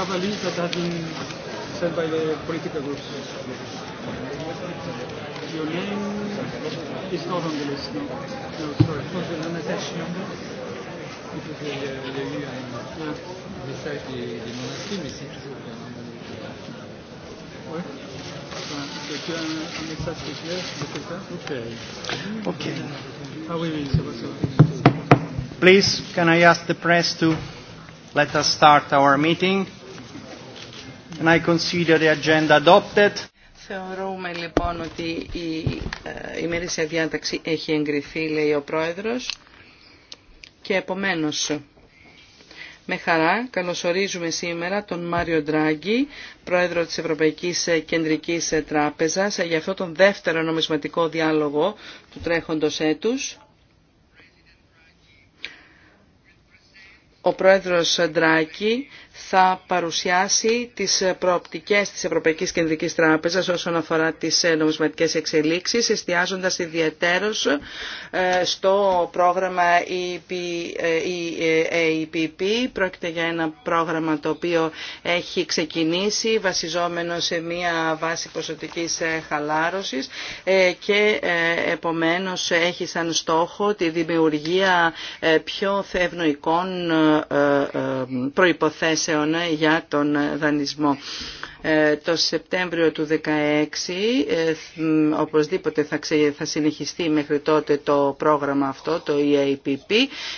have a list that has been sent by the political groups. Your name is not on the list, no. No, sorry. On attache number. Il y a eu un message des, des non mais c'est toujours bien. Oui. C'est un, un message qui est clair de quelqu'un. Ok. Ok. Ah oui, oui, ça va, ça va. Please, can I ask the press to let us start our meeting? Θεωρούμε λοιπόν ότι ε, η ημερήσια διάταξη έχει εγκριθεί, λέει ο Πρόεδρος. Και επομένως, με χαρά καλωσορίζουμε σήμερα τον Μάριο Ντράγκη, πρόεδρο της Ευρωπαϊκής Κεντρικής Τράπεζας, για αυτό τον δεύτερο νομισματικό διάλογο του τρέχοντος έτους. Ο πρόεδρος Ντράκη θα παρουσιάσει τις προοπτικές της Ευρωπαϊκής Κεντρικής Τράπεζας όσον αφορά τις ε, νομισματικές εξελίξεις, εστιάζοντας ιδιαίτερος ε, στο πρόγραμμα EPP. Ε, e, e Πρόκειται για ένα πρόγραμμα το οποίο έχει ξεκινήσει βασιζόμενο σε μία βάση ποσοτικής χαλάρωσης και επομένως έχει σαν στόχο τη δημιουργία πιο ευνοϊκών προϋποθέσεων για τον δανεισμό. Ε, το Σεπτέμβριο του 2016 ε, οπωσδήποτε θα συνεχιστεί μέχρι τότε το πρόγραμμα αυτό, το EAPP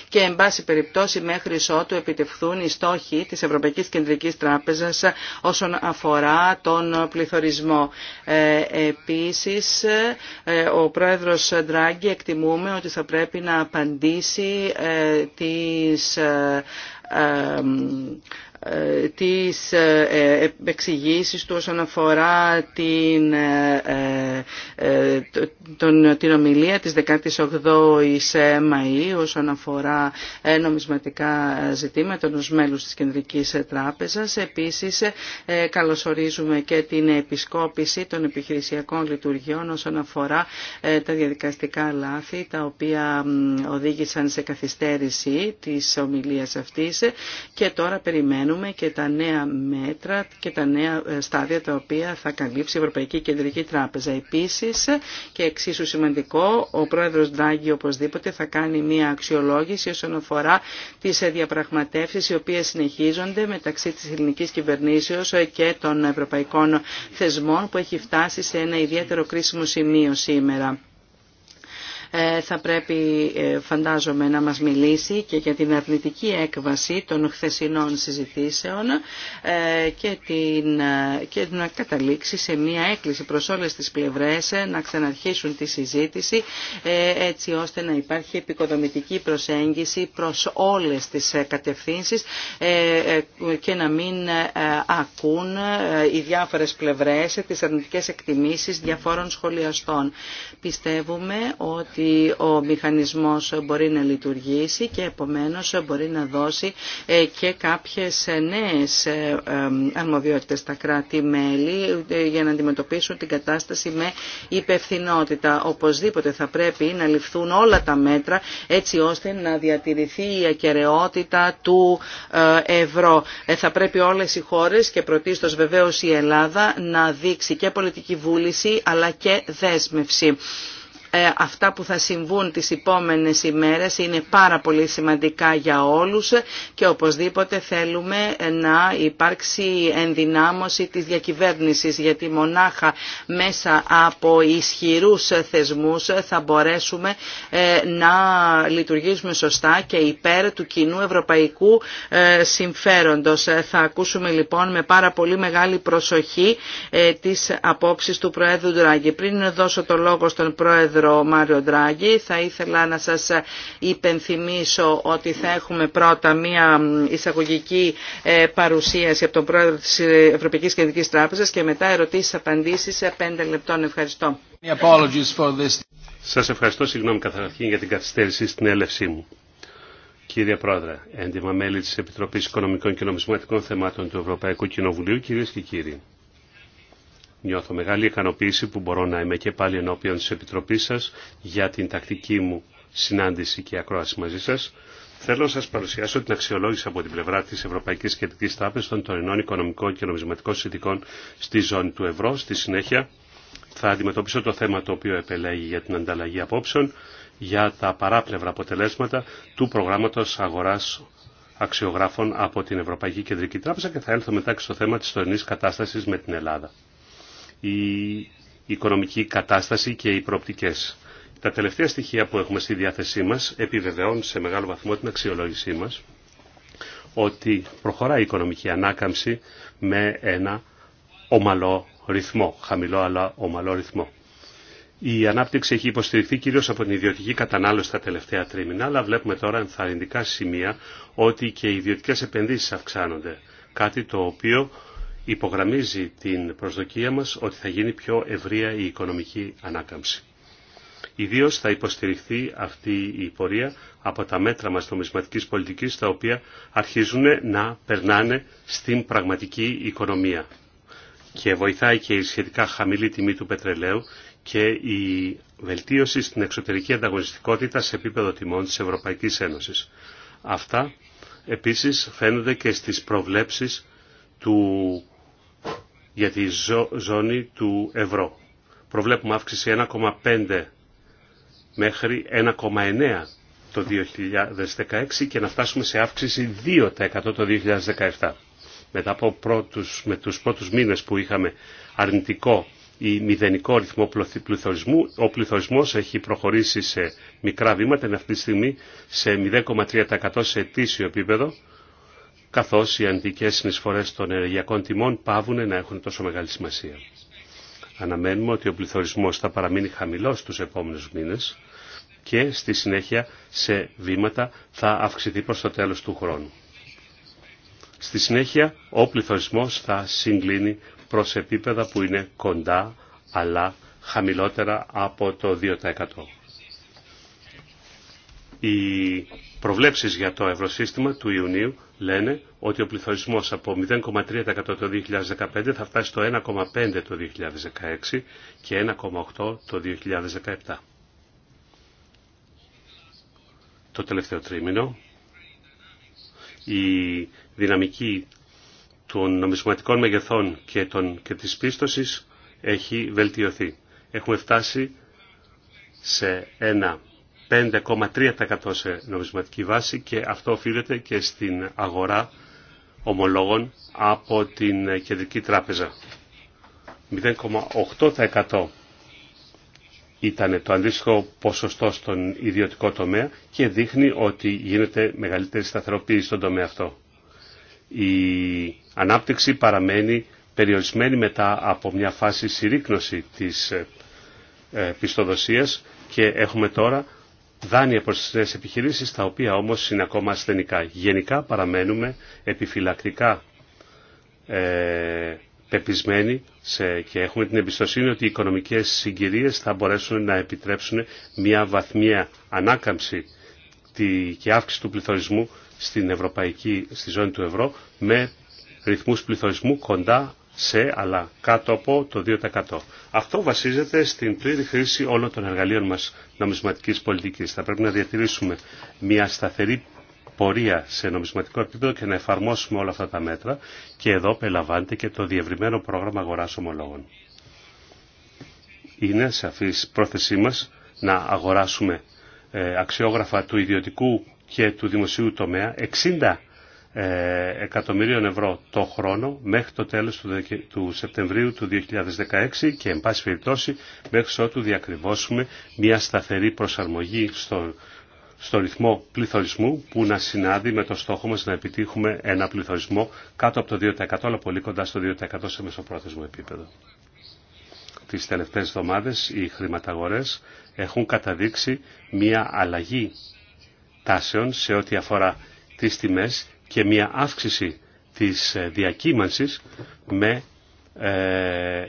και εν πάση περιπτώσει μέχρι ότου επιτευχθούν οι στόχοι της Ευρωπαϊκής Κεντρικής Τράπεζας όσον αφορά τον πληθωρισμό. Ε, επίσης, ο πρόεδρος Ντράγκη εκτιμούμε ότι θα πρέπει να απαντήσει τις ε, τις ε, εξηγήσει του όσον αφορά την, ε, τον, την ομιλία της 18ης Μαΐου όσον αφορά νομισματικά ζητήματα ενός μέλους της Κεντρικής Τράπεζας. Επίσης καλωσορίζουμε και την επισκόπηση των επιχειρησιακών λειτουργιών όσον αφορά τα διαδικαστικά λάθη τα οποία οδήγησαν σε καθυστέρηση της ομιλίας αυτής και τώρα περιμένουμε περιμένουμε και τα νέα μέτρα και τα νέα ε, στάδια τα οποία θα καλύψει η Ευρωπαϊκή Κεντρική Τράπεζα. Επίσης και εξίσου σημαντικό, ο πρόεδρος Ντράγκη οπωσδήποτε θα κάνει μια αξιολόγηση όσον αφορά τις ε, διαπραγματεύσεις οι οποίες συνεχίζονται μεταξύ της ελληνικής κυβερνήσεως ε, και των ευρωπαϊκών θεσμών που έχει φτάσει σε ένα ιδιαίτερο κρίσιμο σημείο σήμερα. Ε, θα πρέπει ε, φαντάζομαι να μας μιλήσει και για την αρνητική έκβαση των χθεσινών συζητήσεων ε, και, την, και να καταλήξει σε μια έκκληση προς όλες τις πλευρές να ξαναρχίσουν τη συζήτηση έτσι ώστε να υπάρχει επικοδομητική προσέγγιση προς όλες τις κατευθύνσεις και να μην ακούν οι διάφορες πλευρές τις αρνητικές εκτιμήσεις διαφόρων σχολιαστών. Πιστεύουμε ότι ότι ο μηχανισμός μπορεί να λειτουργήσει και επομένως μπορεί να δώσει ε, και κάποιες ε, νέες ε, αρμοδιότητες στα κράτη-μέλη για να αντιμετωπίσουν την κατάσταση με υπευθυνότητα. Οπωσδήποτε θα πρέπει να ληφθούν όλα τα μέτρα έτσι ώστε να διατηρηθεί η ακαιρεότητα του ευρώ. Θα πρέπει όλες οι χώρες και πρωτίστως βεβαίως η Ελλάδα να δείξει και πολιτική βούληση αλλά και δέσμευση. Ε, αυτά που θα συμβούν τις επόμενες ημέρες είναι πάρα πολύ σημαντικά για όλους και οπωσδήποτε θέλουμε να υπάρξει ενδυνάμωση της διακυβέρνησης γιατί μονάχα μέσα από ισχυρούς θεσμούς θα μπορέσουμε ε, να λειτουργήσουμε σωστά και υπέρ του κοινού ευρωπαϊκού ε, συμφέροντος. Θα ακούσουμε λοιπόν με πάρα πολύ μεγάλη προσοχή τις απόψεις του Προέδρου Ντράγκη. Πριν το λόγο στον Πρόεδρο πρόεδρο Μάριο Ντράγκη. Θα ήθελα να σας υπενθυμίσω ότι θα έχουμε πρώτα μία εισαγωγική ε, παρουσίαση από τον πρόεδρο της Ευρωπαϊκής Κεντρικής Τράπεζας και μετά ερωτήσεις απαντήσεις σε 5 λεπτών. Ευχαριστώ. Σας ευχαριστώ, συγγνώμη καθαρχήν για την καθυστέρηση στην έλευσή μου. Κύριε Πρόεδρε, έντιμα μέλη της Επιτροπής Οικονομικών και Νομισματικών Θεμάτων του Ευρωπαϊκού Κοινοβουλίου, κυρίες και κύριοι. Νιώθω μεγάλη ικανοποίηση που μπορώ να είμαι και πάλι ενώπιον της Επιτροπής σας για την τακτική μου συνάντηση και ακρόαση μαζί σας. Θέλω να σας παρουσιάσω την αξιολόγηση από την πλευρά της Ευρωπαϊκής Κεντρικής Τράπεζας των τωρινών οικονομικών και νομισματικών συνθηκών στη ζώνη του ευρώ. Στη συνέχεια θα αντιμετωπίσω το θέμα το οποίο επελέγει για την ανταλλαγή απόψεων για τα παράπλευρα αποτελέσματα του προγράμματος αγοράς αξιογράφων από την Ευρωπαϊκή Κεντρική Τράπεζα και θα έλθω μετά και στο θέμα της τωρινή κατάστασης με την Ελλάδα η οικονομική κατάσταση και οι προοπτικές. Τα τελευταία στοιχεία που έχουμε στη διάθεσή μας επιβεβαιώνουν σε μεγάλο βαθμό την αξιολόγησή μας ότι προχωρά η οικονομική ανάκαμψη με ένα ομαλό ρυθμό, χαμηλό αλλά ομαλό ρυθμό. Η ανάπτυξη έχει υποστηριχθεί κυρίως από την ιδιωτική κατανάλωση τα τελευταία τρίμηνα, αλλά βλέπουμε τώρα ενθαρρυντικά σημεία ότι και οι ιδιωτικές επενδύσεις αυξάνονται, κάτι το οποίο υπογραμμίζει την προσδοκία μας ότι θα γίνει πιο ευρεία η οικονομική ανάκαμψη. Ιδίω θα υποστηριχθεί αυτή η πορεία από τα μέτρα μας νομισματικής πολιτικής τα οποία αρχίζουν να περνάνε στην πραγματική οικονομία. Και βοηθάει και η σχετικά χαμηλή τιμή του πετρελαίου και η βελτίωση στην εξωτερική ανταγωνιστικότητα σε επίπεδο τιμών της Ευρωπαϊκής Ένωσης. Αυτά επίσης φαίνονται και στις προβλέψεις του για τη ζώνη του ευρώ. Προβλέπουμε αύξηση 1,5 μέχρι 1,9 το 2016 και να φτάσουμε σε αύξηση 2% το 2017. Μετά από πρώτους, με τους πρώτους μήνες που είχαμε αρνητικό ή μηδενικό ρυθμό πληθωρισμού, ο πληθωρισμός έχει προχωρήσει σε μικρά βήματα, είναι αυτή τη στιγμή σε 0,3% σε ετήσιο επίπεδο καθώς οι αντικές συνεισφορές των ενεργειακών τιμών πάβουν να έχουν τόσο μεγάλη σημασία. Αναμένουμε ότι ο πληθωρισμός θα παραμείνει χαμηλός τους επόμενους μήνες και στη συνέχεια σε βήματα θα αυξηθεί προς το τέλος του χρόνου. Στη συνέχεια ο πληθωρισμός θα συγκλίνει προς επίπεδα που είναι κοντά αλλά χαμηλότερα από το 2%. Οι προβλέψεις για το ευρωσύστημα του Ιουνίου λένε ότι ο πληθωρισμός από 0,3% το 2015 θα φτάσει στο 1,5% το 2016 και 1,8% το 2017. Το τελευταίο τρίμηνο, η δυναμική των νομισματικών μεγεθών και, των, και της πίστοσης έχει βελτιωθεί. Έχουμε φτάσει σε ένα 5,3% σε νομισματική βάση και αυτό οφείλεται και στην αγορά ομολόγων από την Κεντρική Τράπεζα. 0,8% ήταν το αντίστοιχο ποσοστό στον ιδιωτικό τομέα και δείχνει ότι γίνεται μεγαλύτερη σταθεροποίηση στον τομέα αυτό. Η ανάπτυξη παραμένει περιορισμένη μετά από μια φάση συρρήκνωση της ε, πιστοδοσίας και έχουμε τώρα δάνεια προς τις νέες επιχειρήσεις, τα οποία όμως είναι ακόμα ασθενικά. Γενικά παραμένουμε επιφυλακτικά ε, πεπισμένοι σε, και έχουμε την εμπιστοσύνη ότι οι οικονομικές συγκυρίες θα μπορέσουν να επιτρέψουν μια βαθμία ανάκαμψη τη, και αύξηση του πληθωρισμού στην ευρωπαϊκή, στη ζώνη του ευρώ με ρυθμούς πληθωρισμού κοντά σε αλλά κάτω από το 2%. Αυτό βασίζεται στην πλήρη χρήση όλων των εργαλείων μας νομισματικής πολιτικής. Θα πρέπει να διατηρήσουμε μια σταθερή πορεία σε νομισματικό επίπεδο και να εφαρμόσουμε όλα αυτά τα μέτρα και εδώ περιλαμβάνεται και το διευρυμένο πρόγραμμα αγοράς ομολόγων. Είναι σαφής πρόθεσή μας να αγοράσουμε ε, αξιόγραφα του ιδιωτικού και του δημοσίου τομέα 60 ε, εκατομμυρίων ευρώ το χρόνο μέχρι το τέλος του, Σεπτεμβρίου του 2016 και εν πάση περιπτώσει μέχρι ότου διακριβώσουμε μια σταθερή προσαρμογή στο, στο ρυθμό πληθωρισμού που να συνάδει με το στόχο μας να επιτύχουμε ένα πληθωρισμό κάτω από το 2% αλλά πολύ κοντά στο 2% σε μεσοπρόθεσμο επίπεδο. Τις τελευταίες εβδομάδες οι χρηματαγορές έχουν καταδείξει μια αλλαγή τάσεων σε ό,τι αφορά τις τιμές και μια αύξηση της ε, διακύμανσης με ε,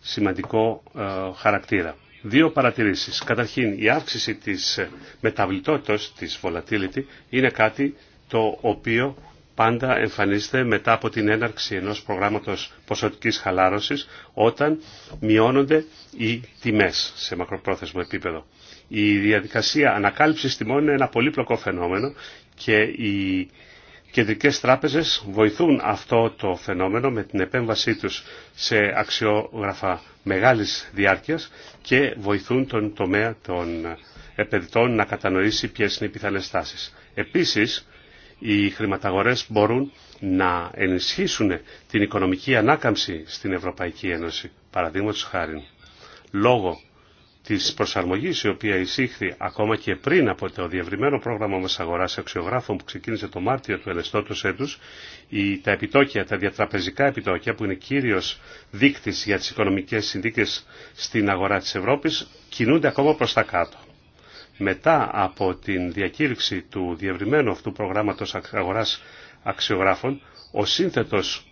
σημαντικό ε, χαρακτήρα. Δύο παρατηρήσεις. Καταρχήν, η αύξηση της μεταβλητότητας, της volatility, είναι κάτι το οποίο πάντα εμφανίζεται μετά από την έναρξη ενός προγράμματος ποσοτικής χαλάρωσης, όταν μειώνονται οι τιμές σε μακροπρόθεσμο επίπεδο. Η διαδικασία ανακάλυψης τιμών είναι ένα πολύπλοκο φαινόμενο και οι κεντρικές τράπεζες βοηθούν αυτό το φαινόμενο με την επέμβασή τους σε αξιόγραφα μεγάλης διάρκειας και βοηθούν τον τομέα των επενδυτών να κατανοήσει ποιες είναι οι πιθανές τάσεις. Επίσης, οι χρηματαγορές μπορούν να ενισχύσουν την οικονομική ανάκαμψη στην Ευρωπαϊκή Ένωση, παραδείγματος χάρη, λόγω της προσαρμογής η οποία εισήχθη ακόμα και πριν από το διευρυμένο πρόγραμμα μας αγοράς αξιογράφων που ξεκίνησε το Μάρτιο του ελεστώτος έτους, η, τα επιτόκια, τα διατραπεζικά επιτόκια που είναι κύριος δείκτης για τις οικονομικές συνδίκες στην αγορά της Ευρώπης κινούνται ακόμα προς τα κάτω. Μετά από την διακήρυξη του διευρυμένου αυτού προγράμματος αγοράς αξιογράφων, ο σύνθετος,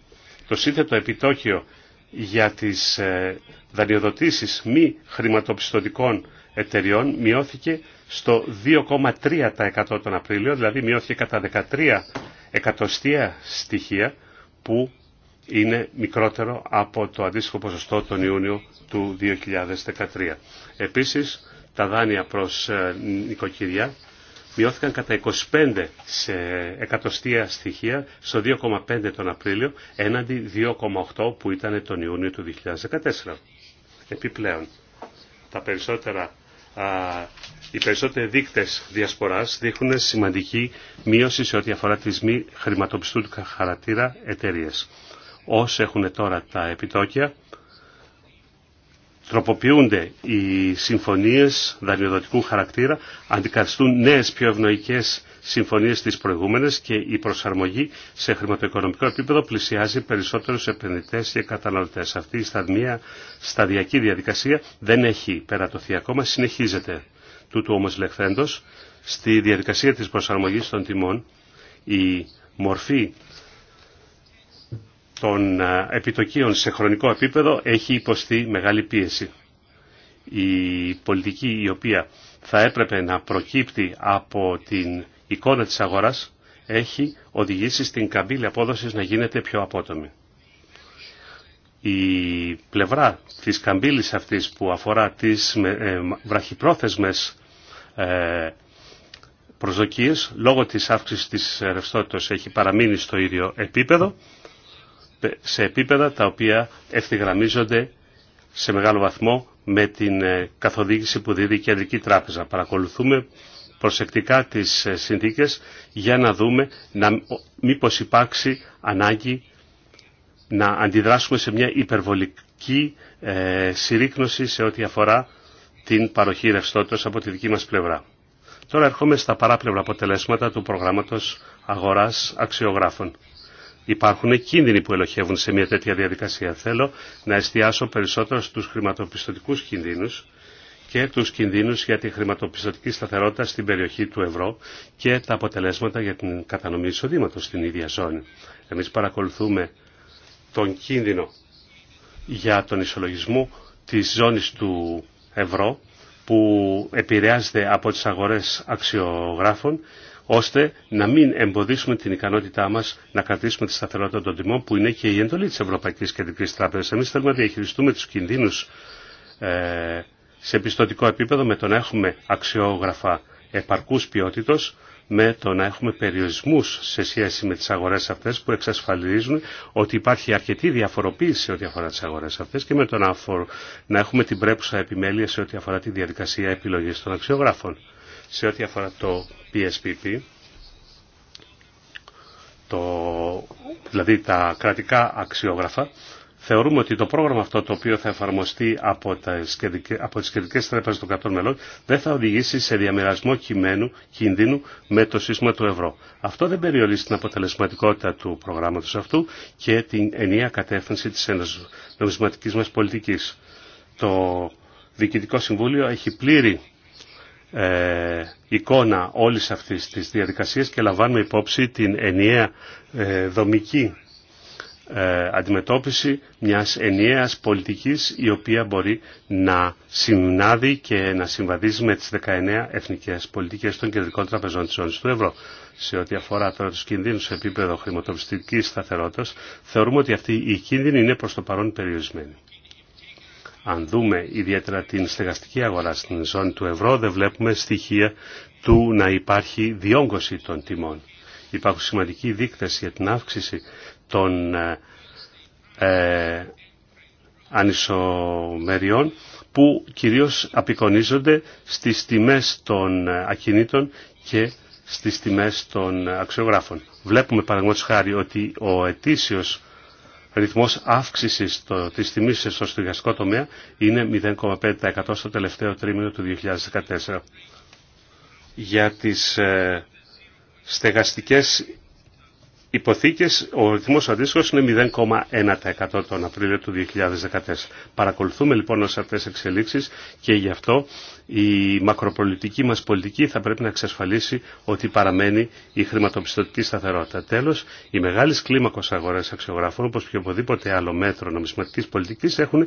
το σύνθετο επιτόκιο για τις ε, δανειοδοτήσεις μη χρηματοπιστωτικών εταιριών μειώθηκε στο 2,3% τον Απρίλιο, δηλαδή μειώθηκε κατά 13 εκατοστία στοιχεία που είναι μικρότερο από το αντίστοιχο ποσοστό τον Ιούνιο του 2013. Επίσης, τα δάνεια προς ε, νοικοκυριά μειώθηκαν κατά 25 σε εκατοστία στοιχεία στο 2,5 τον Απρίλιο έναντι 2,8 που ήταν τον Ιούνιο του 2014. Επιπλέον, τα περισσότερα, οι περισσότεροι δείκτες διασποράς δείχνουν σημαντική μείωση σε ό,τι αφορά τις μη χρηματοπιστούν χαρατήρα εταιρείε. Όσοι έχουν τώρα τα επιτόκια τροποποιούνται οι συμφωνίες δανειοδοτικού χαρακτήρα, αντικαθιστούν νέες πιο ευνοϊκές συμφωνίες στις προηγούμενες και η προσαρμογή σε χρηματοοικονομικό επίπεδο πλησιάζει περισσότερους επενδυτές και καταναλωτές. Αυτή η σταδμία, σταδιακή διαδικασία δεν έχει περατωθεί ακόμα, συνεχίζεται. Τούτου όμως λεχθέντος, στη διαδικασία της προσαρμογής των τιμών, η μορφή των επιτοκίων σε χρονικό επίπεδο έχει υποστεί μεγάλη πίεση. Η πολιτική η οποία θα έπρεπε να προκύπτει από την εικόνα της αγοράς έχει οδηγήσει στην καμπύλη απόδοσης να γίνεται πιο απότομη. Η πλευρά της καμπύλης αυτής που αφορά τις ε, βραχυπρόθεσμες ε, προσδοκίες λόγω της αύξησης της ρευστότητας έχει παραμείνει στο ίδιο επίπεδο σε επίπεδα τα οποία ευθυγραμμίζονται σε μεγάλο βαθμό με την ε, καθοδήγηση που δίδει η Κεντρική Τράπεζα. Παρακολουθούμε προσεκτικά τις ε, συνθήκες για να δούμε να, μήπως υπάρξει ανάγκη να αντιδράσουμε σε μια υπερβολική ε, σε ό,τι αφορά την παροχή ρευστότητας από τη δική μας πλευρά. Τώρα ερχόμαστε στα παράπλευρα αποτελέσματα του προγράμματος αγοράς αξιογράφων υπάρχουν κίνδυνοι που ελοχεύουν σε μια τέτοια διαδικασία. Θέλω να εστιάσω περισσότερο στους χρηματοπιστωτικούς κινδύνους και τους κινδύνους για τη χρηματοπιστωτική σταθερότητα στην περιοχή του ευρώ και τα αποτελέσματα για την κατανομή εισοδήματος στην ίδια ζώνη. Εμείς παρακολουθούμε τον κίνδυνο για τον ισολογισμό της ζώνης του ευρώ που επηρεάζεται από τις αγορές αξιογράφων ώστε να μην εμποδίσουμε την ικανότητά μα να κρατήσουμε τη σταθερότητα των τιμών, που είναι και η εντολή τη Ευρωπαϊκή Κεντρική Τράπεζα. Εμεί θέλουμε να διαχειριστούμε του κινδύνου ε, σε πιστοτικό επίπεδο με το να έχουμε αξιόγραφα επαρκού ποιότητος, με το να έχουμε περιορισμού σε σχέση με τι αγορέ αυτέ, που εξασφαλίζουν ότι υπάρχει αρκετή διαφοροποίηση σε ό,τι αφορά τι αγορέ αυτέ, και με το να, να έχουμε την πρέπουσα επιμέλεια σε ό,τι αφορά τη διαδικασία επιλογή των αξιογράφων σε ό,τι αφορά το PSPP, το, δηλαδή τα κρατικά αξιόγραφα, θεωρούμε ότι το πρόγραμμα αυτό το οποίο θα εφαρμοστεί από, τα, από τις κεντρικές τρέπεζες των κρατών μελών δεν θα οδηγήσει σε διαμερασμό κειμένου κινδύνου με το σύστημα του ευρώ. Αυτό δεν περιορίζει την αποτελεσματικότητα του προγράμματος αυτού και την ενιαία κατεύθυνση της νομισματικής μας πολιτικής. Το Διοικητικό Συμβούλιο έχει πλήρη ε, εικόνα όλης αυτής της διαδικασίας και λαμβάνουμε υπόψη την ενιαία ε, δομική ε, αντιμετώπιση μιας ενιαίας πολιτικής η οποία μπορεί να συνάδει και να συμβαδίζει με τις 19 εθνικές πολιτικές των κεντρικών τραπεζών της ζώνης του ευρώ. Σε ό,τι αφορά τώρα τους κινδύνους σε επίπεδο χρηματοπιστικής σταθερότητας, θεωρούμε ότι αυτή η κίνδυνη είναι προς το παρόν περιορισμένη. Αν δούμε ιδιαίτερα την στεγαστική αγορά στην ζώνη του ευρώ, δεν βλέπουμε στοιχεία του να υπάρχει διόγκωση των τιμών. Υπάρχουν σημαντικοί δείκτες για την αύξηση των ε, ε ανισομεριών που κυρίως απεικονίζονται στις τιμές των ακινήτων και στις τιμές των αξιογράφων. Βλέπουμε παραγωγός χάρη ότι ο ετήσιος ρυθμός αύξησης της τιμής στο στεγαστικό τομέα είναι 0,5% στο τελευταίο τρίμηνο του 2014. Για τις ε, στεγαστικές υποθήκες, ο ρυθμός αντίστοιχος είναι 0,1% τον Απρίλιο του 2014. Παρακολουθούμε λοιπόν όσες αυτές τις εξελίξεις και γι' αυτό η μακροπολιτική μας πολιτική θα πρέπει να εξασφαλίσει ότι παραμένει η χρηματοπιστωτική σταθερότητα. Τέλος, οι μεγάλες κλίμακος αγορές αξιογράφων όπως και οπουδήποτε άλλο μέτρο νομισματικής πολιτικής έχουν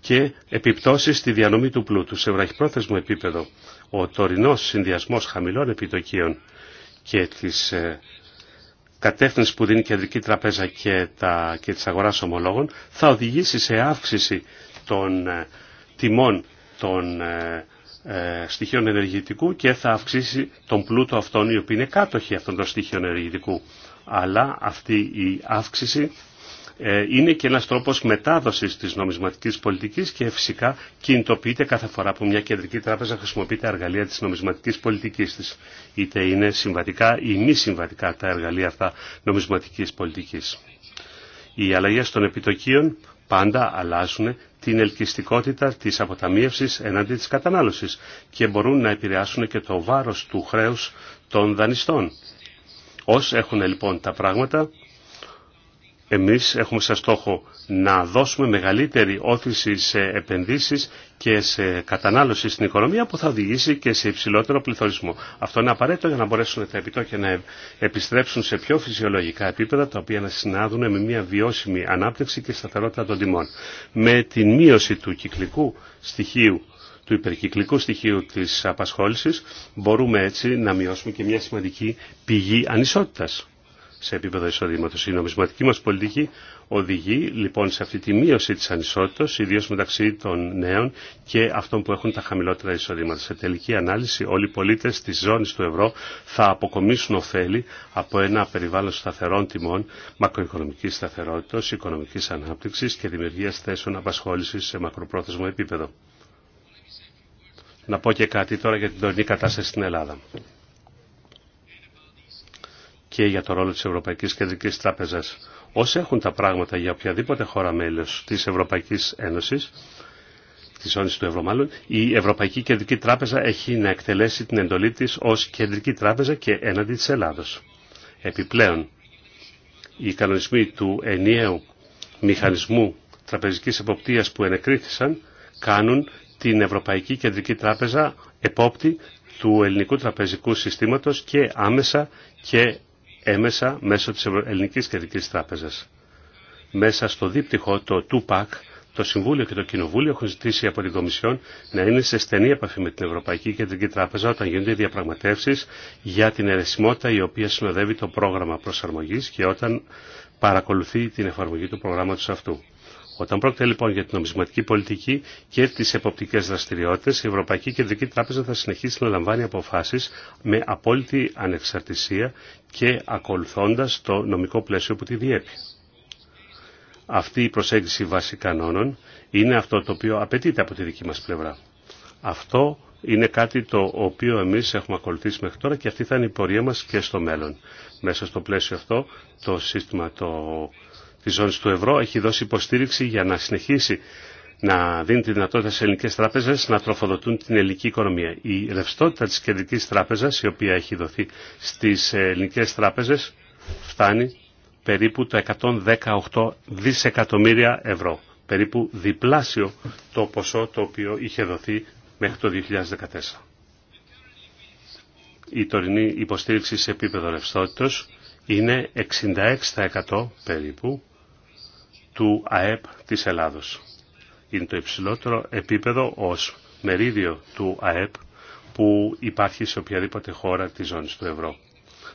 και επιπτώσεις στη διανομή του πλούτου. Σε βραχυπρόθεσμο επίπεδο, ο τωρινός συνδυασμός χαμηλών επιτοκίων και της ε, κατεύθυνση που δίνει η Κεντρική Τραπέζα και, τα, και της αγοράς ομολόγων θα οδηγήσει σε αύξηση των ε, τιμών των ε, ε, στοιχείων ενεργητικού και θα αυξήσει τον πλούτο αυτών οι οποίοι είναι κάτοχοι αυτών των στοιχείων ενεργητικού. Αλλά αυτή η αύξηση ε, είναι και ένας τρόπος μετάδοσης της νομισματικής πολιτικής και φυσικά κινητοποιείται κάθε φορά που μια κεντρική τράπεζα χρησιμοποιεί τα εργαλεία της νομισματικής πολιτικής της. Είτε είναι συμβατικά ή μη συμβατικά τα εργαλεία αυτά νομισματικής πολιτικής. Οι αλλαγέ των επιτοκίων πάντα αλλάζουν την ελκυστικότητα της αποταμίευσης εναντί της κατανάλωσης και μπορούν να επηρεάσουν και το βάρος του χρέους των δανειστών. Ως έχουν λοιπόν τα πράγματα, εμείς έχουμε σαν στόχο να δώσουμε μεγαλύτερη όθηση σε επενδύσεις και σε κατανάλωση στην οικονομία που θα οδηγήσει και σε υψηλότερο πληθωρισμό. Αυτό είναι απαραίτητο για να μπορέσουν τα επιτόκια να επιστρέψουν σε πιο φυσιολογικά επίπεδα τα οποία να συνάδουν με μια βιώσιμη ανάπτυξη και σταθερότητα των τιμών. Με την μείωση του κυκλικού στοιχείου του υπερκυκλικού στοιχείου της απασχόλησης μπορούμε έτσι να μειώσουμε και μια σημαντική πηγή ανισότητας σε επίπεδο εισοδήματος. Η νομισματική μας πολιτική οδηγεί λοιπόν σε αυτή τη μείωση της ανισότητας, ιδίως μεταξύ των νέων και αυτών που έχουν τα χαμηλότερα εισοδήματα. Σε τελική ανάλυση όλοι οι πολίτες της ζώνης του ευρώ θα αποκομίσουν ωφέλη από ένα περιβάλλον σταθερών τιμών, μακροοικονομικής σταθερότητας, οικονομικής ανάπτυξης και δημιουργίας θέσεων απασχόλησης σε μακροπρόθεσμο επίπεδο. Να πω και κάτι τώρα για την τωρινή κατάσταση στην Ελλάδα και για το ρόλο της Ευρωπαϊκής Κεντρικής Τράπεζας. Όσοι έχουν τα πράγματα για οποιαδήποτε χώρα μέλος της Ευρωπαϊκής Ένωσης, της ζώνης του ευρώ μάλλον, η Ευρωπαϊκή Κεντρική Τράπεζα έχει να εκτελέσει την εντολή της ως Κεντρική Τράπεζα και έναντι της Ελλάδος. Επιπλέον, οι κανονισμοί του ενιαίου μηχανισμού τραπεζικής εποπτείας που ενεκρίθησαν κάνουν την Ευρωπαϊκή Κεντρική Τράπεζα επόπτη του ελληνικού τραπεζικού συστήματος και άμεσα και έμεσα μέσω της Ελληνικής Κεντρικής Τράπεζας. Μέσα στο δίπτυχο το TUPAC, το Συμβούλιο και το Κοινοβούλιο έχουν ζητήσει από την Κομισιόν να είναι σε στενή επαφή με την Ευρωπαϊκή Κεντρική Τράπεζα όταν γίνονται οι διαπραγματεύσει για την αιρεσιμότητα η οποία συνοδεύει το πρόγραμμα προσαρμογή και όταν παρακολουθεί την εφαρμογή του προγράμματο αυτού. Όταν πρόκειται λοιπόν για την νομισματική πολιτική και τι εποπτικέ δραστηριότητε, η Ευρωπαϊκή Κεντρική Τράπεζα θα συνεχίσει να λαμβάνει αποφάσει με απόλυτη ανεξαρτησία και ακολουθώντα το νομικό πλαίσιο που τη διέπει. Αυτή η προσέγγιση βάση κανόνων είναι αυτό το οποίο απαιτείται από τη δική μα πλευρά. Αυτό είναι κάτι το οποίο εμεί έχουμε ακολουθήσει μέχρι τώρα και αυτή θα είναι η πορεία μα και στο μέλλον. Μέσα στο πλαίσιο αυτό το σύστημα το η ζώνη του ευρώ έχει δώσει υποστήριξη για να συνεχίσει να δίνει τη δυνατότητα στις ελληνικές τράπεζες να τροφοδοτούν την ελληνική οικονομία. Η ρευστότητα της κεντρικής τράπεζας, η οποία έχει δοθεί στις ελληνικές τράπεζες, φτάνει περίπου το 118 δισεκατομμύρια ευρώ. Περίπου διπλάσιο το ποσό το οποίο είχε δοθεί μέχρι το 2014. Η τωρινή υποστήριξη σε επίπεδο ρευστότητα είναι 66% περίπου του ΑΕΠ της Ελλάδος. Είναι το υψηλότερο επίπεδο ως μερίδιο του ΑΕΠ που υπάρχει σε οποιαδήποτε χώρα της ζώνης του ευρώ.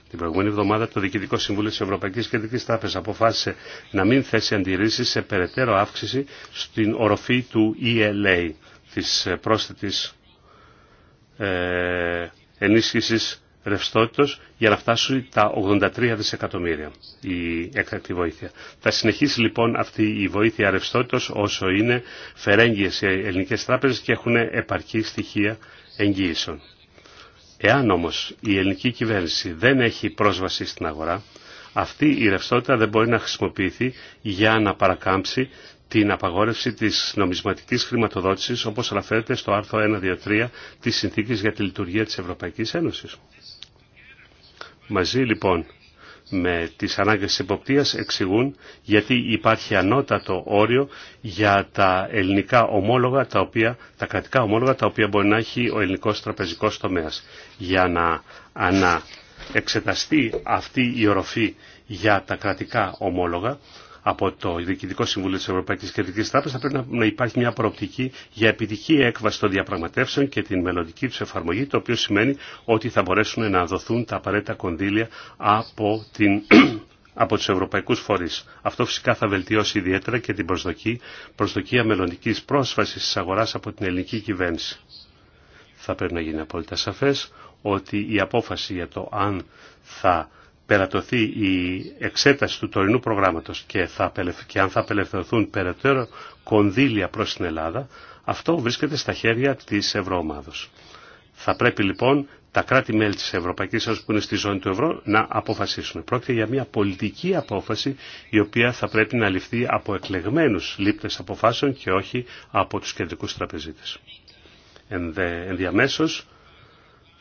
Την προηγούμενη εβδομάδα το Διοικητικό Συμβούλιο της Ευρωπαϊκής Κεντρικής Τράπεζας αποφάσισε να μην θέσει αντιρρήσεις σε περαιτέρω αύξηση στην οροφή του ELA, της πρόσθετης ε, ενίσχυσης ρευστότητος για να φτάσουν τα 83 δισεκατομμύρια η έκτακτη βοήθεια. Θα συνεχίσει λοιπόν αυτή η βοήθεια ρευστότητα, όσο είναι φερέγγιε οι ελληνικέ τράπεζε και έχουν επαρκή στοιχεία εγγύησεων. Εάν όμω η ελληνική κυβέρνηση δεν έχει πρόσβαση στην αγορά, αυτή η ρευστότητα δεν μπορεί να χρησιμοποιηθεί για να παρακάμψει την απαγόρευση της νομισματικής χρηματοδότησης όπως αναφέρεται στο άρθρο 1.2.3 της Συνθήκης για τη Λειτουργία της Ευρωπαϊκής Ένωσης. Μαζί λοιπόν με τις ανάγκες της εποπτείας εξηγούν γιατί υπάρχει ανώτατο όριο για τα ελληνικά ομόλογα, τα, οποία, τα κρατικά ομόλογα τα οποία μπορεί να έχει ο ελληνικός τραπεζικός τομέας. Για να εξεταστεί αυτή η οροφή για τα κρατικά ομόλογα από το Διοικητικό Συμβούλιο της Ευρωπαϊκής Κεντρικής Τράπεζας θα πρέπει να υπάρχει μια προοπτική για επιτυχή έκβαση των διαπραγματεύσεων και την μελλοντική του εφαρμογή, το οποίο σημαίνει ότι θα μπορέσουν να δοθούν τα απαραίτητα κονδύλια από την από τους ευρωπαϊκούς φορείς. Αυτό φυσικά θα βελτιώσει ιδιαίτερα και την προσδοκή, προσδοκία μελλοντικής πρόσφασης της αγοράς από την ελληνική κυβέρνηση. Θα πρέπει να γίνει απόλυτα σαφές ότι η απόφαση για το αν θα περατωθεί η εξέταση του τωρινού προγράμματος και, θα, και αν θα απελευθερωθούν περαιτέρω κονδύλια προς την Ελλάδα, αυτό βρίσκεται στα χέρια της Ευρωομάδος. Θα πρέπει λοιπόν τα κράτη-μέλη της Ευρωπαϊκής Ένωσης που είναι στη ζώνη του ευρώ να αποφασίσουν. Πρόκειται για μια πολιτική απόφαση η οποία θα πρέπει να ληφθεί από εκλεγμένους λήπτες αποφάσεων και όχι από τους κεντρικούς τραπεζίτες. Ενδιαμέσως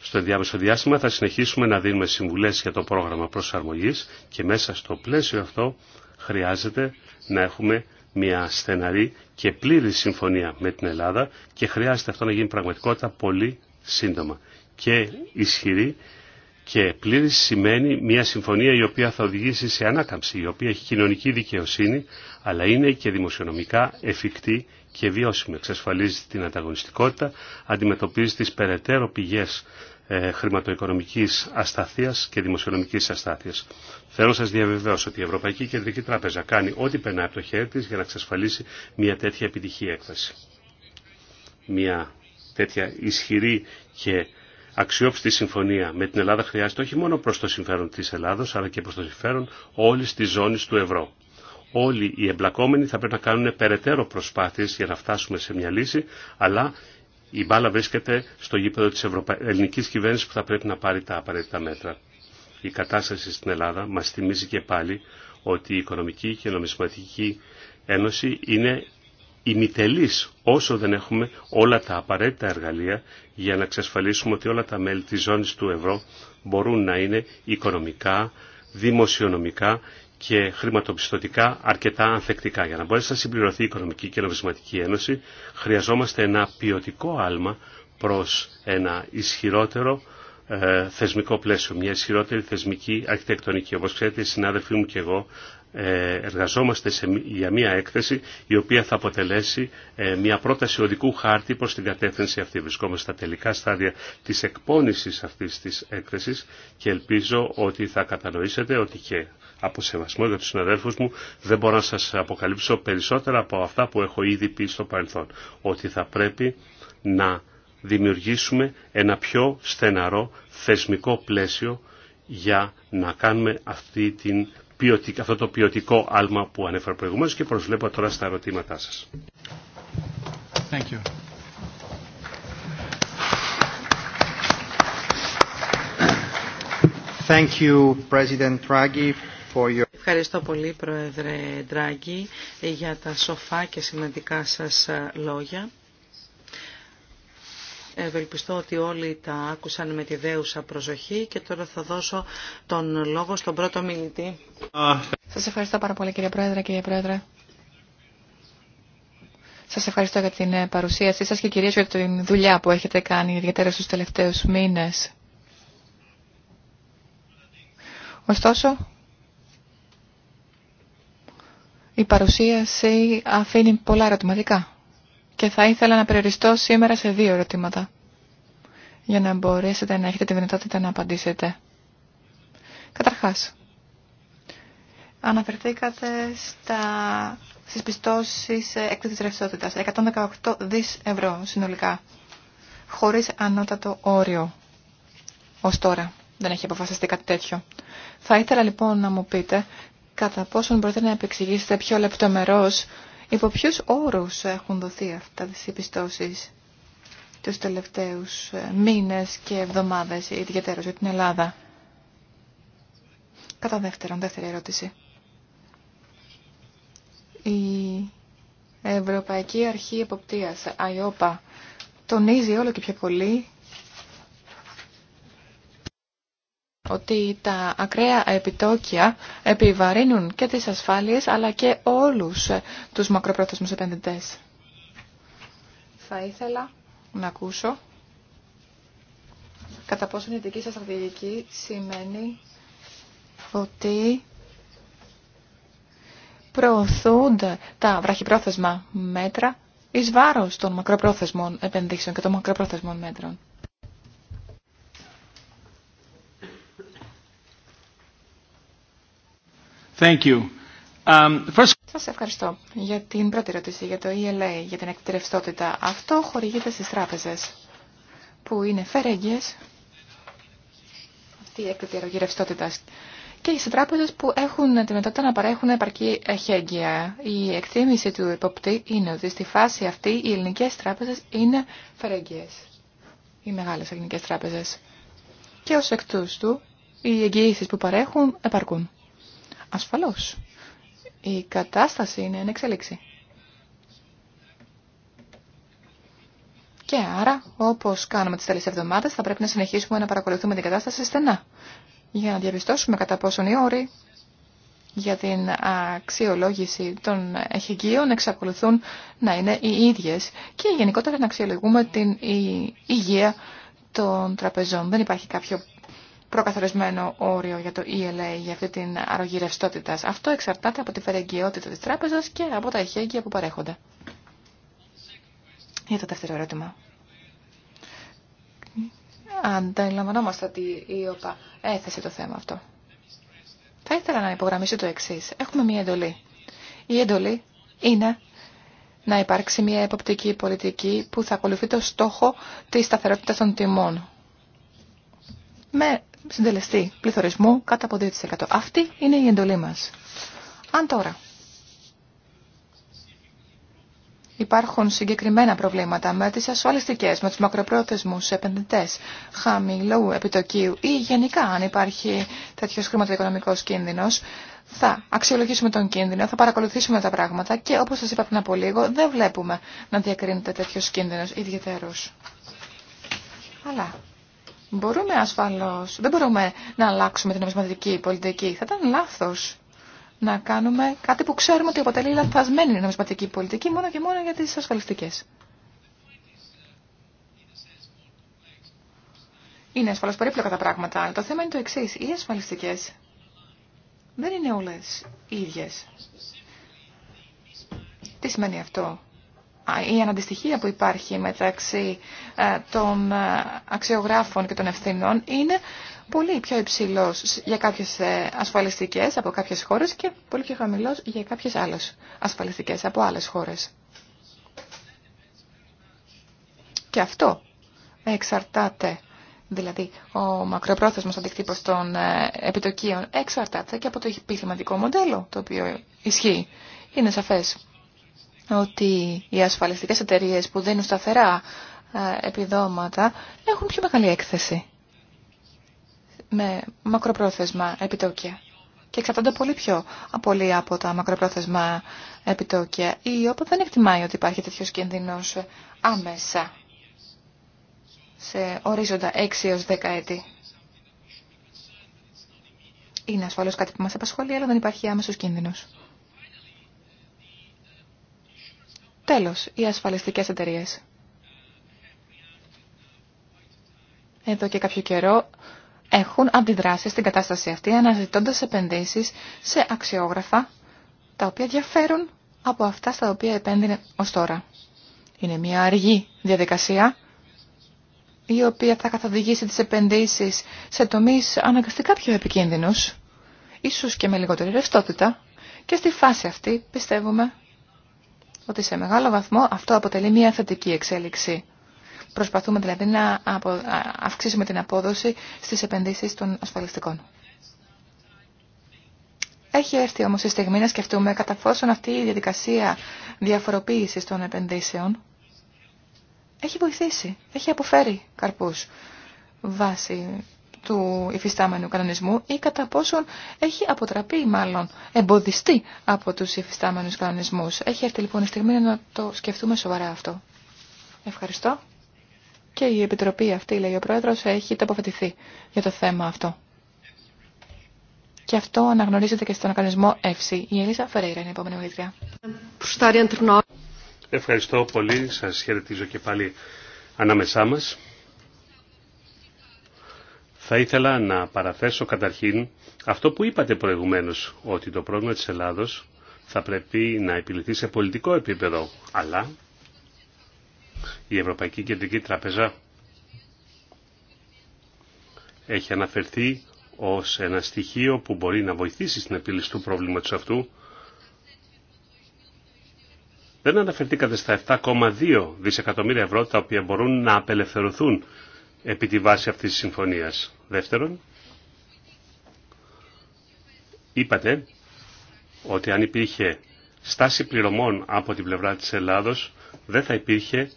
στο ενδιάμεσο διάστημα θα συνεχίσουμε να δίνουμε συμβουλές για το πρόγραμμα προσαρμογής και μέσα στο πλαίσιο αυτό χρειάζεται να έχουμε μια στεναρή και πλήρη συμφωνία με την Ελλάδα και χρειάζεται αυτό να γίνει πραγματικότητα πολύ σύντομα. Και ισχυρή και πλήρη σημαίνει μια συμφωνία η οποία θα οδηγήσει σε ανάκαμψη, η οποία έχει κοινωνική δικαιοσύνη, αλλά είναι και δημοσιονομικά εφικτή και βιώσιμη. Εξασφαλίζει την ανταγωνιστικότητα, αντιμετωπίζει τις περαιτέρω πηγές ε, χρηματοοικονομικής ασταθείας και δημοσιονομικής αστάθειας. Θέλω να σας διαβεβαιώσω ότι η Ευρωπαϊκή Κεντρική Τράπεζα κάνει ό,τι περνάει από το χέρι της για να εξασφαλίσει μια τέτοια επιτυχή έκθεση. Μια τέτοια ισχυρή και αξιόπιστη συμφωνία με την Ελλάδα χρειάζεται όχι μόνο προς το συμφέρον της Ελλάδος, αλλά και προς το συμφέρον όλης της ζώνης του ευρώ όλοι οι εμπλακόμενοι θα πρέπει να κάνουν περαιτέρω προσπάθειες για να φτάσουμε σε μια λύση, αλλά η μπάλα βρίσκεται στο γήπεδο της Ευρωπα... ελληνικής κυβέρνησης που θα πρέπει να πάρει τα απαραίτητα μέτρα. Η κατάσταση στην Ελλάδα μας θυμίζει και πάλι ότι η Οικονομική και Νομισματική Ένωση είναι ημιτελής όσο δεν έχουμε όλα τα απαραίτητα εργαλεία για να εξασφαλίσουμε ότι όλα τα μέλη της ζώνης του ευρώ μπορούν να είναι οικονομικά, δημοσιονομικά και χρηματοπιστωτικά αρκετά ανθεκτικά. Για να μπορέσει να συμπληρωθεί η Οικονομική και Νομισματική Ένωση χρειαζόμαστε ένα ποιοτικό άλμα προς ένα ισχυρότερο ε, θεσμικό πλαίσιο, μια ισχυρότερη θεσμική αρχιτεκτονική. Όπως ξέρετε οι συνάδελφοί μου και εγώ ε, εργαζόμαστε για μια έκθεση η οποία θα αποτελέσει ε, μια πρόταση οδικού χάρτη προς την κατεύθυνση αυτή. Βρισκόμαστε στα τελικά στάδια της εκπόνησης αυτής της έκθεσης και ελπίζω ότι θα κατανοήσετε ότι και από σεβασμό για τους συναδέλφους μου, δεν μπορώ να σας αποκαλύψω περισσότερα από αυτά που έχω ήδη πει στο παρελθόν. Ότι θα πρέπει να δημιουργήσουμε ένα πιο στεναρό θεσμικό πλαίσιο για να κάνουμε αυτή την ποιοτικ... αυτό το ποιοτικό άλμα που ανέφερα προηγουμένως και προσβλέπω τώρα στα ερωτήματά σας. Thank you. Thank you, Ευχαριστώ πολύ Πρόεδρε Ντράγκη για τα σοφά και σημαντικά σας λόγια. Ευελπιστώ ότι όλοι τα άκουσαν με τη δέουσα προσοχή και τώρα θα δώσω τον λόγο στον πρώτο μιλητή. Σας ευχαριστώ πάρα πολύ κύριε Πρόεδρε, κύριε Πρόεδρε. Σας ευχαριστώ για την ε, παρουσίασή σας και κυρίως για την δουλειά που έχετε κάνει ιδιαίτερα στους τελευταίους μήνες. Ωστόσο, η παρουσίαση αφήνει πολλά ερωτηματικά και θα ήθελα να περιοριστώ σήμερα σε δύο ερωτήματα για να μπορέσετε να έχετε τη δυνατότητα να απαντήσετε. Καταρχάς, αναφερθήκατε στα, στις πιστώσεις έκθεσης ρευστότητας, 118 δις ευρώ συνολικά, χωρίς ανώτατο όριο ως τώρα. Δεν έχει αποφασιστεί κάτι τέτοιο. Θα ήθελα λοιπόν να μου πείτε κατά πόσον μπορείτε να επεξηγήσετε πιο λεπτομερώς υπό ποιους όρους έχουν δοθεί αυτά τις επιστώσεις τους τελευταίους ε, μήνες και εβδομάδες, ιδιαίτερα για την Ελλάδα. Κατά δεύτερον, δεύτερη ερώτηση. Η Ευρωπαϊκή Αρχή Εποπτείας, ΑΙΟΠΑ, τονίζει όλο και πιο πολύ ότι τα ακραία επιτόκια επιβαρύνουν και τις ασφάλειες αλλά και όλους τους μακροπρόθεσμους επενδυτές. Θα ήθελα να ακούσω κατά πόσο η δική σας στρατηγική σημαίνει ότι προωθούνται τα βραχυπρόθεσμα μέτρα εις βάρος των μακροπρόθεσμων επενδύσεων και των μακροπρόθεσμων μέτρων. Thank um, Σας ευχαριστώ για την πρώτη ερώτηση για το ELA, για την εκτρευστότητα. Αυτό χορηγείται στις τράπεζες που είναι φερέγγιες, αυτή η έκδοτη και σε τράπεζε που έχουν τη να παρέχουν επαρκή εχέγγυα. Η εκτίμηση του υποπτή είναι ότι στη φάση αυτή οι ελληνικέ τράπεζε είναι φερεγγίε. Οι μεγάλε ελληνικέ τράπεζε. Και ω εκ τούτου, οι εγγυήσει που παρέχουν επαρκούν. Ασφαλώς. Η κατάσταση είναι εν εξελίξη. Και άρα, όπως κάνουμε τις τελευταίες εβδομάδες, θα πρέπει να συνεχίσουμε να παρακολουθούμε την κατάσταση στενά. Για να διαπιστώσουμε κατά πόσον οι όροι για την αξιολόγηση των εχηγείων εξακολουθούν να είναι οι ίδιες και γενικότερα να αξιολογούμε την υγεία των τραπεζών. Δεν υπάρχει κάποιο προκαθορισμένο όριο για το ELA, για αυτή την αρρωγή ρευστότητα. Αυτό εξαρτάται από τη φερεγγιότητα τη τράπεζα και από τα εχέγγυα που παρέχονται. Για το δεύτερο ερώτημα. Ανταλαμβανόμαστε ότι η ΟΠΑ έθεσε το θέμα αυτό. Θα ήθελα να υπογραμμίσω το εξή. Έχουμε μία εντολή. Η εντολή είναι να υπάρξει μία εποπτική πολιτική που θα ακολουθεί το στόχο της σταθερότητας των τιμών με συντελεστή πληθωρισμού κάτω από 2%. Αυτή είναι η εντολή μας. Αν τώρα υπάρχουν συγκεκριμένα προβλήματα με τις ασφαλιστικές, με τους μακροπρόθεσμους επενδυτές χαμηλού επιτοκίου ή γενικά αν υπάρχει τέτοιος χρηματοοικονομικός κίνδυνος, θα αξιολογήσουμε τον κίνδυνο, θα παρακολουθήσουμε τα πράγματα και όπως σας είπα πριν από λίγο δεν βλέπουμε να διακρίνεται τέτοιος κίνδυνος ιδιαίτερος. Αλλά Μπορούμε ασφαλώς, δεν μπορούμε να αλλάξουμε την νομισματική πολιτική. Θα ήταν λάθος να κάνουμε κάτι που ξέρουμε ότι αποτελεί λαθασμένη νομισματική πολιτική μόνο και μόνο για τις ασφαλιστικές. Είναι ασφαλώς περίπλοκα τα πράγματα, αλλά το θέμα είναι το εξής. Οι ασφαλιστικές δεν είναι όλες οι ίδιες. Τι σημαίνει αυτό η αναντιστοιχία που υπάρχει μεταξύ ε, των ε, αξιογράφων και των ευθυνών είναι πολύ πιο υψηλός για κάποιες ε, ασφαλιστικές από κάποιες χώρες και πολύ πιο χαμηλός για κάποιες άλλες ασφαλιστικές από άλλες χώρες. Και αυτό εξαρτάται, δηλαδή ο μακροπρόθεσμος αντικτύπος των επιτοκίων εξαρτάται και από το επιχειρηματικό μοντέλο το οποίο ισχύει. Είναι σαφές ότι οι ασφαλιστικές εταιρείες που δίνουν σταθερά ε, επιδόματα έχουν πιο μεγάλη έκθεση με μακροπρόθεσμα επιτόκια και εξαρτώνται πολύ πιο πολύ από τα μακροπρόθεσμα επιτόκια. Η ΟΠΑ δεν εκτιμάει ότι υπάρχει τέτοιος κίνδυνος άμεσα σε ορίζοντα 6 έως 10 έτη. Είναι ασφαλώς κάτι που μας απασχολεί, αλλά δεν υπάρχει άμεσος κίνδυνος. Τέλος, οι ασφαλιστικές εταιρείες. Εδώ και κάποιο καιρό έχουν αντιδράσει στην κατάσταση αυτή αναζητώντας επενδύσεις σε αξιόγραφα τα οποία διαφέρουν από αυτά στα οποία επένδυνε ως τώρα. Είναι μια αργή διαδικασία η οποία θα καθοδηγήσει τις επενδύσεις σε τομείς αναγκαστικά πιο επικίνδυνους, ίσως και με λιγότερη ρευστότητα, και στη φάση αυτή πιστεύουμε ότι σε μεγάλο βαθμό αυτό αποτελεί μια θετική εξέλιξη. Προσπαθούμε δηλαδή να αυξήσουμε την απόδοση στις επενδύσεις των ασφαλιστικών. Έχει έρθει όμως η στιγμή να σκεφτούμε κατά πόσον αυτή η διαδικασία διαφοροποίησης των επενδύσεων έχει βοηθήσει, έχει αποφέρει καρπούς βάσει του υφιστάμενου κανονισμού ή κατά πόσον έχει αποτραπεί μάλλον, εμποδιστεί από τους υφιστάμενους κανονισμούς. Έχει έρθει λοιπόν η στιγμή να το σκεφτούμε σοβαρά αυτό. Ευχαριστώ. Και η Επιτροπή αυτή, λέει ο Πρόεδρος, έχει τοποθετηθεί για το θέμα αυτό. Και αυτό αναγνωρίζεται και στον οργανισμό ΕΦΣΥ. Η Ελίζα Φερέιρα είναι η επόμενη μιλήτρια. Ευχαριστώ πολύ. Σας χαιρετίζω και πάλι ανάμεσά μας. Θα ήθελα να παραθέσω καταρχήν αυτό που είπατε προηγουμένως, ότι το πρόβλημα της Ελλάδος θα πρέπει να επιληθεί σε πολιτικό επίπεδο. Αλλά η Ευρωπαϊκή Κεντρική Τράπεζα έχει αναφερθεί ως ένα στοιχείο που μπορεί να βοηθήσει στην επίλυση του προβλήματος αυτού. Δεν αναφερθήκατε στα 7,2 δισεκατομμύρια ευρώ τα οποία μπορούν να απελευθερωθούν επί τη βάση αυτής της συμφωνίας. Δεύτερον, είπατε ότι αν υπήρχε στάση πληρωμών από την πλευρά της Ελλάδος, δεν θα υπήρχε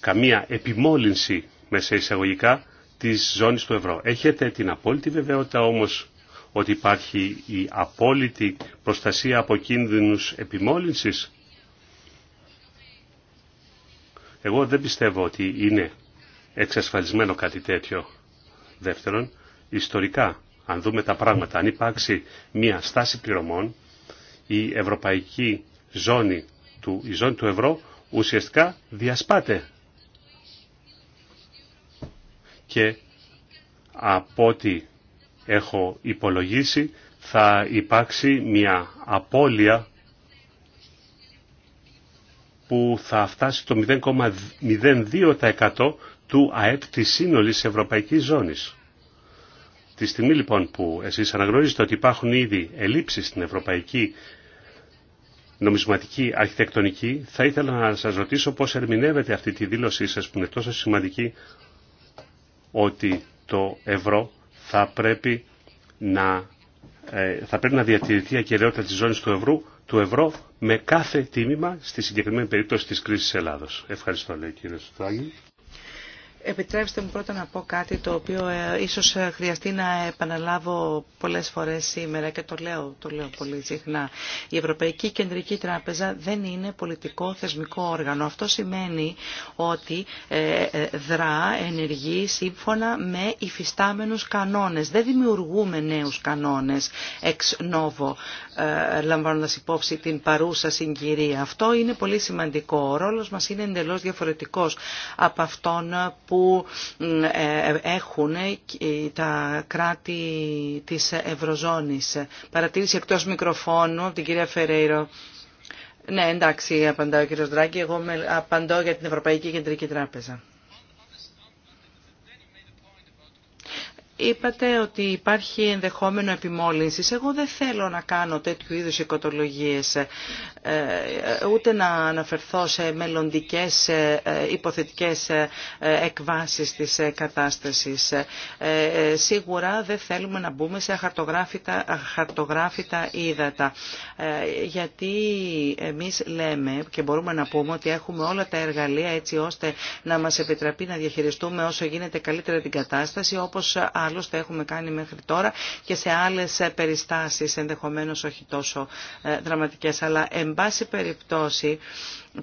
καμία επιμόλυνση μέσα εισαγωγικά της ζώνης του ευρώ. Έχετε την απόλυτη βεβαιότητα όμως ότι υπάρχει η απόλυτη προστασία από κίνδυνους επιμόλυνσης. Εγώ δεν πιστεύω ότι είναι εξασφαλισμένο κάτι τέτοιο. Δεύτερον, ιστορικά, αν δούμε τα πράγματα, αν υπάρξει μια στάση πληρωμών, η ευρωπαϊκή ζώνη του, η ζώνη του ευρώ ουσιαστικά διασπάται. Και από ό,τι έχω υπολογίσει θα υπάρξει μια απώλεια που θα φτάσει το 0,02% του ΑΕΠ της σύνολης ευρωπαϊκής ζώνης. Τη στιγμή λοιπόν που εσείς αναγνωρίζετε ότι υπάρχουν ήδη ελλείψεις στην ευρωπαϊκή νομισματική αρχιτεκτονική, θα ήθελα να σας ρωτήσω πώς ερμηνεύετε αυτή τη δήλωσή σας που είναι τόσο σημαντική ότι το ευρώ θα πρέπει να, ε, θα πρέπει να διατηρηθεί η ακεραιότητα της ζώνης του ευρώ, του ευρώ με κάθε τίμημα στη συγκεκριμένη περίπτωση της κρίσης Ελλάδος. Ευχαριστώ λέει κύριε Στράγγι. Επιτρέψτε μου πρώτα να πω κάτι το οποίο ε, ίσως ε, χρειαστεί να επαναλάβω πολλές φορές σήμερα και το λέω, το πολύ συχνά. Η Ευρωπαϊκή Κεντρική Τράπεζα δεν είναι πολιτικό θεσμικό όργανο. Αυτό σημαίνει ότι ε, δρά, ενεργεί σύμφωνα με υφιστάμενους κανόνες. Δεν δημιουργούμε νέους κανόνες εξ νόβο λαμβάνοντας υπόψη την παρούσα συγκυρία. Αυτό είναι πολύ σημαντικό. Ο ρόλος μας είναι εντελώς διαφορετικός από αυτόν που ε, έχουν τα κράτη της Ευρωζώνης. Παρατήρηση εκτός μικροφώνου από την κυρία Φερέιρο. Ναι, εντάξει, απαντάω ο κύριος Δράκη, εγώ απαντώ για την Ευρωπαϊκή Κεντρική Τράπεζα. Είπατε ότι υπάρχει ενδεχόμενο επιμόλυνσης. Εγώ δεν θέλω να κάνω τέτοιου είδους οικοτολογίες, ε, ε, ούτε να αναφερθώ σε μελλοντικές ε, υποθετικές εκβάσεις της κατάστασης. Σίγουρα δεν θέλουμε να μπούμε σε αχαρτογράφητα, αχαρτογράφητα ύδατα, γιατί εμείς λέμε και μπορούμε να πούμε ότι έχουμε όλα τα εργαλεία έτσι ώστε να μας επιτραπεί να διαχειριστούμε όσο γίνεται καλύτερα την κατάσταση, όπως άλλωστε έχουμε κάνει μέχρι τώρα και σε άλλες ε, περιστάσεις, ενδεχομένως όχι τόσο ε, δραματικές. Αλλά, εν πάση περιπτώσει,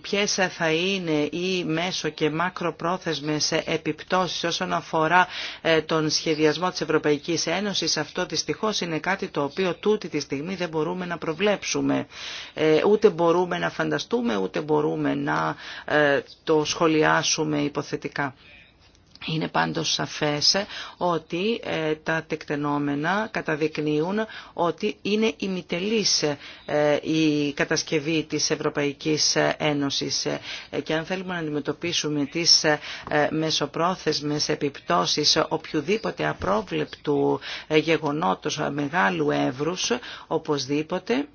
ποιε ε, θα είναι οι μέσο και μακροπρόθεσμες επιπτώσεις όσον αφορά τον σχεδιασμό της Ευρωπαϊκής Ένωσης. Αυτό δυστυχώς είναι κάτι το οποίο τούτη τη στιγμή δεν μπορούμε να προβλέψουμε. Ούτε μπορούμε να φανταστούμε, ούτε μπορούμε να το σχολιάσουμε υποθετικά. Είναι πάντως σαφές ότι ε, τα τεκτενόμενα καταδεικνύουν ότι είναι ημιτελής ε, η κατασκευή της Ευρωπαϊκής Ένωσης ε, και αν θέλουμε να αντιμετωπίσουμε τις μεσοπρόθεσμες επιπτώσεις οποιοδήποτε απρόβλεπτου γεγονότος μεγάλου εύρους, οπωσδήποτε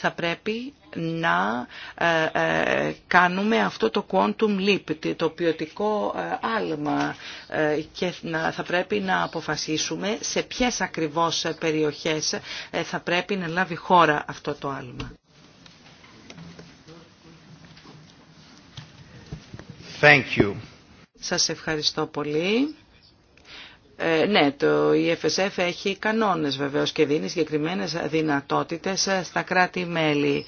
θα πρέπει να ε, ε, κάνουμε αυτό το quantum leap, το ποιοτικό ε, άλμα και θα πρέπει να αποφασίσουμε σε ποιες ακριβώς περιοχές θα πρέπει να λάβει χώρα αυτό το άλμα. Thank you. Σας ευχαριστώ πολύ. Ε, ναι, το EFSF έχει κανόνες βεβαίως και δίνει συγκεκριμένε δυνατότητες ε, στα κράτη-μέλη.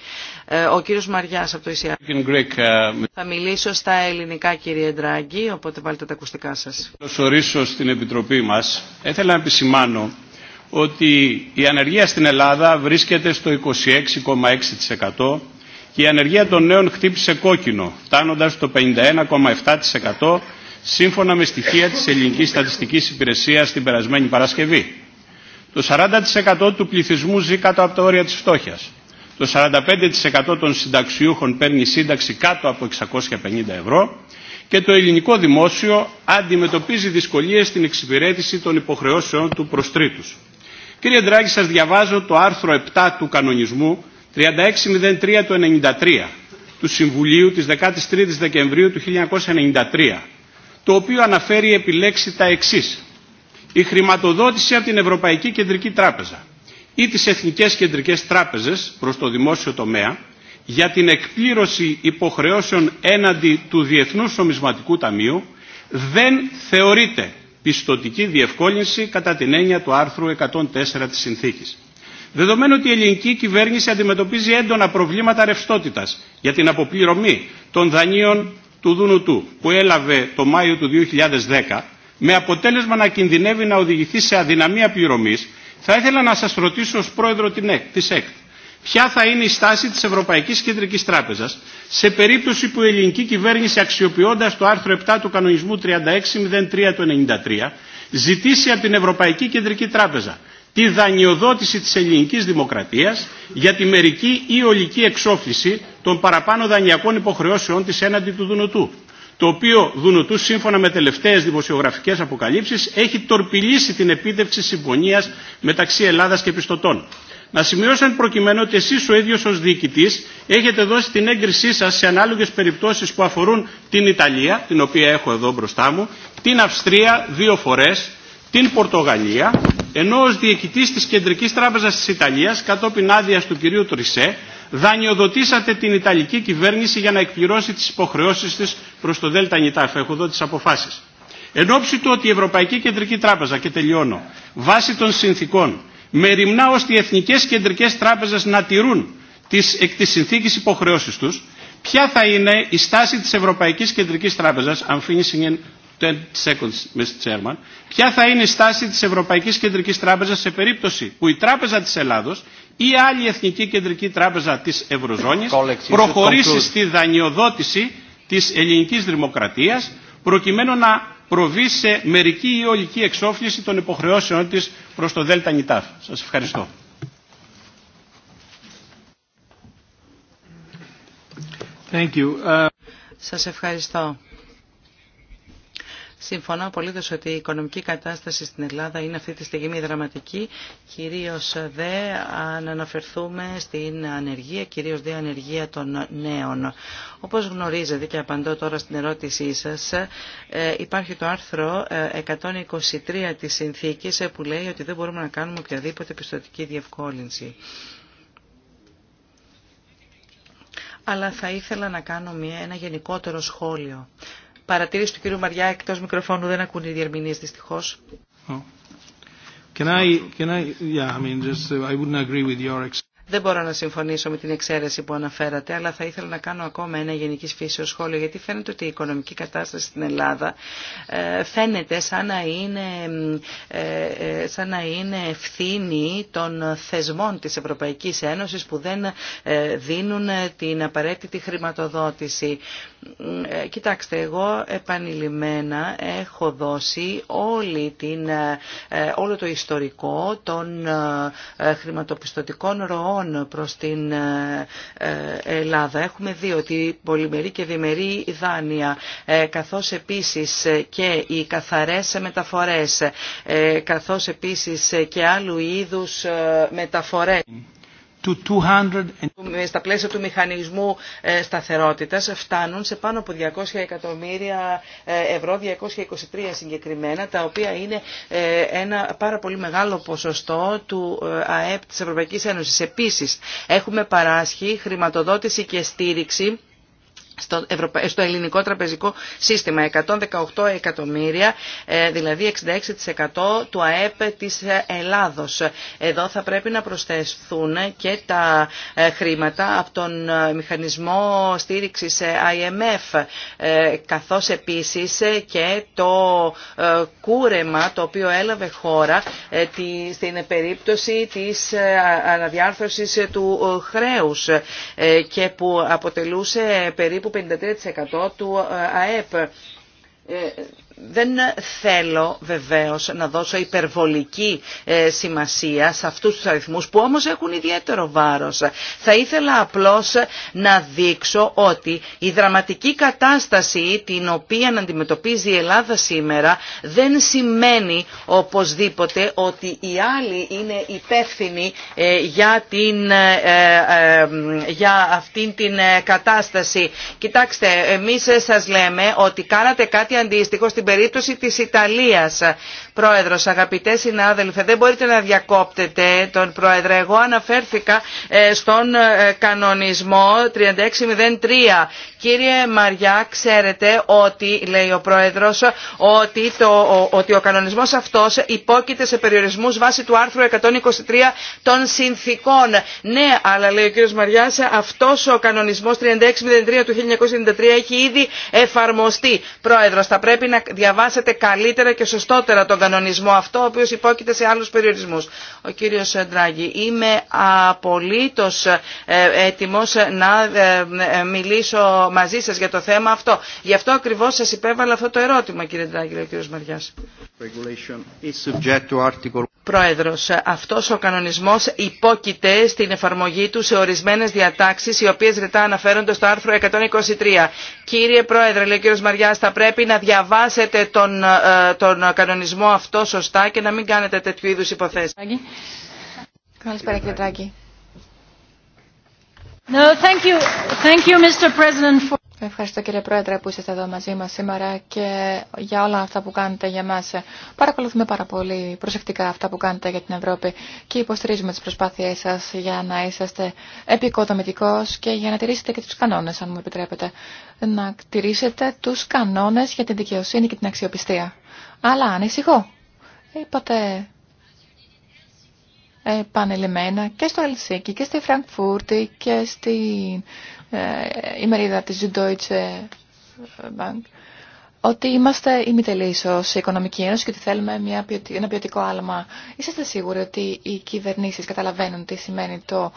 Ε, ο κύριος Μαριάς από το ΙΣΙΑ. E ε, Θα μιλήσω στα ελληνικά κύριε Ντράγκη, οπότε βάλτε τα ακουστικά σας. ορίσω στην Επιτροπή μας. Έθελα να επισημάνω ότι η ανεργία στην Ελλάδα βρίσκεται στο 26,6% και η ανεργία των νέων χτύπησε κόκκινο, φτάνοντας το 51,7% σύμφωνα με στοιχεία της Ελληνικής Στατιστικής Υπηρεσίας την περασμένη Παρασκευή. Το 40% του πληθυσμού ζει κάτω από τα όρια της φτώχειας. Το 45% των συνταξιούχων παίρνει σύνταξη κάτω από 650 ευρώ και το ελληνικό δημόσιο αντιμετωπίζει δυσκολίες στην εξυπηρέτηση των υποχρεώσεων του προς τρίτους. Κύριε Ντράγκη, σας διαβάζω το άρθρο 7 του κανονισμού 3603 του 1993 του Συμβουλίου της 13ης Δεκεμβρίου του 1993 το οποίο αναφέρει επιλέξει τα εξή. Η χρηματοδότηση από την Ευρωπαϊκή Κεντρική Τράπεζα ή τις Εθνικές Κεντρικές Τράπεζες προς το δημόσιο τομέα για την εκπλήρωση υποχρεώσεων έναντι του Διεθνούς Νομισματικού Ταμείου δεν θεωρείται πιστοτική διευκόλυνση κατά την έννοια του άρθρου 104 της Συνθήκης. Δεδομένου ότι η ελληνική κυβέρνηση αντιμετωπίζει έντονα προβλήματα ρευστότητας για την αποπληρωμή των δανείων του Δούνου που έλαβε το Μάιο του 2010 με αποτέλεσμα να κινδυνεύει να οδηγηθεί σε αδυναμία πληρωμής θα ήθελα να σας ρωτήσω ως πρόεδρο της ΕΚΤ ποια θα είναι η στάση της Ευρωπαϊκής Κεντρικής Τράπεζας σε περίπτωση που η ελληνική κυβέρνηση αξιοποιώντας το άρθρο 7 του κανονισμού 3603 του 1993 ζητήσει από την Ευρωπαϊκή Κεντρική Τράπεζα τη δανειοδότηση της ελληνικής δημοκρατίας για τη μερική ή ολική εξόφληση των παραπάνω δανειακών υποχρεώσεων της έναντι του Δουνουτού, το οποίο Δουνουτού σύμφωνα με τελευταίες δημοσιογραφικές αποκαλύψεις έχει τορπιλήσει την επίτευξη συμφωνίας μεταξύ Ελλάδας και πιστωτών. Να σημειώσω εν προκειμένου ότι εσεί ο ίδιο ω διοικητή έχετε δώσει την έγκρισή σα σε ανάλογε περιπτώσει που αφορούν την Ιταλία, την οποία έχω εδώ μπροστά μου, την Αυστρία δύο φορέ, την Πορτογαλία, ενώ ως διοικητής της Κεντρικής Τράπεζας της Ιταλίας, κατόπιν άδεια του κυρίου Τρισέ, δανειοδοτήσατε την Ιταλική κυβέρνηση για να εκπληρώσει τις υποχρεώσεις της προς το Δέλτα Νιτάφ. Έχω εδώ τις αποφάσεις. Εν ώψη του ότι η Ευρωπαϊκή Κεντρική Τράπεζα, και τελειώνω, βάσει των συνθήκων, μεριμνά ώστε οι εθνικές κεντρικές τράπεζες να τηρούν τις εκ της συνθήκης υποχρεώσεις ποια θα είναι η στάση της Ευρωπαϊκής Κεντρικής Τράπεζας, αν 10 seconds, Mr. Chairman. Ποια θα είναι η στάση της Ευρωπαϊκής Κεντρικής Τράπεζας σε περίπτωση που η Τράπεζα της Ελλάδος ή άλλη Εθνική Κεντρική Τράπεζα της Ευρωζώνης προχωρήσει στη δανειοδότηση της ελληνικής δημοκρατίας προκειμένου να προβεί σε μερική ή ολική εξόφληση των υποχρεώσεων της προς το Δέλτα Νιτάφ. Σας ευχαριστώ. Thank you. Uh, Σας ευχαριστώ. Συμφωνώ απολύτως ότι η οικονομική κατάσταση στην Ελλάδα είναι αυτή τη στιγμή δραματική, κυρίως δε αν αναφερθούμε στην ανεργία, κυρίως δε ανεργία των νέων. Όπως γνωρίζετε και απαντώ τώρα στην ερώτησή σας, ε, υπάρχει το άρθρο 123 ε, της συνθήκης ε, που λέει ότι δεν μπορούμε να κάνουμε οποιαδήποτε πιστοτική διευκόλυνση αλλά θα ήθελα να κάνω μια, ένα γενικότερο σχόλιο παρατήρηση του κ. Μαριά εκτός μικροφώνου δεν ακούν οι διερμηνείς δυστυχώς. Oh. Can I, can I, yeah, I mean, just, uh, I wouldn't agree with your δεν μπορώ να συμφωνήσω με την εξαίρεση που αναφέρατε, αλλά θα ήθελα να κάνω ακόμα ένα γενική φύσεως σχόλιο, γιατί φαίνεται ότι η οικονομική κατάσταση στην Ελλάδα ε, φαίνεται σαν να είναι, ε, ε, σαν να είναι ευθύνη των θεσμών της Ευρωπαϊκής Ένωσης που δεν δίνουν την απαραίτητη χρηματοδότηση. Κοιτάξτε, εγώ επανειλημμένα έχω δώσει όλη την, όλο το ιστορικό των χρηματοπιστωτικών ροών προς την ε, ε, Ελλάδα. Έχουμε δει ότι πολυμερή και διμερή δάνεια, ε, καθώς επίσης και οι καθαρές μεταφορές, καθώς επίσης και άλλου είδους μεταφορές. Στα πλαίσια του μηχανισμού ε, σταθερότητας φτάνουν σε πάνω από 200 εκατομμύρια ε, ευρώ, 223 συγκεκριμένα, τα οποία είναι ε, ένα πάρα πολύ μεγάλο ποσοστό του ΑΕΠ της Ευρωπαϊκής Ένωσης. Επίσης, έχουμε παράσχει χρηματοδότηση και στήριξη στο, ελληνικό τραπεζικό σύστημα. 118 εκατομμύρια, ε, δηλαδή 66% του ΑΕΠ της ε, Ελλάδος. Εδώ θα πρέπει να προσθεθούν και τα ε, χρήματα από τον μηχανισμό στήριξης IMF, καθώς επίσης και το κούρεμα το οποίο έλαβε χώρα στην περίπτωση της αναδιάρθρωσης του χρέους και που αποτελούσε περίπου 53% του ε, ΑΕΠ ε, δεν θέλω βεβαίως να δώσω υπερβολική ε, σημασία σε αυτούς τους αριθμούς που όμως έχουν ιδιαίτερο βάρος. Θα ήθελα απλώς να δείξω ότι η δραματική κατάσταση την οποία αντιμετωπίζει η Ελλάδα σήμερα δεν σημαίνει οπωσδήποτε ότι οι άλλοι είναι υπεύθυνοι ε, για, την, ε, αυτήν την κατάσταση. Κοιτάξτε, εμείς σας λέμε ότι κάνατε κάτι αντίστοιχο στην στην περίπτωση της Ιταλίας Πρόεδρος, αγαπητέ συνάδελφε, δεν μπορείτε να διακόπτετε τον Πρόεδρο. Εγώ αναφέρθηκα ε, στον ε, κανονισμό 3603. Κύριε Μαριά, ξέρετε ότι, λέει ο Πρόεδρος, ότι, το, ότι ο κανονισμός αυτός υπόκειται σε περιορισμούς βάσει του άρθρου 123 των συνθήκων. Ναι, αλλά λέει ο κύριος Μαριάς, αυτός ο κανονισμός 3603 του 1993 έχει ήδη εφαρμοστεί. Πρόεδρος, θα πρέπει να διαβάσετε καλύτερα και σωστότερα τον κανονισμό αυτό, ο οποίος υπόκειται σε άλλους περιορισμούς. Ο κύριος Ντράγκη, είμαι απολύτως ε, έτοιμος να ε, ε, μιλήσω μαζί σας για το θέμα αυτό. Γι' αυτό ακριβώς σας υπέβαλα αυτό το ερώτημα, κύριε Ντράγκη, ο κύριος Μαριάς. Πρόεδρος, αυτός ο κανονισμός υπόκειται στην εφαρμογή του σε ορισμένες διατάξεις οι οποίες ρετά αναφέρονται στο άρθρο 123. Κύριε Πρόεδρε, λέει ο κύριος Μαριάς, θα πρέπει να διαβάσετε τον, τον κανονισμό αυτό σωστά και να μην κάνετε τέτοιου είδου υποθέσει. Καλησπέρα κύριε Τράκη. No, thank you. Thank you, Mr. President, for... Ευχαριστώ κύριε Πρόεδρε που είστε εδώ μαζί μας σήμερα και για όλα αυτά που κάνετε για μας. Παρακολουθούμε πάρα πολύ προσεκτικά αυτά που κάνετε για την Ευρώπη και υποστηρίζουμε τις προσπάθειές σας για να είσαστε επικοδομητικός και για να τηρήσετε και τους κανόνες, αν μου επιτρέπετε. Να τηρήσετε τους κανόνες για την δικαιοσύνη και την αξιοπιστία. Αλλά ανησυχώ. Είπατε επανελειμμένα και στο Ελσίκη και στη Φραγκφούρτη και στη ε, ημερίδα της Deutsche Bank ότι είμαστε ημιτελείς ως Οικονομική Ένωση και ότι θέλουμε μια ένα ποιοτικό άλμα. Είσαστε σίγουροι ότι οι κυβερνήσεις καταλαβαίνουν τι σημαίνει το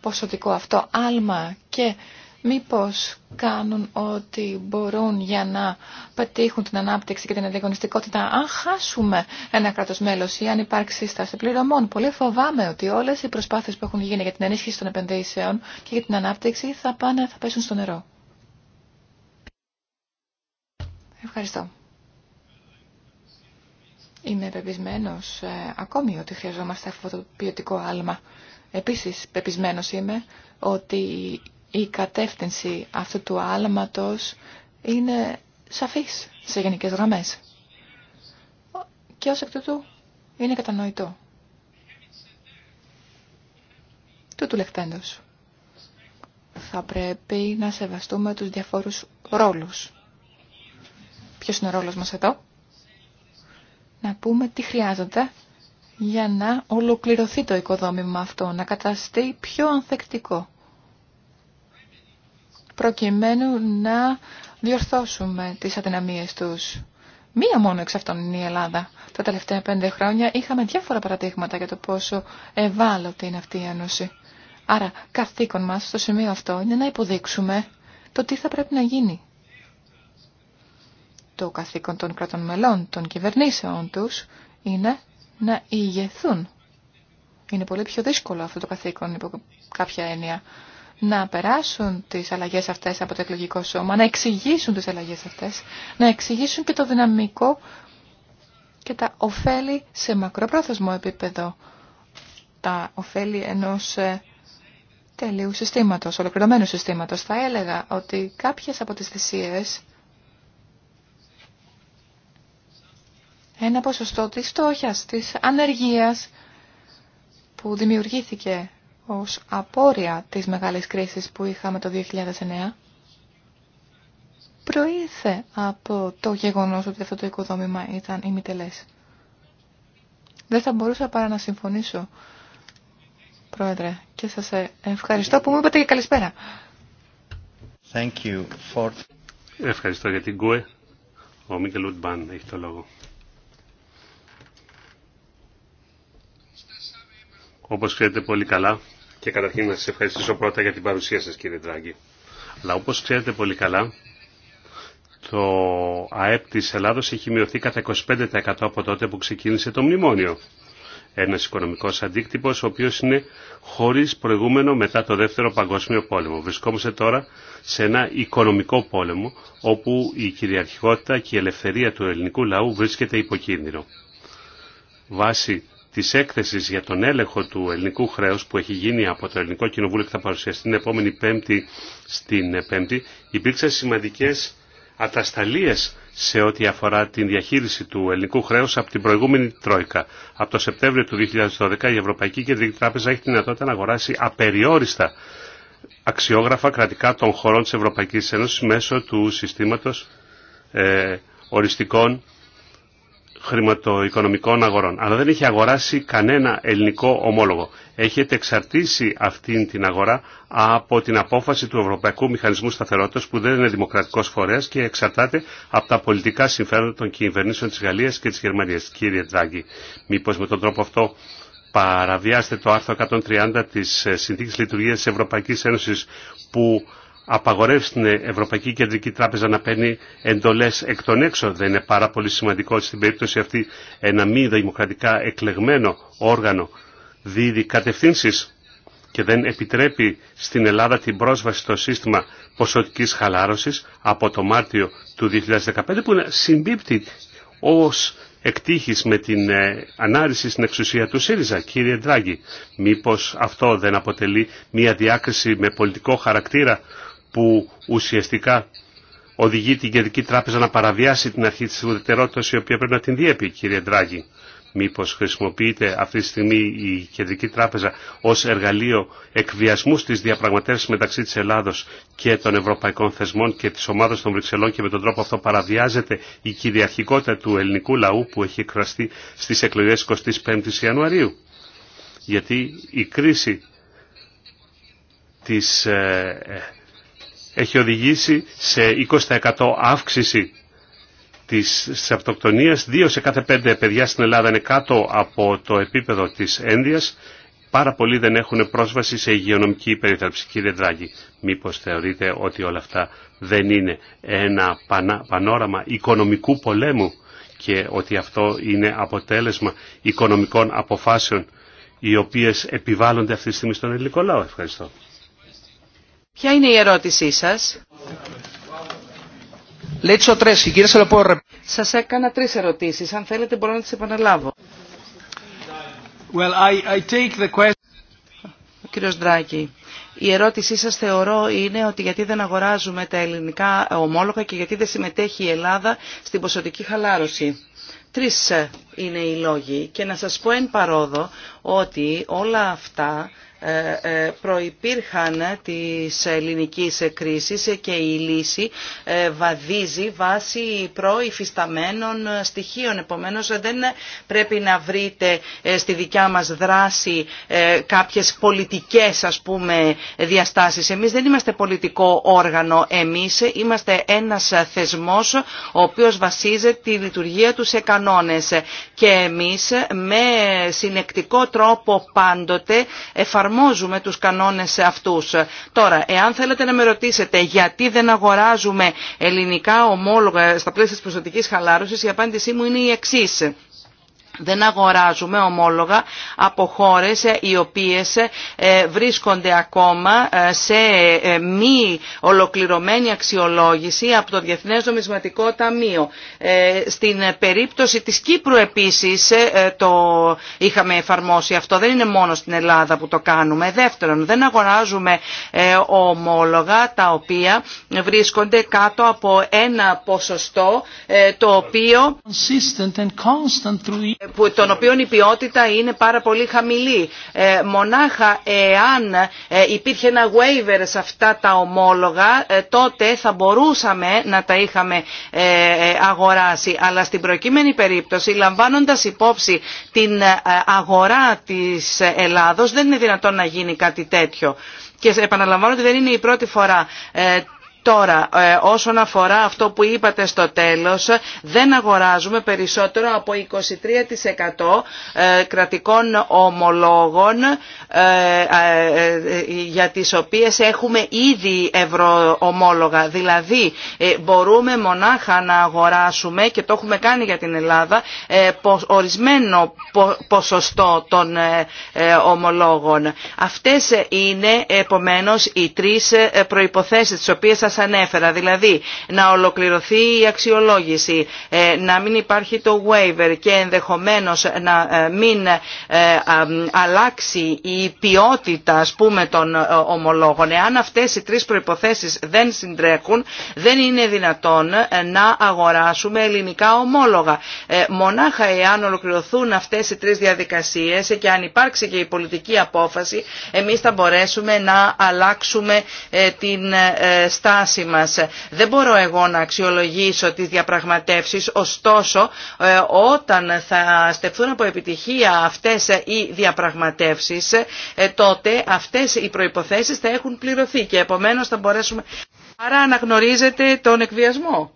ποσοτικό αυτό άλμα και μήπως κάνουν ό,τι μπορούν για να πετύχουν την ανάπτυξη και την ανταγωνιστικότητα αν χάσουμε ένα κράτος μέλος ή αν υπάρξει στάση πληρωμών. Πολύ φοβάμαι ότι όλες οι προσπάθειες που έχουν γίνει για την ενίσχυση των επενδύσεων και για την ανάπτυξη θα, πάνε, θα πέσουν στο νερό. Ευχαριστώ. Είμαι πεπισμένο ε, ακόμη ότι χρειαζόμαστε αυτό το ποιοτικό άλμα. Επίσης, πεπισμένο είμαι ότι η κατεύθυνση αυτού του άλματος είναι σαφής σε γενικές γραμμές. Και ως εκ τούτου είναι κατανοητό. Τούτου λεχτέντος. Θα πρέπει να σεβαστούμε τους διαφόρους ρόλους. Ποιος είναι ο ρόλος μας εδώ? Να πούμε τι χρειάζεται για να ολοκληρωθεί το οικοδόμημα αυτό, να καταστεί πιο ανθεκτικό προκειμένου να διορθώσουμε τις αδυναμίες τους. Μία μόνο εξ αυτών είναι η Ελλάδα. Τα τελευταία πέντε χρόνια είχαμε διάφορα παραδείγματα για το πόσο ευάλωτη είναι αυτή η Ένωση. Άρα καθήκον μας στο σημείο αυτό είναι να υποδείξουμε το τι θα πρέπει να γίνει. Το καθήκον των κρατών μελών, των κυβερνήσεων τους, είναι να ηγεθούν. Είναι πολύ πιο δύσκολο αυτό το καθήκον υπό κάποια έννοια να περάσουν τις αλλαγές αυτές από το εκλογικό σώμα, να εξηγήσουν τις αλλαγές αυτές, να εξηγήσουν και το δυναμικό και τα ωφέλη σε μακροπρόθεσμο επίπεδο, τα ωφέλη ενός ε, τελείου συστήματος, ολοκληρωμένου συστήματος. Θα έλεγα ότι κάποιες από τις θυσίες, ένα ποσοστό της φτώχειας, της ανεργίας που δημιουργήθηκε ως απόρρια της μεγάλης κρίσης που είχαμε το 2009 προήλθε από το γεγονός ότι αυτό το οικοδόμημα ήταν ημιτελές. Δεν θα μπορούσα παρά να συμφωνήσω, Πρόεδρε, και σας ευχαριστώ που μου είπατε και καλησπέρα. Thank you for... Ευχαριστώ για την ΚΟΕ. Ο Μίκελ Ουτμπάν έχει το λόγο. Όπως ξέρετε πολύ καλά, και καταρχήν να σα ευχαριστήσω πρώτα για την παρουσία σας κύριε Ντράγκη. Αλλά όπως ξέρετε πολύ καλά, το ΑΕΠ της Ελλάδος έχει μειωθεί κατά 25% από τότε που ξεκίνησε το μνημόνιο. Ένας οικονομικός αντίκτυπος ο οποίος είναι χωρίς προηγούμενο μετά το δεύτερο παγκόσμιο πόλεμο. Βρισκόμαστε τώρα σε ένα οικονομικό πόλεμο όπου η κυριαρχικότητα και η ελευθερία του ελληνικού λαού βρίσκεται υποκίνδυνο. Βάσει της έκθεσης για τον έλεγχο του ελληνικού χρέους που έχει γίνει από το Ελληνικό Κοινοβούλιο και θα παρουσιαστεί την επόμενη Πέμπτη στην Πέμπτη, υπήρξαν σημαντικές ατασταλίες σε ό,τι αφορά την διαχείριση του ελληνικού χρέους από την προηγούμενη Τρόικα. Από το Σεπτέμβριο του 2012 η Ευρωπαϊκή Κεντρική Τράπεζα έχει τη δυνατότητα να αγοράσει απεριόριστα αξιόγραφα κρατικά των χωρών της Ευρωπαϊκής Ένωσης μέσω του συστήματο ε, οριστικών χρηματοοικονομικών αγορών. Αλλά δεν έχει αγοράσει κανένα ελληνικό ομόλογο. Έχετε εξαρτήσει αυτήν την αγορά από την απόφαση του Ευρωπαϊκού Μηχανισμού Σταθερότητας που δεν είναι δημοκρατικός φορέας και εξαρτάται από τα πολιτικά συμφέροντα των κυβερνήσεων της Γαλλίας και της Γερμανίας. Κύριε Τράγκη, μήπως με τον τρόπο αυτό παραβιάστε το άρθρο 130 της ε, Συνθήκης Λειτουργίας της Ευρωπαϊκής Ένωσης που απαγορεύσει την Ευρωπαϊκή Κεντρική Τράπεζα να παίρνει εντολές εκ των έξω. Δεν είναι πάρα πολύ σημαντικό στην περίπτωση αυτή ένα μη δημοκρατικά εκλεγμένο όργανο δίδει κατευθύνσεις και δεν επιτρέπει στην Ελλάδα την πρόσβαση στο σύστημα ποσοτικής χαλάρωσης από το Μάρτιο του 2015 που συμπίπτει ως εκτύχης με την ε, ανάρρηση στην εξουσία του ΣΥΡΙΖΑ, κύριε Ντράγκη. Μήπως αυτό δεν αποτελεί μια διάκριση με πολιτικό χαρακτήρα που ουσιαστικά οδηγεί την Κεντρική Τράπεζα να παραβιάσει την αρχή της ουδετερότητας η οποία πρέπει να την διέπει, κύριε Ντράγκη. Μήπως χρησιμοποιείται αυτή τη στιγμή η Κεντρική Τράπεζα ως εργαλείο εκβιασμού στις διαπραγματεύσεις μεταξύ της Ελλάδος και των Ευρωπαϊκών Θεσμών και της ομάδας των Βρυξελών και με τον τρόπο αυτό παραβιάζεται η κυριαρχικότητα του ελληνικού λαού που έχει εκφραστεί στις εκλογές 25 Ιανουαρίου. Γιατί η κρίση της ε, ε, έχει οδηγήσει σε 20% αύξηση της αυτοκτονίας. Δύο σε κάθε πέντε παιδιά στην Ελλάδα είναι κάτω από το επίπεδο της ένδυας. Πάρα πολλοί δεν έχουν πρόσβαση σε υγειονομική περίθαλψη. Κύριε Δράγη, μήπως θεωρείτε ότι όλα αυτά δεν είναι ένα πανόραμα οικονομικού πολέμου και ότι αυτό είναι αποτέλεσμα οικονομικών αποφάσεων οι οποίες επιβάλλονται αυτή τη στιγμή στον ελληνικό λαό. Ευχαριστώ. Ποια είναι η ερώτησή σας? Σας έκανα τρεις ερωτήσεις. Αν θέλετε μπορώ να τις επαναλάβω. Well, κύριος Ντράκη. Η ερώτησή σας θεωρώ είναι ότι γιατί δεν αγοράζουμε τα ελληνικά ομόλογα και γιατί δεν συμμετέχει η Ελλάδα στην ποσοτική χαλάρωση. Τρεις είναι οι λόγοι και να σας πω εν παρόδο ότι όλα αυτά ε, ε, προϋπήρχαν της ελληνικής κρίσης και η λύση ε, βαδίζει βάσει προϋφισταμένων στοιχείων. Επομένως δεν πρέπει να βρείτε στη δικιά μας δράση κάποιες πολιτικές ας πούμε διαστάσεις. Εμείς δεν είμαστε πολιτικό όργανο. Εμείς είμαστε ένας θεσμός ο οποίος βασίζεται τη λειτουργία του σε κανόνες και εμείς με συνεκτικό τρόπο πάντοτε εφαρμόζουμε εφαρμόζουμε τους κανόνες αυτούς. Τώρα, εάν θέλετε να με ρωτήσετε γιατί δεν αγοράζουμε ελληνικά ομόλογα στα πλαίσια της προσωπικής χαλάρωσης, η απάντησή μου είναι η εξής δεν αγοράζουμε ομόλογα από χώρες ε, οι οποίες ε, βρίσκονται ακόμα ε, σε μη ολοκληρωμένη αξιολόγηση από το Διεθνές Νομισματικό Ταμείο. Στην περίπτωση της Κύπρου επίσης το είχαμε εφαρμόσει αυτό. Δεν είναι μόνο στην Ελλάδα που το κάνουμε. Δεύτερον, δεν αγοράζουμε ομόλογα τα οποία βρίσκονται κάτω από ένα ποσοστό το οποίο των οποίων η ποιότητα είναι πάρα πολύ χαμηλή. Ε, μονάχα εάν ε, υπήρχε ένα waiver σε αυτά τα ομόλογα ε, τότε θα μπορούσαμε να τα είχαμε αγοράσει. Αλλά στην προκείμενη περίπτωση λαμβάνοντας υπόψη την αγορά της Ελλάδος δεν είναι δυνατόν να γίνει κάτι τέτοιο. Και επαναλαμβάνω ότι δεν είναι η πρώτη φορά Τώρα, ε, όσον αφορά αυτό που είπατε στο τέλος, δεν αγοράζουμε περισσότερο από 23% ε, κρατικών ομολόγων ε, για τις οποίες έχουμε ήδη ευρωομόλογα. Δηλαδή, μπορούμε μονάχα να αγοράσουμε, και το έχουμε κάνει για την Ελλάδα, ορισμένο ποσοστό των ομολόγων. Αυτές είναι, επομένως, οι τρεις προϋποθέσεις τις οποίες σας ανέφερα, δηλαδή να ολοκληρωθεί η αξιολόγηση, ε, να μην υπάρχει το waiver και ενδεχομένως να ε, μην ε, αλλάξει η ποιότητα ας πούμε των ομολόγων. Εάν αυτές οι τρεις προϋποθέσεις δεν συντρέχουν, δεν είναι δυνατόν να αγοράσουμε ελληνικά ομόλογα. Μονάχα εάν ολοκληρωθούν αυτές οι τρεις διαδικασίες και αν υπάρξει και η πολιτική απόφαση, εμείς θα μπορέσουμε να αλλάξουμε την στάση δεν μπορώ εγώ να αξιολογήσω τις διαπραγματεύσεις, ωστόσο ε, όταν θα στεφθούν από επιτυχία αυτές οι διαπραγματεύσεις, ε, τότε αυτές οι προϋποθέσεις θα έχουν πληρωθεί και επομένως θα μπορέσουμε... Άρα αναγνωρίζετε τον εκβιασμό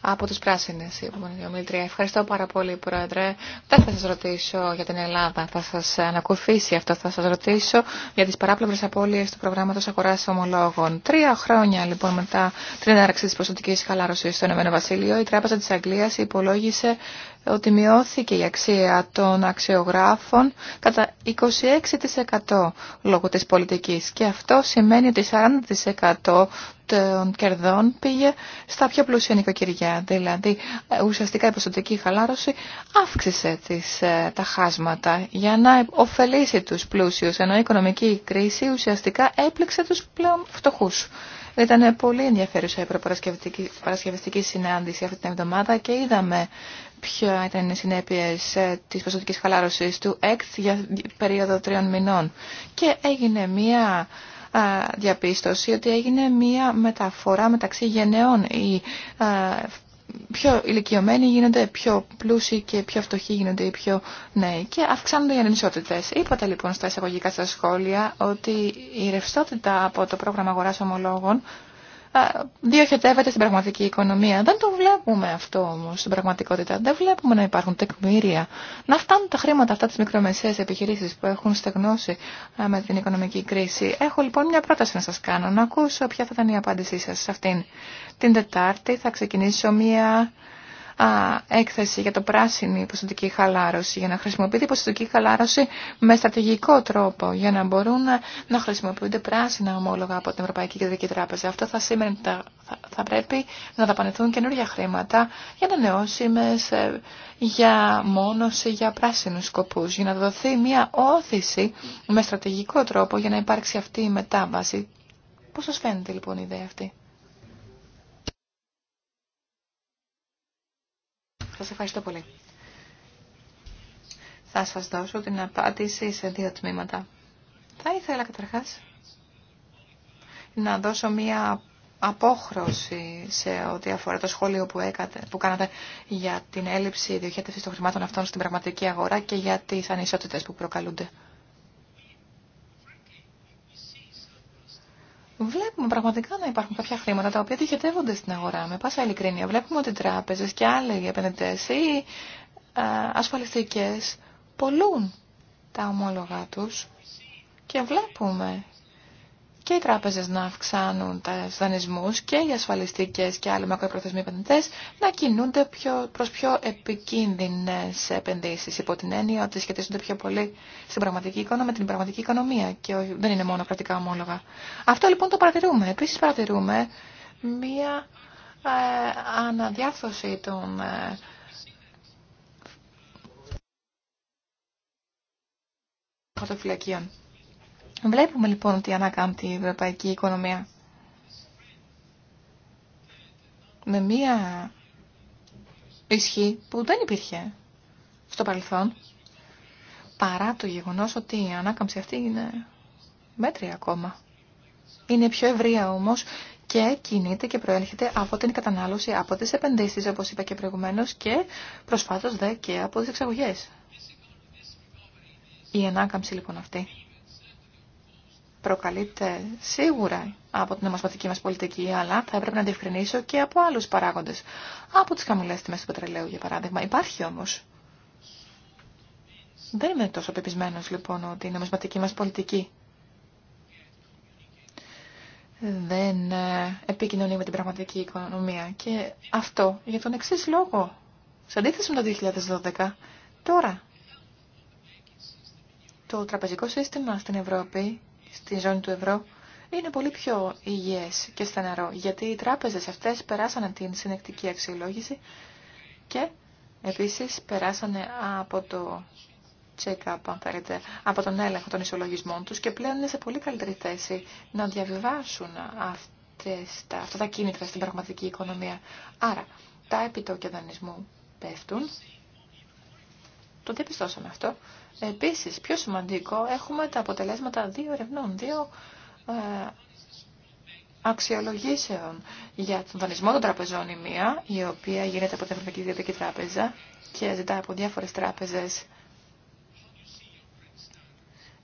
από τους πράσινες, η ομιλητρία. Ευχαριστώ πάρα πολύ, Πρόεδρε. Δεν θα σας ρωτήσω για την Ελλάδα, θα σας ανακουφίσει αυτό. Θα σας ρωτήσω για τις παράπλευρες απώλειες του προγράμματος αγοράς ομολόγων. Τρία χρόνια, λοιπόν, μετά την έναρξη της προσωπικής χαλάρωσης στο Ηνωμένο Βασίλειο, η Τράπεζα της Αγγλίας υπολόγισε ότι μειώθηκε η αξία των αξιογράφων κατά 26% λόγω της πολιτικής. Και αυτό σημαίνει ότι 40% των κερδών πήγε στα πιο πλούσια νοικοκυριά. Δηλαδή, ε, ουσιαστικά η ποσοτική χαλάρωση αύξησε τις, ε, τα χάσματα για να ωφελήσει τους πλούσιους, ενώ η οικονομική κρίση ουσιαστικά έπληξε τους πλέον φτωχούς. Ήταν πολύ ενδιαφέρουσα η προπαρασκευαστική συνάντηση αυτή την εβδομάδα και είδαμε ποια ήταν οι συνέπειε ε, τη ποσοτική χαλάρωση του ΕΚΤ για περίοδο τριών μηνών. Και έγινε μία διαπίστωση ότι έγινε μία μεταφορά μεταξύ γενναιών Οι πιο ηλικιωμένοι γίνονται πιο πλούσιοι και πιο φτωχοί γίνονται οι πιο νέοι και αυξάνονται οι ανισότητες. Είπατε λοιπόν στα εισαγωγικά σας σχόλια ότι η ρευστότητα από το πρόγραμμα αγοράς ομολόγων διοχετεύεται στην πραγματική οικονομία. Δεν το βλέπουμε αυτό όμω στην πραγματικότητα. Δεν βλέπουμε να υπάρχουν τεκμήρια, να φτάνουν τα χρήματα αυτά τις μικρομεσαίες επιχειρήσεις που έχουν στεγνώσει με την οικονομική κρίση. Έχω λοιπόν μια πρόταση να σα κάνω, να ακούσω ποια θα ήταν η απάντησή σα σε αυτήν. Την Τετάρτη θα ξεκινήσω μια έκθεση για το πράσινη ποσοτική χαλάρωση, για να χρησιμοποιείται η χαλάρωση με στρατηγικό τρόπο, για να μπορούν να, χρησιμοποιούνται πράσινα ομόλογα από την Ευρωπαϊκή Κεντρική Τράπεζα. Αυτό θα σήμερα θα, θα, πρέπει να δαπανηθούν καινούργια χρήματα για ανανεώσιμες, ε, για μόνωση, για πράσινους σκοπούς, για να δοθεί μια όθηση με στρατηγικό τρόπο για να υπάρξει αυτή η μετάβαση. Πώς σας φαίνεται λοιπόν η ιδέα αυτή. Σας ευχαριστώ πολύ. Θα σας δώσω την απάντηση σε δύο τμήματα. Θα ήθελα καταρχάς να δώσω μία απόχρωση σε ό,τι αφορά το σχόλιο που, έκατε, που κάνατε για την έλλειψη διοχέτευσης των χρημάτων αυτών στην πραγματική αγορά και για τις ανισότητες που προκαλούνται. βλέπουμε πραγματικά να υπάρχουν κάποια χρήματα τα οποία τυχετεύονται στην αγορά. Με πάσα ειλικρίνεια βλέπουμε ότι τράπεζες και άλλοι επενδυτέ ή ασφαλιστικές πολλούν τα ομόλογα του και βλέπουμε και οι τράπεζες να αυξάνουν τα δανεισμούς και οι ασφαλιστικές και άλλοι μακροπροθεσμοί επενδυτές να κινούνται πιο, προς πιο επικίνδυνες επενδύσεις υπό την έννοια ότι σχετίζονται πιο πολύ στην πραγματική εικόνα με την πραγματική οικονομία και δεν είναι μόνο κρατικά ομόλογα. Αυτό λοιπόν το παρατηρούμε. Επίσης παρατηρούμε μία ε, αναδιάρθρωση των ε, Βλέπουμε λοιπόν ότι ανακάμπτει η ευρωπαϊκή οικονομία. Με μία ισχύ που δεν υπήρχε στο παρελθόν. Παρά το γεγονός ότι η ανάκαμψη αυτή είναι μέτρια ακόμα. Είναι πιο ευρία όμως και κινείται και προέρχεται από την κατανάλωση, από τις επενδύσεις όπως είπα και προηγουμένως και προσφάτως δε και από τις εξαγωγές. Η ανάκαμψη λοιπόν αυτή προκαλείται σίγουρα από την νομισματική μας πολιτική, αλλά θα έπρεπε να διευκρινίσω και από άλλους παράγοντες. Από τις χαμηλές τιμές του πετρελαίου, για παράδειγμα. Υπάρχει όμως. Δεν είμαι τόσο πεπισμένος, λοιπόν, ότι η νομισματική μας πολιτική δεν ε, επικοινωνεί με την πραγματική οικονομία. Και αυτό για τον εξή λόγο. Σε αντίθεση με το 2012, τώρα το τραπεζικό σύστημα στην Ευρώπη στην ζώνη του ευρώ είναι πολύ πιο υγιές και στεναρό, γιατί οι τράπεζες αυτές περάσανε την συνεκτική αξιολόγηση και επίσης περάσανε από το check-up, αν θέλετε, από τον έλεγχο των ισολογισμών τους και πλέον είναι σε πολύ καλύτερη θέση να διαβιβάσουν αυτές τα, αυτά τα κίνητρα στην πραγματική οικονομία. Άρα, τα επιτόκια δανεισμού πέφτουν. Το διαπιστώσαμε αυτό Επίσης, πιο σημαντικό, έχουμε τα αποτελέσματα δύο ερευνών, δύο ε, αξιολογήσεων για τον δανεισμό των τραπεζών η μία, η οποία γίνεται από την Ευρωπαϊκή Διαδική Τράπεζα και ζητά από διάφορες τράπεζες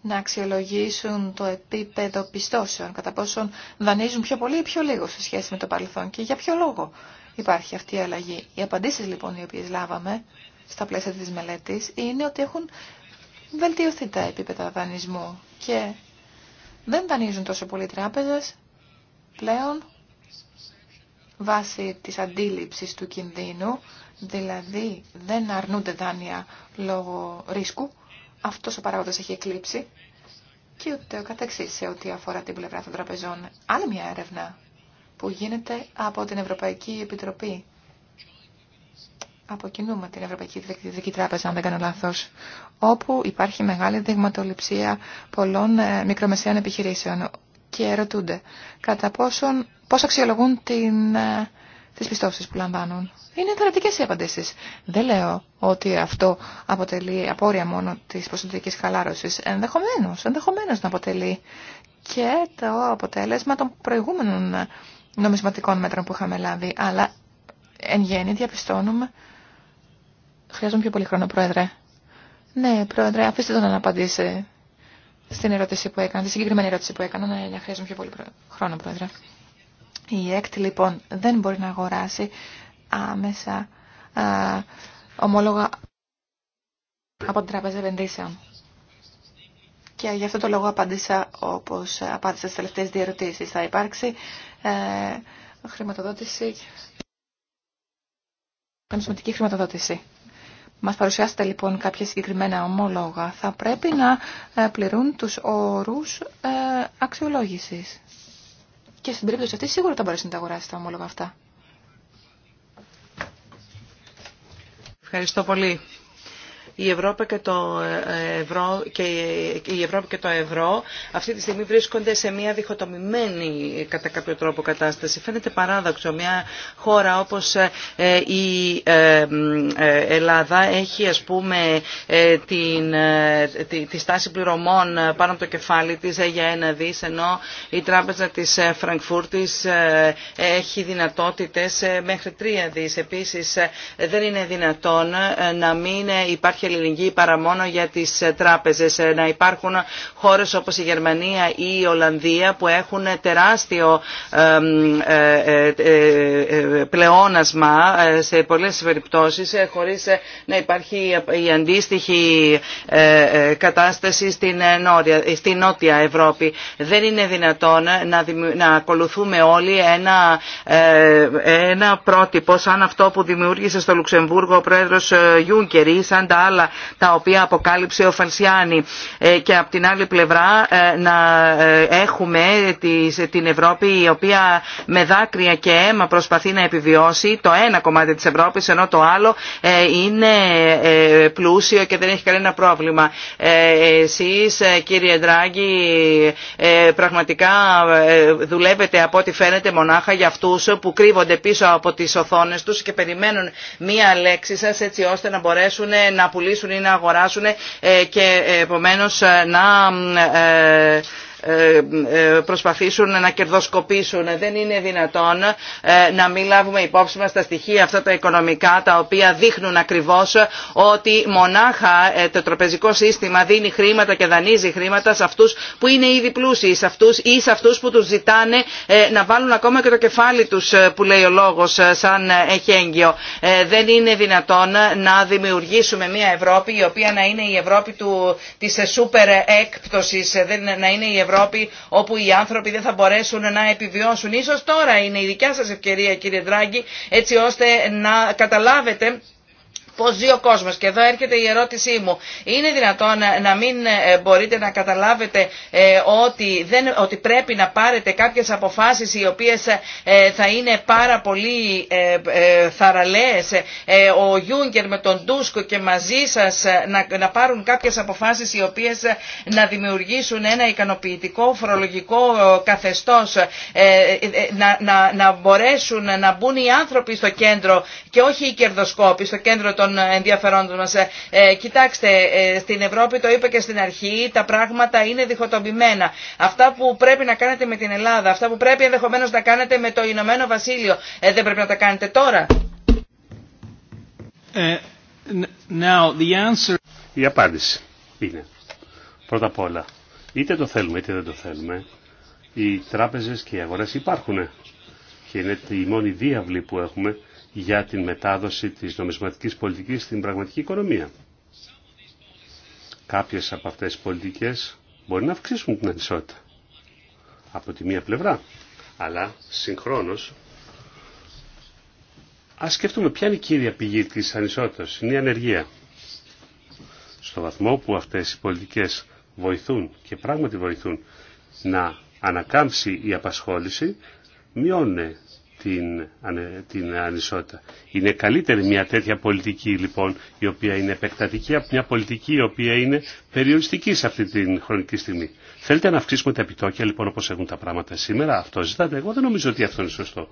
να αξιολογήσουν το επίπεδο πιστώσεων, κατά πόσον δανείζουν πιο πολύ ή πιο λίγο σε σχέση με το παρελθόν και για ποιο λόγο υπάρχει αυτή η αλλαγή. Οι απαντήσεις λοιπόν οι οποίες λάβαμε στα πλαίσια της μελέτης είναι ότι έχουν βελτιωθεί τα επίπεδα δανεισμού και δεν δανείζουν τόσο πολλοί τράπεζες πλέον βάσει της αντίληψης του κινδύνου, δηλαδή δεν αρνούνται δάνεια λόγω ρίσκου, αυτός ο παράγοντας έχει εκλείψει και ούτε ο καθεξής σε ό,τι αφορά την πλευρά των τραπεζών. Άλλη μια έρευνα που γίνεται από την Ευρωπαϊκή Επιτροπή από την Ευρωπαϊκή Διεκτική Τράπεζα, αν δεν κάνω λάθο, όπου υπάρχει μεγάλη δειγματοληψία πολλών ε, μικρομεσαίων επιχειρήσεων και ερωτούνται κατά πόσον, πώς αξιολογούν την, ε, τις πιστώσεις που λαμβάνουν. Είναι ενθαρρυντικές οι απαντήσεις. Δεν λέω ότι αυτό αποτελεί απόρρια μόνο τη προσωπικής χαλάρωση. Ενδεχομένω, ενδεχομένως να αποτελεί και το αποτέλεσμα των προηγούμενων νομισματικών μέτρων που είχαμε λάβει. Αλλά εν γέννη διαπιστώνουμε Χρειάζομαι πιο πολύ χρόνο, Πρόεδρε. Ναι, Πρόεδρε, αφήστε τον να απαντήσει στην ερώτηση που έκανα, συγκεκριμένη ερώτηση που έκανα. Ναι, ναι χρειάζομαι πιο πολύ χρόνο, Πρόεδρε. Η ΕΚΤ, λοιπόν, δεν μπορεί να αγοράσει άμεσα α, ομόλογα από την Τράπεζα Επενδύσεων. Και γι' αυτό το λόγο απάντησα όπως απάντησα στις τελευταίες δύο Θα υπάρξει ε, χρηματοδότηση, νομισματική χρηματοδότηση μας παρουσιάσετε λοιπόν κάποια συγκεκριμένα ομόλογα, θα πρέπει να ε, πληρούν τους όρους ε, αξιολόγησης. Και στην περίπτωση αυτή σίγουρα θα μπορέσει να τα αγοράσει τα ομόλογα αυτά. Ευχαριστώ πολύ. Ε, η Ευρώπη και το ευρώ, και η Ευρώπη το αυτή τη στιγμή βρίσκονται σε μια διχοτομημένη κατά κάποιο τρόπο κατάσταση. Φαίνεται παράδοξο μια χώρα όπως ε, η ε, Ελλάδα έχει ας πούμε την, τη, τη στάση πληρωμών πάνω από το κεφάλι της για ένα δις ενώ η τράπεζα της Φραγκφούρτης έχει δυνατότητες μέχρι τρία δις. Επίσης δεν είναι δυνατόν να μην υπάρχει και παρά μόνο για τις ε, τράπεζες. Ε, να υπάρχουν χώρες όπως η Γερμανία ή η Ολλανδία που έχουν τεράστιο ε, πλεόνασμα σε πολλές περιπτώσεις χωρίς να υπάρχει η αντίστοιχη κατάσταση στην, Νότια Ευρώπη. Δεν είναι δυνατόν να, ακολουθούμε όλοι ένα, πρότυπο σαν αυτό που δημιούργησε στο Λουξεμβούργο ο πρόεδρος Γιούνκερ ή σαν τα άλλα αλλά τα οποία αποκάλυψε ο Φαλσιάνη ε, και από την άλλη πλευρά ε, να ε, έχουμε την Ευρώπη η οποία με δάκρυα και αίμα προσπαθεί να επιβιώσει το ένα κομμάτι της Ευρώπης ενώ το άλλο είναι πλούσιο και δεν έχει κανένα πρόβλημα. Εσείς κύριε Ντράγκη πραγματικά δουλεύετε από ό,τι φαίνεται μονάχα για αυτούς που κρύβονται πίσω από τις οθόνες τους και περιμένουν μία λέξη σας έτσι ώστε να μπορέσουν να πουλήσουν πουλήσουν ή να αγοράσουν ε, και ε, επομένως ε, να ε, ε, προσπαθήσουν να κερδοσκοπήσουν. Δεν είναι δυνατόν ε, να μην λάβουμε υπόψη μας τα στοιχεία αυτά τα οικονομικά τα οποία δείχνουν ακριβώς ότι μονάχα το τροπεζικό σύστημα δίνει χρήματα και δανείζει χρήματα σε αυτούς που είναι ήδη πλούσιοι σε αυτούς ή σε αυτούς που τους ζητάνε να βάλουν ακόμα και το κεφάλι τους που λέει ο λόγος σαν εχέγγυο. Δεν είναι δυνατόν να δημιουργήσουμε μια Ευρώπη η οποία να είναι η Ευρώπη τη σούπερ έκπτωση να είναι η Ευρώπη Ευρώπη όπου οι άνθρωποι δεν θα μπορέσουν να επιβιώσουν. Ίσως τώρα είναι η δικιά σας ευκαιρία κύριε Δράγκη έτσι ώστε να καταλάβετε Πώς ζει ο κόσμος. Και εδώ έρχεται η ερώτησή μου. Είναι δυνατόν ε, να μην ε, μπορείτε να καταλάβετε ε, ότι, δεν, ότι πρέπει να πάρετε κάποιες αποφάσεις οι οποίες θα είναι πάρα πολύ θαραλέες. Ο Γιούγκερ με τον Τούσκο και μαζί σας να πάρουν κάποιες αποφάσεις οι οποίες να δημιουργήσουν ένα ικανοποιητικό φορολογικό καθεστώς. Να, να, να μπορέσουν να μπουν οι άνθρωποι στο κέντρο και όχι οι κερδοσκόποι στο κέντρο των ενδιαφερόντων μας. Ε, ε, κοιτάξτε, ε, στην Ευρώπη, το είπα και στην αρχή, τα πράγματα είναι διχοτομημένα. Αυτά που πρέπει να κάνετε με την Ελλάδα, αυτά που πρέπει ενδεχομένως να κάνετε με το Ηνωμένο Βασίλειο, δεν πρέπει να τα κάνετε τώρα. Ε, now the answer... Η απάντηση είναι, πρώτα απ' όλα, είτε το θέλουμε είτε δεν το θέλουμε, οι τράπεζες και οι αγορές υπάρχουν και είναι η μόνη διάβλη που έχουμε για την μετάδοση της νομισματικής πολιτικής στην πραγματική οικονομία. Κάποιες από αυτές τις πολιτικές μπορεί να αυξήσουν την ανισότητα από τη μία πλευρά, αλλά συγχρόνως ας σκεφτούμε ποια είναι η κύρια πηγή της ανισότητας, είναι η ανεργία. Στο βαθμό που αυτές οι πολιτικές βοηθούν και πράγματι βοηθούν να ανακάμψει η απασχόληση, μειώνουν την, την ανισότητα. Είναι καλύτερη μια τέτοια πολιτική λοιπόν η οποία είναι επεκτατική από μια πολιτική η οποία είναι περιοριστική σε αυτή την χρονική στιγμή. Θέλετε να αυξήσουμε τα επιτόκια λοιπόν όπως έχουν τα πράγματα σήμερα. Αυτό ζητάτε. Εγώ δεν νομίζω ότι αυτό είναι σωστό.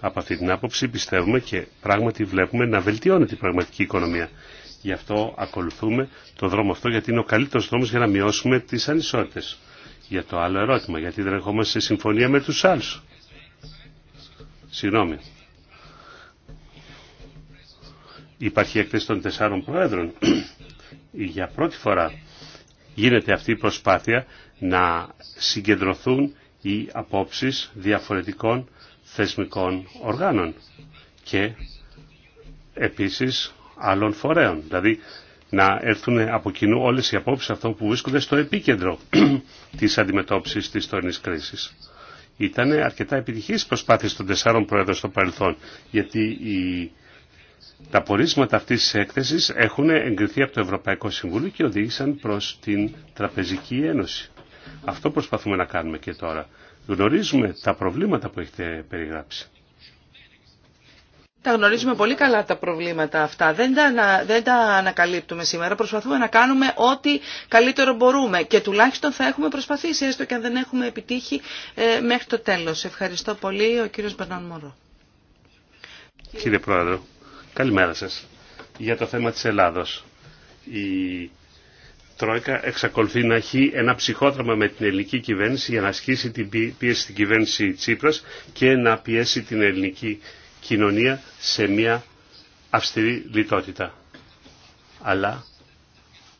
Από αυτή την άποψη πιστεύουμε και πράγματι βλέπουμε να βελτιώνεται η πραγματική οικονομία. Γι' αυτό ακολουθούμε το δρόμο αυτό γιατί είναι ο καλύτερος δρόμος για να μειώσουμε τις ανισότητες. Για το άλλο ερώτημα, γιατί δεν ερχόμαστε σε συμφωνία με τους άλλους. Συγγνώμη. Υπάρχει έκθεση των τεσσάρων προέδρων. Για πρώτη φορά γίνεται αυτή η προσπάθεια να συγκεντρωθούν οι απόψεις διαφορετικών θεσμικών οργάνων και επίσης άλλων φορέων. Δηλαδή να έρθουν από κοινού όλες οι απόψεις αυτών που βρίσκονται στο επίκεντρο της αντιμετώπισης της τωρινής κρίσης. Ήταν αρκετά επιτυχής προσπάθειες των τεσσάρων πρόεδρων στο παρελθόν, γιατί τα πορίσματα αυτής της έκθεσης έχουν εγκριθεί από το Ευρωπαϊκό Συμβούλιο και οδήγησαν προς την Τραπεζική Ένωση. Αυτό προσπαθούμε να κάνουμε και τώρα. Γνωρίζουμε τα προβλήματα που έχετε περιγράψει. Τα γνωρίζουμε πολύ καλά τα προβλήματα αυτά. Δεν τα, ανα, δεν τα ανακαλύπτουμε σήμερα. Προσπαθούμε να κάνουμε ό,τι καλύτερο μπορούμε. Και τουλάχιστον θα έχουμε προσπαθήσει, έστω και αν δεν έχουμε επιτύχει ε, μέχρι το τέλος. Ευχαριστώ πολύ, ο κύριος Μπερνάν Μωρό. Κύριε Πρόεδρο, καλημέρα σας. Για το θέμα της Ελλάδος. Η Τρόικα εξακολουθεί να έχει ένα ψυχότραμα με την ελληνική κυβέρνηση για να ασκήσει την πίεση στην κυβέρνηση Τσίπρας και να πιέσει την ελληνική κοινωνία σε μια αυστηρή λιτότητα. Αλλά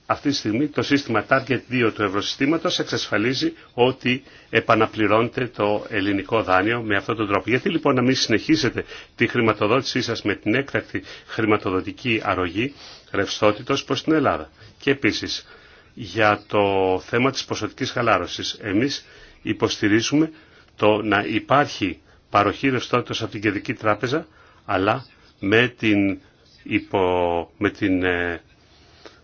αυτή τη στιγμή το σύστημα Target 2 του ευρωσυστήματος εξασφαλίζει ότι επαναπληρώνεται το ελληνικό δάνειο με αυτόν τον τρόπο. Γιατί λοιπόν να μην συνεχίσετε τη χρηματοδότησή σας με την έκτακτη χρηματοδοτική αρρωγή ρευστότητος προς την Ελλάδα. Και επίσης για το θέμα της ποσοτικής χαλάρωσης. Εμείς υποστηρίζουμε το να υπάρχει παροχή ρευστότητας από την Κεντρική Τράπεζα, αλλά με την, υπο, με την ε,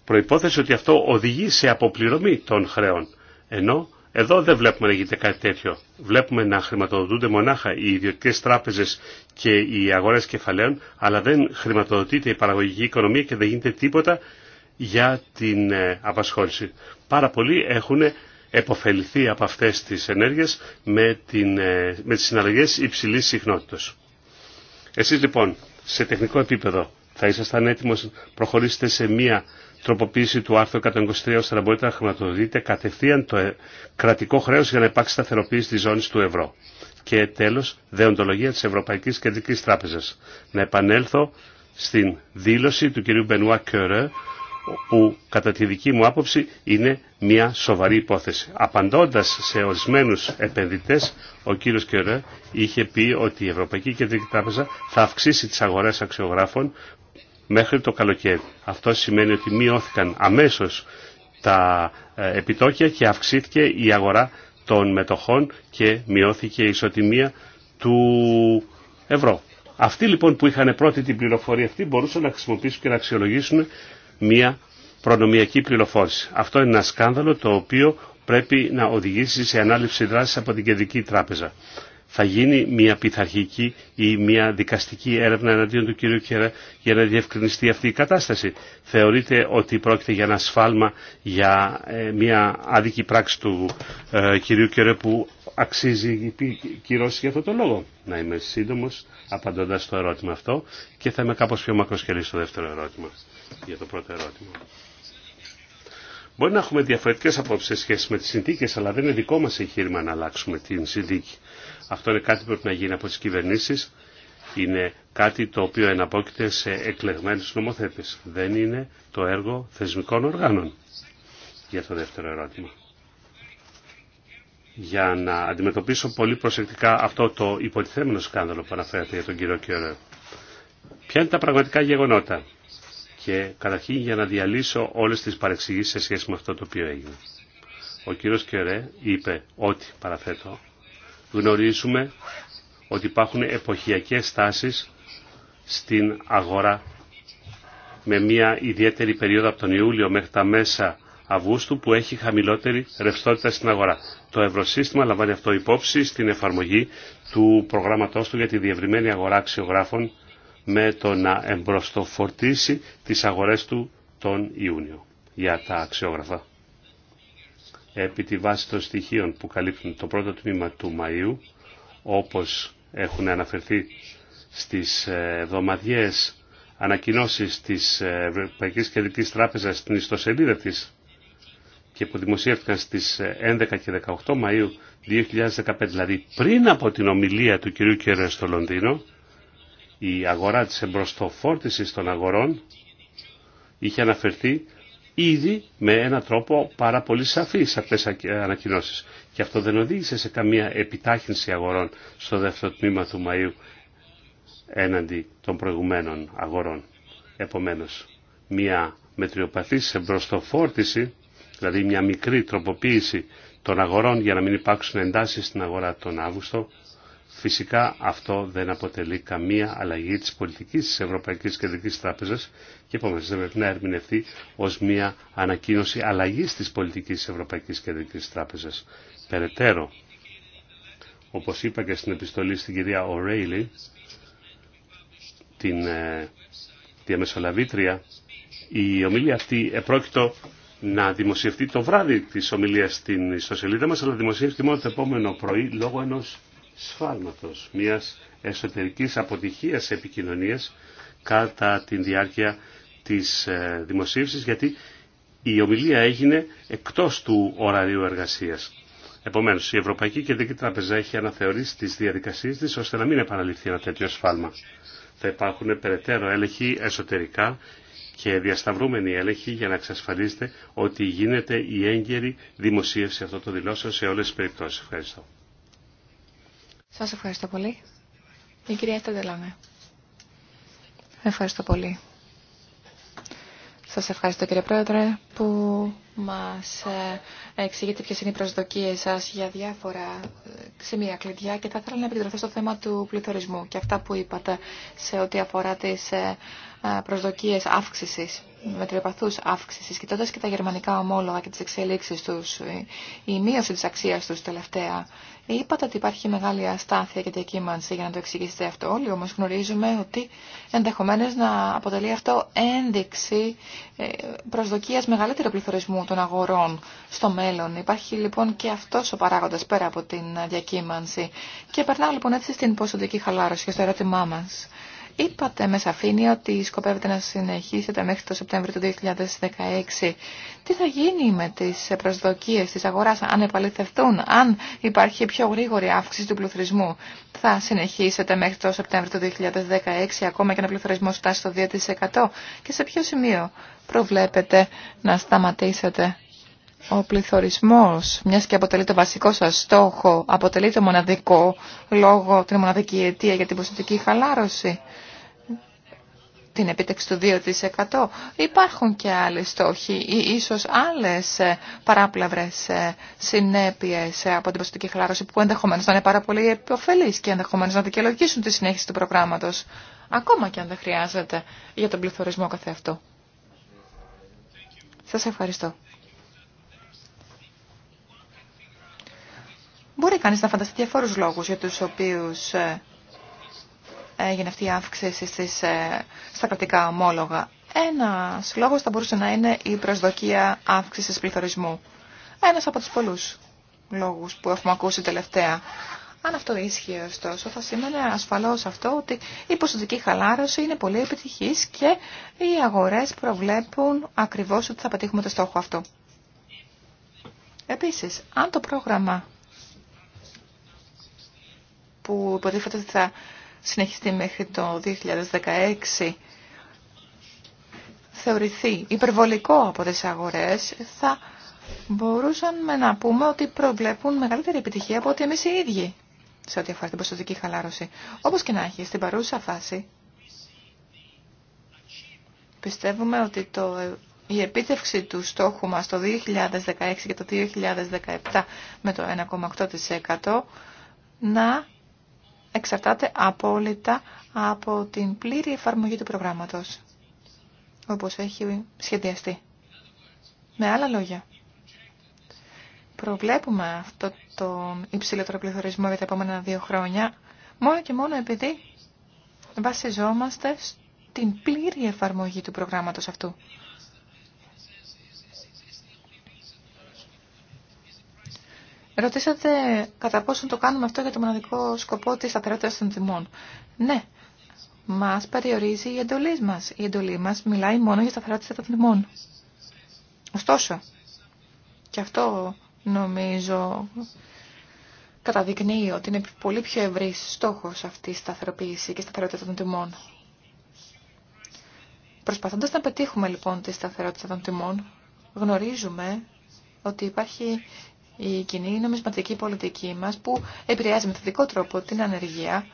προϋπόθεση ότι αυτό οδηγεί σε αποπληρωμή των χρέων. Ενώ εδώ δεν βλέπουμε να γίνεται κάτι τέτοιο. Βλέπουμε να χρηματοδοτούνται μονάχα οι ιδιωτικέ τράπεζες και οι αγορές κεφαλαίων, αλλά δεν χρηματοδοτείται η παραγωγική οικονομία και δεν γίνεται τίποτα για την ε, απασχόληση. Πάρα πολλοί έχουν εποφεληθεί από αυτές τις ενέργειες με, την, ε, με τις συναλλαγές υψηλής συχνότητας. Εσείς λοιπόν, σε τεχνικό επίπεδο, θα ήσασταν έτοιμος να προχωρήσετε σε μία τροποποίηση του άρθρου 123 ώστε να μπορείτε να χρηματοδοτείτε κατευθείαν το ε, κρατικό χρέος για να υπάρξει σταθεροποίηση της ζώνης του ευρώ. Και τέλος, δεοντολογία της Ευρωπαϊκής Κεντρικής Τράπεζας. Να επανέλθω στην δήλωση του κ. Μπενουά Κέρε που κατά τη δική μου άποψη είναι μια σοβαρή υπόθεση. Απαντώντας σε ορισμένου επενδυτές, ο κύριος Κερέ είχε πει ότι η Ευρωπαϊκή Κεντρική Τράπεζα θα αυξήσει τις αγορές αξιογράφων μέχρι το καλοκαίρι. Αυτό σημαίνει ότι μειώθηκαν αμέσως τα ε, επιτόκια και αυξήθηκε η αγορά των μετοχών και μειώθηκε η ισοτιμία του ευρώ. Αυτοί λοιπόν που είχαν πρώτη την πληροφορία αυτή μπορούσαν να χρησιμοποιήσουν και να αξιολογήσουν μια προνομιακή πληροφόρηση. Αυτό είναι ένα σκάνδαλο το οποίο πρέπει να οδηγήσει σε ανάληψη δράση από την Κεντρική Τράπεζα. Θα γίνει μια πειθαρχική ή μια δικαστική έρευνα εναντίον του κύριου Κέρα για να διευκρινιστεί αυτή η κατάσταση. Θεωρείτε ότι πρόκειται για ένα σφάλμα, για ε, μια άδικη πράξη του ε, κυρίου Κέρα που αξίζει κυρώσει για αυτό το λόγο. Να είμαι σύντομο απαντώντας στο ερώτημα αυτό και θα είμαι κάπω πιο μακροσκελής στο δεύτερο ερώτημα για το πρώτο ερώτημα. Μπορεί να έχουμε διαφορετικέ απόψει σε σχέση με τι συνθήκε, αλλά δεν είναι δικό μα εγχείρημα να αλλάξουμε την συνθήκη. Αυτό είναι κάτι που πρέπει να γίνει από τι κυβερνήσει. Είναι κάτι το οποίο εναπόκειται σε εκλεγμένου νομοθέτε. Δεν είναι το έργο θεσμικών οργάνων. Για το δεύτερο ερώτημα. Για να αντιμετωπίσω πολύ προσεκτικά αυτό το υποτιθέμενο σκάνδαλο που αναφέρατε για τον κύριο Κιωρέ. Ποια είναι τα πραγματικά γεγονότα και καταρχήν για να διαλύσω όλες τις παρεξηγήσεις σε σχέση με αυτό το οποίο έγινε. Ο κύριος Κερέ είπε ότι, παραθέτω, γνωρίζουμε ότι υπάρχουν εποχιακές στάσεις στην αγορά με μια ιδιαίτερη περίοδο από τον Ιούλιο μέχρι τα μέσα Αυγούστου που έχει χαμηλότερη ρευστότητα στην αγορά. Το ευρωσύστημα λαμβάνει αυτό υπόψη στην εφαρμογή του προγράμματός του για τη διευρυμένη αγορά αξιογράφων με το να εμπροστοφορτήσει τις αγορές του τον Ιούνιο για τα αξιόγραφα. Επί τη βάση των στοιχείων που καλύπτουν το πρώτο τμήμα του Μαΐου, όπως έχουν αναφερθεί στις εβδομαδιαίες ανακοινώσεις της ε, Ευρωπαϊκής Κεντρικής Τράπεζας στην ιστοσελίδα της και που δημοσιεύτηκαν στις 11 ε, και 18 Μαΐου 2015, δηλαδή πριν από την ομιλία του κυρίου Κέρε στο Λονδίνο, η αγορά της εμπροστοφόρτησης των αγορών είχε αναφερθεί ήδη με ένα τρόπο πάρα πολύ σαφή σε αυτές τις ανακοινώσεις. Και αυτό δεν οδήγησε σε καμία επιτάχυνση αγορών στο δεύτερο τμήμα του Μαΐου έναντι των προηγουμένων αγορών. Επομένως, μια μετριοπαθής μπροστοφόρτιση, δηλαδή μια μικρή τροποποίηση των αγορών για να μην υπάρξουν εντάσεις στην αγορά τον Αύγουστο, Φυσικά αυτό δεν αποτελεί καμία αλλαγή της πολιτικής της Ευρωπαϊκής Κεντρικής Τράπεζας και επομένως δεν πρέπει να ερμηνευτεί ως μια ανακοίνωση αλλαγής της πολιτικής της Ευρωπαϊκής Κεντρικής Τράπεζας. Περαιτέρω, όπως είπα και στην επιστολή στην κυρία O'Reilly, την ε, διαμεσολαβήτρια, η ομιλία αυτή επρόκειτο να δημοσιευτεί το βράδυ της ομιλίας στην ιστοσελίδα μας, αλλά δημοσιεύτηκε μόνο το επόμενο πρωί λόγω ενός σφάλματος, μιας εσωτερικής αποτυχίας επικοινωνίας κατά την διάρκεια της ε, δημοσίευσης, γιατί η ομιλία έγινε εκτός του ωραρίου εργασίας. Επομένως, η Ευρωπαϊκή Κεντρική Τράπεζα έχει αναθεωρήσει τις διαδικασίες της ώστε να μην επαναληφθεί ένα τέτοιο σφάλμα. Θα υπάρχουν περαιτέρω έλεγχοι εσωτερικά και διασταυρούμενοι έλεγχοι για να εξασφαλίσετε ότι γίνεται η έγκαιρη δημοσίευση αυτών των δηλώσεων σε όλες τις περιπτώσεις. Ευχαριστώ. Σας ευχαριστώ πολύ. Η κυρία Σταντελάνε. Ευχαριστώ πολύ. Σας ευχαριστώ κύριε Πρόεδρε που μας ε, εξηγείτε ποιες είναι οι προσδοκίες σας για διάφορα ε, σημεία κλειδιά και θα ήθελα να επικεντρωθώ στο θέμα του πληθωρισμού και αυτά που είπατε σε ό,τι αφορά τις ε, προσδοκίες αύξησης μετριοπαθού αύξηση, κοιτώντα και τα γερμανικά ομόλογα και τι εξελίξει του, η μείωση τη αξία του τελευταία. Είπατε ότι υπάρχει μεγάλη αστάθεια και διακύμανση για να το εξηγήσετε αυτό όλοι, όμω γνωρίζουμε ότι ενδεχομένω να αποτελεί αυτό ένδειξη ε, προσδοκία μεγαλύτερου πληθωρισμού των αγορών στο μέλλον. Υπάρχει λοιπόν και αυτό ο παράγοντα πέρα από την διακύμανση. Και περνάω λοιπόν έτσι στην ποσοτική χαλάρωση και στο ερώτημά μα. Είπατε με σαφήνεια ότι σκοπεύετε να συνεχίσετε μέχρι το Σεπτέμβριο του 2016. Τι θα γίνει με τις προσδοκίες της αγοράς αν επαληθευτούν, αν υπάρχει πιο γρήγορη αύξηση του πληθωρισμού. Θα συνεχίσετε μέχρι το Σεπτέμβριο του 2016 ακόμα και ένα πληθωρισμός φτάσει στο 2% και σε ποιο σημείο προβλέπετε να σταματήσετε ο πληθωρισμός, μιας και αποτελεί το βασικό σας στόχο, αποτελεί το μοναδικό λόγο, την μοναδική αιτία για την ποσοτική χαλάρωση, την επίτευξη του 2%. Υπάρχουν και άλλοι στόχοι ή ίσως άλλες ε, παράπλευρες ε, συνέπειες ε, από την ποσοτική χαλάρωση που ενδεχομένως να είναι πάρα πολύ επωφελείς και ενδεχομένως να δικαιολογήσουν τη συνέχιση του προγράμματος, ακόμα και αν δεν χρειάζεται για τον πληθωρισμό καθεαυτό. Σας ευχαριστώ. Μπορεί κανείς να φανταστεί διαφόρους λόγους για τους οποίους ε, έγινε αυτή η αύξηση στις, ε, στα κρατικά ομόλογα. Ένας λόγος θα μπορούσε να είναι η προσδοκία αύξησης πληθωρισμού. Ένας από τους πολλούς λόγους που έχουμε ακούσει τελευταία. Αν αυτό ίσχυε ωστόσο, θα σήμαινε ασφαλώς αυτό ότι η ποσοτική χαλάρωση είναι πολύ επιτυχής και οι αγορές προβλέπουν ακριβώς ότι θα πετύχουμε το στόχο αυτό. Επίσης, αν το πρόγραμμα που υποτίθεται ότι θα συνεχιστεί μέχρι το 2016 θεωρηθεί υπερβολικό από τις αγορές, θα μπορούσαμε να πούμε ότι προβλέπουν μεγαλύτερη επιτυχία από ότι εμείς οι ίδιοι σε ό,τι αφορά την ποσοτική χαλάρωση. Όπως και να έχει, στην παρούσα φάση πιστεύουμε ότι το, η επίτευξη του στόχου μας το 2016 και το 2017 με το 1,8% να εξαρτάται απόλυτα από την πλήρη εφαρμογή του προγράμματος, όπως έχει σχεδιαστεί. Με άλλα λόγια, προβλέπουμε αυτό το υψηλότερο πληθωρισμό για τα επόμενα δύο χρόνια, μόνο και μόνο επειδή βασιζόμαστε στην πλήρη εφαρμογή του προγράμματος αυτού. Ρωτήσατε κατά πόσο το κάνουμε αυτό για το μοναδικό σκοπό της σταθερότητας των τιμών. Ναι, μας περιορίζει η εντολή μας. Η εντολή μας μιλάει μόνο για σταθερότητα των τιμών. Ωστόσο, και αυτό νομίζω καταδεικνύει ότι είναι πολύ πιο ευρύ στόχος αυτή η σταθεροποίηση και η σταθερότητα των τιμών. Προσπαθώντα να πετύχουμε λοιπόν τη σταθερότητα των τιμών, γνωρίζουμε ότι υπάρχει η κοινή νομισματική πολιτική μας που επηρεάζει με θετικό τρόπο την ανεργία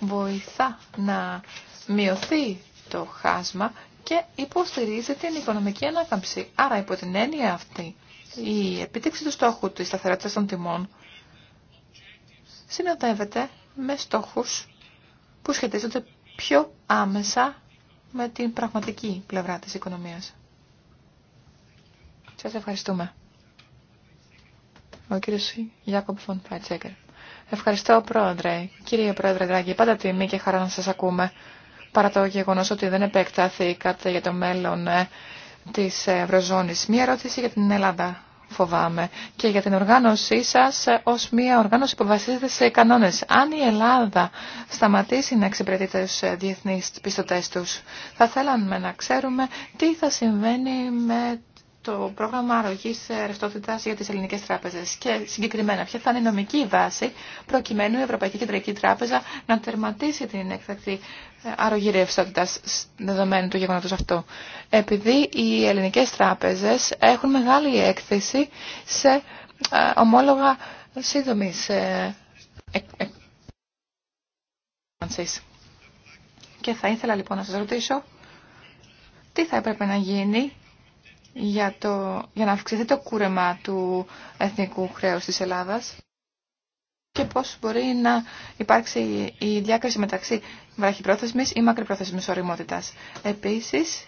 βοηθά να μειωθεί το χάσμα και υποστηρίζει την οικονομική ανάκαμψη. Άρα υπό την έννοια αυτή η επίτευξη του στόχου της σταθερότητας των τιμών συνοδεύεται με στόχους που σχετίζονται πιο άμεσα με την πραγματική πλευρά της οικονομίας. Σας ευχαριστούμε. Ο κ. Φον Φάιτσέκερ. Ευχαριστώ, Πρόεδρε. Κύριε Πρόεδρε Δράγκη, πάντα τιμή και χαρά να σα ακούμε. Παρά το γεγονό ότι δεν επεκτάθηκατε για το μέλλον ε, τη Ευρωζώνη, Μία ερώτηση για την Ελλάδα, φοβάμαι, και για την οργάνωσή σας ε, ως μία οργάνωση που βασίζεται σε κανόνες. Αν η Ελλάδα σταματήσει να εξυπηρετεί τους ε, διεθνείς πιστωτές τους, θα θέλαμε να ξέρουμε τι θα συμβαίνει με το πρόγραμμα αρρωγή ρευστότητα για τι ελληνικέ τράπεζε. Και συγκεκριμένα, ποια θα είναι η νομική βάση προκειμένου η Ευρωπαϊκή Κεντρική Τράπεζα να τερματίσει την έκτακτη ε, αρρωγή ρευστότητα δεδομένου του γεγονότο αυτού. Επειδή οι ελληνικέ τράπεζε έχουν μεγάλη έκθεση σε ε, ομόλογα σύντομη ε, και θα ήθελα λοιπόν να σας ρωτήσω τι θα έπρεπε να γίνει για, το, για να αυξηθεί το κούρεμα του εθνικού χρέους της Ελλάδας και πώς μπορεί να υπάρξει η διάκριση μεταξύ βραχυπρόθεσμης ή μακρυπρόθεσμης οριμότητας. Επίσης,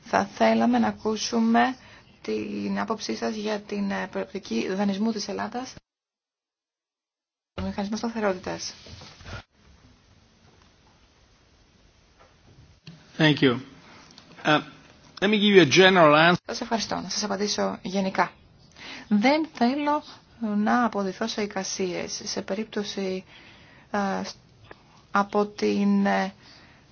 θα θέλαμε να ακούσουμε την άποψή σας για την ε, προοπτική δανεισμού της Ελλάδας ο μηχανισμό σταθερότητα. Thank you. Ε, Let Σας ευχαριστώ. Να σας απαντήσω γενικά. Δεν θέλω να αποδηθώ σε εικασίες. Σε περίπτωση από, την, ε,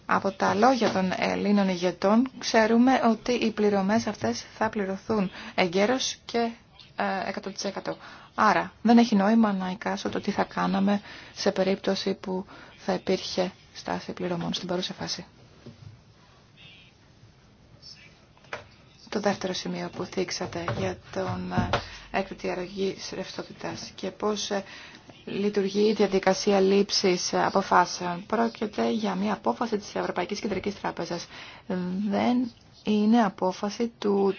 από τα λόγια των Ελλήνων ηγετών ξέρουμε ότι οι πληρωμές αυτές θα πληρωθούν εγκαίρως και 100%. Ε, Άρα δεν έχει νόημα να εικάσω το τι θα κάναμε σε περίπτωση που θα υπήρχε στάση πληρωμών στην παρούσα φάση. το δεύτερο σημείο που θίξατε για τον ε, έκπληκτη αρρωγή ρευστότητα και πώς ε, λειτουργεί η διαδικασία λήψης ε, αποφάσεων. Πρόκειται για μια απόφαση της Ευρωπαϊκής Κεντρική Τράπεζας. Δεν είναι απόφαση του,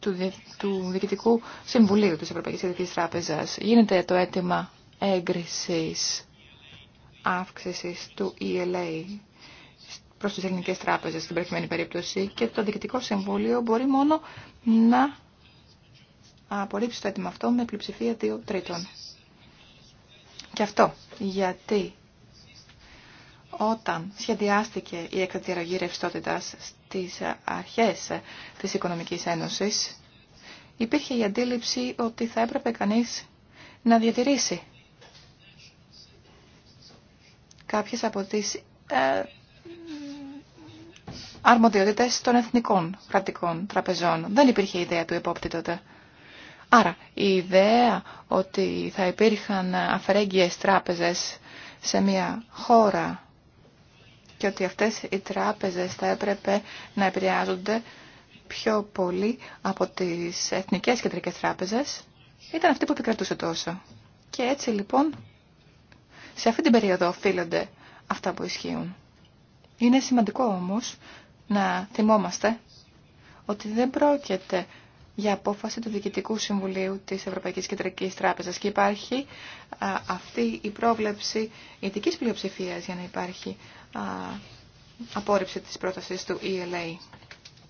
του, του Διοικητικού Συμβουλίου της Ευρωπαϊκής Κεντρική Τράπεζας. Γίνεται το αίτημα έγκρισης αύξησης του ELA Προ τι ελληνικέ τράπεζε στην προκειμένη περίπτωση και το Διοικητικό Συμβούλιο μπορεί μόνο να απορρίψει το έτοιμο αυτό με πλειοψηφία δύο τρίτων. Και αυτό γιατί όταν σχεδιάστηκε η εκδιαρρογή ρευστότητα στι αρχέ τη Οικονομικής Ένωση, υπήρχε η αντίληψη ότι θα έπρεπε κανεί να διατηρήσει κάποιες από τις ε, αρμοδιότητες των εθνικών κρατικών τραπεζών. Δεν υπήρχε ιδέα του επόπτη τότε. Άρα, η ιδέα ότι θα υπήρχαν αφαιρέγγιες τράπεζες σε μια χώρα και ότι αυτές οι τράπεζες θα έπρεπε να επηρεάζονται πιο πολύ από τις εθνικές κεντρικές τράπεζες, ήταν αυτή που επικρατούσε τόσο. Και έτσι λοιπόν, σε αυτή την περίοδο οφείλονται αυτά που ισχύουν. Είναι σημαντικό όμως να θυμόμαστε ότι δεν πρόκειται για απόφαση του Διοικητικού Συμβουλίου της Ευρωπαϊκής Κεντρικής Τράπεζας και υπάρχει αυτή η πρόβλεψη ειδικής πλειοψηφία για να υπάρχει απόρριψη της πρότασης του ELA.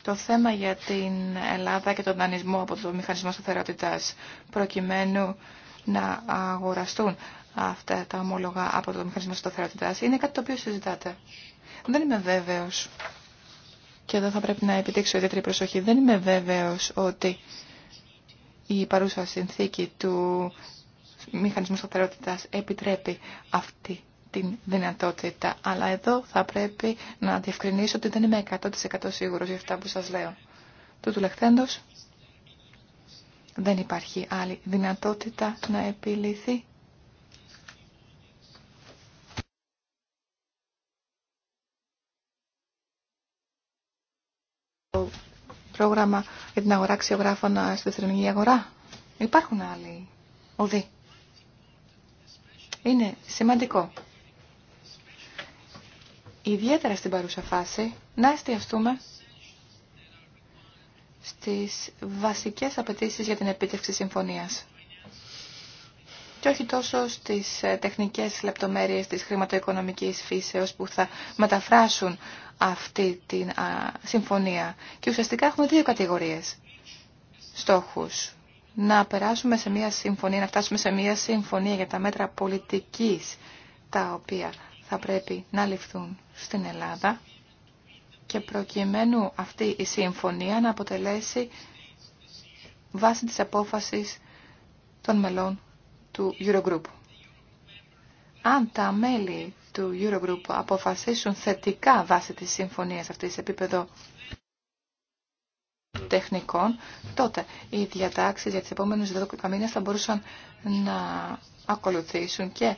Το θέμα για την Ελλάδα και τον δανεισμό από το Μηχανισμό Σταθερότητας προκειμένου να αγοραστούν αυτά τα ομόλογα από το Μηχανισμό Σταθερότητας είναι κάτι το οποίο συζητάτε. Δεν είμαι βέβαιος και εδώ θα πρέπει να επιτύξω ιδιαίτερη προσοχή. Δεν είμαι βέβαιος ότι η παρούσα συνθήκη του μηχανισμού σταθερότητας επιτρέπει αυτή την δυνατότητα. Αλλά εδώ θα πρέπει να διευκρινίσω ότι δεν είμαι 100% σίγουρος για αυτά που σας λέω. Του τουλεχθέντος δεν υπάρχει άλλη δυνατότητα να επιληθεί πρόγραμμα για την αγορά αξιογράφων ε, στην αγορά. Υπάρχουν άλλοι οδοί. Είναι σημαντικό. Ιδιαίτερα στην παρούσα φάση να εστιαστούμε στις βασικές απαιτήσεις για την επίτευξη συμφωνίας και όχι τόσο στις ε, τεχνικές λεπτομέρειες της χρηματοοικονομικής φύσεως που θα μεταφράσουν αυτή τη συμφωνία. Και ουσιαστικά έχουμε δύο κατηγορίες στόχους. Να περάσουμε σε μια συμφωνία, να φτάσουμε σε μια συμφωνία για τα μέτρα πολιτικής τα οποία θα πρέπει να ληφθούν στην Ελλάδα και προκειμένου αυτή η συμφωνία να αποτελέσει βάση της απόφασης των μελών του Eurogroup. Αν τα μέλη του Eurogroup αποφασίσουν θετικά βάσει της συμφωνίας αυτής σε επίπεδο τεχνικών, τότε οι διατάξεις για τις επόμενες 12 μήνες θα μπορούσαν να ακολουθήσουν και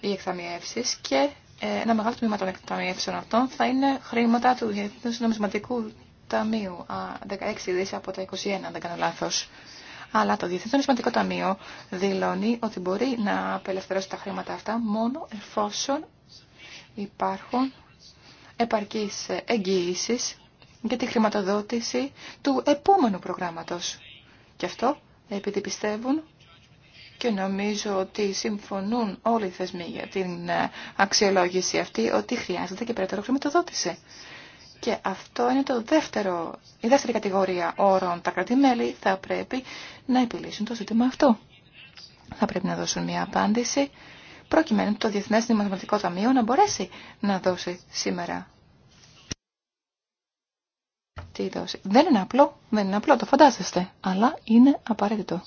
οι εκταμιεύσεις και ε, ένα μεγάλο τμήμα των εκταμιεύσεων αυτών θα είναι χρήματα του Διεθνούς Νομισματικού Ταμείου, 16 δις από τα 21, αν δεν κάνω λάθος αλλά το Διεθνές Νομισματικό Ταμείο δηλώνει ότι μπορεί να απελευθερώσει τα χρήματα αυτά μόνο εφόσον υπάρχουν επαρκείς εγγυήσει για τη χρηματοδότηση του επόμενου προγράμματος. Και αυτό επειδή πιστεύουν και νομίζω ότι συμφωνούν όλοι οι θεσμοί για την αξιολόγηση αυτή ότι χρειάζεται και περαιτέρω χρηματοδότηση. Και αυτό είναι το δεύτερο, η δεύτερη κατηγορία όρων. Τα κρατημέλη θα πρέπει να επιλύσουν το ζήτημα αυτό. Θα πρέπει να δώσουν μια απάντηση προκειμένου το Διεθνές Δημοκρατικό Ταμείο να μπορέσει να δώσει σήμερα. Τι δώσει. Δεν είναι απλό, δεν είναι απλό, το φαντάζεστε, αλλά είναι απαραίτητο.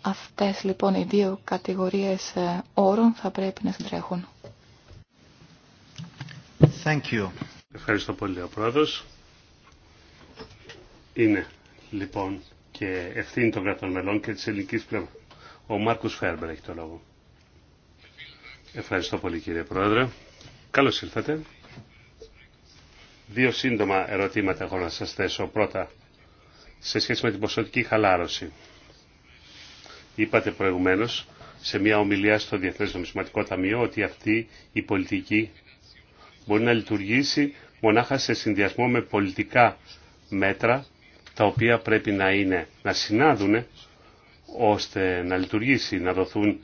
Αυτές λοιπόν οι δύο κατηγορίες ε, όρων θα πρέπει να συντρέχουν. Thank Ευχαριστώ πολύ, ο Πρόεδρος. Είναι, λοιπόν, και ευθύνη των κρατών μελών και της ελληνικής πλευράς. Ο Μάρκος Φέρμπερ έχει το λόγο. Ευχαριστώ πολύ, κύριε Πρόεδρε. Καλώς ήρθατε. Δύο σύντομα ερωτήματα έχω να σας θέσω. Πρώτα, σε σχέση με την ποσοτική χαλάρωση. Είπατε προηγουμένως σε μια ομιλία στο Διεθνές Νομισματικό Ταμείο ότι αυτή η πολιτική μπορεί να λειτουργήσει μονάχα σε συνδυασμό με πολιτικά μέτρα τα οποία πρέπει να, είναι, να συνάδουν ώστε να λειτουργήσει, να δοθούν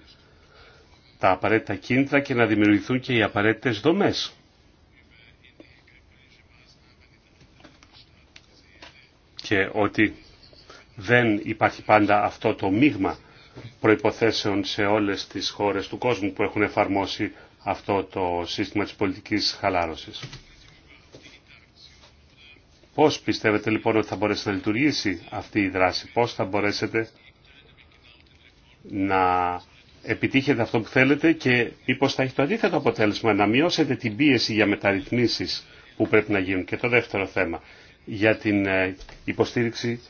τα απαραίτητα κίνητρα και να δημιουργηθούν και οι απαραίτητες δομές. Και ότι δεν υπάρχει πάντα αυτό το μείγμα προϋποθέσεων σε όλες τις χώρες του κόσμου που έχουν εφαρμόσει αυτό το σύστημα της πολιτικής χαλάρωσης. Πώς πιστεύετε λοιπόν ότι θα μπορέσει να λειτουργήσει αυτή η δράση, πώς θα μπορέσετε να επιτύχετε αυτό που θέλετε και μήπως θα έχει το αντίθετο αποτέλεσμα, να μειώσετε την πίεση για μεταρρυθμίσεις που πρέπει να γίνουν. Και το δεύτερο θέμα, για την ε, υποστήριξη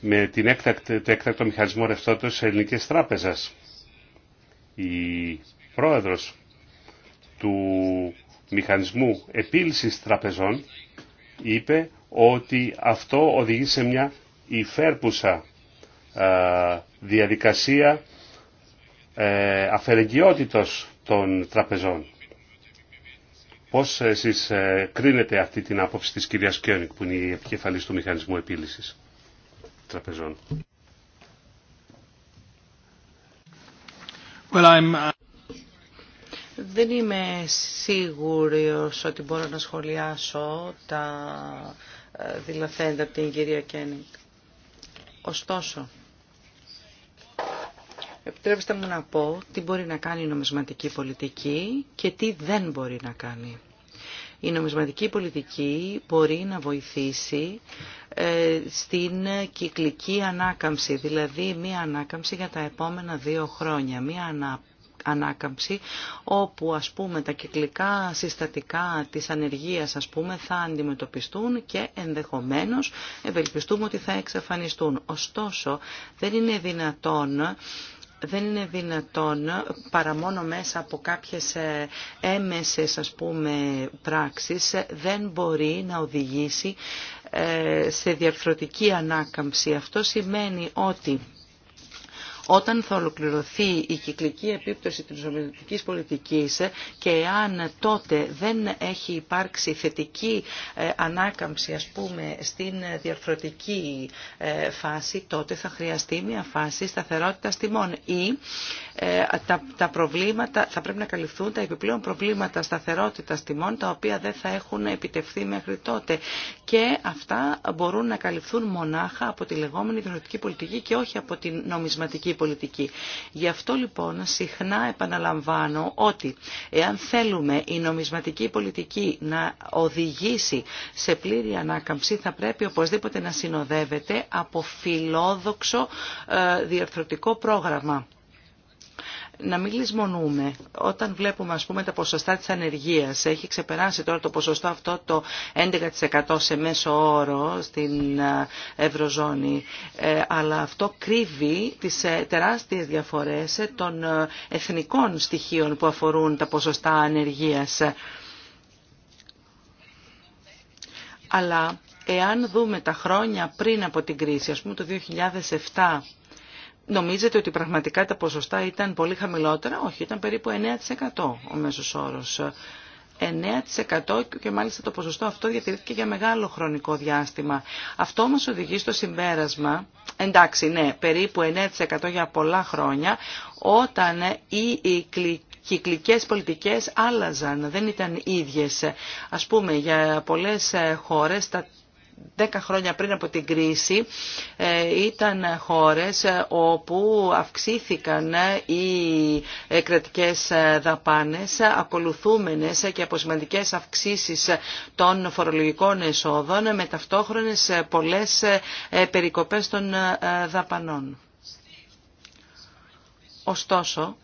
με την το έκτακτο μηχανισμό ρευστότητας της ελληνικής τράπεζας. Η πρόεδρος του μηχανισμού επίλυσης τραπεζών είπε ότι αυτό οδηγεί σε μια υφέρπουσα διαδικασία ε, αφαιρεγγιότητος των τραπεζών. Πώς εσείς ε, κρίνετε αυτή την άποψη της κυρίας Κιόνικ που είναι η επικεφαλής του μηχανισμού επίλυσης τραπεζών. Well, uh, δεν είμαι σίγουρος ότι μπορώ να σχολιάσω τα ε, δηλαθέντα από την κυρία Κένιγκ. Ωστόσο, επιτρέψτε μου να πω τι μπορεί να κάνει η νομισματική πολιτική και τι δεν μπορεί να κάνει. Η νομισματική πολιτική μπορεί να βοηθήσει ε, στην κυκλική ανάκαμψη, δηλαδή μία ανάκαμψη για τα επόμενα δύο χρόνια, μία ανάκαμψη, όπου ας πούμε τα κυκλικά συστατικά της ανεργίας ας πούμε θα αντιμετωπιστούν και ενδεχομένως ευελπιστούμε ότι θα εξαφανιστούν. Ωστόσο δεν είναι δυνατόν δεν είναι δυνατόν παρά μόνο μέσα από κάποιες ε, έμεσες ας πούμε πράξεις δεν μπορεί να οδηγήσει ε, σε διαρθρωτική ανάκαμψη. Αυτό σημαίνει ότι όταν θα ολοκληρωθεί η κυκλική επίπτωση της νομιωτικής πολιτικής ε, και αν τότε δεν έχει υπάρξει θετική ε, ανάκαμψη ας πούμε στην διαρθρωτική ε, φάση τότε θα χρειαστεί μια φάση σταθερότητας τιμών ή τα, τα προβλήματα, θα πρέπει να καλυφθούν τα επιπλέον προβλήματα σταθερότητας τιμών τα οποία δεν θα έχουν επιτευχθεί μέχρι τότε και αυτά μπορούν να καλυφθούν μονάχα από τη λεγόμενη δημοτική πολιτική και όχι από την νομισματική πολιτική. Γι' αυτό λοιπόν συχνά επαναλαμβάνω ότι εάν θέλουμε η νομισματική πολιτική να οδηγήσει σε πλήρη ανάκαμψη θα πρέπει οπωσδήποτε να συνοδεύεται από φιλόδοξο ε, διαρθρωτικό πρόγραμμα να μην λησμονούμε όταν βλέπουμε ας πούμε τα ποσοστά της ανεργίας έχει ξεπεράσει τώρα το ποσοστό αυτό το 11% σε μέσο όρο στην Ευρωζώνη ε, αλλά αυτό κρύβει τις ε, τεράστιες διαφορές ε, των εθνικών στοιχείων που αφορούν τα ποσοστά ανεργίας αλλά εάν δούμε τα χρόνια πριν από την κρίση ας πούμε το 2007 νομίζετε ότι πραγματικά τα ποσοστά ήταν πολύ χαμηλότερα. Όχι, ήταν περίπου 9% ο μέσος όρος. 9% και μάλιστα το ποσοστό αυτό διατηρήθηκε για μεγάλο χρονικό διάστημα. Αυτό μας οδηγεί στο συμπέρασμα, εντάξει ναι, περίπου 9% για πολλά χρόνια, όταν οι κυκλικές πολιτικές άλλαζαν, δεν ήταν ίδιες. Ας πούμε, για πολλές ε, χώρες Δέκα χρόνια πριν από την κρίση ε, ήταν χώρες ε, όπου αυξήθηκαν ε, οι κρατικές δαπάνες ακολουθούμενες και από σημαντικέ αυξήσεις των φορολογικών εσόδων με ταυτόχρονες πολλές περικοπές των δαπανών. Ωστόσο,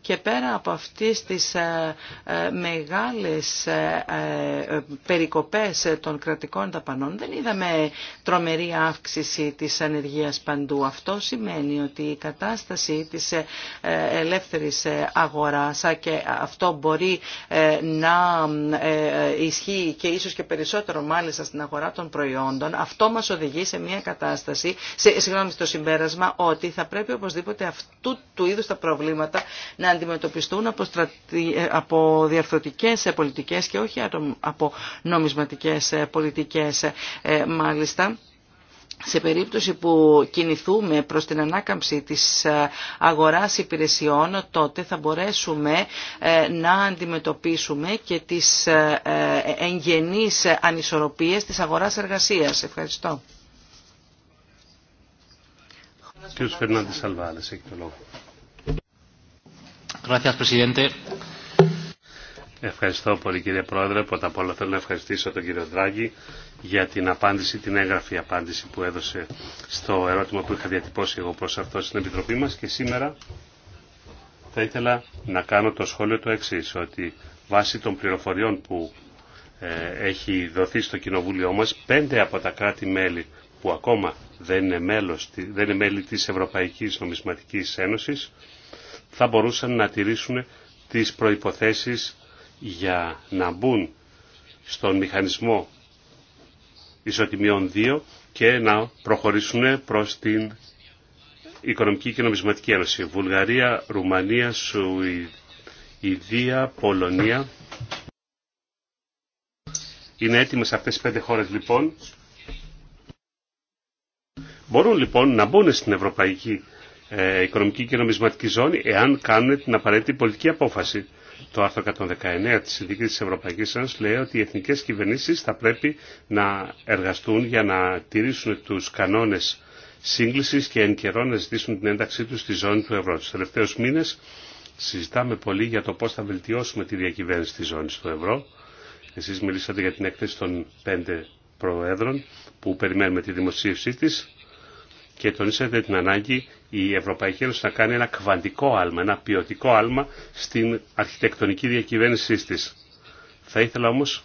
και πέρα από αυτές τις ε, ε, μεγάλες ε, περικοπές των κρατικών ταπανών δεν είδαμε τρομερή αύξηση της ανεργίας παντού. Αυτό σημαίνει ότι η κατάσταση της ελεύθερης αγοράς και αυτό μπορεί να ισχύει και ίσως και περισσότερο μάλιστα στην αγορά των προϊόντων, αυτό μας οδηγεί σε μια κατάσταση, σε, συγγνώμη, στο συμπέρασμα ότι θα πρέπει οπωσδήποτε αυτού του είδους τα προβλήματα να αντιμετωπιστούν από, στρατι... Ε, από διαρθρωτικές ε, πολιτικές και όχι από νομισματικές ε, πολιτικές μάλιστα. Σε περίπτωση που κινηθούμε προς την ανάκαμψη της αγοράς υπηρεσιών, τότε θα μπορέσουμε να αντιμετωπίσουμε και τις εγγενείς ανισορροπίες της αγοράς εργασίας. Ευχαριστώ. Κύριος Φερνάντης Ευχαριστώ πολύ κύριε Πρόεδρε. Πρώτα απ' όλα θέλω να ευχαριστήσω τον κύριο Δράγκη για την απάντηση, την έγγραφη απάντηση που έδωσε στο ερώτημα που είχα διατυπώσει εγώ προς αυτό στην Επιτροπή μας και σήμερα θα ήθελα να κάνω το σχόλιο το εξή ότι βάσει των πληροφοριών που ε, έχει δοθεί στο Κοινοβούλιο μας, πέντε από τα κράτη-μέλη που ακόμα δεν είναι, δεν είναι μέλη της Ευρωπαϊκής Νομισματικής Ένωσης θα μπορούσαν να τηρήσουν τις προϋποθέσεις για να μπουν στον μηχανισμό ισοτιμιών 2 και να προχωρήσουν προς την Οικονομική και Νομισματική Ένωση. Βουλγαρία, Ρουμανία, Σουηδία, Πολωνία. Είναι έτοιμες αυτές οι πέντε χώρες λοιπόν. Μπορούν λοιπόν να μπουν στην Ευρωπαϊκή ε, οικονομική και Νομισματική Ζώνη εάν κάνουν την απαραίτητη πολιτική απόφαση. Το άρθρο 119 της Συνδίκης της Ευρωπαϊκής Ένωσης λέει ότι οι εθνικές κυβερνήσεις θα πρέπει να εργαστούν για να τηρήσουν τους κανόνες σύγκλησης και εν καιρό να ζητήσουν την ένταξή τους στη ζώνη του ευρώ. Τους τελευταίους μήνες συζητάμε πολύ για το πώς θα βελτιώσουμε τη διακυβέρνηση της ζώνης του ευρώ. Εσείς μιλήσατε για την έκθεση των πέντε προέδρων που περιμένουμε τη δημοσίευσή της και τονίσατε την ανάγκη η Ευρωπαϊκή Ένωση να κάνει ένα κβαντικό άλμα, ένα ποιοτικό άλμα στην αρχιτεκτονική διακυβέρνησή της. Θα ήθελα όμως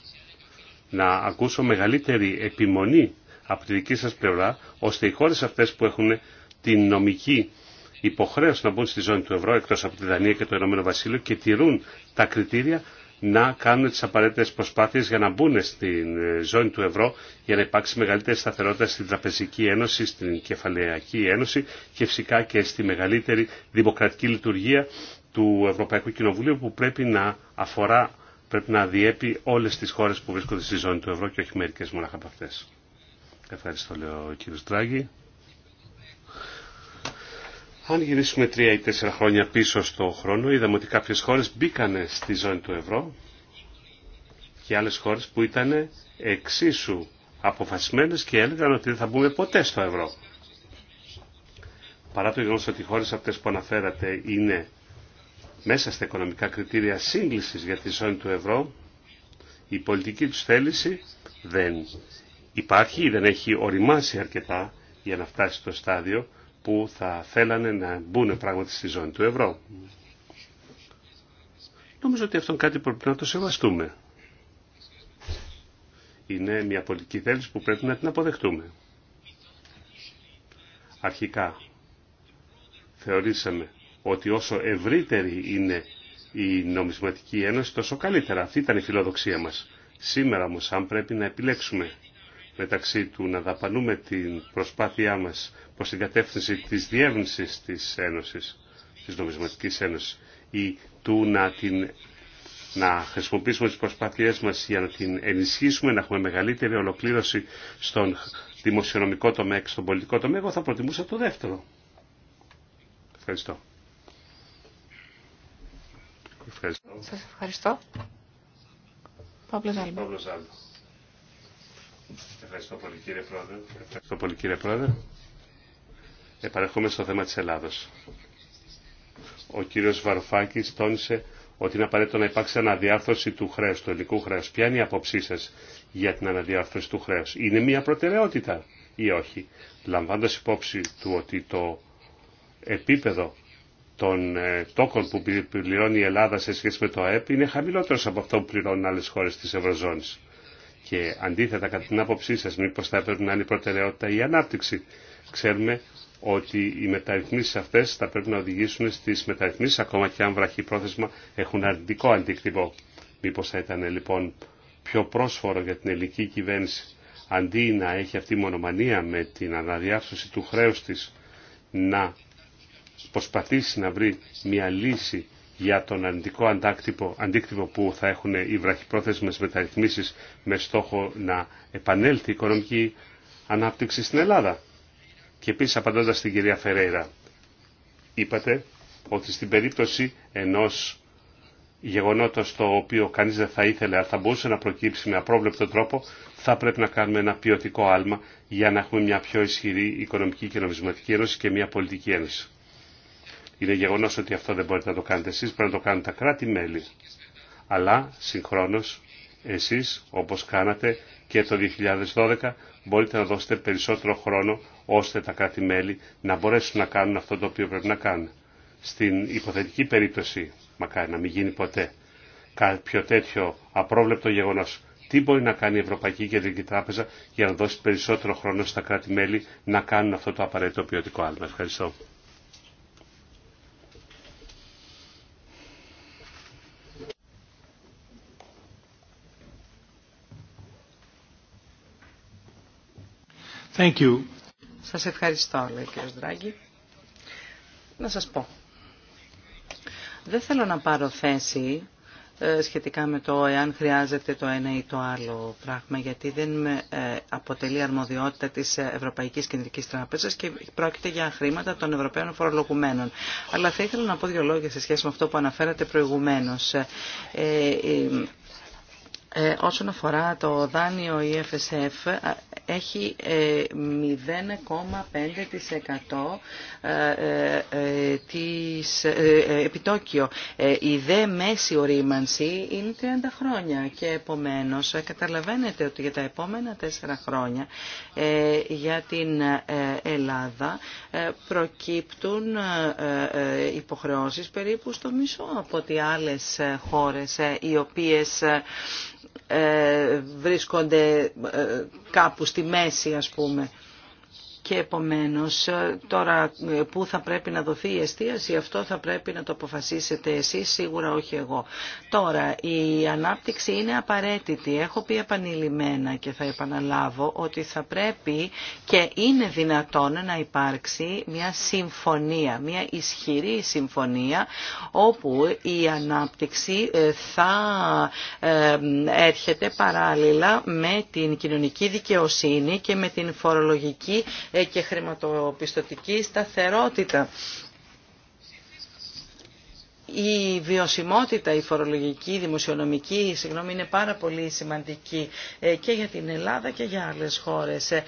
να ακούσω μεγαλύτερη επιμονή από τη δική σας πλευρά, ώστε οι χώρε αυτές που έχουν την νομική υποχρέωση να μπουν στη ζώνη του ευρώ, εκτός από τη Δανία και το Ηνωμένο Βασίλειο, και τηρούν τα κριτήρια, να κάνουν τις απαραίτητες προσπάθειες για να μπουν στην ε, ζώνη του ευρώ για να υπάρξει μεγαλύτερη σταθερότητα στην Τραπεζική Ένωση, στην Κεφαλαιακή Ένωση και φυσικά και στη μεγαλύτερη δημοκρατική λειτουργία του Ευρωπαϊκού Κοινοβουλίου που πρέπει να αφορά, πρέπει να διέπει όλες τις χώρες που βρίσκονται στη ζώνη του ευρώ και όχι μερικές μόνο από αυτέ. Ευχαριστώ, λέω κύριο κύριος αν γυρίσουμε τρία ή τέσσερα χρόνια πίσω στο χρόνο, είδαμε ότι κάποιες χώρες μπήκανε στη ζώνη του ευρώ και άλλες χώρες που ήταν εξίσου αποφασισμένες και έλεγαν ότι δεν θα μπούμε ποτέ στο ευρώ. Παρά το γεγονός ότι οι χώρες αυτές που αναφέρατε είναι μέσα στα οικονομικά κριτήρια σύγκλησης για τη ζώνη του ευρώ, η πολιτική τους θέληση δεν υπάρχει ή δεν έχει οριμάσει αρκετά για να φτάσει στο στάδιο που θα θέλανε να μπουν πράγματι στη ζώνη του ευρώ. Νομίζω ότι αυτό είναι κάτι που πρέπει να το σεβαστούμε. Είναι μια πολιτική θέληση που πρέπει να την αποδεχτούμε. Αρχικά θεωρήσαμε ότι όσο ευρύτερη είναι η νομισματική ένωση τόσο καλύτερα. Αυτή ήταν η φιλοδοξία μας. Σήμερα όμως αν πρέπει να επιλέξουμε μεταξύ του να δαπανούμε την προσπάθειά μας προς την κατεύθυνση της διεύνησης της Ένωσης, της Νομισματικής Ένωσης ή του να, χρησιμοποιήσουμε τις προσπάθειές μας για να την ενισχύσουμε, να έχουμε μεγαλύτερη ολοκλήρωση στον δημοσιονομικό τομέα και στον πολιτικό τομέα, εγώ θα προτιμούσα το δεύτερο. Ευχαριστώ. Ευχαριστώ. Σας ευχαριστώ. Παύλος Ευχαριστώ πολύ κύριε Πρόεδρε. Ευχαριστώ πολύ κύριε Πρόεδρε. στο θέμα της Ελλάδος. Ο κύριος Βαρουφάκης τόνισε ότι είναι απαραίτητο να υπάρξει αναδιάρθρωση του χρέους, του ελληνικού χρέους. Ποια είναι η απόψή σα για την αναδιάρθρωση του χρέους. Είναι μια προτεραιότητα ή όχι. Λαμβάνοντας υπόψη του ότι το επίπεδο των ε, τόκων που πληρώνει η Ελλάδα σε σχέση με το ΑΕΠ είναι χαμηλότερο από αυτό που πληρώνουν άλλες χώρες της Ευρωζώνης. Και αντίθετα, κατά την άποψή σα, μήπω θα έπρεπε να είναι η προτεραιότητα η ανάπτυξη. Ξέρουμε ότι οι μεταρρυθμίσεις αυτέ θα πρέπει να οδηγήσουν στι μεταρρυθμίσεις, ακόμα και αν βραχεί πρόθεσμα έχουν αρνητικό αντίκτυπο. Μήπω θα ήταν λοιπόν πιο πρόσφορο για την ελληνική κυβέρνηση, αντί να έχει αυτή η μονομανία με την αναδιάρθρωση του χρέους της, να προσπαθήσει να βρει μια λύση για τον αντικό αντάκτυπο, αντίκτυπο που θα έχουν οι βραχυπρόθεσμες μεταρρυθμίσεις με στόχο να επανέλθει η οικονομική ανάπτυξη στην Ελλάδα. Και επίσης απαντώντας στην κυρία Φερέιρα, είπατε ότι στην περίπτωση ενός γεγονότος το οποίο κανείς δεν θα ήθελε αλλά θα μπορούσε να προκύψει με απρόβλεπτο τρόπο, θα πρέπει να κάνουμε ένα ποιοτικό άλμα για να έχουμε μια πιο ισχυρή οικονομική και νομισματική ένωση και μια πολιτική ένωση. Είναι γεγονό ότι αυτό δεν μπορείτε να το κάνετε εσείς, πρέπει να το κάνουν τα κράτη-μέλη. Αλλά συγχρόνω εσείς, όπως κάνατε και το 2012, μπορείτε να δώσετε περισσότερο χρόνο ώστε τα κράτη-μέλη να μπορέσουν να κάνουν αυτό το οποίο πρέπει να κάνουν. Στην υποθετική περίπτωση, μακάρι να μην γίνει ποτέ, κάποιο τέτοιο απρόβλεπτο γεγονός. Τι μπορεί να κάνει η Ευρωπαϊκή Κεντρική Τράπεζα για να δώσει περισσότερο χρόνο στα κράτη-μέλη να κάνουν αυτό το απαραίτητο ποιοτικό άλμα. Ευχαριστώ. Thank you. Σας ευχαριστώ, λέει ο κύριος Δράγκη. Να σας πω. Δεν θέλω να πάρω θέση ε, σχετικά με το εάν χρειάζεται το ένα ή το άλλο πράγμα, γιατί δεν ε, αποτελεί αρμοδιότητα της Ευρωπαϊκής Κεντρικής Τράπεζας και πρόκειται για χρήματα των Ευρωπαίων φορολογουμένων. Αλλά θα ήθελα να πω δύο λόγια σε σχέση με αυτό που αναφέρατε προηγουμένως. Ε, ε όσον αφορά το δάνειο EFSF, έχει 0,5% ε, ε, ε, της επιτόκιο. Η δε μέση ορίμανση είναι 30 χρόνια και επομένως καταλαβαίνετε ότι για τα επόμενα 4 χρόνια για την Ελλάδα προκύπτουν υποχρεώσεις περίπου στο μισό από τι άλλες χώρες οι οποίες ε, βρίσκονται ε, κάπου στη μέση ας πούμε και επομένως ε, τώρα ε, που θα πρέπει να δοθεί η εστίαση αυτό θα πρέπει να το αποφασίσετε εσείς, σίγουρα όχι εγώ. Τώρα η ανάπτυξη είναι απαραίτητη. Έχω πει επανειλημμένα και θα επαναλάβω ότι θα πρέπει και είναι δυνατόν να υπάρξει μια συμφωνία, μια ισχυρή συμφωνία όπου η ανάπτυξη ε, θα έρχεται παράλληλα με την κοινωνική δικαιοσύνη και με την φορολογική ε, και χρηματοπιστωτική σταθερότητα η βιωσιμότητα, η φορολογική, η δημοσιονομική, συγγνώμη, είναι πάρα πολύ σημαντική ε, και για την Ελλάδα και για άλλες χώρες. Ε,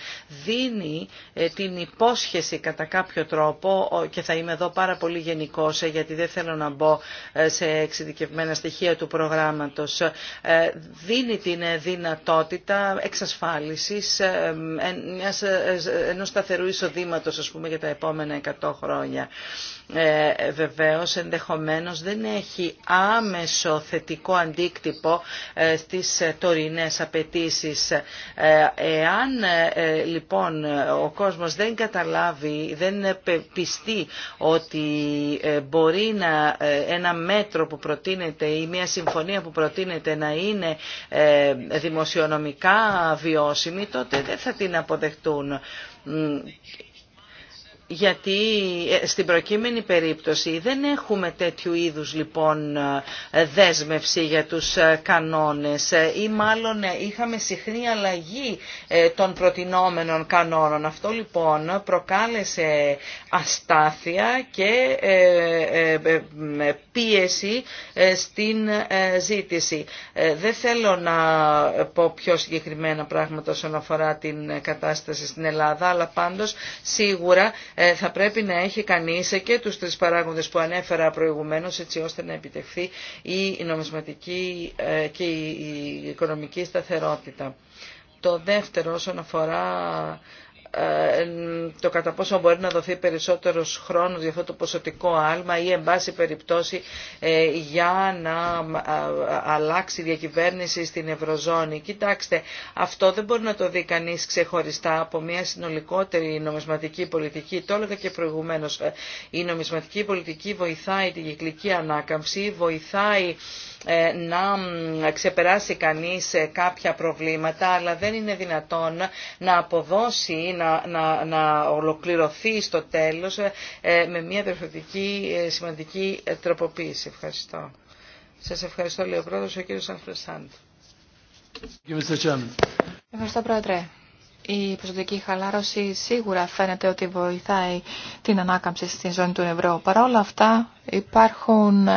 δίνει ε, την υπόσχεση κατά κάποιο τρόπο και θα είμαι εδώ πάρα πολύ γενικός γιατί δεν θέλω να μπω σε εξειδικευμένα στοιχεία του προγράμματος. Δίνει την δυνατότητα εξασφάλισης ενός σταθερού εισοδήματος ας πούμε για τα επόμενα 100 χρόνια. Βεβαίως ενδεχομένως δεν έχει άμεσο θετικό αντίκτυπο ε, στις ε, τωρινές απαιτήσει. Ε, εάν λοιπόν ο κόσμος δεν καταλάβει, δεν πιστεί ότι μπορεί να ένα μέτρο που προτείνεται ή μια συμφωνία που προτείνεται να είναι δημοσιονομικά βιώσιμη, τότε δεν θα την αποδεχτούν γιατί ε, στην προκείμενη περίπτωση δεν έχουμε τέτοιου είδους λοιπόν ε, δέσμευση για τους ε, κανόνες ή μάλλον είχαμε συχνή αλλαγή των προτινόμενων κανόνων. Αυτό λοιπόν προκάλεσε αστάθεια και πίεση στην ζήτηση. Δεν θέλω να πω πιο συγκεκριμένα πράγματα όσον αφορά την κατάσταση στην Ελλάδα, αλλά πάντως σίγουρα ε, θα πρέπει να έχει κανείς και τους τρεις παράγοντες που ανέφερα προηγουμένως έτσι ώστε να επιτευχθεί η νομισματική ε, και η οικονομική σταθερότητα. Το δεύτερο όσον αφορά ε, το κατά πόσο μπορεί να δοθεί περισσότερος χρόνος για αυτό το ποσοτικό άλμα ή εν πάση περιπτώσει ε, για να ε, αλλάξει η διακυβέρνηση στην Ευρωζώνη. Κοιτάξτε, αυτό δεν μπορεί να το δει κανείς ξεχωριστά από μια συνολικότερη νομισματική πολιτική. Το έλεγα και προηγουμένως, η νομισματική πολιτική βοηθάει την κυκλική ανάκαμψη, βοηθάει να ξεπεράσει κανείς κάποια προβλήματα, αλλά δεν είναι δυνατόν να αποδώσει να, να, να ολοκληρωθεί στο τέλος ε, ε, με μια διαφορετική ε, σημαντική τροποποίηση. Ευχαριστώ. Σας ευχαριστώ, λέει ο πρόεδρος, ο κύριος Σανφρεσάντ. Ευχαριστώ, πρόεδρε. Η προσωπική χαλάρωση σίγουρα φαίνεται ότι βοηθάει την ανάκαμψη στην ζώνη του ευρώ. Παρ' όλα αυτά υπάρχουν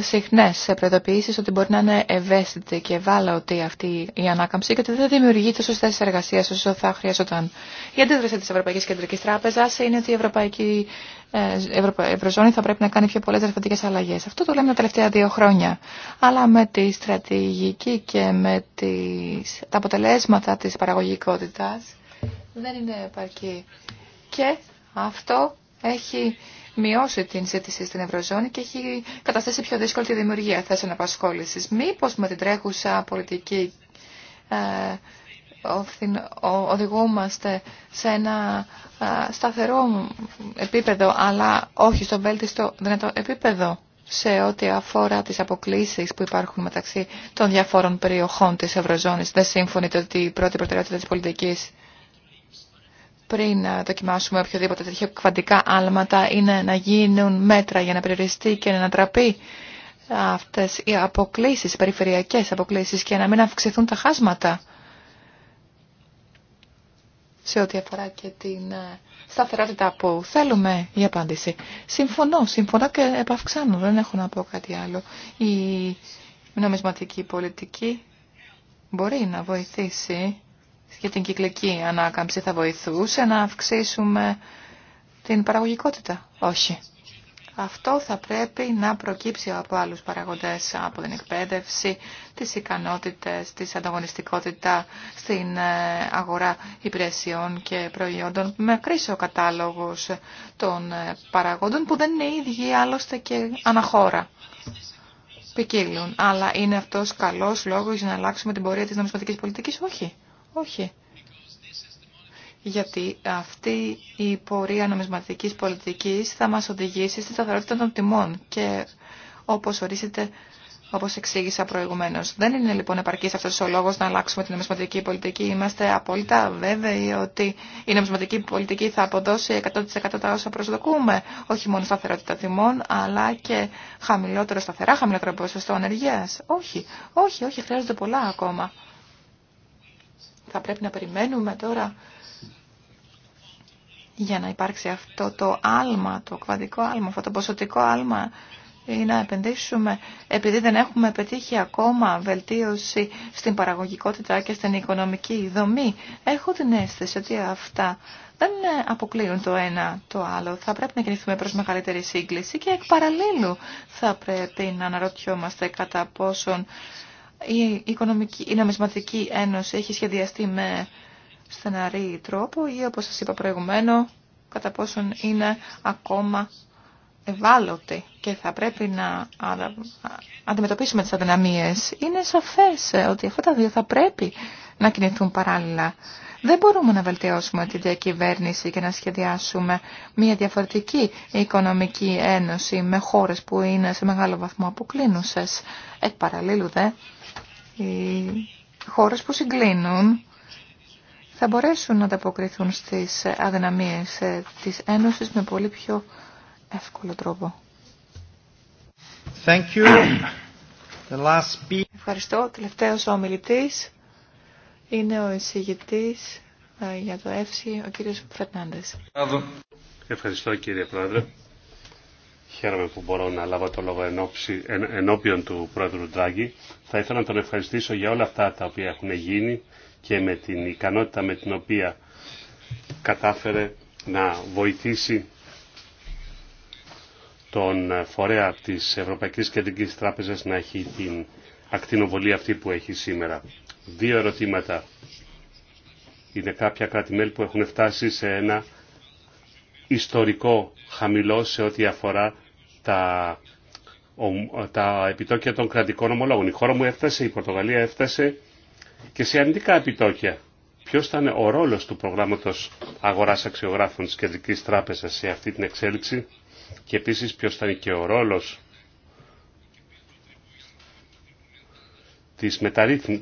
συχνέ προειδοποιήσει ότι μπορεί να είναι ευαίσθητη και ευάλωτη αυτή η ανάκαμψη και ότι δεν δημιουργεί τόσο θέσεις εργασίας όσο θα χρειαζόταν. Η αντίδραση τη Ευρωπαϊκή Κεντρικής Τράπεζα είναι ότι η Ευρωπαϊκή ε, Ευρωζώνη θα πρέπει να κάνει πιο πολλέ δραστηριότητε αλλαγέ. Αυτό το λέμε τα τελευταία δύο χρόνια. Αλλά με τη στρατηγική και με τις, τα αποτελέσματα τη παραγωγικότητα δεν είναι επαρκή. Και αυτό έχει μειώσει την ζήτηση στην Ευρωζώνη και έχει καταστήσει πιο δύσκολη τη δημιουργία θέσεων απασχόληση. Μήπω με την τρέχουσα πολιτική ε, οδηγούμαστε σε ένα ε, σταθερό επίπεδο, αλλά όχι στο βέλτιστο δυνατό επίπεδο σε ό,τι αφορά τις αποκλήσεις που υπάρχουν μεταξύ των διαφόρων περιοχών της Ευρωζώνης. Δεν σύμφωνείτε ότι η πρώτη προτεραιότητα της πολιτικής πριν ε, δοκιμάσουμε οποιοδήποτε τέτοιο κβαντικά άλματα είναι να γίνουν μέτρα για να περιοριστεί και να ανατραπεί ε, αυτές οι αποκλήσεις, οι περιφερειακές αποκλήσεις και να μην αυξηθούν τα χάσματα σε ό,τι αφορά και την ε, σταθερότητα που θέλουμε η απάντηση. Συμφωνώ, συμφωνώ και επαυξάνω, δεν έχω να πω κάτι άλλο. Η νομισματική πολιτική μπορεί να βοηθήσει για την κυκλική ανάκαμψη θα βοηθούσε να αυξήσουμε την παραγωγικότητα. Όχι. Αυτό θα πρέπει να προκύψει από άλλους παραγοντές, από την εκπαίδευση, τις ικανότητες, τη ανταγωνιστικότητα στην ε, αγορά υπηρεσιών και προϊόντων. Με κρίσιο κατάλογος των ε, παραγόντων που δεν είναι ίδιοι άλλωστε και αναχώρα. Ποικίλουν. Αλλά είναι αυτός καλός λόγος για να αλλάξουμε την πορεία της νομισματικής πολιτικής. Όχι. Όχι. Γιατί αυτή η πορεία νομισματικής πολιτικής θα μας οδηγήσει στη σταθερότητα των τιμών και όπως ορίσετε, όπως εξήγησα προηγουμένως. Δεν είναι λοιπόν επαρκής αυτός ο λόγος να αλλάξουμε την νομισματική πολιτική. Είμαστε απόλυτα βέβαιοι ότι η νομισματική πολιτική θα αποδώσει 100% τα όσα προσδοκούμε. Όχι μόνο σταθερότητα τιμών, αλλά και χαμηλότερο σταθερά, χαμηλότερο ποσοστό ανεργίας. Όχι, όχι, όχι, χρειάζονται πολλά ακόμα. Θα πρέπει να περιμένουμε τώρα για να υπάρξει αυτό το άλμα, το κβαντικό άλμα, αυτό το ποσοτικό άλμα ή να επενδύσουμε επειδή δεν έχουμε πετύχει ακόμα βελτίωση στην παραγωγικότητα και στην οικονομική δομή. Έχω την αίσθηση ότι αυτά δεν αποκλείουν το ένα το άλλο. Θα πρέπει να κινηθούμε προς μεγαλύτερη σύγκληση και εκ παραλλήλου θα πρέπει να αναρωτιόμαστε κατά πόσον η, οικονομική, η νομισματική ένωση έχει σχεδιαστεί με στεναρή τρόπο ή όπως σας είπα προηγουμένω κατά πόσον είναι ακόμα ευάλωτη και θα πρέπει να αντιμετωπίσουμε τις αδυναμίες. Είναι σαφές ότι αυτά τα δύο θα πρέπει να κινηθούν παράλληλα. Δεν μπορούμε να βελτιώσουμε την διακυβέρνηση και να σχεδιάσουμε μια διαφορετική οικονομική ένωση με χώρες που είναι σε μεγάλο βαθμό αποκλίνουσες. Εκ παραλλήλου δε, οι χώρες που συγκλίνουν θα μπορέσουν να ανταποκριθούν στις αδυναμίες ε, της Ένωσης με πολύ πιο εύκολο τρόπο. Thank you. The last... Ευχαριστώ. Τελευταίος ο ομιλητής είναι ο εισηγητής ε, για το ΕΦΣΙ, ο κύριος Φερνάντες. Ευχαριστώ κύριε Πρόεδρε. Χαίρομαι που μπορώ να λάβω το λόγο ενώψη, ενώπιον του Πρόεδρου Ντράγκη. Θα ήθελα να τον ευχαριστήσω για όλα αυτά τα οποία έχουν γίνει και με την ικανότητα με την οποία κατάφερε να βοηθήσει τον φορέα της Ευρωπαϊκής Κεντρικής Τράπεζας να έχει την ακτινοβολία αυτή που έχει σήμερα. Δύο ερωτήματα. Είναι κάποια κράτη-μέλη που έχουν φτάσει σε ένα ιστορικό χαμηλό σε ό,τι αφορά τα, τα επιτόκια των κρατικών ομολόγων. Η χώρα μου έφτασε, η Πορτογαλία έφτασε και σε αρνητικά επιτόκια. Ποιο ήταν ο ρόλος του προγράμματος αγοράς αξιογράφων τη Κεντρική Τράπεζα σε αυτή την εξέλιξη και επίση ποιο ήταν και ο ρόλο,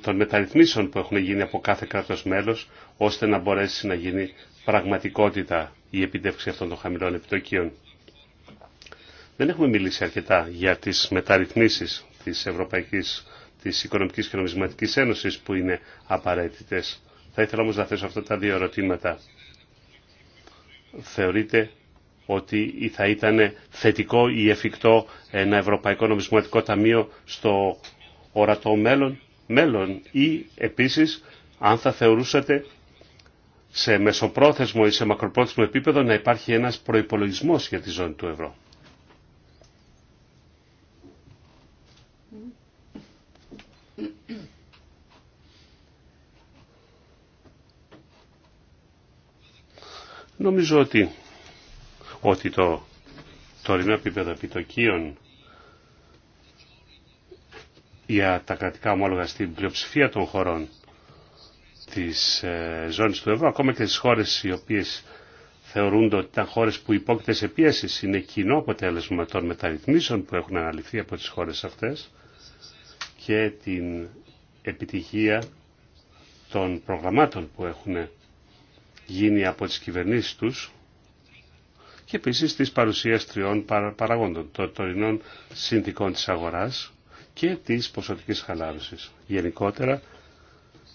των μεταρρυθμίσεων που έχουν γίνει από κάθε κράτος μέλος, ώστε να μπορέσει να γίνει πραγματικότητα η επιτεύξη αυτών των χαμηλών επιτοκίων. Δεν έχουμε μιλήσει αρκετά για τις μεταρρυθμίσεις της Ευρωπαϊκής, της Οικονομικής και Νομισματικής Ένωσης που είναι απαραίτητες. Θα ήθελα όμως να θέσω αυτά τα δύο ερωτήματα. Θεωρείτε ότι θα ήταν θετικό ή εφικτό ένα Ευρωπαϊκό Νομισματικό Ταμείο στο ορατό μέλλον, μέλλον ή επίσης αν θα θεωρούσατε σε μεσοπρόθεσμο ή σε μακροπρόθεσμο επίπεδο να υπάρχει ένας προϋπολογισμός για τη ζώνη του ευρώ. Νομίζω ότι, ότι το τωρινό επίπεδο επιτοκίων για τα κρατικά ομόλογα στην πλειοψηφία των χωρών της ε, ζώνης του ευρώ, ακόμα και στις χώρες οι οποίες θεωρούνται ότι ήταν χώρες που υπόκειται σε πίεση, είναι κοινό αποτέλεσμα των μεταρρυθμίσεων που έχουν αναλυθεί από τις χώρες αυτές και την επιτυχία των προγραμμάτων που έχουν γίνει από τις κυβερνήσεις τους και επίσης της παρουσίας τριών παραγόντων των τωρινών συνθήκων της αγοράς, και της ποσοτικής χαλάρωσης. Γενικότερα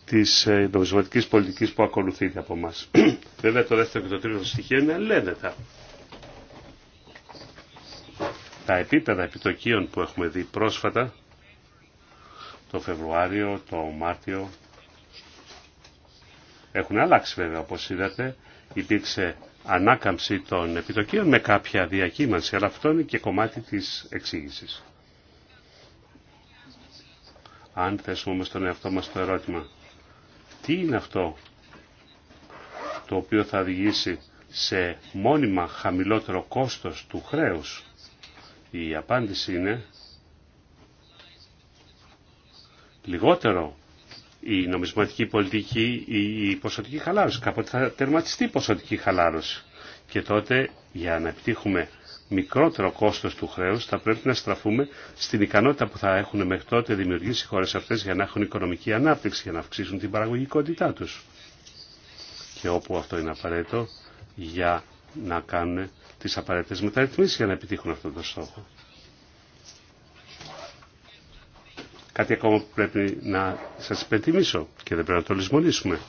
της ε, νομισματικής πολιτικής που ακολουθείται από εμά. Βέβαια το δεύτερο και το τρίτο στοιχείο είναι λένε Τα επίπεδα επιτοκίων που έχουμε δει πρόσφατα, το Φεβρουάριο, το Μάρτιο, έχουν αλλάξει βέβαια όπως είδατε. Υπήρξε ανάκαμψη των επιτοκίων με κάποια διακύμανση, αλλά αυτό είναι και κομμάτι της εξήγησης. Αν θέσουμε όμως τον εαυτό μας το ερώτημα, τι είναι αυτό το οποίο θα οδηγήσει σε μόνιμα χαμηλότερο κόστος του χρέους. Η απάντηση είναι λιγότερο η νομισματική πολιτική ή η ποσοτική χαλάρωση. Κάποτε θα τερματιστεί η ποσοτική χαλάρωση. Και τότε για να επιτύχουμε μικρότερο κόστος του χρέους θα πρέπει να στραφούμε στην ικανότητα που θα έχουν μέχρι τότε δημιουργήσει οι χώρες αυτές για να έχουν οικονομική ανάπτυξη, για να αυξήσουν την παραγωγικότητά τους. Και όπου αυτό είναι απαραίτητο για να κάνουν τις απαραίτητες μεταρρυθμίσεις για να επιτύχουν αυτόν τον στόχο. Κάτι ακόμα που πρέπει να σας υπενθυμίσω και δεν πρέπει να το λησμονήσουμε.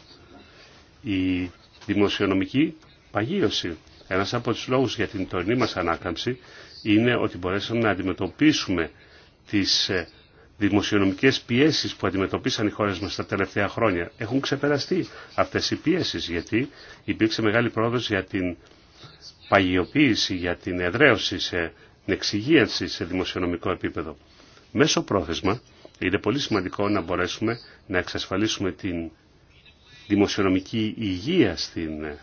Η δημοσιονομική παγίωση ένας από τους λόγους για την τωρινή μας ανάκαμψη είναι ότι μπορέσαμε να αντιμετωπίσουμε τις ε, δημοσιονομικές πιέσεις που αντιμετωπίσαν οι χώρες μας τα τελευταία χρόνια. Έχουν ξεπεραστεί αυτές οι πιέσεις γιατί υπήρξε μεγάλη πρόοδος για την παγιοποίηση, για την εδραίωση σε την εξυγίανση σε δημοσιονομικό επίπεδο. Μέσω πρόθεσμα είναι πολύ σημαντικό να μπορέσουμε να εξασφαλίσουμε την δημοσιονομική υγεία στην ε,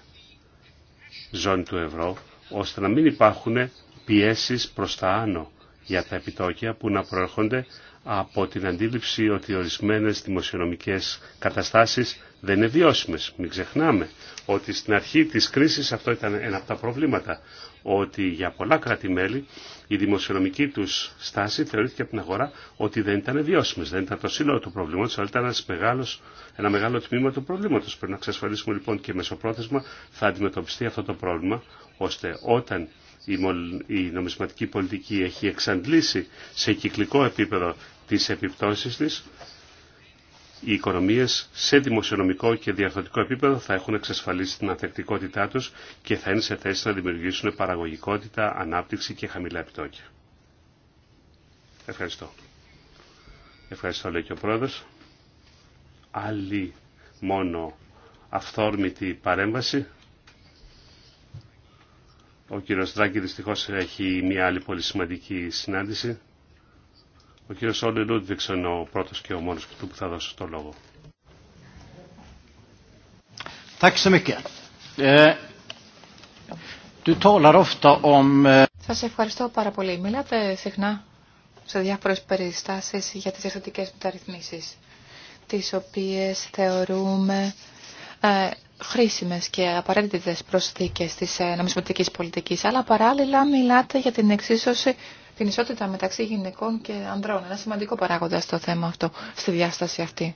ζώνη του ευρώ, ώστε να μην υπάρχουν πιέσεις προς τα άνω για τα επιτόκια που να προέρχονται από την αντίληψη ότι ορισμένες δημοσιονομικές καταστάσεις δεν είναι βιώσιμε. Μην ξεχνάμε ότι στην αρχή της κρίσης αυτό ήταν ένα από τα προβλήματα, ότι για πολλά κράτη-μέλη η δημοσιονομική τους στάση θεωρήθηκε από την αγορά ότι δεν ήταν βιώσιμε. δεν ήταν το σύνολο του προβλήματος, αλλά ήταν ένας μεγάλος, ένα μεγάλο τμήμα του προβλήματος. Πρέπει να εξασφαλίσουμε λοιπόν και μεσοπρόθεσμα θα αντιμετωπιστεί αυτό το πρόβλημα, ώστε όταν η νομισματική πολιτική έχει εξαντλήσει σε κυκλικό επίπεδο τις επιπτώσεις της, οι οικονομίες σε δημοσιονομικό και διαρθωτικό επίπεδο θα έχουν εξασφαλίσει την ανθεκτικότητά τους και θα είναι σε θέση να δημιουργήσουν παραγωγικότητα, ανάπτυξη και χαμηλά επιτόκια. Ευχαριστώ. Ευχαριστώ λέει και ο πρόεδρος. Άλλη μόνο αυθόρμητη παρέμβαση. Ο κύριο Δράκη δυστυχώ έχει μια άλλη πολύ σημαντική συνάντηση. Ο κύριος Όλε Λούντβιξον ο πρώτος και ο μόνος που θα δώσω το λόγο. Ε, ε, Σα ευχαριστώ πάρα πολύ. Μιλάτε συχνά σε διάφορε περιστάσεις για τις εθνικές μεταρρυθμίσει τις οποίες θεωρούμε ε, χρήσιμες και απαραίτητες προσθήκες της ε, νομισματικής πολιτικής, αλλά παράλληλα μιλάτε για την εξίσωση, την ισότητα μεταξύ γυναικών και ανδρών. Ένα σημαντικό παράγοντα στο θέμα αυτό, στη διάσταση αυτή.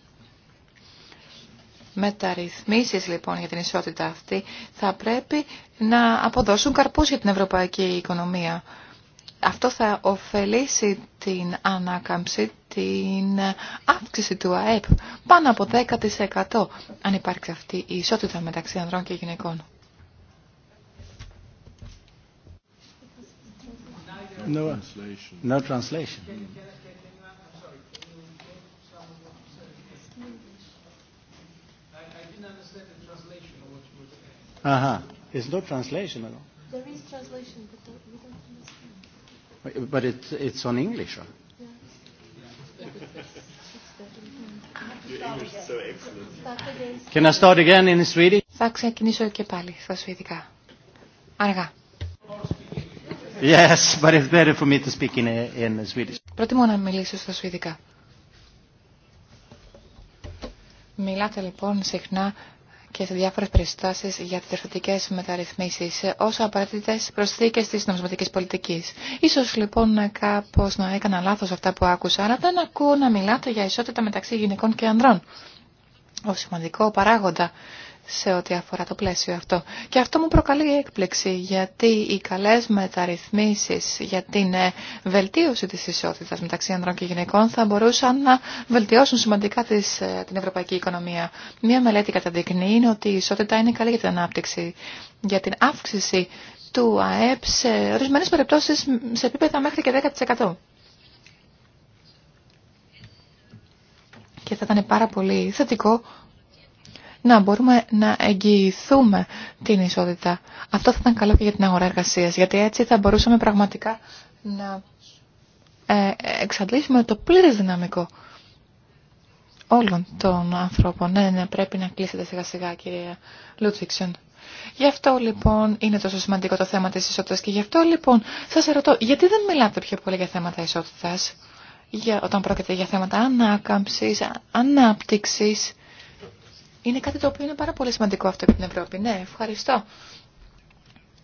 Μεταρρυθμίσεις λοιπόν για την ισότητα αυτή θα πρέπει να αποδώσουν καρπούς για την ευρωπαϊκή οικονομία. Αυτό θα ωφελήσει την ανάκαμψη, την αύξηση του ΑΕΠ πάνω από 10% αν υπάρξει αυτή η ισότητα μεταξύ ανδρών και γυναικών. No, no translation. uh -huh. it's no translation at all. There is translation, but But it, it's on English. Can I start again in Swedish? Θα ξεκινήσω και πάλι στα σουηδικά. Αργά. Yes, but it's better for me to speak in, in Swedish. Προτιμώ να μιλήσω στα σουηδικά. Μιλάτε λοιπόν συχνά και σε διάφορε περιστάσει για τι διορθωτικέ μεταρρυθμίσει ω απαραίτητε προσθήκε τη νομισματική πολιτική. σω λοιπόν κάπω να έκανα λάθο αυτά που άκουσα, αλλά δεν ακούω να μιλάτε για ισότητα μεταξύ γυναικών και ανδρών ω σημαντικό παράγοντα σε ό,τι αφορά το πλαίσιο αυτό. Και αυτό μου προκαλεί έκπληξη, γιατί οι καλές μεταρρυθμίσεις για την ε, βελτίωση της ισότητας μεταξύ ανδρών και γυναικών θα μπορούσαν να βελτιώσουν σημαντικά τις, ε, την ευρωπαϊκή οικονομία. Μία μελέτη καταδεικνύει ότι η ισότητα είναι καλή για την ανάπτυξη, για την αύξηση του ΑΕΠ σε ορισμένες περιπτώσεις σε επίπεδα μέχρι και 10%. Και θα ήταν πάρα πολύ θετικό να μπορούμε να εγγυηθούμε την ισότητα. Αυτό θα ήταν καλό και για την αγορά εργασία, γιατί έτσι θα μπορούσαμε πραγματικά να ε, εξαντλήσουμε το πλήρες δυναμικό όλων των ανθρώπων. Ναι, ναι, πρέπει να κλείσετε σιγά σιγά κυρία Λούτφιξεν. Γι' αυτό λοιπόν είναι τόσο σημαντικό το θέμα της ισότητας και γι' αυτό λοιπόν σας ερωτώ γιατί δεν μιλάτε πιο πολύ για θέματα ισότητας όταν πρόκειται για θέματα ανάκαμψης, ανάπτυξης είναι κάτι το οποίο είναι πάρα πολύ σημαντικό αυτό για την Ευρώπη. Ναι, ευχαριστώ.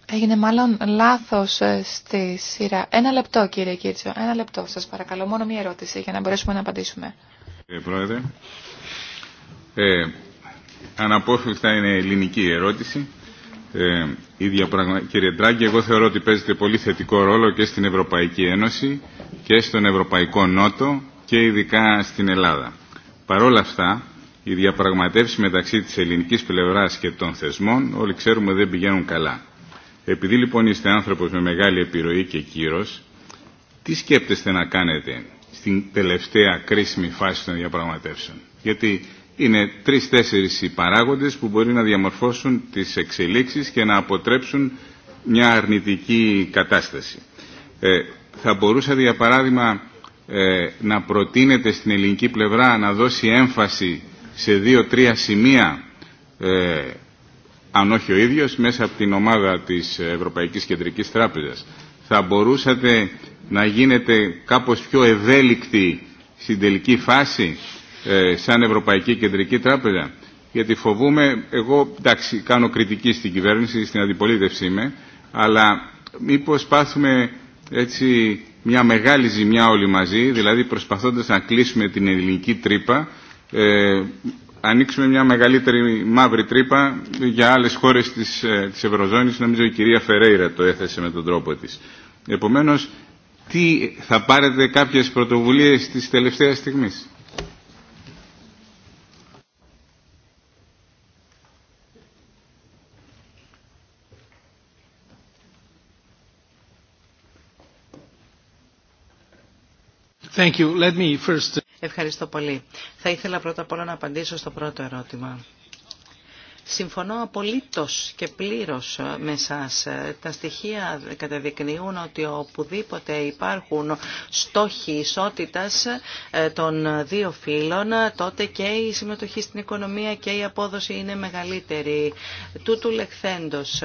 Έγινε μάλλον λάθο ε, στη σειρά. Ένα λεπτό κύριε Κίρτσο, ένα λεπτό Σα παρακαλώ. Μόνο μία ερώτηση για να μπορέσουμε να απαντήσουμε. Κύριε Πρόεδρε, ε, αναπόφευκτα είναι ελληνική η ερώτηση. Ε, ίδια Κύριε Ντράγκη, εγώ θεωρώ ότι παίζετε πολύ θετικό ρόλο και στην Ευρωπαϊκή Ένωση και στον Ευρωπαϊκό Νότο και ειδικά στην Ελλάδα. Παρ' όλα αυτά, οι διαπραγματεύσει μεταξύ τη ελληνική πλευρά και των θεσμών όλοι ξέρουμε δεν πηγαίνουν καλά. Επειδή λοιπόν είστε άνθρωπο με μεγάλη επιρροή και κύρο, τι σκέπτεστε να κάνετε στην τελευταία κρίσιμη φάση των διαπραγματεύσεων. Γιατί είναι τρει-τέσσερι οι παράγοντε που μπορεί να διαμορφώσουν τι εξελίξει και να αποτρέψουν μια αρνητική κατάσταση. Ε, θα μπορούσατε για παράδειγμα ε, να προτείνετε στην ελληνική πλευρά να δώσει έμφαση σε δύο-τρία σημεία, ε, αν όχι ο ίδιος, μέσα από την ομάδα της Ευρωπαϊκής Κεντρικής Τράπεζας. Θα μπορούσατε να γίνετε κάπως πιο ευέλικτοι στην τελική φάση ε, σαν Ευρωπαϊκή Κεντρική Τράπεζα. Γιατί φοβούμαι, εγώ εντάξει κάνω κριτική στην κυβέρνηση, στην αντιπολίτευση είμαι, αλλά μήπως πάθουμε έτσι μια μεγάλη ζημιά όλοι μαζί, δηλαδή προσπαθώντας να κλείσουμε την ελληνική τρύπα ε, ανοίξουμε μια μεγαλύτερη μαύρη τρύπα για άλλες χώρες της, ε, της Ευρωζώνης. Νομίζω η κυρία Φερέιρα το έθεσε με τον τρόπο της. Επομένως, τι θα πάρετε κάποιες πρωτοβουλίες της τελευταίας στιγμής. Ευχαριστώ πολύ. Θα ήθελα πρώτα απ' όλα να απαντήσω στο πρώτο ερώτημα. Συμφωνώ απολύτως και πλήρως με σας. Τα στοιχεία καταδεικνύουν ότι οπουδήποτε υπάρχουν στόχοι ισότητας ε, των δύο φύλων, τότε και η συμμετοχή στην οικονομία και η απόδοση είναι μεγαλύτερη. Τούτου λεχθέντος.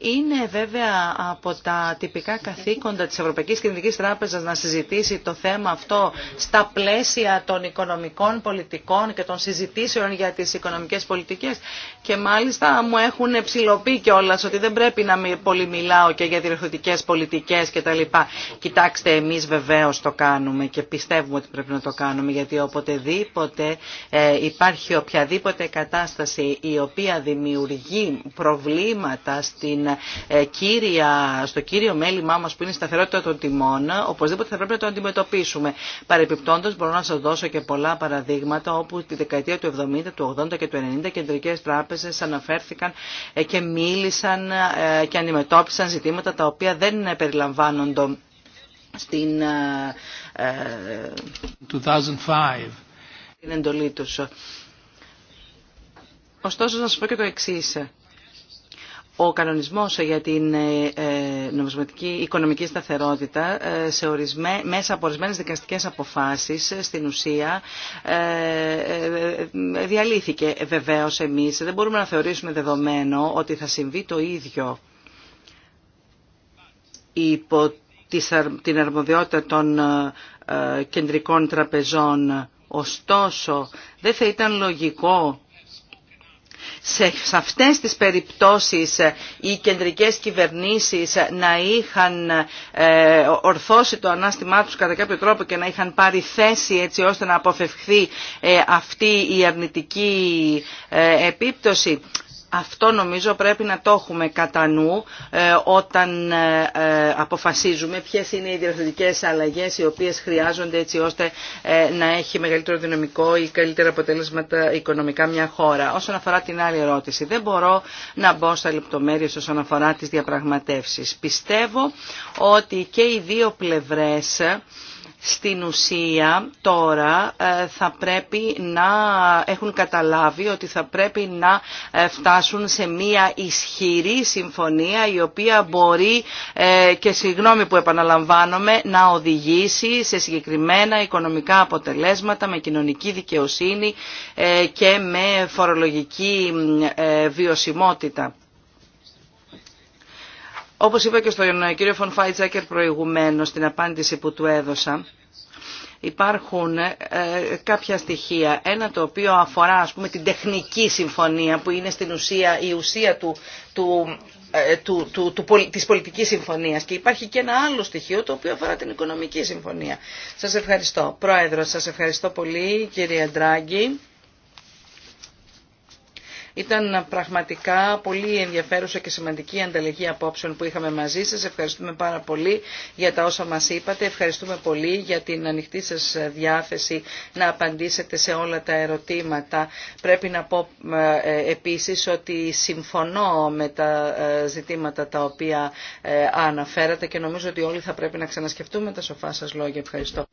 Είναι βέβαια από τα τυπικά καθήκοντα της Ευρωπαϊκής Κεντρικής Τράπεζας να συζητήσει το θέμα αυτό στα πλαίσια των οικονομικών πολιτικών και των συζητήσεων για τις οικονομικές πολιτικές. Και μάλιστα μου έχουν ψηλοποιεί κιόλα ότι δεν πρέπει να πολύ μιλάω και για διερχοτικές πολιτικές κτλ. Κοιτάξτε, εμείς βεβαίως το κάνουμε και πιστεύουμε ότι πρέπει να το κάνουμε γιατί οποτεδήποτε ε, υπάρχει οποιαδήποτε κατάσταση η οποία δημιουργεί προβλήματα στην ε, κύρια, στο κύριο μέλημά μα που είναι η σταθερότητα των τιμών, οπωσδήποτε θα πρέπει να το αντιμετωπίσουμε. Παρεπιπτόντω, μπορώ να σα δώσω και πολλά παραδείγματα όπου τη δεκαετία του 70, του 80 και του 90 κεντρικέ τράπεζε αναφέρθηκαν ε, και μίλησαν ε, και αντιμετώπισαν ζητήματα τα οποία δεν περιλαμβάνονται στην 2005. εντολή Ωστόσο, να σας πω και το εξής. Ο κανονισμός για την ε, ε, νομισματική οικονομική σταθερότητα ε, σε ορισμέ, μέσα από ορισμένε δικαστικές αποφάσεις στην ουσία διαλύθηκε. Βεβαίως εμείς δεν μπορούμε να θεωρήσουμε δεδομένο ότι θα συμβεί το ίδιο υπό την αρμοδιότητα των κεντρικών τραπεζών. Ωστόσο, δεν θα ήταν λογικό σε αυτές τις περιπτώσεις ε, οι κεντρικές κυβερνήσεις ε, να είχαν ε, ορθώσει το ανάστημά τους κατά κάποιο τρόπο και να είχαν πάρει θέση έτσι ώστε να αποφευχθεί αυτή η αρνητική επίπτωση. Αυτό νομίζω πρέπει να το έχουμε κατά νου ε, όταν ε, ε, αποφασίζουμε ποιες είναι οι διορθωτικές αλλαγές οι οποίες χρειάζονται έτσι ώστε να έχει μεγαλύτερο δυναμικό ή καλύτερα αποτέλεσματα οικονομικά μια χώρα. Όσον αφορά την άλλη ερώτηση, δεν μπορώ να μπω στα λεπτομέρειες όσον αφορά τις διαπραγματεύσεις. Πιστεύω ότι και οι δύο πλευρές στην ουσία τώρα ε, θα πρέπει να έχουν καταλάβει ότι θα πρέπει να ε, φτάσουν σε μια ισχυρή συμφωνία η οποία μπορεί ε, και συγγνώμη που επαναλαμβάνομαι να οδηγήσει σε συγκεκριμένα οικονομικά αποτελέσματα με κοινωνική δικαιοσύνη και με φορολογική βιωσιμότητα. Όπως είπα και στον ε, κύριο Φων Φάιτζάκερ προηγουμένως στην απάντηση που του έδωσα, υπάρχουν ε, ε, κάποια στοιχεία. Ένα το οποίο αφορά ας πούμε την τεχνική συμφωνία που είναι στην ουσία η ουσία του, του, της πολιτικής συμφωνίας και υπάρχει και ένα άλλο στοιχείο το οποίο αφορά την οικονομική συμφωνία. Σας ευχαριστώ. Πρόεδρο, σας ευχαριστώ πολύ κύριε Ντράγκη. Ήταν πραγματικά πολύ ενδιαφέρουσα και σημαντική ανταλλαγή απόψεων που είχαμε μαζί σας. Ευχαριστούμε πάρα πολύ για τα όσα μας είπατε. Ευχαριστούμε πολύ για την ανοιχτή σας διάθεση να απαντήσετε σε όλα τα ερωτήματα. Πρέπει να πω ε, ε, επίσης ότι συμφωνώ με τα ε, ζητήματα τα οποία αναφέρατε και νομίζω ότι όλοι θα πρέπει να ξανασκεφτούμε τα σοφά σας λόγια. Ευχαριστώ.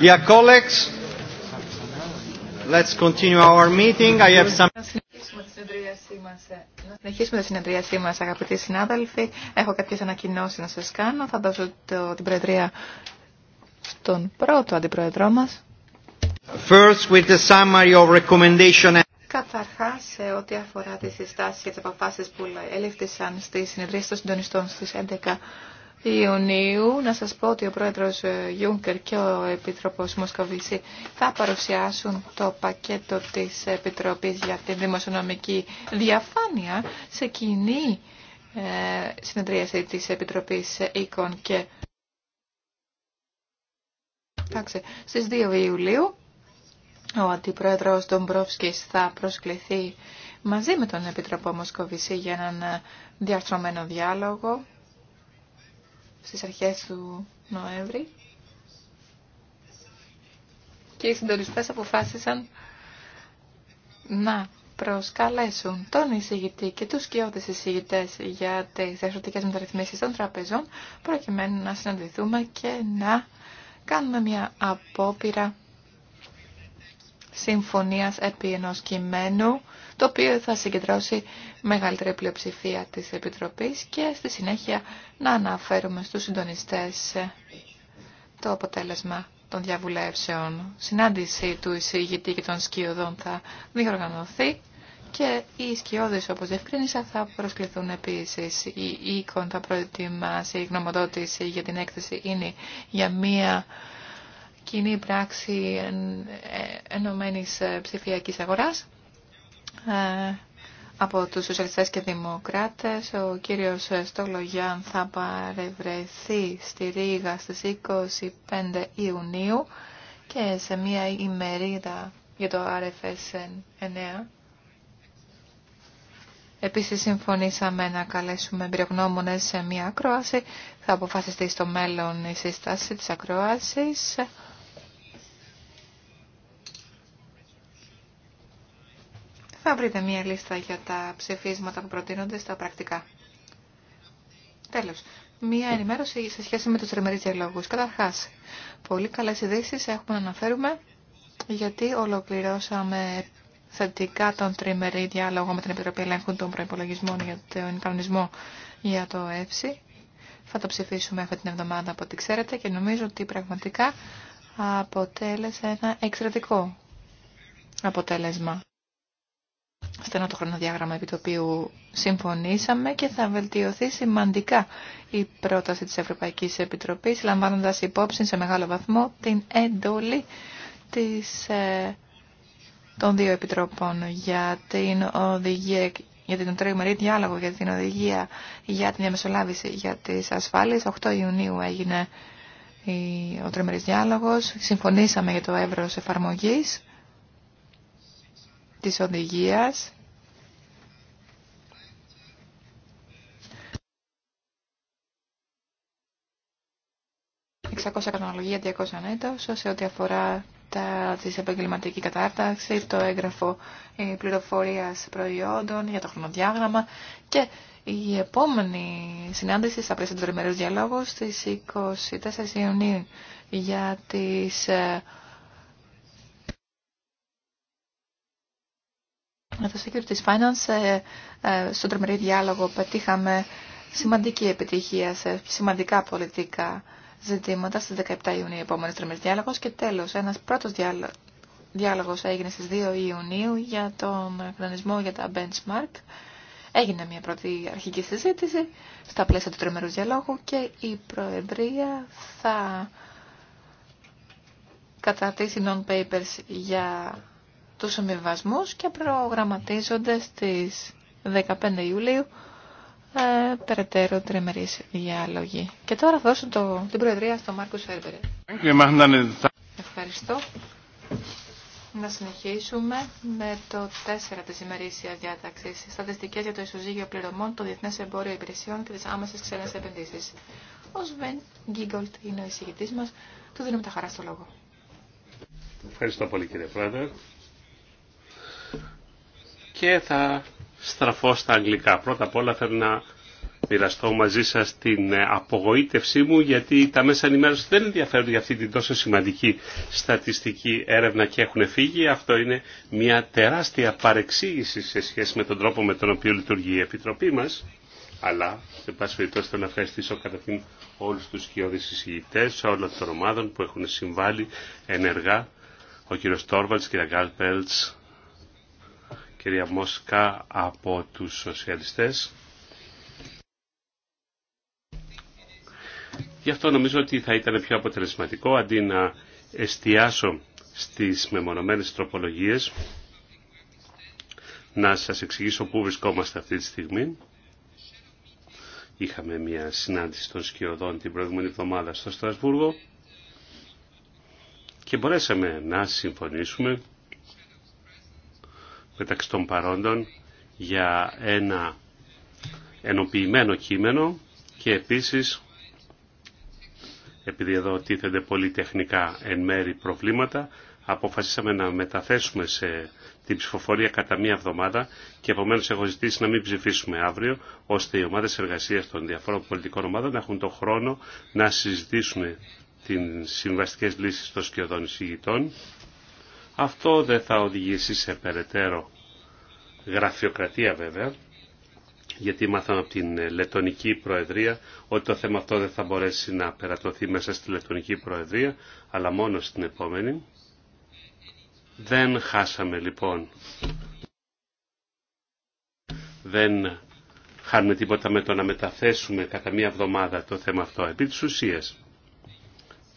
Dear colleagues, let's continue our meeting. I have some... Να συνεχίσουμε τη συνεδρίασή μα, ε, αγαπητοί συνάδελφοι. Έχω κάποιε ανακοινώσει να σα κάνω. Θα δώσω το, την Προεδρία στον πρώτο αντιπρόεδρό μα. Καταρχά, σε ό,τι αφορά τι συστάσει και τι αποφάσει που ελήφθησαν στη συνεδρίαση των συντονιστών στι 11 Ιουνίου να σας πω ότι ο πρόεδρος ε, Γιούγκερ και ο Επιτροπός Μοσκοβίση θα παρουσιάσουν το πακέτο της Επιτροπής για την δημοσιονομική διαφάνεια σε κοινή ε, συνεδρίαση της Επιτροπής Οίκων και Εντάξει, στις 2 Ιουλίου ο Αντιπρόεδρος Ντομπρόφσκης θα προσκληθεί μαζί με τον Επιτροπό Μοσκοβισή για έναν ε, διαρθρωμένο διάλογο στις αρχές του Νοέμβρη και οι συντονιστές αποφάσισαν να προσκαλέσουν τον εισηγητή και τους κοιόδες εισηγητές για τις διαφορετικές μεταρρυθμίσεις των τραπεζών προκειμένου να συναντηθούμε και να κάνουμε μια απόπειρα συμφωνίας επί ενός κειμένου το οποίο θα συγκεντρώσει μεγαλύτερη πλειοψηφία της Επιτροπής και στη συνέχεια να αναφέρουμε στους συντονιστές το αποτέλεσμα των διαβουλεύσεων. Συνάντηση του εισηγητή και των σκιωδών θα διοργανωθεί και οι σκιώδες όπως διευκρίνησα θα προσκληθούν επίσης. Η εικόνα θα προετοιμάσει η γνωμοδότηση για την έκθεση είναι για μία κοινή πράξη ε, ενωμένης ε, ψηφιακής αγοράς ε, από τους σοσιαλιστές και δημοκράτες, ο κύριος Στολογιάν θα παρευρεθεί στη Ρήγα στις 25 Ιουνίου και σε μία ημερίδα για το RFS 9. Επίσης συμφωνήσαμε να καλέσουμε εμπειρογνώμονες σε μία ακρόαση. Θα αποφασιστεί στο μέλλον η σύσταση της ακρόασης. θα βρείτε μία λίστα για τα ψηφίσματα που προτείνονται στα πρακτικά. Τέλος, μία ενημέρωση σε σχέση με τους τριμερείς διαλόγους. Καταρχάς, πολύ καλές ειδήσει έχουμε να αναφέρουμε γιατί ολοκληρώσαμε θετικά τον τριμερή διάλογο με την Επιτροπή Ελέγχου των Προϋπολογισμών για τον κανονισμό για το ΕΦΣΥ. Θα το ψηφίσουμε αυτή την εβδομάδα από ό,τι ξέρετε και νομίζω ότι πραγματικά αποτέλεσε ένα εξαιρετικό αποτέλεσμα στενό το χρονοδιάγραμμα επί το οποίο συμφωνήσαμε και θα βελτιωθεί σημαντικά η πρόταση της Ευρωπαϊκής Επιτροπής λαμβάνοντας υπόψη σε μεγάλο βαθμό την έντολη της, ε, των δύο επιτροπών για την οδηγία για την τριμερή διάλογο για την οδηγία για την διαμεσολάβηση για τις ασφάλειες. 8 Ιουνίου έγινε ο τριμερής διάλογος. Συμφωνήσαμε για το εύρος εφαρμογής της οδηγίας κατανολογία 200 όσο σε ό,τι αφορά τα, της επαγγελματική κατάρταξη, το έγγραφο ε, πληροφορίας προϊόντων για το χρονοδιάγραμμα και η επόμενη συνάντηση στα πλαίσια του διαλόγους διαλόγου στις 24 Ιουνίου για τις ε, Το Security Finance ε, ε, στον τρομερή διάλογο πετύχαμε σημαντική επιτυχία σε σημαντικά πολιτικά ζητήματα στις 17 Ιουνίου επόμενη τριμερή διάλογος και τέλος ένας πρώτος διάλογος έγινε στις 2 Ιουνίου για τον κανονισμό για τα benchmark. Έγινε μια πρώτη αρχική συζήτηση στα πλαίσια του τριμερούς διαλόγου και η Προεδρία θα καταρτήσει non-papers για τους συμβιβασμούς και προγραμματίζονται στις 15 Ιουλίου ε, περαιτέρω τριμερείς διάλογοι. Και τώρα θα δώσω το, την Προεδρία στον Μάρκο Φέρμπερ. Ευχαριστώ. Να συνεχίσουμε με το 4 της ημερήσια διάταξης. Στατιστικές για το ισοζύγιο πληρωμών, το Διεθνές Εμπόριο Υπηρεσιών και τις άμεσες ξένες επενδύσεις. Ο Σβεν Γκίγκολτ είναι ο εισηγητής μας. Του δίνουμε τα χαρά στο λόγο. Ευχαριστώ πολύ κύριε Πρόεδρε και θα στραφώ στα αγγλικά. Πρώτα απ' όλα θέλω να μοιραστώ μαζί σας την ε, απογοήτευσή μου γιατί τα μέσα ενημέρωση δεν ενδιαφέρουν για αυτή την τόσο σημαντική στατιστική έρευνα και έχουν φύγει. Αυτό είναι μια τεράστια παρεξήγηση σε σχέση με τον τρόπο με τον οποίο λειτουργεί η Επιτροπή μας. Αλλά, σε πάση περιπτώσει, θέλω να ευχαριστήσω καταρχήν όλους τους κοιόδης εισηγητές, όλων των ομάδων που έχουν συμβάλει ενεργά, ο κύριος Τόρβαλτς, κύριε Γκάλπελτς, κυρία Μόσκα από τους σοσιαλιστές. Γι' αυτό νομίζω ότι θα ήταν πιο αποτελεσματικό αντί να εστιάσω στις μεμονωμένες τροπολογίες να σας εξηγήσω πού βρισκόμαστε αυτή τη στιγμή. Είχαμε μια συνάντηση των σκιωδών την προηγούμενη εβδομάδα στο Στρασβούργο και μπορέσαμε να συμφωνήσουμε μεταξύ των παρόντων για ένα ενοποιημένο κείμενο και επίσης επειδή εδώ τίθενται πολύ τεχνικά εν μέρη προβλήματα, αποφασίσαμε να μεταθέσουμε σε την ψηφοφορία κατά μία εβδομάδα και επομένω έχω ζητήσει να μην ψηφίσουμε αύριο, ώστε οι ομάδες εργασία των διαφόρων πολιτικών ομάδων να έχουν τον χρόνο να συζητήσουν τι συμβαστικέ λύσει των σκιωδών εισηγητών αυτό δεν θα οδηγήσει σε περαιτέρω γραφειοκρατία βέβαια, γιατί μάθαμε από την Λετωνική Προεδρία ότι το θέμα αυτό δεν θα μπορέσει να περατωθεί μέσα στη Λετωνική Προεδρία, αλλά μόνο στην επόμενη. Δεν χάσαμε λοιπόν, δεν χάνουμε τίποτα με το να μεταθέσουμε κατά μία εβδομάδα το θέμα αυτό επί της ουσίας.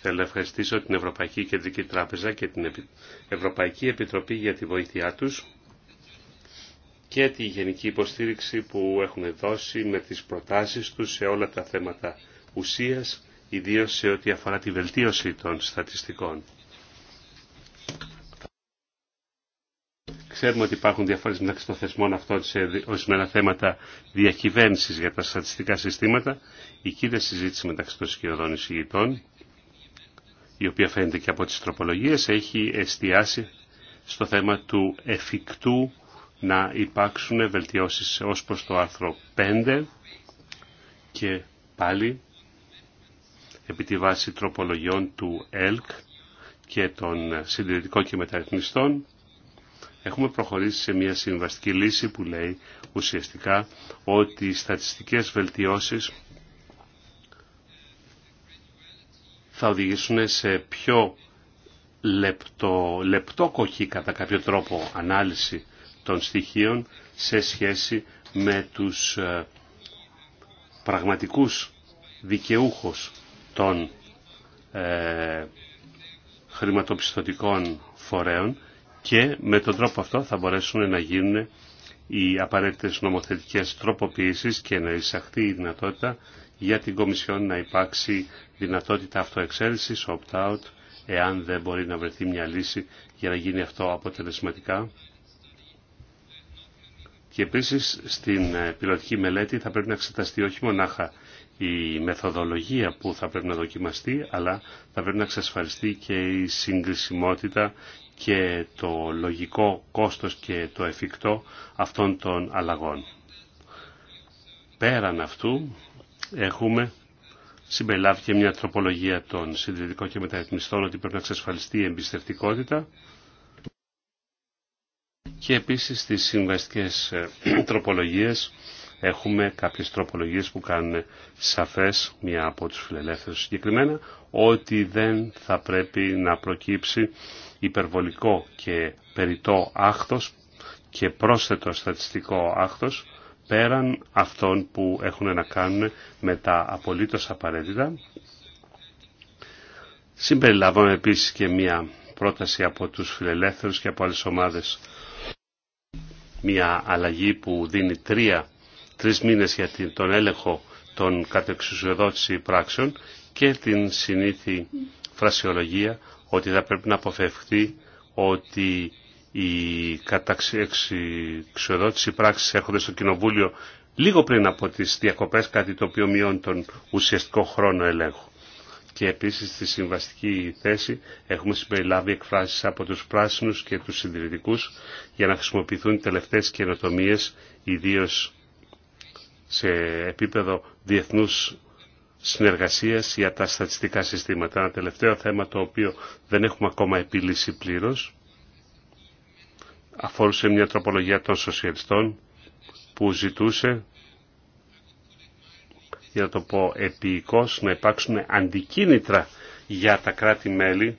Θέλω να ευχαριστήσω την Ευρωπαϊκή Κεντρική Τράπεζα και την Ευρωπαϊκή Επιτροπή για τη βοήθειά τους και τη γενική υποστήριξη που έχουν δώσει με τις προτάσεις τους σε όλα τα θέματα ουσίας, ιδίως σε ό,τι αφορά τη βελτίωση των στατιστικών. Ξέρουμε ότι υπάρχουν διαφορές μεταξύ των θεσμών αυτών σε ορισμένα θέματα διακυβέρνησης για τα στατιστικά συστήματα. Η κύρια συζήτηση μεταξύ των σκιωδών εισηγητών η οποία φαίνεται και από τις τροπολογίες, έχει εστιάσει στο θέμα του εφικτού να υπάρξουν βελτιώσεις ως προς το άρθρο 5 και πάλι επί τη βάση τροπολογιών του ΕΛΚ και των συντηρητικών και μεταρρυθμιστών έχουμε προχωρήσει σε μια συμβαστική λύση που λέει ουσιαστικά ότι οι στατιστικές βελτιώσεις θα οδηγήσουν σε πιο λεπτό, λεπτόκοχη κατά κάποιο τρόπο ανάλυση των στοιχείων σε σχέση με τους ε, πραγματικούς δικαιούχους των ε, χρηματοπιστωτικών φορέων και με τον τρόπο αυτό θα μπορέσουν να γίνουν οι απαραίτητες νομοθετικές τροποποιήσεις και να εισαχθεί η δυνατότητα για την Κομισιόν να υπάρξει δυνατότητα αυτοεξέλισης, opt-out, εάν δεν μπορεί να βρεθεί μια λύση για να γίνει αυτό αποτελεσματικά. Και επίσης στην ε, πιλωτική μελέτη θα πρέπει να εξεταστεί όχι μονάχα η μεθοδολογία που θα πρέπει να δοκιμαστεί, αλλά θα πρέπει να εξασφαλιστεί και η συγκρισιμότητα και το λογικό κόστος και το εφικτό αυτών των αλλαγών. Πέραν αυτού, έχουμε συμπεριλάβει και μια τροπολογία των συντηρητικών και μεταρρυθμιστών ότι πρέπει να εξασφαλιστεί η εμπιστευτικότητα και επίσης στις συμβαστικές ε, τροπολογίες έχουμε κάποιες τροπολογίες που κάνουν σαφές, μία από τους φιλελεύθερους συγκεκριμένα, ότι δεν θα πρέπει να προκύψει υπερβολικό και περιττό άχθος και πρόσθετο στατιστικό άχθος πέραν αυτών που έχουν να κάνουν με τα απολύτως απαραίτητα. Συμπεριλαμβάνω επίσης και μια πρόταση από τους φιλελεύθερους και από άλλες ομάδες μια αλλαγή που δίνει τρία, τρεις μήνες για τον έλεγχο των κατεξουσιοδότηση πράξεων και την συνήθη φρασιολογία ότι θα πρέπει να αποφευχθεί ότι η καταξιοδότηση πράξη έρχονται στο Κοινοβούλιο λίγο πριν από τις διακοπές, κάτι το οποίο μειώνει τον ουσιαστικό χρόνο ελέγχου. Και επίσης στη συμβαστική θέση έχουμε συμπεριλάβει εκφράσεις από τους πράσινους και τους συντηρητικούς για να χρησιμοποιηθούν οι τελευταίες καινοτομίες, ιδίως σε επίπεδο διεθνούς συνεργασίας για τα στατιστικά συστήματα. Ένα τελευταίο θέμα το οποίο δεν έχουμε ακόμα επιλύσει πλήρως αφορούσε μια τροπολογία των σοσιαλιστών που ζητούσε, για να το πω επίοικος, να υπάρξουν αντικίνητρα για τα κράτη-μέλη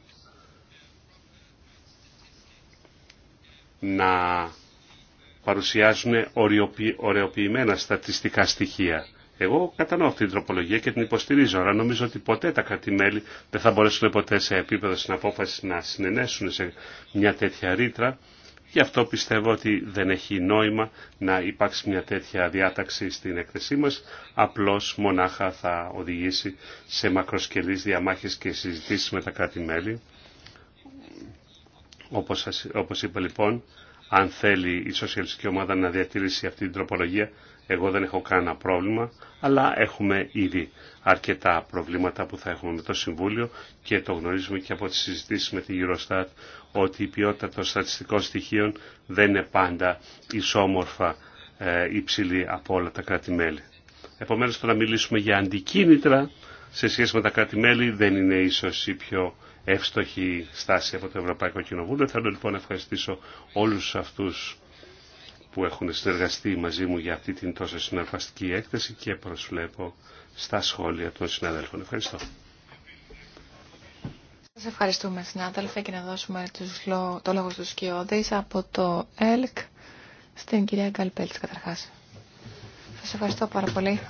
να παρουσιάζουν ωρεοποιημένα στατιστικά στοιχεία. Εγώ κατανοώ αυτή την τροπολογία και την υποστηρίζω, αλλά νομίζω ότι ποτέ τα κράτη-μέλη δεν θα μπορέσουν ποτέ σε επίπεδο συναπόφαση να συνενέσουν σε μια τέτοια ρήτρα Γι' αυτό πιστεύω ότι δεν έχει νόημα να υπάρξει μια τέτοια διάταξη στην έκθεσή μας, απλώς μονάχα θα οδηγήσει σε μακροσκελείς διαμάχες και συζητήσεις με τα κράτη-μέλη. Όπως, όπως είπα λοιπόν, αν θέλει η σοσιαλιστική ομάδα να διατηρήσει αυτή την τροπολογία, εγώ δεν έχω κανένα πρόβλημα, αλλά έχουμε ήδη αρκετά προβλήματα που θα έχουμε με το Συμβούλιο και το γνωρίζουμε και από τις συζητήσεις με τη Eurostat ότι η ποιότητα των στατιστικών στοιχείων δεν είναι πάντα ισόμορφα ε, υψηλή από όλα τα κράτη-μέλη. Επομένως το να μιλήσουμε για αντικίνητρα σε σχέση με τα κράτη-μέλη δεν είναι ίσως η πιο εύστοχη στάση από το Ευρωπαϊκό Κοινοβούλιο. Θέλω λοιπόν να ευχαριστήσω όλους αυτούς που έχουν συνεργαστεί μαζί μου για αυτή την τόσο συναρπαστική έκθεση και προσβλέπω στα σχόλια των συναδέλφων. Ευχαριστώ. Σας ευχαριστούμε συνάδελφε και να δώσουμε το λόγο στους Σκιώδης από το ΕΛΚ στην κυρία Γκαλπέλτς καταρχάς. Σας ευχαριστώ πάρα πολύ.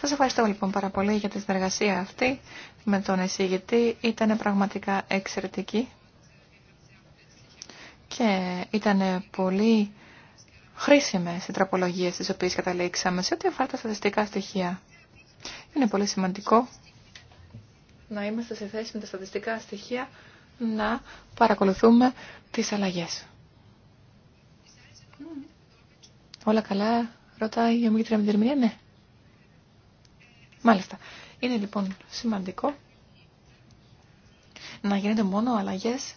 Σας ευχαριστώ λοιπόν πάρα πολύ για τη συνεργασία αυτή με τον εισηγητή. Ήταν πραγματικά εξαιρετική και ήταν πολύ χρήσιμες οι τροπολογίες στις οποίες καταλήξαμε σε ό,τι αφορά τα στατιστικά στοιχεία. Είναι πολύ σημαντικό να είμαστε σε θέση με τα στατιστικά στοιχεία να παρακολουθούμε τις αλλαγές. Όλα καλά, ρωτάει η ομιλήτρια με την ναι. Μάλιστα. Είναι λοιπόν σημαντικό να γίνονται μόνο αλλαγές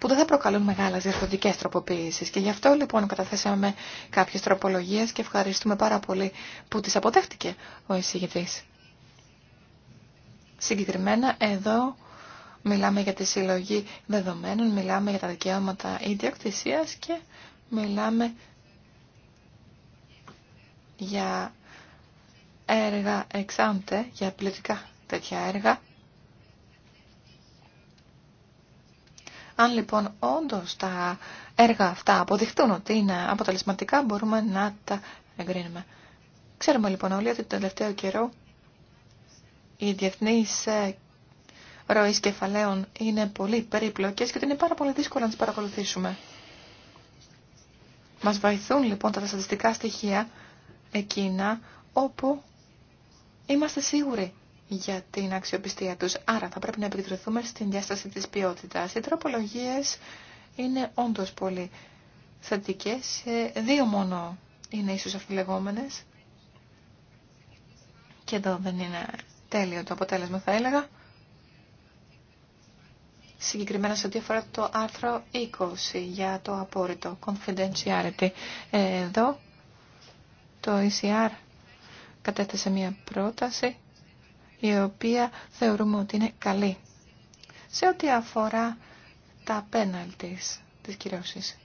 που δεν θα προκαλούν μεγάλε διαφορετικέ τροποποίησεις. Και γι' αυτό λοιπόν καταθέσαμε κάποιες τροπολογίες και ευχαριστούμε πάρα πολύ που τις αποδέχτηκε ο εισηγητής. Συγκεκριμένα εδώ μιλάμε για τη συλλογή δεδομένων, μιλάμε για τα δικαιώματα ιδιοκτησίας και μιλάμε για έργα εξάντε, για πληθυκά τέτοια έργα Αν λοιπόν όντως τα έργα αυτά αποδειχτούν ότι είναι αποτελεσματικά, μπορούμε να τα εγκρίνουμε. Ξέρουμε λοιπόν όλοι ότι το τελευταίο καιρό οι διεθνείς ε, ροής κεφαλαίων είναι πολύ περίπλοκες και ότι είναι πάρα πολύ δύσκολο να τις παρακολουθήσουμε. Μας βοηθούν λοιπόν τα στατιστικά στοιχεία εκείνα όπου είμαστε σίγουροι για την αξιοπιστία τους. Άρα θα πρέπει να επικεντρωθούμε στην διάσταση της ποιότητας. Οι τροπολογίες είναι όντως πολύ θετικές. Ε, δύο μόνο είναι ίσως αφιλεγόμενες. Και εδώ δεν είναι τέλειο το αποτέλεσμα θα έλεγα. Συγκεκριμένα σε ό,τι αφορά το άρθρο 20 για το απόρριτο, confidentiality. Ε, εδώ το ECR κατέθεσε μια πρόταση η οποία θεωρούμε ότι είναι καλή. Σε ό,τι αφορά τα πέναλτις της κυρώσης.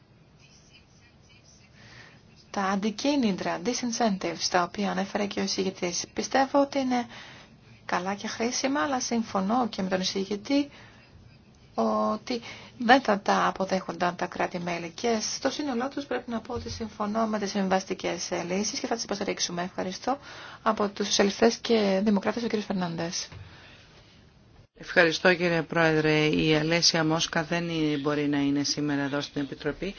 Τα αντικίνητρα, disincentives, τα οποία ανέφερε και ο εισηγητής. Πιστεύω ότι είναι καλά και χρήσιμα, αλλά συμφωνώ και με τον εισηγητή ότι δεν θα τα αποδέχονταν τα κράτη-μέλη. Και στο σύνολό τους πρέπει να πω ότι συμφωνώ με τις συμβαστικέ λύσεις και θα τις υποστηρίξουμε. Ευχαριστώ από τους σοσιαλιστές και δημοκράτες, ο κ. Φερνάνδες. Ευχαριστώ κύριε Πρόεδρε. Η Αλέσια Μόσκα δεν μπορεί να είναι σήμερα εδώ στην Επιτροπή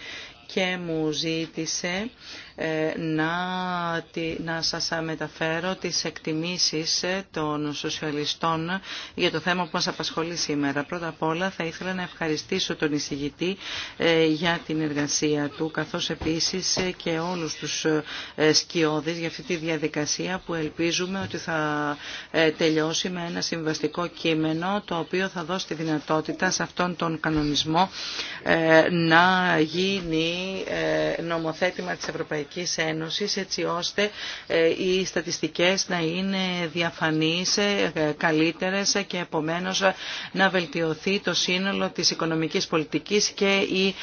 και μου ζήτησε ε, να, να σας μεταφέρω τις εκτιμήσεις ε, των σοσιαλιστών για το θέμα που μας απασχολεί σήμερα. Πρώτα απ' όλα θα ήθελα να ευχαριστήσω τον εισηγητή ε, για την εργασία του, καθώς επίσης και όλους τους σκιώδεις για αυτή τη διαδικασία που ελπίζουμε ότι θα τελειώσει με ένα συμβαστικό κείμενο το οποίο θα δώσει τη δυνατότητα σε αυτόν τον κανονισμό να γίνει νομοθέτημα της Ευρωπαϊκής Ευρωπαϊκής Ένωσης έτσι ώστε ε, οι στατιστικές να είναι διαφανείς, ε, καλύτερες και επομένως ε, να βελτιωθεί το σύνολο της οικονομικής πολιτικής και η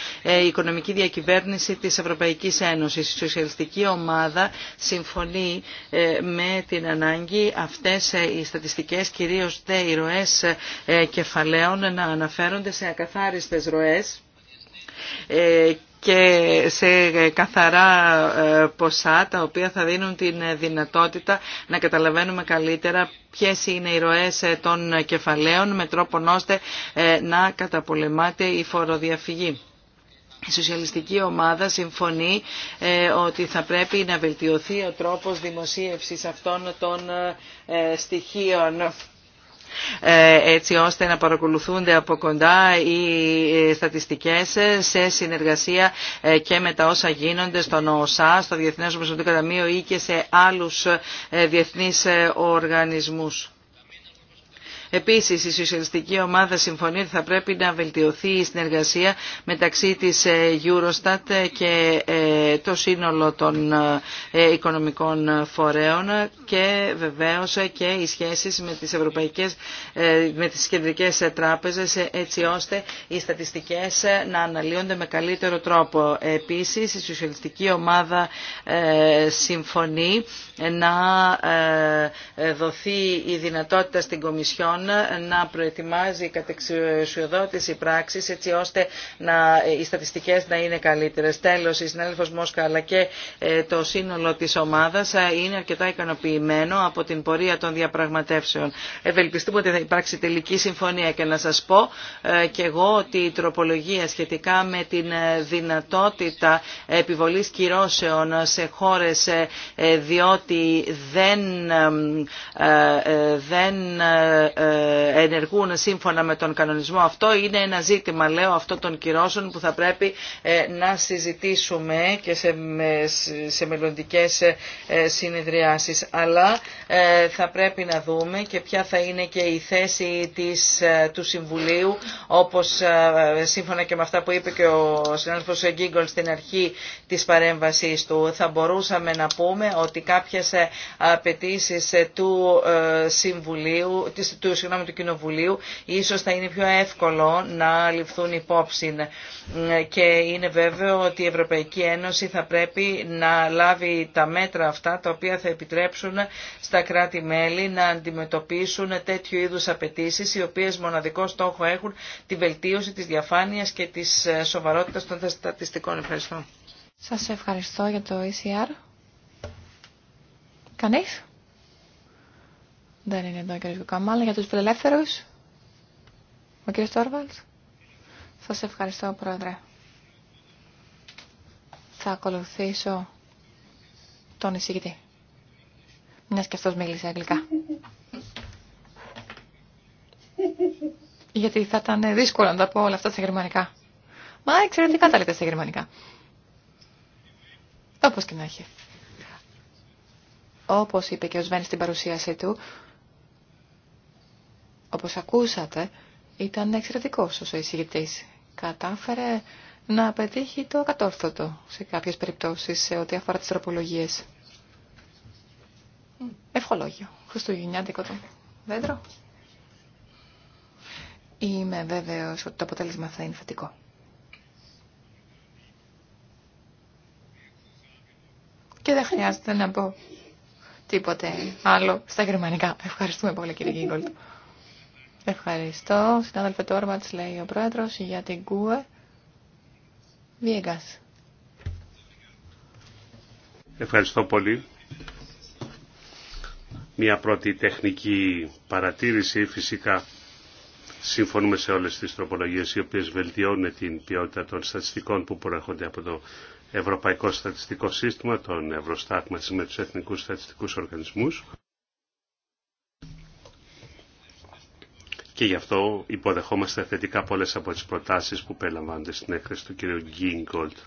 οικονομική διακυβέρνηση της Ευρωπαϊκής Ένωσης. Η σοσιαλιστική ομάδα συμφωνεί με την ανάγκη αυτές οι στατιστικές, κυρίως δε οι ροές κεφαλαίων, να αναφέρονται σε ακαθάριστες ροές και σε καθαρά ε, ποσά τα οποία θα δίνουν την δυνατότητα να καταλαβαίνουμε καλύτερα ποιες είναι οι ροές ε, των κεφαλαίων με τρόπο ώστε ε, να καταπολεμάται η φοροδιαφυγή. Η σοσιαλιστική ομάδα συμφωνεί ότι θα πρέπει να βελτιωθεί ο τρόπος δημοσίευσης αυτών των στοιχείων ε, έτσι ώστε να παρακολουθούνται από κοντά οι ε, στατιστικές σε συνεργασία ε, και με τα όσα γίνονται στον ΟΣΑ, στο Διεθνές Ομοσπονδιακό Ταμείο ή και σε άλλους διεθνείς οργανισμούς. Επίση, η σοσιαλιστική ομάδα συμφωνεί ότι θα πρέπει να βελτιωθεί η συνεργασία μεταξύ της ε, Eurostat και ε, το σύνολο των ε, οικονομικών φορέων και βεβαίω και οι σχέσεις με τις, ευρωπαϊκές, με τις κεντρικές τράπεζες έτσι ώστε οι στατιστικές να αναλύονται με καλύτερο τρόπο. Επίσης, η σοσιαλιστική ομάδα συμφωνεί να δοθεί η δυνατότητα στην Κομισιόν Λοιπόν να προετοιμάζει κατεξουσιοδότηση πράξη, έτσι ώστε να, οι στατιστικές να είναι καλύτερες. Τέλο, η συνέλεφο Μόσκα αλλά και ε, το σύνολο της ομάδας ε, είναι αρκετά ικανοποιημένο από την πορεία των διαπραγματεύσεων. Ευελπιστούμε ότι θα υπάρξει τελική συμφωνία και να σας πω ε, και εγώ ότι η τροπολογία σχετικά με την δυνατότητα επιβολή κυρώσεων σε χώρε διότι δεν, δεν ενεργούν σύμφωνα με τον κανονισμό αυτό. Είναι ένα ζήτημα, λέω, αυτών των κυρώσεων που θα πρέπει ε, να συζητήσουμε και σε, σε μελλοντικές ε, συνεδριάσεις. Αλλά ε, θα πρέπει να δούμε και ποια θα είναι και η θέση της, του Συμβουλίου, όπως σύμφωνα και με αυτά που είπε και ο συνάδελφος Γκίγκολ στην αρχή της παρέμβασής του, θα μπορούσαμε να πούμε ότι κάποιες απαιτήσει του Συμβουλίου, του συγγνώμη, του Κοινοβουλίου ίσως θα είναι πιο εύκολο να ληφθούν υπόψη και είναι βέβαιο ότι η Ευρωπαϊκή Ένωση θα πρέπει να λάβει τα μέτρα αυτά τα οποία θα επιτρέψουν στα κράτη-μέλη να αντιμετωπίσουν τέτοιου είδους απαιτήσει, οι οποίες μοναδικό στόχο έχουν τη βελτίωση της διαφάνειας και της σοβαρότητας των στατιστικών. Ευχαριστώ. Σας ευχαριστώ για το ECR. Κανείς? Δεν είναι εδώ ο κ. Καμάλ. Για τους φιλελεύθερους, ο κ. Τόρβαλτ. Σας ευχαριστώ, Πρόεδρε. Θα ακολουθήσω τον εισηγητή. Μιας και αυτός μίλησε αγγλικά. Γιατί θα ήταν δύσκολο να τα πω όλα αυτά στα γερμανικά. Μα εξαιρετικά τα λέτε στα γερμανικά. Όπως και να έχει. Όπως είπε και ο Σβέν στην παρουσίαση του, όπως ακούσατε, ήταν εξαιρετικός ως ο εισηγητής. Κατάφερε να πετύχει το κατόρθωτο σε κάποιες περιπτώσεις σε ό,τι αφορά τις τροπολογίες. Ευχολόγιο. Χριστουγεννιάτικο το δέντρο. Είμαι βέβαιος ότι το αποτέλεσμα θα είναι θετικό. Και δεν χρειάζεται να πω τίποτε άλλο στα γερμανικά. Ευχαριστούμε πολύ κύριε Γίγκολτ. Ευχαριστώ. Συνάδελφε Τόρματς, λέει ο πρόεδρος, για την ΚΟΕ. Βίγκας. Ευχαριστώ πολύ. Μια πρώτη τεχνική παρατήρηση φυσικά συμφωνούμε σε όλες τις τροπολογίες οι οποίες βελτιώνουν την ποιότητα των στατιστικών που προέρχονται από το Ευρωπαϊκό Στατιστικό Σύστημα, τον Ευρωστάτ μαζί με τους Εθνικούς Στατιστικούς Οργανισμούς. και γι' αυτό υποδεχόμαστε θετικά πολλές από τις προτάσεις που περιλαμβάνονται στην έκθεση του κ. Γκίνγκολτ.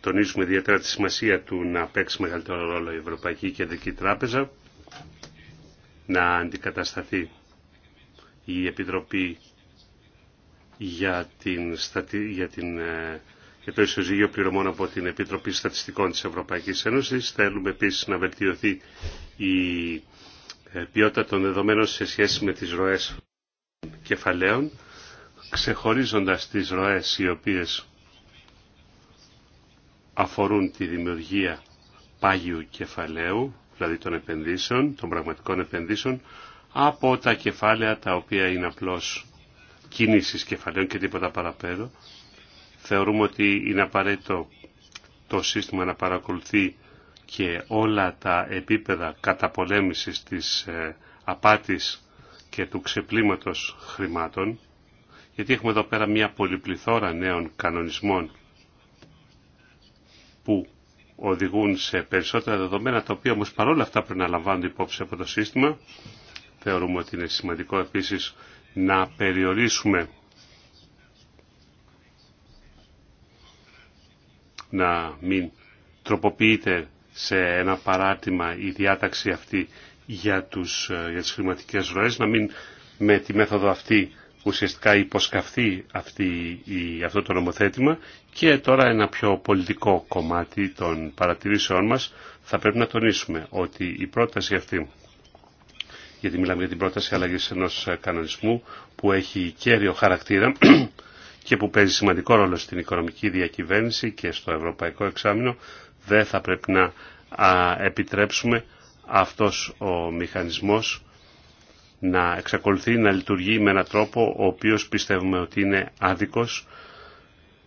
Τονίζουμε ιδιαίτερα τη σημασία του να παίξει μεγαλύτερο ρόλο η Ευρωπαϊκή Κεντρική Τράπεζα, να αντικατασταθεί η Επιτροπή για, την, για, την, ε, για το ισοζύγιο πληρωμών από την Επιτροπή Στατιστικών της Ευρωπαϊκής Ένωσης. Θέλουμε επίσης να βελτιωθεί η ε, ποιότητα των δεδομένων σε σχέση με τις ροές κεφαλαίων, ξεχωρίζοντας τις ροές οι οποίες αφορούν τη δημιουργία πάγιου κεφαλαίου, δηλαδή των επενδύσεων, των πραγματικών επενδύσεων, από τα κεφάλαια τα οποία είναι απλώς κινήσεις κεφαλαίων και τίποτα παραπέρα. Θεωρούμε ότι είναι απαραίτητο το σύστημα να παρακολουθεί και όλα τα επίπεδα καταπολέμησης της ε, απάτης και του ξεπλήματος χρημάτων, γιατί έχουμε εδώ πέρα μια πολυπληθώρα νέων κανονισμών που οδηγούν σε περισσότερα δεδομένα, τα οποία όμως παρόλα αυτά πρέπει να λαμβάνουν υπόψη από το σύστημα. Θεωρούμε ότι είναι σημαντικό επίσης να περιορίσουμε να μην τροποποιείται σε ένα παράτημα η διάταξη αυτή για, τους, ε, για τις χρηματικές ροές, να μην με τη μέθοδο αυτή ουσιαστικά υποσκαφθεί αυτή, η, αυτό το νομοθέτημα και τώρα ένα πιο πολιτικό κομμάτι των παρατηρήσεών μας θα πρέπει να τονίσουμε ότι η πρόταση αυτή γιατί μιλάμε για την πρόταση αλλαγής ενός κανονισμού που έχει κέριο χαρακτήρα και που παίζει σημαντικό ρόλο στην οικονομική διακυβέρνηση και στο ευρωπαϊκό εξάμεινο δεν θα πρέπει να επιτρέψουμε αυτός ο μηχανισμός να εξακολουθεί να λειτουργεί με έναν τρόπο ο οποίος πιστεύουμε ότι είναι άδικος,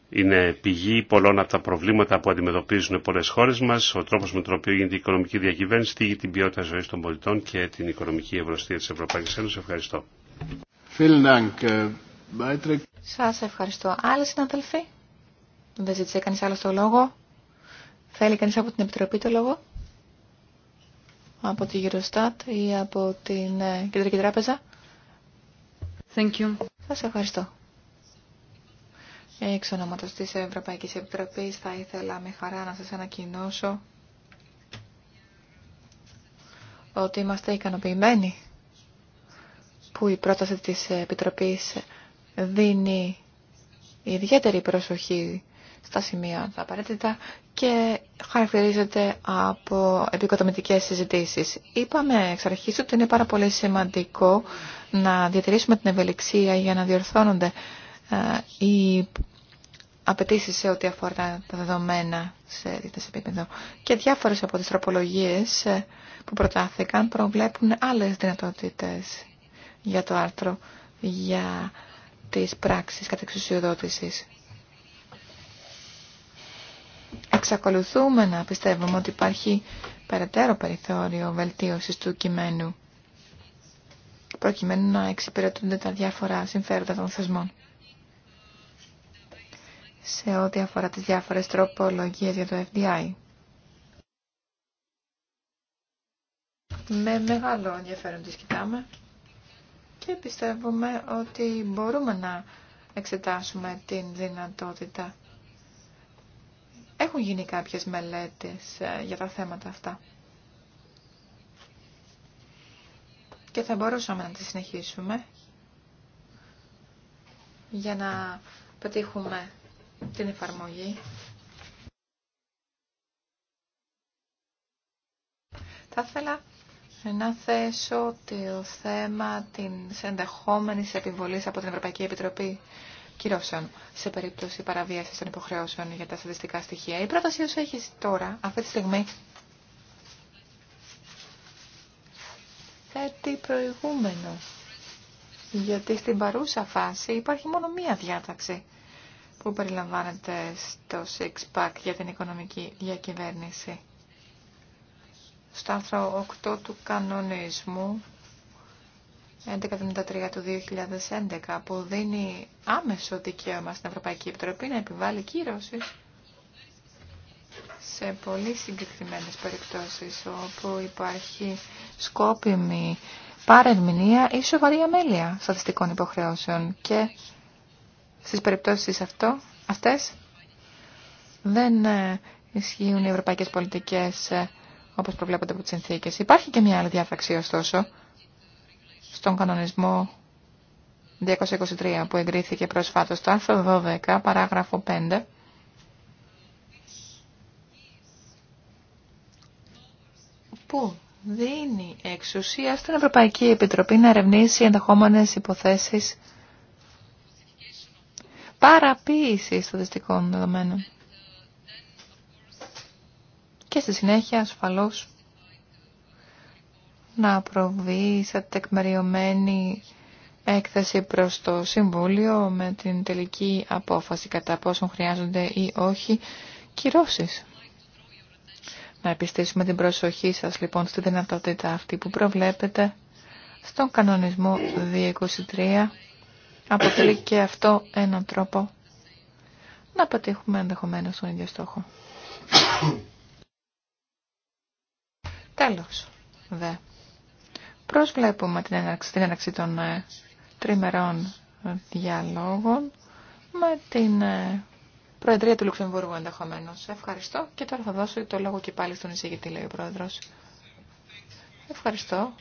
είναι πηγή πολλών από τα προβλήματα που αντιμετωπίζουν πολλές χώρες μας, ο τρόπος με τον οποίο γίνεται η οικονομική διακυβέρνηση, τίγει την ποιότητα ζωής των πολιτών και την οικονομική ευρωστία της Ευρωπαϊκής Ένωσης. Ευχαριστώ. Ε, Σας ευχαριστώ. Άλλοι συναδελφοί, δεν ζήτησε κανείς άλλο το λόγο. Θέλει κανείς από την Επιτροπή το λόγο από τη γυροστάτ, ή από την ε, Κεντρική Τράπεζα. Thank you. Σας ευχαριστώ. Εξ ονόματος της Ευρωπαϊκής Επιτροπής θα ήθελα με χαρά να σας ανακοινώσω ότι είμαστε ικανοποιημένοι που η πρόταση της Επιτροπής δίνει ιδιαίτερη προσοχή στα σημεία τα απαραίτητα και χαρακτηρίζεται από επικοδομητικές συζητήσεις. Είπαμε εξ αρχής ότι είναι πάρα πολύ σημαντικό να διατηρήσουμε την ευελιξία για να διορθώνονται ε, οι απαιτήσει σε ό,τι αφορά τα δεδομένα σε δίθεση επίπεδο. Και διάφορες από τις τροπολογίες ε, που προτάθηκαν προβλέπουν άλλες δυνατότητες για το άρθρο για τις πράξεις κατεξουσιοδότησης εξακολουθούμε να πιστεύουμε ότι υπάρχει περαιτέρω περιθώριο βελτίωσης του κειμένου προκειμένου να εξυπηρετούνται τα διάφορα συμφέροντα των θεσμών. Σε ό,τι αφορά τις διάφορες τροπολογίες για το FDI. Με μεγάλο ενδιαφέρον τις κοιτάμε και πιστεύουμε ότι μπορούμε να εξετάσουμε την δυνατότητα έχουν γίνει κάποιες μελέτες ε, για τα θέματα αυτά. Και θα μπορούσαμε να τις συνεχίσουμε για να πετύχουμε την εφαρμογή. Θα ήθελα να θέσω το θέμα της ενδεχόμενης επιβολής από την Ευρωπαϊκή Επιτροπή κυρώσεων σε περίπτωση παραβίασης των υποχρεώσεων για τα στατιστικά στοιχεία. Η πρόταση όσο έχει τώρα, αυτή τη στιγμή, θέτει προηγούμενο. Γιατί στην παρούσα φάση υπάρχει μόνο μία διάταξη που περιλαμβάνεται στο six-pack για την οικονομική διακυβέρνηση. Στο άρθρο 8 του κανονισμού 1173 του 2011 που δίνει άμεσο δικαίωμα στην Ευρωπαϊκή Επιτροπή να επιβάλλει κύρωση σε πολύ συγκεκριμένες περιπτώσεις όπου υπάρχει σκόπιμη παρερμηνία ή σοβαρή αμέλεια στατιστικών υποχρεώσεων και στις περιπτώσεις αυτό, αυτές δεν ε, ισχύουν οι ευρωπαϊκές πολιτικές ε, όπως προβλέπονται από τις συνθήκες. Υπάρχει και μια άλλη διάταξη ωστόσο στον κανονισμό 223 που εγκρίθηκε προσφάτως στο άρθρο 12 παράγραφο 5 που δίνει εξουσία στην Ευρωπαϊκή Επιτροπή να ερευνήσει ενδεχόμενες υποθέσεις παραποίηση στατιστικών δεδομένων. Και στη συνέχεια ασφαλώς να προβεί σε τεκμεριωμένη έκθεση προς το Συμβούλιο με την τελική απόφαση κατά πόσον χρειάζονται ή όχι κυρώσεις. Να επιστήσουμε την προσοχή σας λοιπόν στη δυνατότητα αυτή που προβλέπετε στον κανονισμό 223 αποτελεί και αυτό έναν τρόπο να πετύχουμε ενδεχομένω τον ίδιο στόχο. Τέλος, δε. Προσβλέπουμε την έναρξη, την των ε, τριμερών διαλόγων με την ε, Προεδρία του Λουξεμβούργου ενδεχομένω. Ευχαριστώ και τώρα θα δώσω το λόγο και πάλι στον εισηγητή, λέει ο Πρόεδρο. Ευχαριστώ.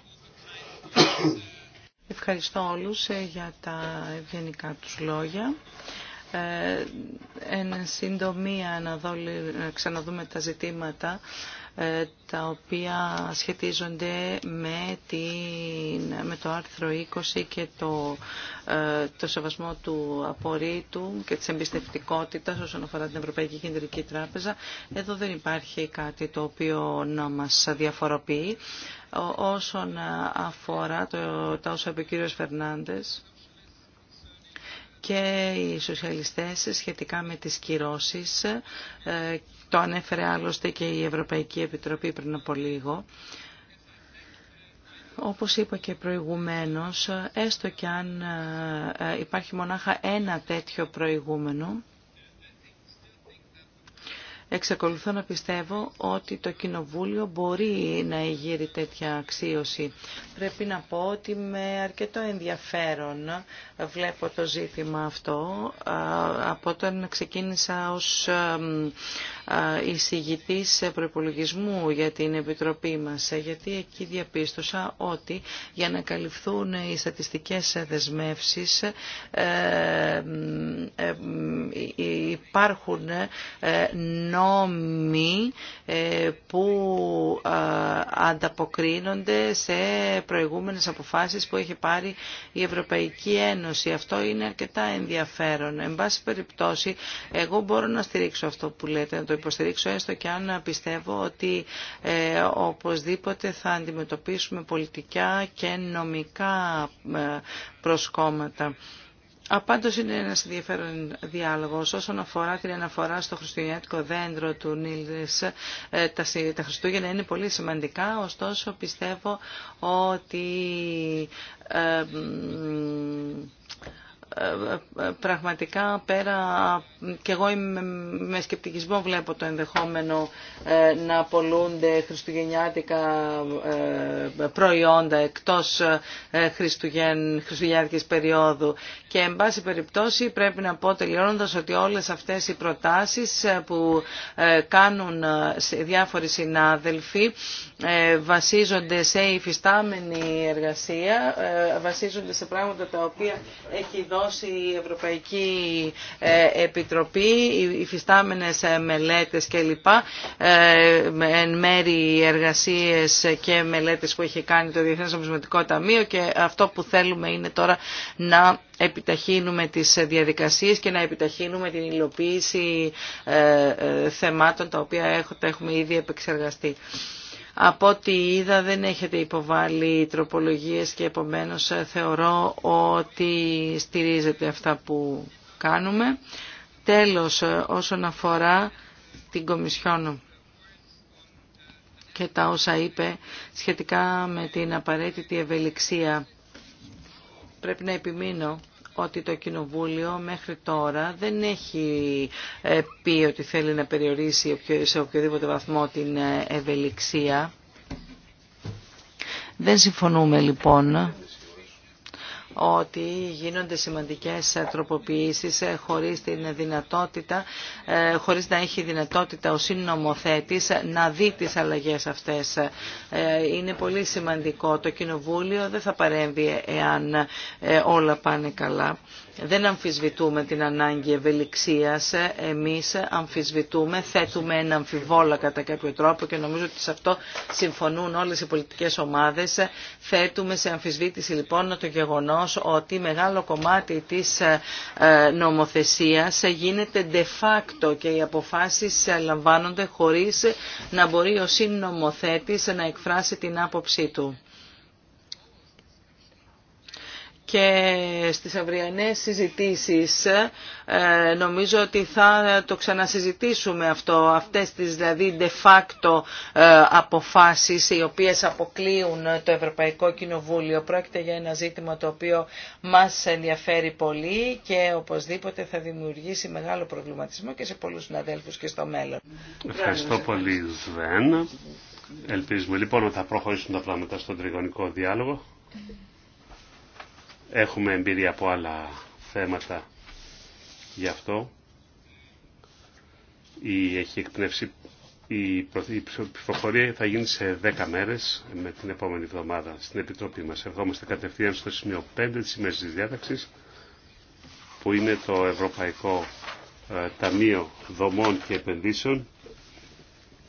Ευχαριστώ όλους ε, για τα ευγενικά τους λόγια. Ε, εν συντομία να, ξαναδούμε τα ζητήματα ε, τα οποία σχετίζονται με, την, με το άρθρο 20 και το, ε, το σεβασμό του απορρίτου και της εμπιστευτικότητας όσον αφορά την Ευρωπαϊκή Κεντρική Τράπεζα. Εδώ δεν υπάρχει κάτι το οποίο να μας διαφοροποιεί. όσον αφορά το, τα όσα είπε ο κύριος Φερνάντες, και οι σοσιαλιστές σχετικά με τις κυρώσεις. Ε, το ανέφερε άλλωστε και η Ευρωπαϊκή Επιτροπή πριν από λίγο. Όπως είπα και προηγουμένως, έστω και αν ε, υπάρχει μονάχα ένα τέτοιο προηγούμενο, εξακολουθώ να πιστεύω ότι το Κοινοβούλιο μπορεί να εγείρει τέτοια αξίωση. Πρέπει να πω ότι με αρκετό ενδιαφέρον βλέπω το ζήτημα αυτό από όταν ξεκίνησα ως εισηγητής προπολογισμού για την Επιτροπή μας, γιατί εκεί διαπίστωσα ότι για να καλυφθούν οι στατιστικές δεσμεύσεις ε, ε, υπάρχουν ε, νόμοι νόμοι ε, που ε, ανταποκρίνονται σε προηγούμενες αποφάσεις που έχει πάρει η Ευρωπαϊκή Ένωση. Αυτό είναι αρκετά ενδιαφέρον. Εν πάση περιπτώσει, εγώ μπορώ να στηρίξω αυτό που λέτε, να το υποστηρίξω έστω και αν πιστεύω ότι ε, οπωσδήποτε θα αντιμετωπίσουμε πολιτικά και νομικά προσκόμματα. Απάντως είναι ένας ενδιαφέρον διάλογος όσον αφορά την αναφορά στο χριστουγεννιάτικο δέντρο του Νίλδης. Ε, τα Χριστούγεννα είναι πολύ σημαντικά, ωστόσο πιστεύω ότι ε, ε, ε, πραγματικά πέρα και εγώ με σκεπτικισμό βλέπω το ενδεχόμενο ε, να απολούνται χριστουγεννιάτικα προϊόντα εκτός χριστουγεν, χριστουγεννιάτικης περίοδου και εν πάση περιπτώσει πρέπει να πω τελειώνοντας ότι όλες αυτές οι προτάσεις που κάνουν διάφοροι συνάδελφοι βασίζονται σε υφιστάμενη εργασία, βασίζονται σε πράγματα τα οποία έχει δώσει δώσει η Ευρωπαϊκή ε, Επιτροπή, οι φυστάμενες ε, μελέτες κλπ. Ε, εν μέρη εργασίες και μελέτες που έχει κάνει το Διεθνές Ταμείο και αυτό που θέλουμε είναι τώρα να επιταχύνουμε τις διαδικασίες και να επιταχύνουμε την υλοποίηση θεμάτων τα οποία έχουμε ήδη επεξεργαστεί. Από ό,τι είδα δεν έχετε υποβάλει τροπολογίες και επομένως ε, θεωρώ ότι στηρίζετε αυτά που κάνουμε. Τέλος, ε, όσον αφορά την Κομισιόνου και τα όσα είπε σχετικά με την απαραίτητη ευελιξία. Πρέπει να επιμείνω ότι το Κοινοβούλιο μέχρι τώρα δεν έχει ε, πει ότι θέλει να περιορίσει σε οποιοδήποτε βαθμό την ε, ευελιξία. Δεν συμφωνούμε λοιπόν ότι γίνονται σημαντικές τροποποιήσεις ε, χωρίς, την δυνατότητα, ε, χωρίς να έχει δυνατότητα ο συνομοθέτης να δει τις αλλαγές αυτές. Ε, είναι πολύ σημαντικό. Το Κοινοβούλιο δεν θα παρέμβει εάν όλα πάνε καλά. Δεν αμφισβητούμε την ανάγκη ευελιξίας, εμείς αμφισβητούμε, θέτουμε ένα αμφιβόλα κατά κάποιο τρόπο και νομίζω ότι σε αυτό συμφωνούν όλες οι πολιτικές ομάδες. Θέτουμε σε αμφισβήτηση λοιπόν το γεγονός ότι μεγάλο κομμάτι της ε, νομοθεσίας γίνεται de facto και οι αποφάσεις λαμβάνονται χωρίς να μπορεί ο συνομοθέτης να εκφράσει την άποψή του και στις αυριανές συζητήσεις ε, νομίζω ότι θα το ξανασυζητήσουμε αυτό, αυτές τις δηλαδή de facto ε, αποφάσεις οι οποίες αποκλείουν το Ευρωπαϊκό Κοινοβούλιο. Πρόκειται για ένα ζήτημα το οποίο μας ενδιαφέρει πολύ και οπωσδήποτε θα δημιουργήσει μεγάλο προβληματισμό και σε πολλούς συναδέλφους και στο μέλλον. Ευχαριστώ πολύ Σβέν. Ελπίζουμε λοιπόν ότι θα προχωρήσουν τα πράγματα στον τριγωνικό διάλογο. Έχουμε εμπειρία από άλλα θέματα γι' αυτό. Η, έχει εκπνεύσει η ψηφοφορία θα γίνει σε 10 μέρες με την επόμενη εβδομάδα στην Επιτροπή μας. Ερχόμαστε κατευθείαν στο σημείο 5 της ημέρας της διάταξης που είναι το Ευρωπαϊκό ε, Ταμείο Δομών και Επενδύσεων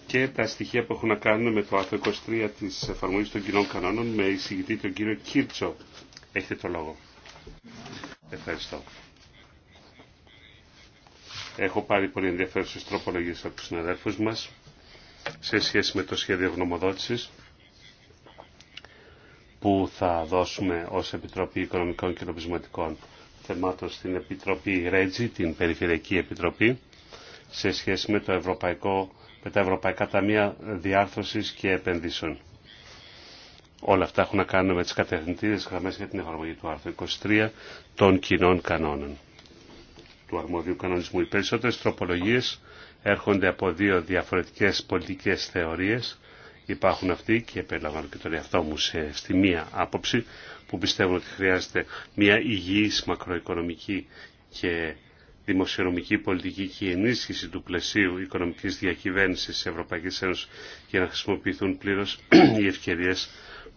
και τα στοιχεία που έχουν να κάνουν με το άρθρο 23 της εφαρμογής των κοινών κανόνων με εισηγητή τον κύριο Κίρτσο. Έχετε το λόγο. Ευχαριστώ. Έχω πάρει πολύ ενδιαφέρουσε τροπολογίε από του συναδέλφου μα σε σχέση με το σχέδιο γνωμοδότηση που θα δώσουμε ως Επιτροπή Οικονομικών και Νομισματικών Θεμάτων στην Επιτροπή ΡΕΤΖΙ, την Περιφερειακή Επιτροπή, σε σχέση με, το ευρωπαϊκό, με τα Ευρωπαϊκά Ταμεία Διάρθρωσης και Επενδύσεων. Όλα αυτά έχουν να κάνουν με τις κατευθυντήρες γραμμέ για την εφαρμογή του άρθρου 23 των κοινών κανόνων. Του αρμόδιου κανονισμού οι περισσότερες τροπολογίες έρχονται από δύο διαφορετικές πολιτικές θεωρίες. Υπάρχουν αυτοί και περιλαμβάνω και τον εαυτό μου σε, στη μία άποψη που πιστεύουν ότι χρειάζεται μια υγιής μακροοικονομική και δημοσιονομική πολιτική και η ενίσχυση του πλαισίου οικονομικής διακυβέρνηση τη Ευρωπαϊκής Ένωσης για να χρησιμοποιηθούν πλήρω οι ευκαιρίε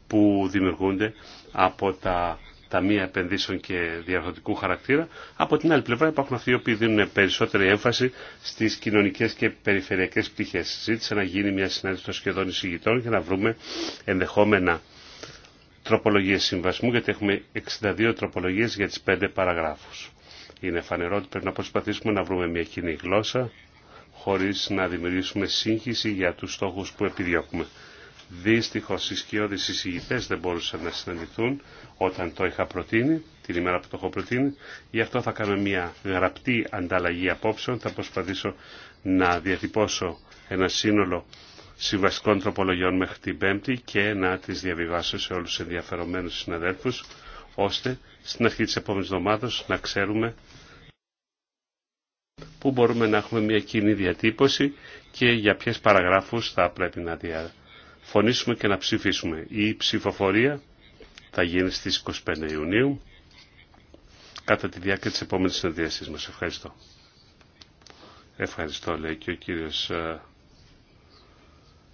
που δημιουργούνται από τα ταμεία επενδύσεων και διαδοτικού χαρακτήρα. Από την άλλη πλευρά υπάρχουν αυτοί οι οποίοι δίνουν περισσότερη έμφαση στις κοινωνικές και περιφερειακές πτυχές. Ζήτησα να γίνει μια συνάντηση των σχεδόν εισηγητών για να βρούμε ενδεχόμενα τροπολογίες συμβασμού, γιατί έχουμε 62 τροπολογίες για τις 5 παραγράφους. Είναι φανερό ότι πρέπει να προσπαθήσουμε να βρούμε μια κοινή γλώσσα, χωρίς να δημιουργήσουμε σύγχυση για τους στόχους που επιδιώκουμε. Δυστυχώς οι σκιώδεις εισηγητές δεν μπορούσαν να συναντηθούν όταν το είχα προτείνει, την ημέρα που το έχω προτείνει. Γι' αυτό θα κάνω μια γραπτή ανταλλαγή απόψεων. Θα προσπαθήσω να διατυπώσω ένα σύνολο συμβαστικών τροπολογιών μέχρι την Πέμπτη και να τις διαβιβάσω σε όλους τους ενδιαφερομένους συναδέλφους, ώστε στην αρχή της επόμενης εβδομάδας να ξέρουμε πού μπορούμε να έχουμε μια κοινή διατύπωση και για ποιες παραγράφους θα πρέπει να διαβιβάσουμε φωνήσουμε και να ψηφίσουμε. Η ψηφοφορία θα γίνει στις 25 Ιουνίου κατά τη διάρκεια της επόμενης συνεδρίασής μας. Ευχαριστώ. Ευχαριστώ, λέει και ο κύριος... Ε,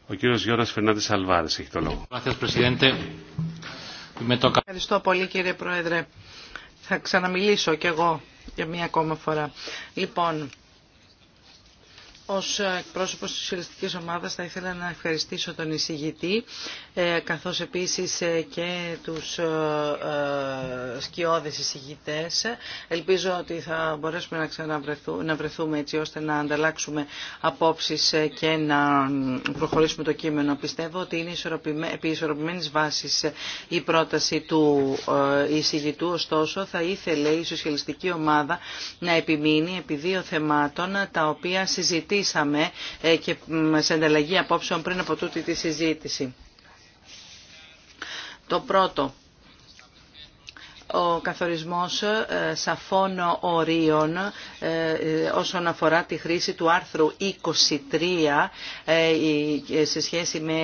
ο κύριος Γιώργος Φερνάντης Αλβάρης έχει το λόγο. Ευχαριστώ πολύ κύριε Πρόεδρε. Θα ξαναμιλήσω κι εγώ για μία ακόμα φορά. Λοιπόν, ως εκπρόσωπος της Σοσιαλιστικής ομάδα θα ήθελα να ευχαριστήσω τον εισηγητή ε, καθώς επίσης ε, και τους ε, σκιώδες εισηγητές. Ελπίζω ότι θα μπορέσουμε να ξαναβρεθούμε να βρεθούμε έτσι ώστε να ανταλλάξουμε απόψεις και να προχωρήσουμε το κείμενο. Πιστεύω ότι είναι επί ισορροπημένης βάσης η πρόταση του εισηγητού. Ωστόσο θα ήθελε η Σοσιαλιστική Ομάδα να επιμείνει επί δύο θεμάτων τα οποία συζητήσαμε συζητήσαμε ε, και σε ανταλλαγή απόψεων πριν από τούτη τη συζήτηση. Το πρώτο ο καθορισμός ε, σαφών ορίων ε, όσον αφορά τη χρήση του άρθρου 23 ε, σε σχέση με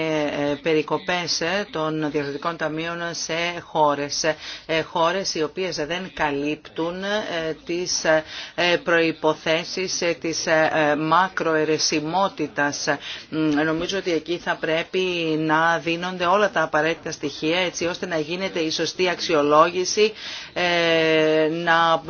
περικοπές των διαδοτικών ταμείων σε χώρες. Χώρες οι οποίες δεν καλύπτουν τις προϋποθέσεις της μακροαιρεσιμότητας. Νομίζω ότι εκεί θα πρέπει να δίνονται όλα τα απαραίτητα στοιχεία έτσι ώστε να γίνεται η σωστή αξιολόγηση ε, να,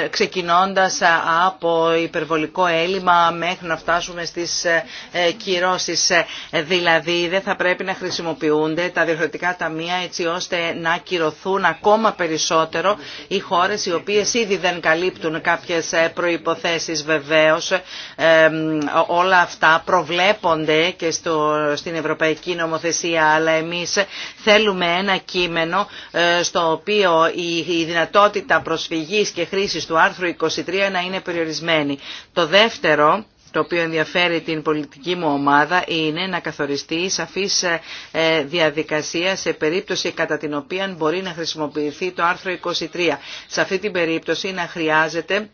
ε, ξεκινώντας από υπερβολικό έλλειμμα μέχρι να φτάσουμε στις ε, κυρώσεις. Δηλαδή δεν θα πρέπει να χρησιμοποιούνται τα διευθυντικά ταμεία έτσι ώστε να κυρωθούν ακόμα περισσότερο οι χώρες οι οποίες ήδη δεν καλύπτουν κάποιες προϋποθέσεις βεβαίως. Όλα αυτά προβλέπονται και στο, στην Ευρωπαϊκή Νομοθεσία αλλά εμείς θέλουμε ένα κείμενο στο οποίο η δυνατότητα προσφυγής και χρήσης του άρθρου 23 να είναι περιορισμένη. Το δεύτερο το οποίο ενδιαφέρει την πολιτική μου ομάδα είναι να καθοριστεί σαφής ε, ε, διαδικασία σε περίπτωση κατά την οποία μπορεί να χρησιμοποιηθεί το άρθρο 23. Σε αυτή την περίπτωση να χρειάζεται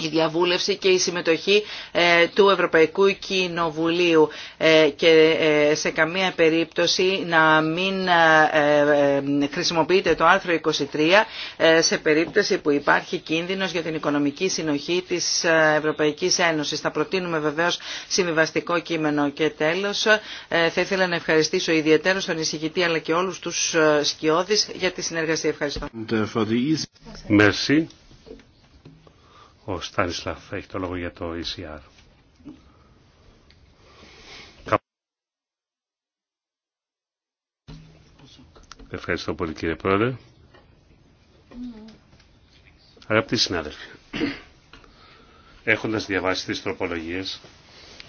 η διαβούλευση και η συμμετοχή ε, του Ευρωπαϊκού Κοινοβουλίου ε, και ε, σε καμία περίπτωση να μην χρησιμοποιείται το άρθρο 23 σε περίπτωση που υπάρχει κίνδυνος για την οικονομική συνοχή της Ευρωπαϊκής Ένωσης. Θα προτείνουμε βεβαίως συμβιβαστικό κείμενο και τέλος. Θα ήθελα να ευχαριστήσω ιδιαίτερα τον εισηγητή αλλά και όλους τους σκιώδεις για τη συνεργασία. Ευχαριστώ. Ο Στάνισλαφ έχει το λόγο για το ECR. Ευχαριστώ πολύ κύριε Πρόεδρε. Αγαπητοί συνάδελφοι, έχοντας διαβάσει τις τροπολογίες,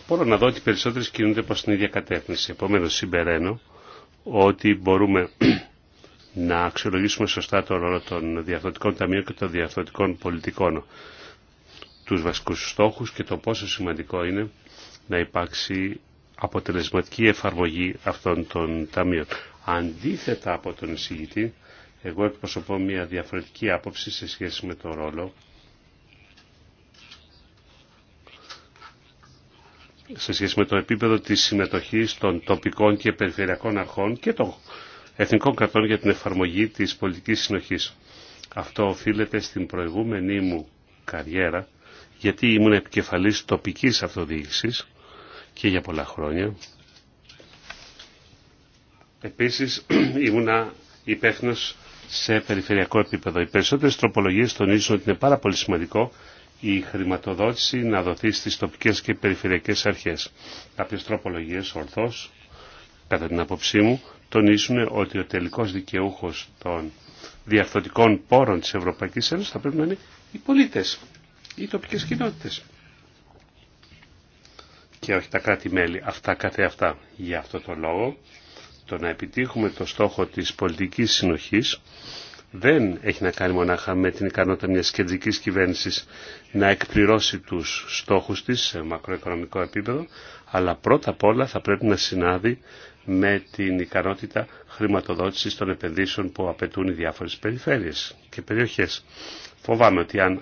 μπορώ να δω ότι οι περισσότερες κινούνται προς την ίδια κατεύθυνση. Επομένως, συμπεραίνω ότι μπορούμε να αξιολογήσουμε σωστά τον ρόλο των διαφθορτικών ταμείων και των διαφθορτικών πολιτικών τους βασικούς στόχους και το πόσο σημαντικό είναι να υπάρξει αποτελεσματική εφαρμογή αυτών των ταμείων. Αντίθετα από τον εισηγητή, εγώ εκπροσωπώ μια διαφορετική άποψη σε σχέση με τον ρόλο σε σχέση με το επίπεδο της συμμετοχής των τοπικών και περιφερειακών αρχών και των εθνικών κρατών για την εφαρμογή της πολιτικής συνοχής. Αυτό οφείλεται στην προηγούμενη μου καριέρα γιατί ήμουν επικεφαλής τοπικής αυτοδιοίκησης και για πολλά χρόνια. Επίσης ήμουν υπεύθυνο σε περιφερειακό επίπεδο. Οι περισσότερες τροπολογίες τονίζουν ότι είναι πάρα πολύ σημαντικό η χρηματοδότηση να δοθεί στις τοπικές και περιφερειακές αρχές. Κάποιες τροπολογίες ορθώς, κατά την απόψή μου, τονίζουν ότι ο τελικός δικαιούχος των διαρθωτικών πόρων της Ευρωπαϊκής Ένωσης θα πρέπει να είναι οι πολίτες οι τοπικέ κοινότητε. και όχι τα κράτη-μέλη. Αυτά καθε αυτά. Για αυτό το λόγο, το να επιτύχουμε το στόχο της πολιτικής συνοχής δεν έχει να κάνει μονάχα με την ικανότητα μια κεντρική κυβέρνηση να εκπληρώσει τους στόχου της σε μακροοικονομικό επίπεδο, αλλά πρώτα απ' όλα θα πρέπει να συνάδει με την ικανότητα χρηματοδότησης των επενδύσεων που απαιτούν οι διάφορες περιφέρειες και περιοχές. Φοβάμαι ότι αν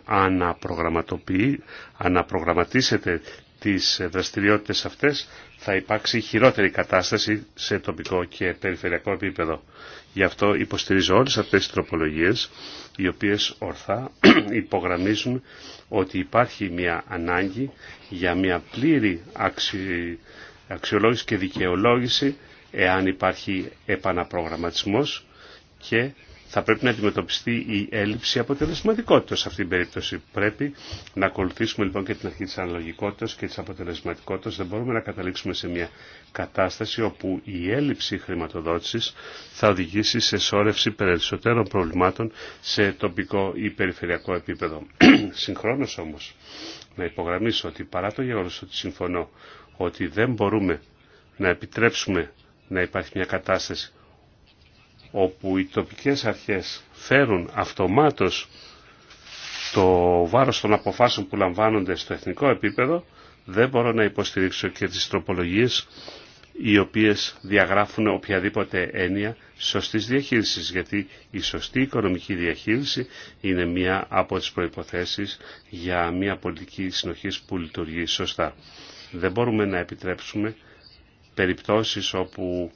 αναπρογραμματίσετε τις δραστηριότητες αυτές θα υπάρξει χειρότερη κατάσταση σε τοπικό και περιφερειακό επίπεδο. Γι' αυτό υποστηρίζω όλες αυτές τις τροπολογίες οι οποίες ορθά υπογραμμίζουν ότι υπάρχει μια ανάγκη για μια πλήρη αξιολόγηση και δικαιολόγηση εάν υπάρχει επαναπρογραμματισμός και θα πρέπει να αντιμετωπιστεί η έλλειψη αποτελεσματικότητας σε αυτήν την περίπτωση. Πρέπει να ακολουθήσουμε λοιπόν και την αρχή της αναλογικότητας και της αποτελεσματικότητας. Δεν μπορούμε να καταλήξουμε σε μια κατάσταση όπου η έλλειψη χρηματοδότησης θα οδηγήσει σε σώρευση περισσότερων προβλημάτων σε τοπικό ή περιφερειακό επίπεδο. Συγχρόνως όμως να υπογραμμίσω ότι παρά το γεγονός ότι συμφωνώ ότι δεν μπορούμε να επιτρέψουμε να υπάρχει μια κατάσταση όπου οι τοπικές αρχές φέρουν αυτομάτως το βάρος των αποφάσεων που λαμβάνονται στο εθνικό επίπεδο, δεν μπορώ να υποστηρίξω και τις τροπολογίες οι οποίες διαγράφουν οποιαδήποτε έννοια σωστής διαχείρισης, γιατί η σωστή οικονομική διαχείριση είναι μία από τις προϋποθέσεις για μία πολιτική συνοχής που λειτουργεί σωστά. Δεν μπορούμε να επιτρέψουμε περιπτώσεις όπου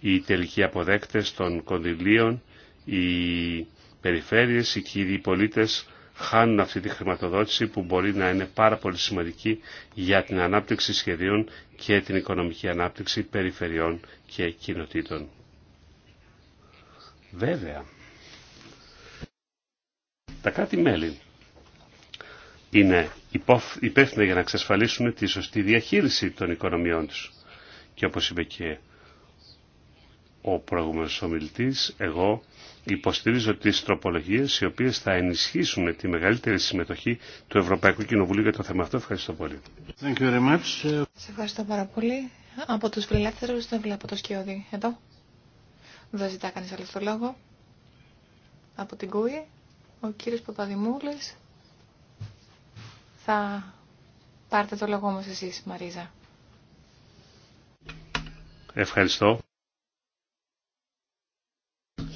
οι τελικοί αποδέκτες των κονδυλίων, οι περιφέρειες, οι κύριοι πολίτες χάνουν αυτή τη χρηματοδότηση που μπορεί να είναι πάρα πολύ σημαντική για την ανάπτυξη σχεδίων και την οικονομική ανάπτυξη περιφερειών και κοινοτήτων. Βέβαια, τα κάτι μελη είναι υπεύθυνα για να εξασφαλίσουν τη σωστή διαχείριση των οικονομιών τους. Και όπως είπε και ο προηγούμενος ομιλητής, εγώ υποστηρίζω τις τροπολογίες οι οποίες θα ενισχύσουν τη μεγαλύτερη συμμετοχή του Ευρωπαϊκού Κοινοβουλίου για το θέμα αυτό. Ευχαριστώ πολύ. Thank you very much. ευχαριστώ πάρα πολύ. Από τους φιλελεύθερους δεν βλέπω το σκιώδη εδώ. Δεν ζητά κανείς άλλο το λόγο. Από την ΚΟΥΗ, ο κύριος Παπαδημούλης. Θα πάρτε το λόγο όμως εσείς, Μαρίζα. Ευχαριστώ.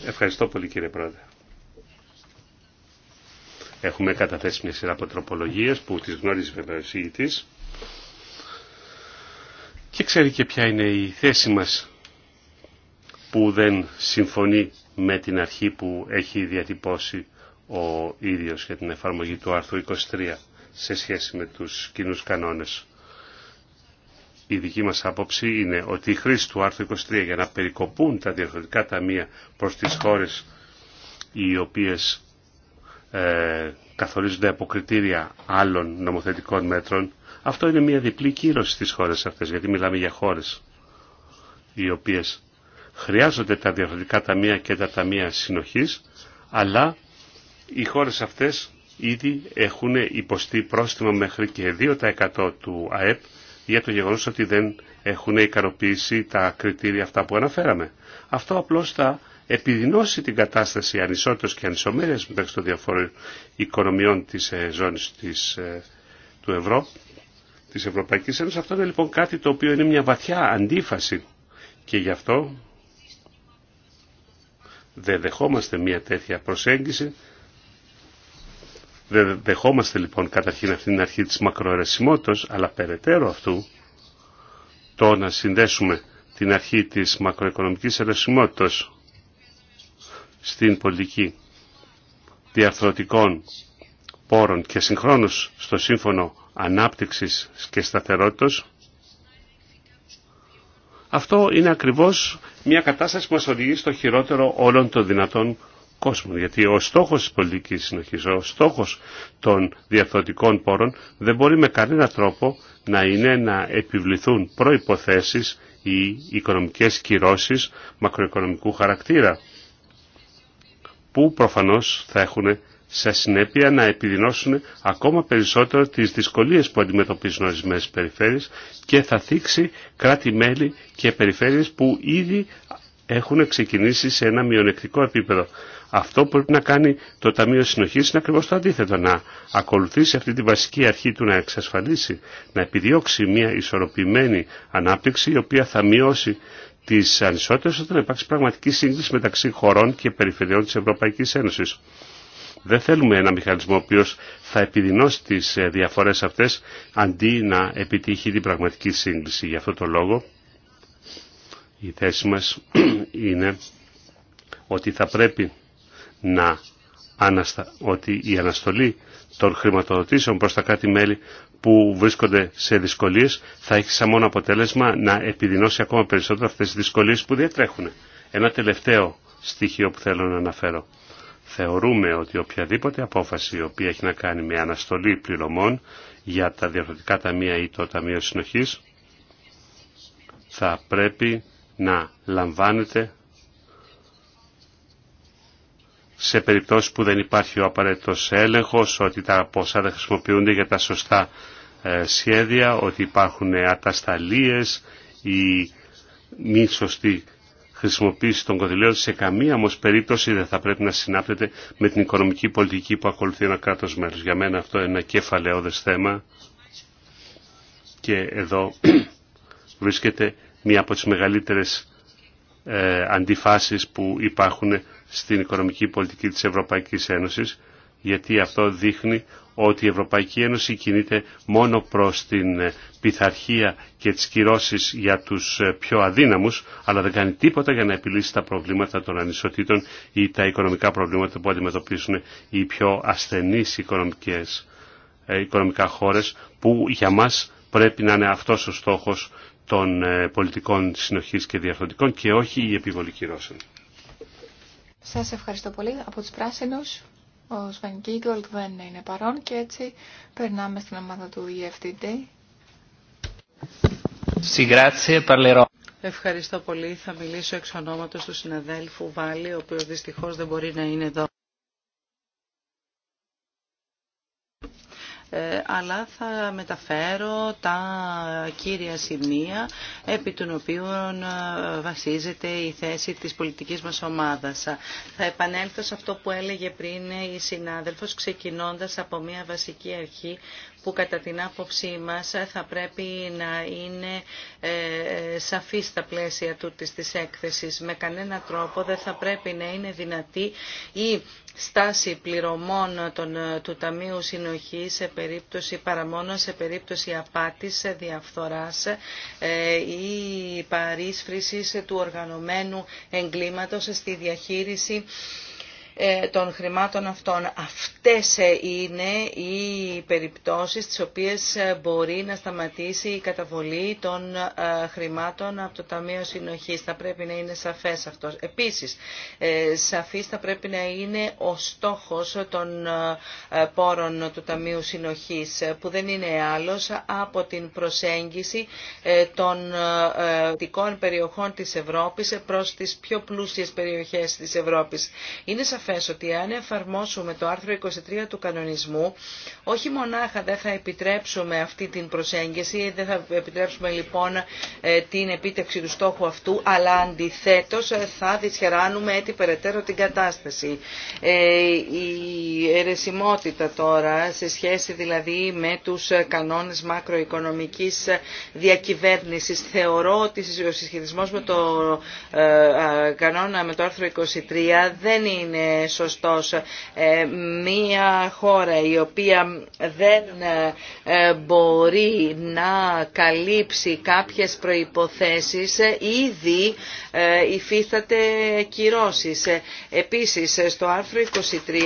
Ευχαριστώ πολύ κύριε Πρόεδρε. Έχουμε καταθέσει μια σειρά από τροπολογίες που τις γνώριζε βέβαια ο και ξέρει και ποια είναι η θέση μας που δεν συμφωνεί με την αρχή που έχει διατυπώσει ο ίδιος για την εφαρμογή του άρθρου 23 σε σχέση με τους κοινούς κανόνες η δική μας άποψη είναι ότι η χρήση του άρθρου 23 για να περικοπούν τα διαφορετικά ταμεία προς τις χώρες οι οποίες ε, καθορίζονται από κριτήρια άλλων νομοθετικών μέτρων, αυτό είναι μια διπλή κύρωση στις χώρες αυτές, γιατί μιλάμε για χώρες οι οποίες χρειάζονται τα διαφορετικά ταμεία και τα ταμεία συνοχής, αλλά οι χώρες αυτές ήδη έχουν υποστεί πρόστιμο μέχρι και 2% του ΑΕΠ για το γεγονός ότι δεν έχουν ικανοποιήσει τα κριτήρια αυτά που αναφέραμε. Αυτό απλώς θα επιδεινώσει την κατάσταση ανισότητας και ανισομέρειας μεταξύ των διαφόρων οικονομιών της ε, ζώνης της, ε, του ευρώ, της Ευρωπαϊκής Ένωσης. Αυτό είναι λοιπόν κάτι το οποίο είναι μια βαθιά αντίφαση και γι' αυτό δεν δεχόμαστε μια τέτοια προσέγγιση δεν δεχόμαστε λοιπόν καταρχήν αυτήν την αρχή της μακροερεσιμότητας, αλλά περαιτέρω αυτού το να συνδέσουμε την αρχή της μακροοικονομικής ερεσιμότητας στην πολιτική διαρθρωτικών πόρων και συγχρόνως στο σύμφωνο ανάπτυξης και σταθερότητας, αυτό είναι ακριβώς μια κατάσταση που μας οδηγεί στο χειρότερο όλων των δυνατών κόσμο. Γιατί ο στόχος της πολιτικής συνοχής, ο στόχος των διαφθορτικών πόρων δεν μπορεί με κανένα τρόπο να είναι να επιβληθούν προϋποθέσεις ή οικονομικές κυρώσεις μακροοικονομικού χαρακτήρα που προφανώς θα έχουν σε συνέπεια να επιδεινώσουν ακόμα περισσότερο τις δυσκολίες που αντιμετωπίζουν ορισμένε περιφέρειες και θα θίξει κράτη-μέλη και περιφέρειες που ήδη έχουν ξεκινήσει σε ένα μειονεκτικό επίπεδο. Αυτό που πρέπει να κάνει το Ταμείο Συνοχή είναι ακριβώ το αντίθετο. Να ακολουθήσει αυτή τη βασική αρχή του να εξασφαλίσει, να επιδιώξει μια ισορροπημένη ανάπτυξη η οποία θα μειώσει τι ανισότητε όταν υπάρξει πραγματική σύγκριση μεταξύ χωρών και περιφερειών τη Ευρωπαϊκή Ένωση. Δεν θέλουμε ένα μηχανισμό ο οποίο θα επιδεινώσει τι ε, διαφορέ αυτέ αντί να επιτύχει την πραγματική σύγκριση Γι' αυτό το λόγο η θέση μας είναι ότι θα πρέπει να αναστα... ότι η αναστολή των χρηματοδοτήσεων προς τα κάτι μελη που βρίσκονται σε δυσκολίες θα έχει σαν μόνο αποτέλεσμα να επιδεινώσει ακόμα περισσότερο αυτές τις δυσκολίες που διατρέχουν. Ένα τελευταίο στοιχείο που θέλω να αναφέρω. Θεωρούμε ότι οποιαδήποτε απόφαση η οποία έχει να κάνει με αναστολή πληρωμών για τα διαφορετικά ταμεία ή το Ταμείο Συνοχής θα πρέπει να λαμβάνεται σε περιπτώσεις που δεν υπάρχει ο απαραίτητος έλεγχος, ότι τα ποσά δεν χρησιμοποιούνται για τα σωστά ε, σχέδια, ότι υπάρχουν ατασταλίες ή μη σωστή χρησιμοποίηση των κονδυλίων σε καμία όμω περίπτωση δεν θα πρέπει να συνάπτεται με την οικονομική πολιτική που ακολουθεί ένα κράτος μέλος. Για μένα αυτό είναι ένα κεφαλαιόδες θέμα και εδώ βρίσκεται μία από τις μεγαλύτερες ε, αντιφάσεις που υπάρχουν στην οικονομική πολιτική της Ευρωπαϊκής Ένωσης, γιατί αυτό δείχνει ότι η Ευρωπαϊκή Ένωση κινείται μόνο προς την ε, πειθαρχία και τις κυρώσεις για τους ε, πιο αδύναμους, αλλά δεν κάνει τίποτα για να επιλύσει τα προβλήματα των ανισοτήτων ή τα οικονομικά προβλήματα που αντιμετωπίσουν οι πιο ασθενείς οικονομικές, ε, οικονομικά χώρες, που για μας πρέπει να είναι αυτός ο στόχος των ε, πολιτικών συνοχής και διαφορετικών και όχι η επιβολή κυρώσεων. Σας ευχαριστώ πολύ. Από τους πράσινους, ο Σβεν Γκίγκολτ δεν είναι παρόν και έτσι περνάμε στην ομάδα του EFTD. Ευχαριστώ πολύ. Θα μιλήσω εξ ονόματος του συναδέλφου Βάλλη, ο οποίος δυστυχώς δεν μπορεί να είναι εδώ. Ε, αλλά θα μεταφέρω τα κύρια σημεία επί των οποίων ε, βασίζεται η θέση της πολιτικής μας ομάδας. Θα επανέλθω σε αυτό που έλεγε πριν η συνάδελφος ξεκινώντας από μια βασική αρχή που κατά την άποψή μας θα πρέπει να είναι ε, σαφή στα πλαίσια του της έκθεσης. Με κανένα τρόπο δεν θα πρέπει να είναι δυνατή η στάση πληρωμών ε, του Ταμείου Συνοχής σε περίπτωση, παρά σε περίπτωση απάτης, διαφθοράς ε, ή παρίσφρησης του οργανωμένου εγκλήματος στη διαχείριση ε, των χρημάτων αυτών. Αυτές ε, είναι οι περιπτώσεις τις οποίες ε, μπορεί να σταματήσει η καταβολή των χρημάτων από το Ταμείο Συνοχής. Θα πρέπει να είναι σαφές αυτό. Επίσης, σαφής θα πρέπει να είναι ο στόχος των πόρων του Ταμείου Συνοχής, που δεν είναι άλλος από την προσέγγιση των δικών περιοχών της Ευρώπης προς τις πιο πλούσιες περιοχές της Ευρώπης. Είναι σαφές ότι αν εφαρμόσουμε το άρθρο 23 του κανονισμού, όχι μονάχα δεν θα επιτρέψουμε αυτή την προσέγγιση, δεν θα επιτρέψουμε λοιπόν ε, την επίτευξη του στόχου αυτού, αλλά αντιθέτως ε, θα δυσχεράνουμε έτσι περαιτέρω την κατάσταση. Ε, η ερεσιμότητα τώρα, σε σχέση δηλαδή με τους κανόνες μακροοικονομικής διακυβέρνησης, θεωρώ ότι ο συσχετισμός με το, κανόνα, με το άρθρο 23 δεν είναι σωστός. Ε, μία χώρα η οποία δεν ε, ε, μπορεί να καλύψει κάποιες προϋποθέσεις ήδη υφίσταται κυρώσεις. Επίσης στο άρθρο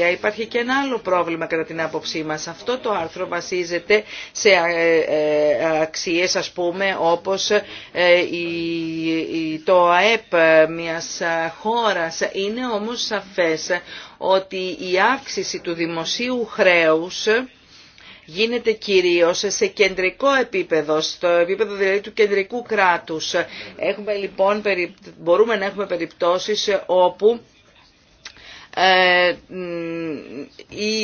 23 υπάρχει και ένα άλλο πρόβλημα κατά την άποψή μας. Αυτό το άρθρο βασίζεται σε αξίες ας πούμε όπως το ΑΕΠ μιας χώρας. Είναι όμως σαφές ότι η αύξηση του δημοσίου χρέους γίνεται κυρίως σε κεντρικό επίπεδο, στο επίπεδο δηλαδή του κεντρικού κράτους. Έχουμε, λοιπόν, μπορούμε να έχουμε περιπτώσεις όπου ε, η,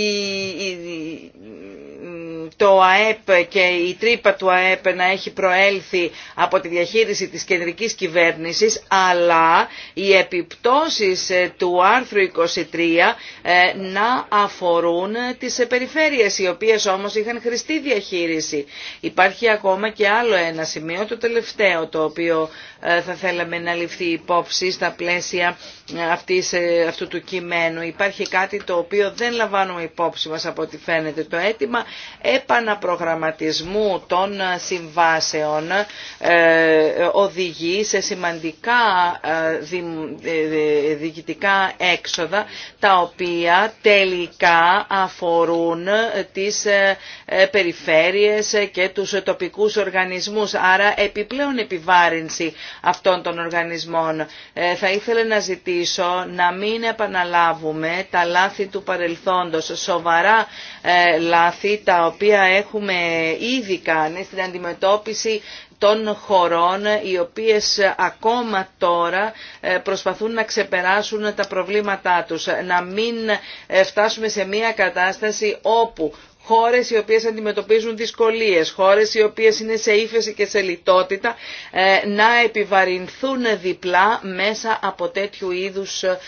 το ΑΕΠ και η τρύπα του ΑΕΠ να έχει προέλθει από τη διαχείριση της κεντρικής κυβέρνησης, αλλά οι επιπτώσεις ε, του άρθρου 23 ε, να αφορούν τις περιφέρειες, οι οποίες όμως είχαν χρηστή διαχείριση. Υπάρχει ακόμα και άλλο ένα σημείο, το τελευταίο, το οποίο ε, θα θέλαμε να ληφθεί υπόψη στα πλαίσια ε, αυτής, ε, αυτού του κειμένου. Υπάρχει κάτι το οποίο δεν λαμβάνουμε υπόψη μας από ό,τι φαίνεται το αίτημα επαναπρογραμματισμού των συμβάσεων οδηγεί σε σημαντικά διοικητικά έξοδα τα οποία τελικά αφορούν τις περιφέρειες και τους τοπικούς οργανισμούς. Άρα επιπλέον επιβάρυνση αυτών των οργανισμών. Ε, θα ήθελα να ζητήσω να μην επαναλάβουμε τα λάθη του παρελθόντος, σοβαρά ε, λάθη τα οποία έχουμε ήδη κάνει στην αντιμετώπιση των χωρών οι οποίες ακόμα τώρα ε, προσπαθούν να ξεπεράσουν τα προβλήματά τους. Να μην φτάσουμε σε μια κατάσταση όπου χώρες οι οποίες αντιμετωπίζουν δυσκολίες, χώρες οι οποίες είναι σε ύφεση και σε λιτότητα ε, να επιβαρυνθούν διπλά μέσα από τέτοιου είδους ε,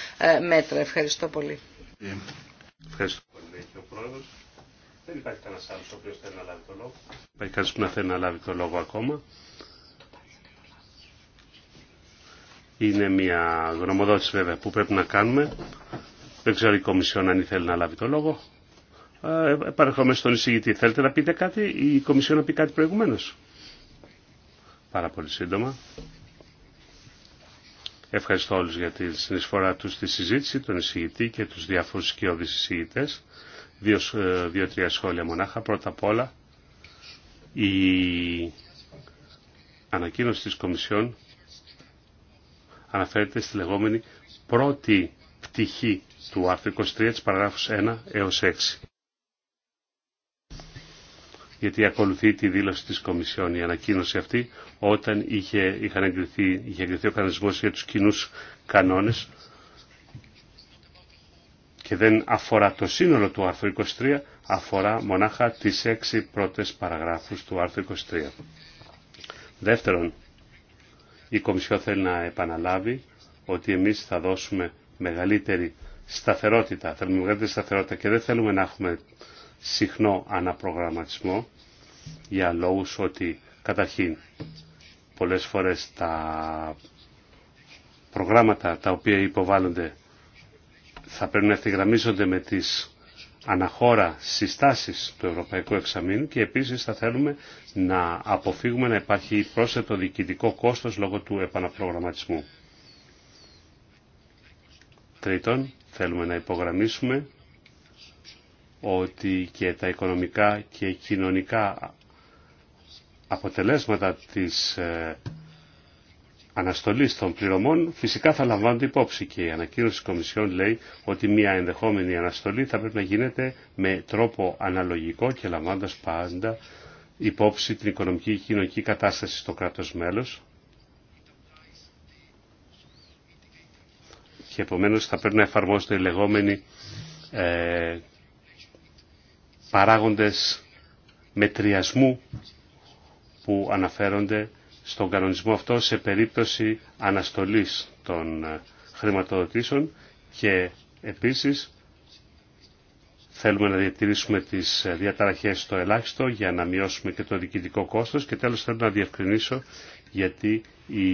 μέτρα. Ευχαριστώ πολύ. Ευχαριστώ πολύ ο Δεν υπάρχει κανένας άλλος ο οποίος θέλει να λάβει το λόγο. Υπάρχει κανένας που να θέλει να λάβει το λόγο ακόμα. Είναι μια γνωμοδότηση βέβαια που πρέπει να κάνουμε. Δεν ξέρω η Κομισιόν αν ήθελε να λάβει το λόγο στον εισηγητή. Θέλετε να πείτε κάτι ή η η να πει κάτι Πάρα πολύ σύντομα. Ευχαριστώ όλους για τη συνεισφορά τους στη συζήτηση, τον εισηγητή και τους διάφορους σκιώδεις εισηγητές. Ε, δύο-τρία δύο, σχόλια μονάχα. Πρώτα απ' όλα, η ανακοίνωση της Κομισιόν αναφέρεται στη λεγόμενη πρώτη πτυχή του άρθρου 23 της παραγράφους 1 έως 6 γιατί ακολουθεί τη δήλωση της Κομισιόν. Η ανακοίνωση αυτή όταν είχε, είχαν εγκριθεί, εγκριθεί ο κανονισμός για τους κοινού κανόνες και δεν αφορά το σύνολο του άρθρου 23, αφορά μονάχα τις έξι πρώτες παραγράφους του άρθρου 23. Δεύτερον, η Κομισιό θέλει να επαναλάβει ότι εμείς θα δώσουμε μεγαλύτερη σταθερότητα, θέλουμε μεγαλύτερη σταθερότητα και δεν θέλουμε να έχουμε συχνό αναπρογραμματισμό για λόγους ότι καταρχήν πολλές φορές τα προγράμματα τα οποία υποβάλλονται θα πρέπει να ευθυγραμμίζονται με τις αναχώρα συστάσεις του Ευρωπαϊκού Εξαμήνου και επίσης θα θέλουμε να αποφύγουμε να υπάρχει πρόσθετο διοικητικό κόστος λόγω του επαναπρογραμματισμού. Τρίτον, θέλουμε να υπογραμμίσουμε ότι και τα οικονομικά και κοινωνικά αποτελέσματα της ε, αναστολής των πληρωμών φυσικά θα λαμβάνονται υπόψη και η ανακοίνωση της Κομισιόν λέει ότι μια ενδεχόμενη αναστολή θα πρέπει να γίνεται με τρόπο αναλογικό και λαμβάνοντας πάντα υπόψη την οικονομική και κοινωνική κατάσταση στο κράτος μέλος και επομένως θα πρέπει να εφαρμόσουν οι λεγόμενοι ε, παράγοντες μετριασμού που αναφέρονται στον κανονισμό αυτό σε περίπτωση αναστολής των ε, χρηματοδοτήσεων και επίσης θέλουμε να διατηρήσουμε τις ε, διαταραχές στο ελάχιστο για να μειώσουμε και το διοικητικό κόστος και τέλος θέλω να διευκρινίσω γιατί η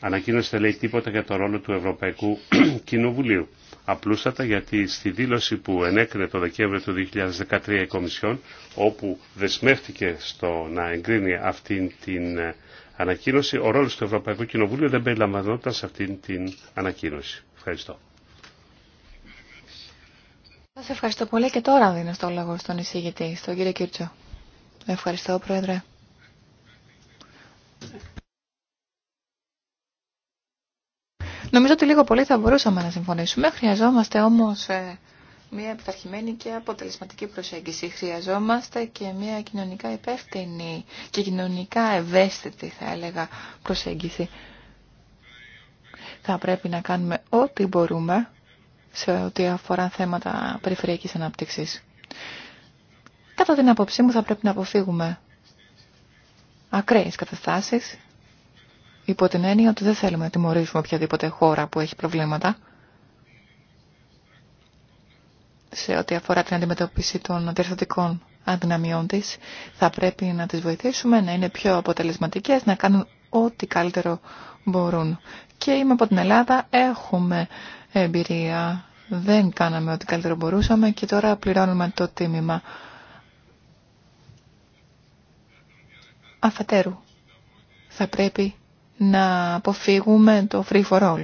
ανακοίνωση δεν λέει τίποτα για το ρόλο του Ευρωπαϊκού Κοινοβουλίου απλούστατα γιατί στη δήλωση που ενέκρινε το Δεκέμβριο του 2013 η Κομισιόν όπου δεσμεύτηκε στο να εγκρίνει αυτήν την ε, ανακοίνωση ο ρόλος του Ευρωπαϊκού Κοινοβουλίου δεν περιλαμβανόταν σε αυτήν την ανακοίνωση. Ευχαριστώ. Σας ευχαριστώ πολύ και τώρα δίνω στο λόγο στον εισηγητή, στον κύριο Κίρτσο. Ευχαριστώ, Πρόεδρε. Νομίζω ότι λίγο πολύ θα μπορούσαμε να συμφωνήσουμε. Χρειαζόμαστε όμως ε, μια επιταρχημένη και αποτελεσματική προσέγγιση. Χρειαζόμαστε και μια κοινωνικά υπεύθυνη και κοινωνικά ευαίσθητη, θα έλεγα, προσέγγιση. Θα πρέπει να κάνουμε ό,τι μπορούμε σε ό,τι αφορά θέματα περιφερειακής ανάπτυξης. Κατά την άποψή μου θα πρέπει να αποφύγουμε ακραίες καταστάσεις Υπό την έννοια ότι δεν θέλουμε να τιμωρήσουμε οποιαδήποτε χώρα που έχει προβλήματα σε ό,τι αφορά την αντιμετώπιση των διορθωτικών αδυναμιών της, θα πρέπει να τις βοηθήσουμε να είναι πιο αποτελεσματικές, να κάνουν ό,τι καλύτερο μπορούν. Και είμαι από την Ελλάδα, έχουμε εμπειρία, δεν κάναμε ό,τι καλύτερο μπορούσαμε και τώρα πληρώνουμε το τίμημα αφετέρου. Θα πρέπει να αποφύγουμε το free for all.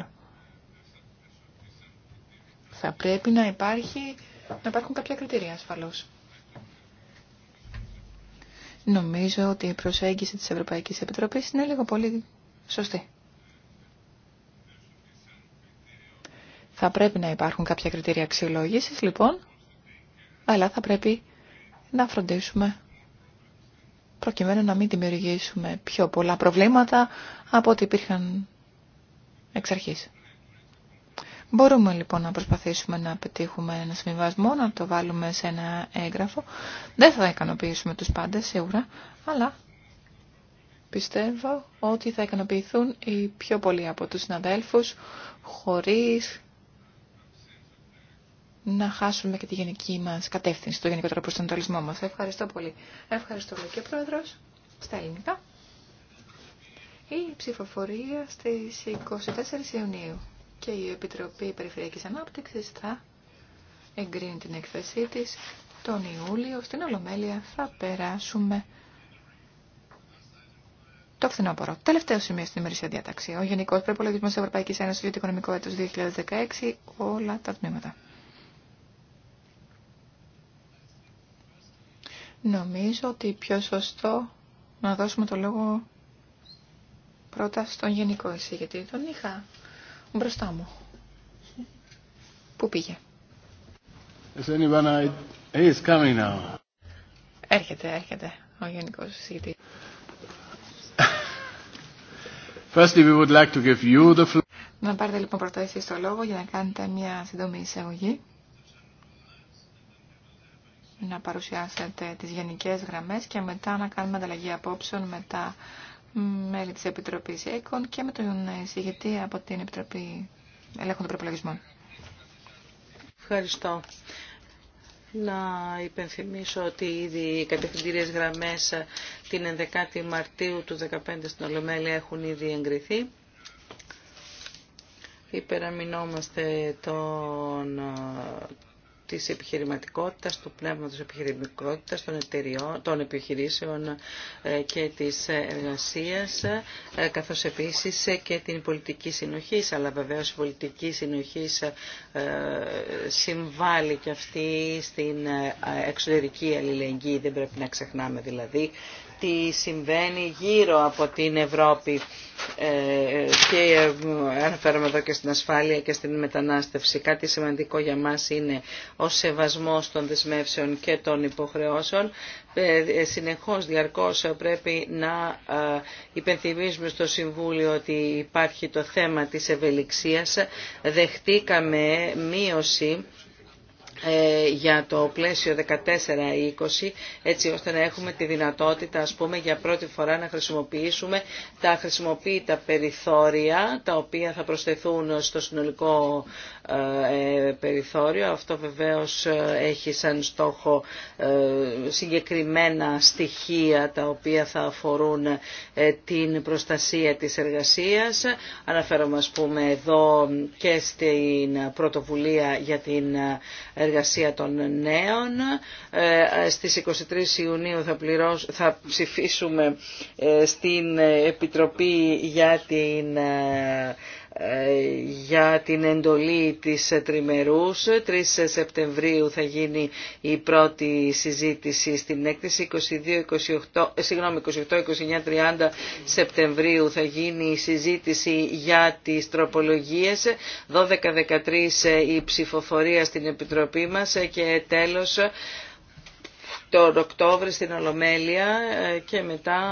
Θα πρέπει να, υπάρχει, να υπάρχουν κάποια κριτήρια ασφαλώς. Νομίζω ότι η προσέγγιση της Ευρωπαϊκής Επιτροπής είναι λίγο πολύ σωστή. Θα πρέπει να υπάρχουν κάποια κριτήρια αξιολόγησης, λοιπόν, αλλά θα πρέπει να φροντίσουμε προκειμένου να μην δημιουργήσουμε πιο πολλά προβλήματα από ό,τι υπήρχαν εξ αρχής. Μπορούμε λοιπόν να προσπαθήσουμε να πετύχουμε ένα συμβιβασμό, να το βάλουμε σε ένα έγγραφο. Δεν θα ικανοποιήσουμε τους πάντες σίγουρα, αλλά πιστεύω ότι θα ικανοποιηθούν οι πιο πολλοί από τους συναδέλφους χωρίς να χάσουμε και τη γενική μα κατεύθυνση, το γενικότερο προσανατολισμό μας. Ευχαριστώ πολύ. Ευχαριστώ πολύ και ο στα ελληνικά. Η ψηφοφορία στι 24 Ιουνίου και η Επιτροπή Περιφερειακή ανάπτυξη θα εγκρίνει την έκθεσή τη τον Ιούλιο. Στην Ολομέλεια θα περάσουμε το φθινόπωρο. Τελευταίο σημείο στην ημερήσια διάταξη. Ο Γενικό Προπολογισμό Ευρωπαϊκή Ένωση για το Οικονομικό Έτο 2016. Όλα τα τμήματα. Νομίζω ότι πιο σωστό να δώσουμε το λόγο πρώτα στον γενικό εσύ, γιατί τον είχα μπροστά μου. Πού πήγε. Έρχεται, έρχεται ο γενικός συζητητής. Firstly, we would like to give you the... Να πάρετε λοιπόν πρώτα εσείς το λόγο για να κάνετε μια σύντομη εισαγωγή να παρουσιάσετε τις γενικές γραμμές και μετά να κάνουμε ανταλλαγή απόψεων με τα μέλη της Επιτροπής ΕΚΟΝ και με τον εισηγητή από την Επιτροπή Ελέγχων των Προπολογισμών. Ευχαριστώ. Να υπενθυμίσω ότι ήδη οι κατευθυντήριες γραμμές την 11η Μαρτίου του 2015 στην Ολομέλεια έχουν ήδη εγκριθεί. Υπεραμεινόμαστε τον της επιχειρηματικότητας, του πνεύματος επιχειρηματικότητας των, εταιριών, των επιχειρήσεων ε, και της εργασίας, ε, καθώς επίσης και την πολιτική συνοχή, αλλά βεβαίως η πολιτική συνοχή ε, συμβάλλει και αυτή στην εξωτερική αλληλεγγύη, δεν πρέπει να ξεχνάμε δηλαδή τι συμβαίνει γύρω από την Ευρώπη ε, και ε, αναφέρομαι εδώ και στην ασφάλεια και στην μετανάστευση. Κάτι σημαντικό για μας είναι ο σεβασμός των δεσμεύσεων και των υποχρεώσεων. Ε, συνεχώς, διαρκώς πρέπει να υπενθυμίζουμε στο Συμβούλιο ότι υπάρχει το θέμα της ευελιξίας. Δεχτήκαμε μείωση ε, για το πλαίσιο 14-20 έτσι ώστε να έχουμε τη δυνατότητα ας πούμε για πρώτη φορά να χρησιμοποιήσουμε τα χρησιμοποιητά περιθώρια τα οποία θα προσθεθούν στο συνολικό ε, ε, περιθώριο. Αυτό βεβαίως έχει σαν στόχο συγκεκριμένα στοιχεία τα οποία θα αφορούν την προστασία της εργασίας. Αναφέρομαι πούμε εδώ και στην πρωτοβουλία για την εργασία εργασία των νέων. Ε, στις 23 Ιουνίου θα, πληρώσ... θα ψηφίσουμε ε, στην Επιτροπή για την ε, για την εντολή της τριμερούς. 3 Σεπτεμβρίου θα γίνει η πρώτη συζήτηση στην έκθεση. 22, 28, 28, 29, 30 Σεπτεμβρίου θα γίνει η συζήτηση για τις τροπολογίες. 12-13 η ψηφοφορία στην Επιτροπή μας και τέλος τον Οκτώβριο στην Ολομέλεια και μετά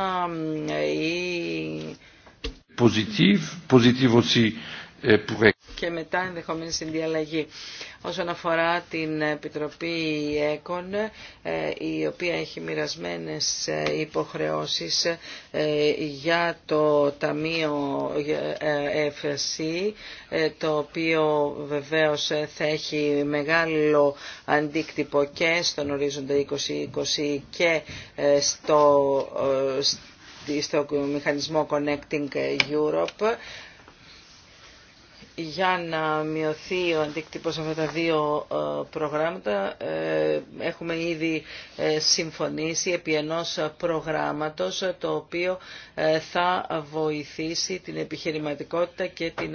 η Positive, positive aussi euh, και μετά στην διαλλαγή. Όσον αφορά την Επιτροπή ΕΚΟΝ, ε, η οποία έχει μοιρασμένες ε, υποχρεώσεις ε, για το Ταμείο ΕΦΣΥ, το οποίο βεβαίως θα έχει μεγάλο αντίκτυπο και στον ορίζοντα 2020 και στο στο μηχανισμό Connecting Europe για να μειωθεί ο αντίκτυπος αυτά τα δύο ε, προγράμματα ε, έχουμε ήδη ε, συμφωνήσει επί ενός προγράμματος το οποίο θα βοηθήσει την επιχειρηματικότητα και την,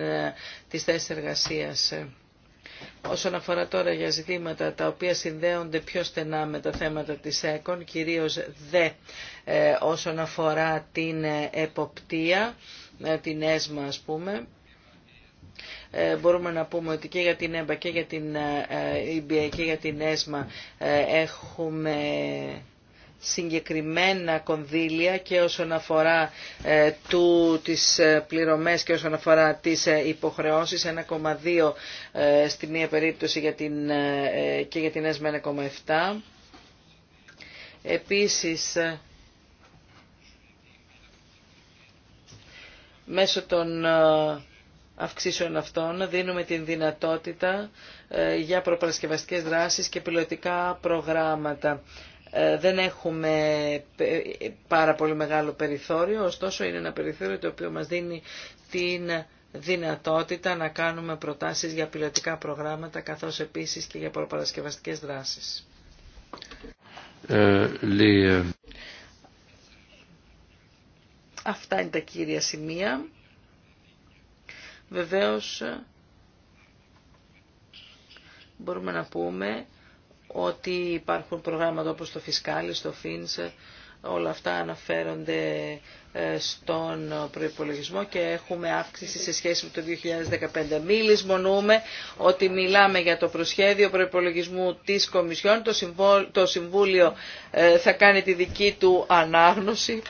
τις θέσεις εργασίας. Όσον αφορά τώρα για ζητήματα τα οποία συνδέονται πιο στενά με τα θέματα της ΕΚΟΝ, κυρίως δε ε, όσον αφορά την ε, εποπτεία, ε, την ΕΣΜΑ ας πούμε, μπορούμε να πούμε ότι και για την ΕΜΠΑ και για την ΕΜΠΑ και για την ΕΣΜΑ έχουμε συγκεκριμένα κονδύλια και όσον αφορά ε, του, τις ε, πληρωμές και όσον αφορά τις ε, υποχρεώσεις 1,2 ε, στην μία περίπτωση για την, ε, ε και για την ΕΣΜΑ 1,7. Επίσης, μέσω των αυξήσεων αυτών δίνουμε την δυνατότητα για προπαρασκευαστικές δράσεις και πιλωτικά προγράμματα. Ε, δεν έχουμε ε, πάρα πολύ μεγάλο περιθώριο, ωστόσο είναι ένα περιθώριο το οποίο μας δίνει την δυνατότητα να κάνουμε προτάσεις για πιλωτικά προγράμματα καθώς επίσης και για προπαρασκευαστικές δράσεις. Ε, Αυτά είναι τα κύρια σημεία. Βεβαίως μπορούμε να πούμε ότι υπάρχουν προγράμματα όπως το Φισκάλι, το Φίνσε, όλα αυτά αναφέρονται ε, στον προϋπολογισμό και έχουμε αύξηση σε σχέση με το 2015. Μη λησμονούμε ότι μιλάμε για το προσχέδιο προϋπολογισμού της Κομισιόν. Το Συμβούλιο ε, θα κάνει τη δική του ανάγνωση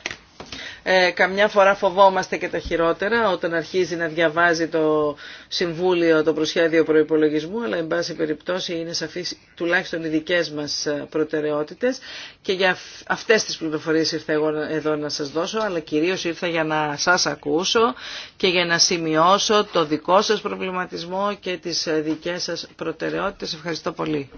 ε, καμιά φορά φοβόμαστε και τα χειρότερα όταν αρχίζει να διαβάζει το Συμβούλιο το προσχέδιο προϋπολογισμού, αλλά εν πάση περιπτώσει είναι σαφείς τουλάχιστον οι δικές μας ε, προτεραιότητες και για αυτές τις πληροφορίες ήρθα εγώ εδώ να σας δώσω, αλλά κυρίως ήρθα για να σας ακούσω και για να σημειώσω το δικό σας προβληματισμό και τις ε, δικές σας προτεραιότητες. Ευχαριστώ πολύ.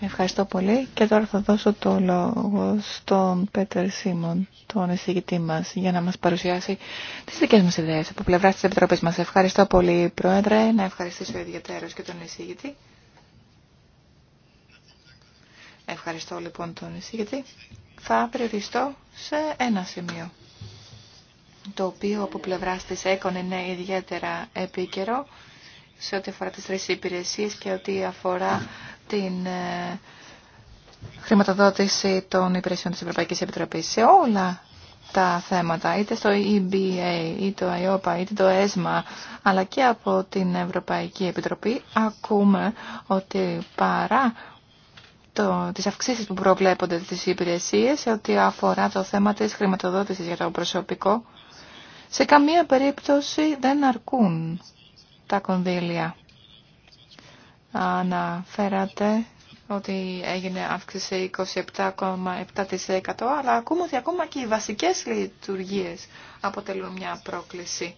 Ευχαριστώ πολύ και τώρα θα δώσω το λόγο στον Πέτερ Σίμον, τον εισηγητή μας για να μας παρουσιάσει τις δικές μας ιδέες από πλευράς της Επιτροπής μας. Ευχαριστώ πολύ Πρόεδρε, να ευχαριστήσω ιδιαίτερος και τον εισηγητή. Ευχαριστώ λοιπόν τον εισηγητή. Θα περιοριστώ σε ένα σημείο το οποίο από πλευρά τη ΕΚΟΝ είναι ιδιαίτερα επίκαιρο σε ό,τι αφορά τι τρει υπηρεσίε και ό,τι αφορά την ε, χρηματοδότηση των υπηρεσιών της Ευρωπαϊκής Επιτροπής. Σε όλα τα θέματα, είτε στο EBA, είτε το IOPA, είτε το ESMA, αλλά και από την Ευρωπαϊκή Επιτροπή, ακούμε ότι παρά το, τις αυξήσεις που προβλέπονται στις υπηρεσίες, ό,τι αφορά το θέμα της χρηματοδότησης για το προσωπικό, σε καμία περίπτωση δεν αρκούν τα κονδύλια. Αναφέρατε ότι έγινε αύξηση 27,7% αλλά ακούμε ότι ακόμα και οι βασικές λειτουργίες αποτελούν μια πρόκληση.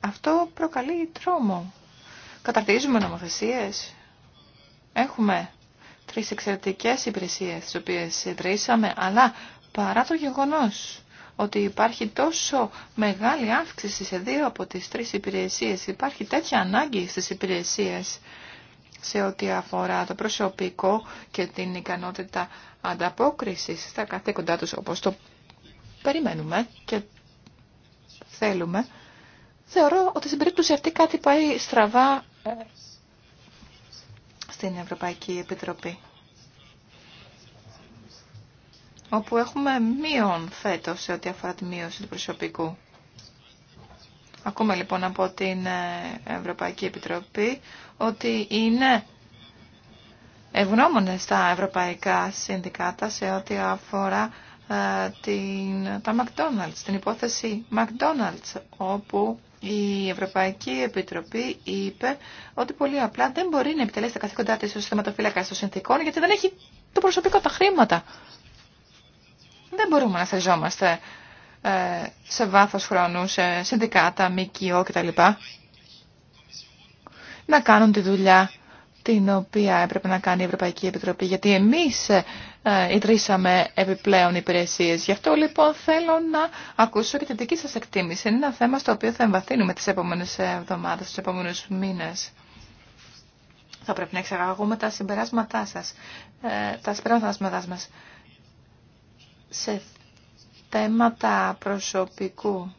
Αυτό προκαλεί τρόμο. Καταρτίζουμε νομοθεσίες. Έχουμε τρεις εξαιρετικές υπηρεσίες τις οποίες ιδρύσαμε, αλλά παρά το γεγονός ότι υπάρχει τόσο μεγάλη αύξηση σε δύο από τις τρεις υπηρεσίες. Υπάρχει τέτοια ανάγκη στις υπηρεσίες σε ό,τι αφορά το προσωπικό και την ικανότητα ανταπόκρισης στα καθήκοντά τους όπως το περιμένουμε και θέλουμε. Θεωρώ ότι στην περίπτωση αυτή κάτι πάει στραβά ε, στην Ευρωπαϊκή Επιτροπή όπου έχουμε μείον φέτος σε ό,τι αφορά τη μείωση του προσωπικού. Ακούμε λοιπόν από την ε, Ευρωπαϊκή Επιτροπή ότι είναι ευγνώμονε τα ευρωπαϊκά συνδικάτα σε ό,τι αφορά ε, την, τα McDonald's, την υπόθεση McDonald's, όπου η Ευρωπαϊκή Επιτροπή είπε ότι πολύ απλά δεν μπορεί να επιτελέσει τα καθήκοντά της ως θεματοφύλακα των συνθήκων γιατί δεν έχει το προσωπικό τα χρήματα μπορούμε να στεζόμαστε ε, σε βάθος χρόνου, σε συνδικάτα, ΜΚΟ κτλ. Να κάνουν τη δουλειά την οποία έπρεπε να κάνει η Ευρωπαϊκή Επιτροπή, γιατί εμείς ε, ιδρύσαμε επιπλέον υπηρεσίες. Γι' αυτό λοιπόν θέλω να ακούσω και την δική σας εκτίμηση. Είναι ένα θέμα στο οποίο θα εμβαθύνουμε τις επόμενες εβδομάδες, τους επόμενους μήνες. Θα πρέπει να εξαγαγούμε τα συμπεράσματά σας, ε, τα συμπεράσματά μας σε θέματα προσωπικού.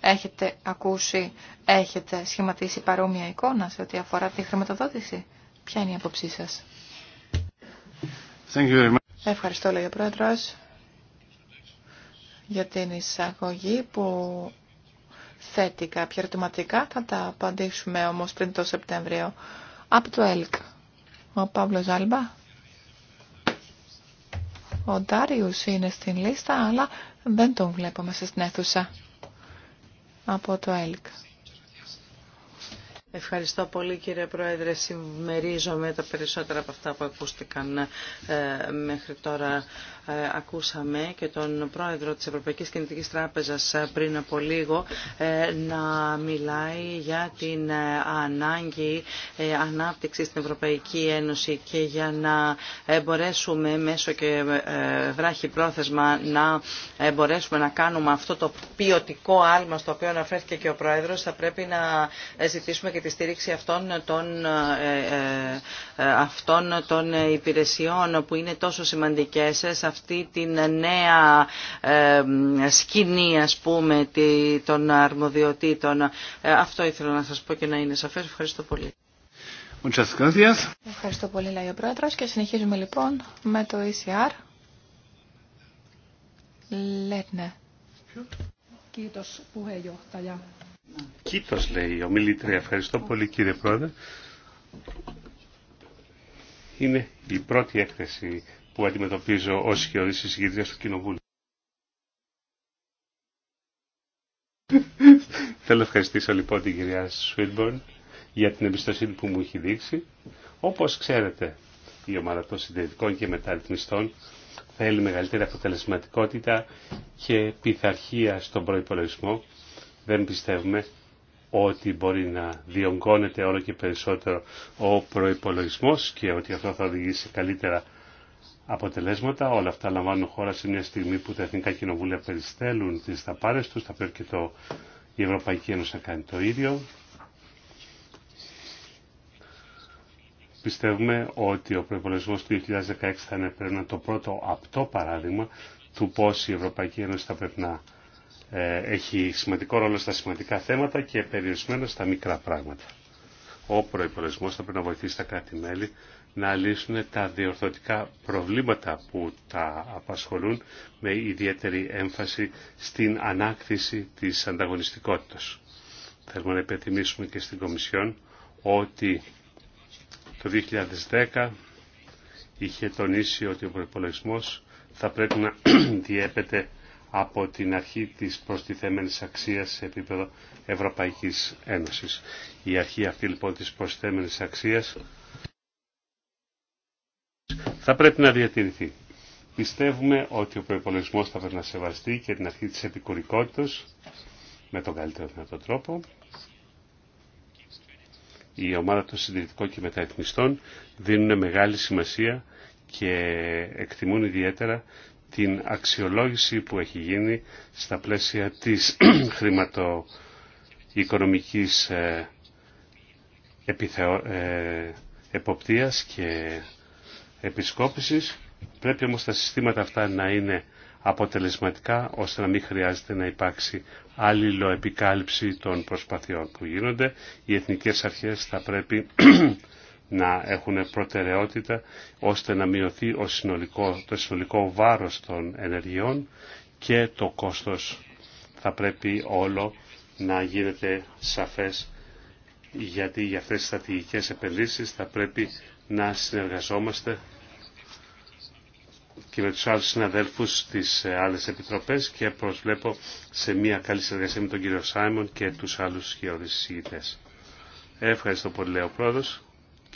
Έχετε ακούσει, έχετε σχηματίσει παρόμοια εικόνα σε ό,τι αφορά τη χρηματοδότηση. Ποια είναι η απόψή σας. Ευχαριστώ, λέει ο Πρόεδρος, για την εισαγωγή που θέτει κάποια ερωτηματικά. Θα τα απαντήσουμε όμως πριν το Σεπτέμβριο. Από το ΕΛΚ. Ο Παύλος Ζάλμπα. Ο Ντάριους είναι στην λίστα, αλλά δεν τον βλέπουμε στην αίθουσα από το ΕΛΚ. Ευχαριστώ πολύ κύριε Πρόεδρε. Συμμερίζομαι τα περισσότερα από αυτά που ακούστηκαν ε, μέχρι τώρα. Ε, ακούσαμε και τον Πρόεδρο της Ευρωπαϊκής Κινητικής Τράπεζας ε, πριν από λίγο να μιλάει για την ανάγκη ανάπτυξης στην Ευρωπαϊκή Ένωση και για να μπορέσουμε μέσω και βράχη πρόθεσμα να μπορέσουμε να κάνουμε αυτό το ποιοτικό άλμα στο οποίο αναφέρθηκε και ο Πρόεδρος θα πρέπει να ζητήσουμε και τη στήριξη αυτών των, ε, ε, ε, αυτών των υπηρεσιών που είναι τόσο σημαντικές σε αυτή την νέα σκηνή ας πούμε των αρμοδιοτήτων. Αυτό ήθελα να σας πω και να είναι σαφές. Ευχαριστώ πολύ. Ευχαριστώ πολύ, λέει ο Πρόεδρος. Και συνεχίζουμε λοιπόν με το ECR. Λέτνε. Kiitos puheenjohtaja. Κίτος λέει ο Μιλήτρια. Ευχαριστώ πολύ κύριε Πρόεδρε. Είναι η πρώτη έκθεση που αντιμετωπίζω ως χειοδής συζητήτρια στο Κοινοβούλου. Θέλω να ευχαριστήσω λοιπόν την κυρία Σουίτμπορν για την εμπιστοσύνη που μου έχει δείξει. Όπως ξέρετε, η ομάδα των συντηρητικών και μεταρρυθμιστών θέλει μεγαλύτερη αποτελεσματικότητα και πειθαρχία στον προϋπολογισμό δεν πιστεύουμε ότι μπορεί να διονγκώνεται όλο και περισσότερο ο προϋπολογισμός και ότι αυτό θα οδηγήσει καλύτερα αποτελέσματα. Όλα αυτά λαμβάνουν χώρα σε μια στιγμή που τα Εθνικά Κοινοβούλια περιστέλουν τις ταπάρες τους, θα πρέπει και το, η Ευρωπαϊκή Ένωση να κάνει το ίδιο. Πιστεύουμε ότι ο προπολογισμό του 2016 θα είναι πρέπει να το πρώτο απτό παράδειγμα του πώς η Ευρωπαϊκή Ένωση θα πρέπει να ε, έχει σημαντικό ρόλο στα σημαντικά θέματα και περιορισμένο στα μικρά πράγματα. Ο προπολογισμό θα πρέπει να βοηθήσει τα κράτη-μέλη να λύσουν τα διορθωτικά προβλήματα που τα απασχολούν με ιδιαίτερη έμφαση στην ανάκτηση της ανταγωνιστικότητας. Θέλουμε να υπενθυμίσουμε και στην Κομισιόν ότι το 2010 είχε τονίσει ότι ο προπολογισμό θα πρέπει να διέπεται από την αρχή της προστιθέμενης αξίας σε επίπεδο Ευρωπαϊκής Ένωσης. Η αρχή αυτή λοιπόν της προστιθέμενης αξίας θα πρέπει να διατηρηθεί. Πιστεύουμε ότι ο προπολογισμό θα πρέπει να σεβαστεί και την αρχή της επικουρικότητας με τον καλύτερο δυνατό τρόπο. Η ομάδα των συντηρητικών και μεταεθνιστών δίνουν μεγάλη σημασία και εκτιμούν ιδιαίτερα την αξιολόγηση που έχει γίνει στα πλαίσια της χρηματοοικονομικής ε, επιθεω... Ε, εποπτείας και επισκόπησης. Πρέπει όμως τα συστήματα αυτά να είναι αποτελεσματικά ώστε να μην χρειάζεται να υπάρξει επικάλυψη των προσπαθειών που γίνονται. Οι εθνικές αρχές θα πρέπει να έχουν προτεραιότητα ώστε να μειωθεί ο συνολικό, το συνολικό βάρος των ενεργειών και το κόστος θα πρέπει όλο να γίνεται σαφές γιατί για αυτές τις στρατηγικές επενδύσεις θα πρέπει να συνεργαζόμαστε και με τους άλλους συναδέλφους στις άλλες επιτροπές και προσβλέπω σε μια καλή συνεργασία με τον κύριο Σάιμον και τους άλλους γεωδησίτες. Ευχαριστώ πολύ, λέει ο πρόεδρος.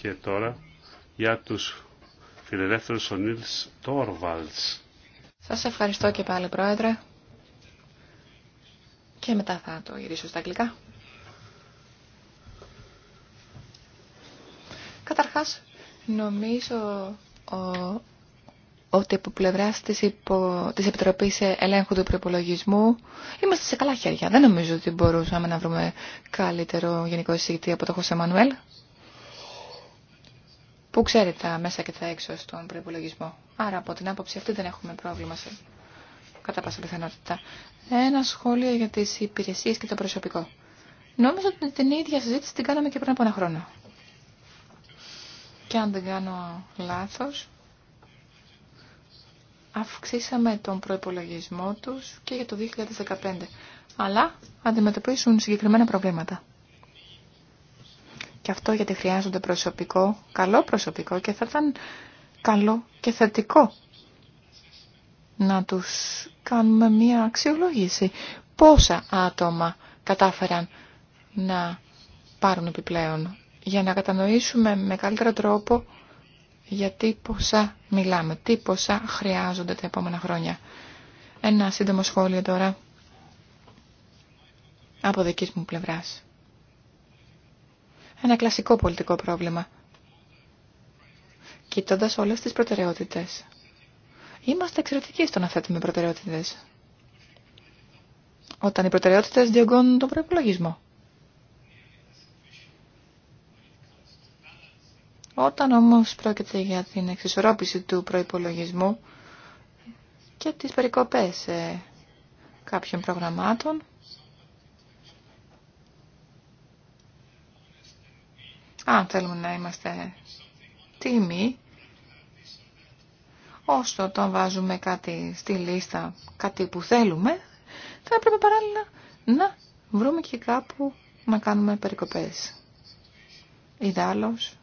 Και τώρα για τους φιλελεύθερους ο Νίλς Τόρβαλτς. Σας ευχαριστώ και πάλι Πρόεδρε. Και μετά θα το γυρίσω στα αγγλικά. Καταρχάς, νομίζω ο, ότι από πλευρά της, υπο, Επιτροπής Ελέγχου του Προπολογισμού είμαστε σε καλά χέρια. Δεν νομίζω ότι μπορούσαμε να βρούμε καλύτερο γενικό εισηγητή από το Χωσέ Μανουέλ που ξέρει τα μέσα και τα έξω στον προπολογισμό. Άρα από την άποψη αυτή δεν έχουμε πρόβλημα σε... κατά πάσα πιθανότητα. Ένα σχόλιο για τι υπηρεσίε και το προσωπικό. Νόμιζα ότι την ίδια συζήτηση την κάναμε και πριν από ένα χρόνο. Και αν δεν κάνω λάθος, αυξήσαμε τον προϋπολογισμό τους και για το 2015. Αλλά αντιμετωπίσουν συγκεκριμένα προβλήματα. Και αυτό γιατί χρειάζονται προσωπικό, καλό προσωπικό και θα ήταν καλό και θετικό να τους κάνουμε μία αξιολόγηση. Πόσα άτομα κατάφεραν να πάρουν επιπλέον για να κατανοήσουμε με καλύτερο τρόπο γιατί ποσά μιλάμε, τι ποσά χρειάζονται τα επόμενα χρόνια. Ένα σύντομο σχόλιο τώρα από δικής μου πλευράς ένα κλασικό πολιτικό πρόβλημα. Κοιτώντας όλες τις προτεραιότητες. Είμαστε εξαιρετικοί στο να θέτουμε προτεραιότητες. Όταν οι προτεραιότητες διωγγώνουν τον προϋπολογισμό. Όταν όμως πρόκειται για την εξισορρόπηση του προϋπολογισμού και τις περικοπές ε, κάποιων προγραμμάτων, αν θέλουμε να είμαστε τίμοι, όσο όταν βάζουμε κάτι στη λίστα, κάτι που θέλουμε, θα έπρεπε παράλληλα να βρούμε και κάπου να κάνουμε περικοπές. Ιδάλλως,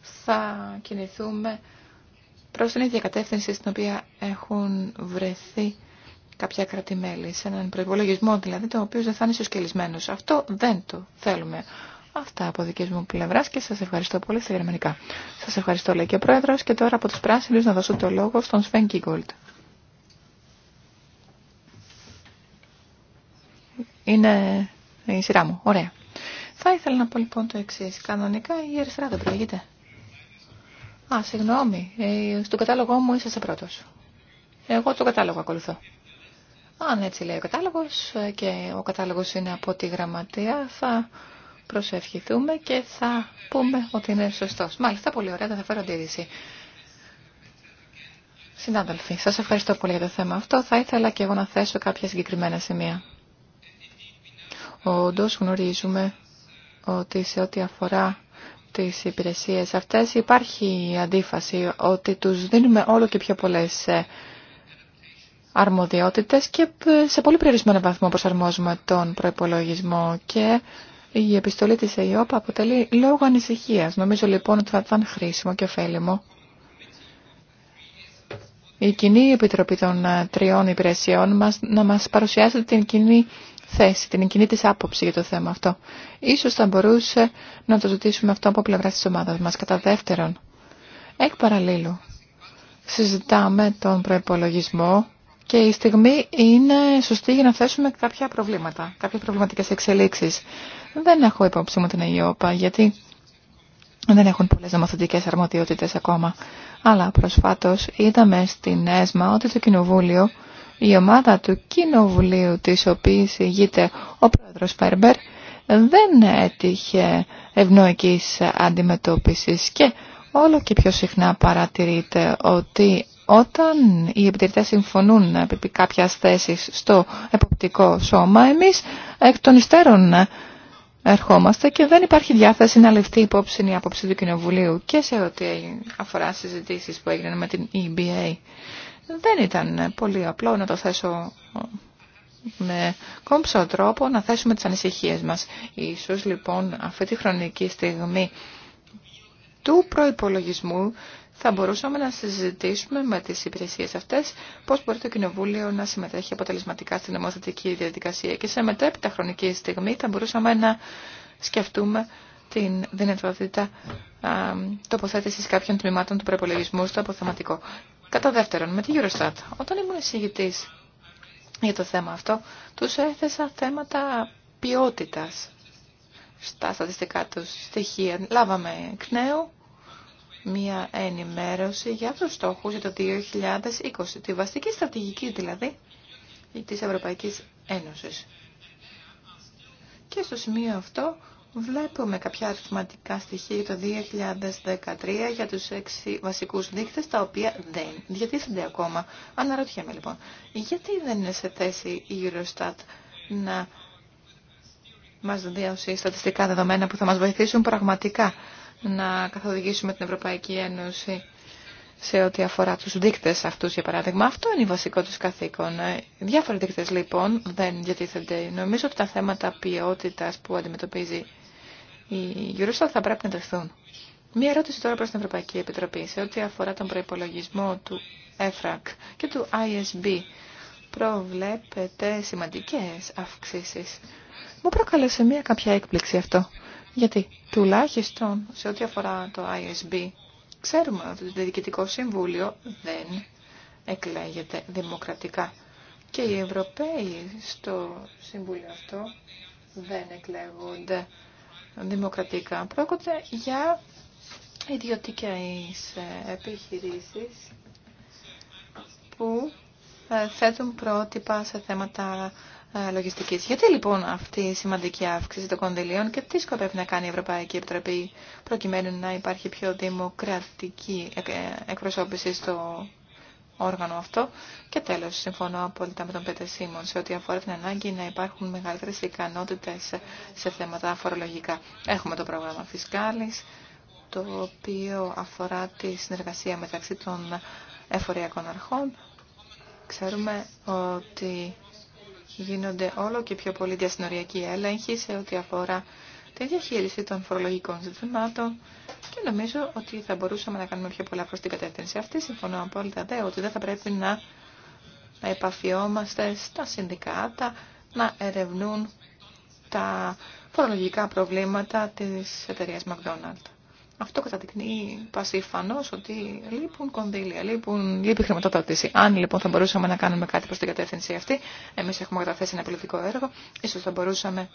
θα κινηθούμε προς την ίδια κατεύθυνση στην οποία έχουν βρεθεί κάποια κρατημέλη, σε έναν προϋπολογισμό δηλαδή, το οποίο δεν θα είναι συσκελισμένος. Αυτό δεν το θέλουμε. Αυτά από δική μου πλευρά και σα ευχαριστώ πολύ στα γερμανικά. Σα ευχαριστώ, λέει και ο Πρόεδρο, και τώρα από του πράσινου να δώσω το λόγο στον Σφεν Κίγκολτ. Είναι η σειρά μου. Ωραία. Θα ήθελα να πω λοιπόν το εξή. Κανονικά η αριστερά δεν προηγείται. Α, συγγνώμη. Ε, στον κατάλογό μου σε πρώτο. Εγώ το κατάλογο ακολουθώ. Αν έτσι λέει ο κατάλογο ε, και ο κατάλογο είναι από τη γραμματεία, θα προσευχηθούμε και θα πούμε ότι είναι σωστό. Μάλιστα, πολύ ωραία, δεν θα φέρω αντίρρηση. Συνάδελφοι, σα ευχαριστώ πολύ για το θέμα αυτό. Θα ήθελα και εγώ να θέσω κάποια συγκεκριμένα σημεία. Όντω γνωρίζουμε ότι σε ό,τι αφορά τις υπηρεσίες αυτές υπάρχει αντίφαση ότι τους δίνουμε όλο και πιο πολλές ε, αρμοδιότητες και ε, σε πολύ περιορισμένο βαθμό προσαρμόζουμε τον προϋπολογισμό και η επιστολή της ΕΙΟΠ αποτελεί λόγο ανησυχίας. Νομίζω λοιπόν ότι θα ήταν χρήσιμο και ωφέλιμο. Η κοινή επιτροπή των ε, τριών υπηρεσιών μας, να μας παρουσιάσει την κοινή θέση, την κοινή της άποψη για το θέμα αυτό. Ίσως θα μπορούσε να το ζητήσουμε αυτό από πλευρά της ομάδας μας. Κατά δεύτερον, εκ παραλίλου, συζητάμε τον προπολογισμό και η στιγμή είναι σωστή για να θέσουμε κάποια προβλήματα, κάποιε προβληματικές εξελίξεις. Δεν έχω υπόψη μου την ΕΙΟΠΑ γιατί δεν έχουν πολλέ νομοθετικέ αρμοδιότητε ακόμα. Αλλά προσφάτω είδαμε στην ΕΣΜΑ ότι το Κοινοβούλιο, η ομάδα του Κοινοβουλίου τη οποία ηγείται ο πρόεδρο Φέρμπερ, δεν έτυχε ευνοϊκής αντιμετώπισης και όλο και πιο συχνά παρατηρείται ότι όταν οι επιτηρητές συμφωνούν επί κάποια θέση στο εποπτικό σώμα, εμείς εκ των υστέρων ερχόμαστε και δεν υπάρχει διάθεση να ληφθεί υπόψη η άποψη του Κοινοβουλίου και σε ό,τι αφορά συζητήσεις που έγιναν με την EBA. Δεν ήταν πολύ απλό να το θέσω με κόμψο τρόπο να θέσουμε τις ανησυχίες μας. Ίσως λοιπόν αυτή τη χρονική στιγμή του προϋπολογισμού θα μπορούσαμε να συζητήσουμε με τις υπηρεσίες αυτές πώς μπορεί το Κοινοβούλιο να συμμετέχει αποτελεσματικά στην νομοθετική διαδικασία και σε μετέπειτα χρονική στιγμή θα μπορούσαμε να σκεφτούμε την δυνατότητα α, τοποθέτησης κάποιων τμήματων του προπολογισμού στο αποθεματικό. Κατά δεύτερον, με τη Eurostat, όταν ήμουν εισηγητής για το θέμα αυτό, τους έθεσα θέματα ποιότητας στα στατιστικά τους στοιχεία. Λάβαμε κνέου μια ενημέρωση για τους στόχους για το 2020, τη βασική στρατηγική δηλαδή της Ευρωπαϊκής Ένωσης. Και στο σημείο αυτό βλέπουμε κάποια αριθματικά στοιχεία για το 2013 για τους έξι βασικούς δείκτες, τα οποία δεν διατίθενται ακόμα. Αναρωτιέμαι λοιπόν, γιατί δεν είναι σε θέση η Eurostat να μας δώσει στατιστικά δεδομένα που θα μας βοηθήσουν πραγματικά να καθοδηγήσουμε την Ευρωπαϊκή Ένωση σε ό,τι αφορά τους δείκτες αυτούς, για παράδειγμα. Αυτό είναι η βασικό τους καθήκον. Ε, διάφοροι δείκτες, λοιπόν, δεν διατίθενται. Νομίζω ότι τα θέματα ποιότητας που αντιμετωπίζει η Γιουρούστα θα πρέπει να τεθούν. Μία ερώτηση τώρα προς την Ευρωπαϊκή Επιτροπή σε ό,τι αφορά τον προϋπολογισμό του ΕΦΡΑΚ και του ISB. Προβλέπετε σημαντικές αυξήσεις. Μου προκαλέσε μία κάποια έκπληξη αυτό. Γιατί τουλάχιστον σε ό,τι αφορά το ISB, ξέρουμε ότι το Διοικητικό Συμβούλιο δεν εκλέγεται δημοκρατικά. Και οι Ευρωπαίοι στο Συμβούλιο αυτό δεν εκλέγονται δημοκρατικά. Πρόκειται για ιδιωτικές επιχειρήσεις που ε, θέτουν πρότυπα σε θέματα ε, λογιστικής. Γιατί λοιπόν αυτή η σημαντική αύξηση των κονδυλίων και τι σκοπεύει να κάνει η Ευρωπαϊκή Επιτροπή προκειμένου να υπάρχει πιο δημοκρατική ε, εκπροσώπηση στο όργανο αυτό. Και τέλο, συμφωνώ απόλυτα με τον Πέτερ Σίμων σε ό,τι αφορά την ανάγκη να υπάρχουν μεγαλύτερε ικανότητε σε θέματα φορολογικά. Έχουμε το πρόγραμμα φυσκάλη, το οποίο αφορά τη συνεργασία μεταξύ των εφοριακών αρχών. Ξέρουμε ότι γίνονται όλο και πιο πολύ διασυνοριακοί έλεγχοι σε ό,τι αφορά τη διαχείριση των φορολογικών ζητημάτων και νομίζω ότι θα μπορούσαμε να κάνουμε πιο πολλά προς την κατεύθυνση αυτή. Συμφωνώ απόλυτα δε ότι δεν θα πρέπει να, να επαφιόμαστε στα συνδικάτα να ερευνούν τα φορολογικά προβλήματα της εταιρείας McDonald's. Αυτό καταδεικνύει πασίφανο ότι λείπουν κονδύλια, λείπουν, λείπει χρηματοδότηση. Αν λοιπόν θα μπορούσαμε να κάνουμε κάτι προ την κατεύθυνση αυτή, εμεί έχουμε καταθέσει ένα πολιτικό έργο, ίσω θα μπορούσαμε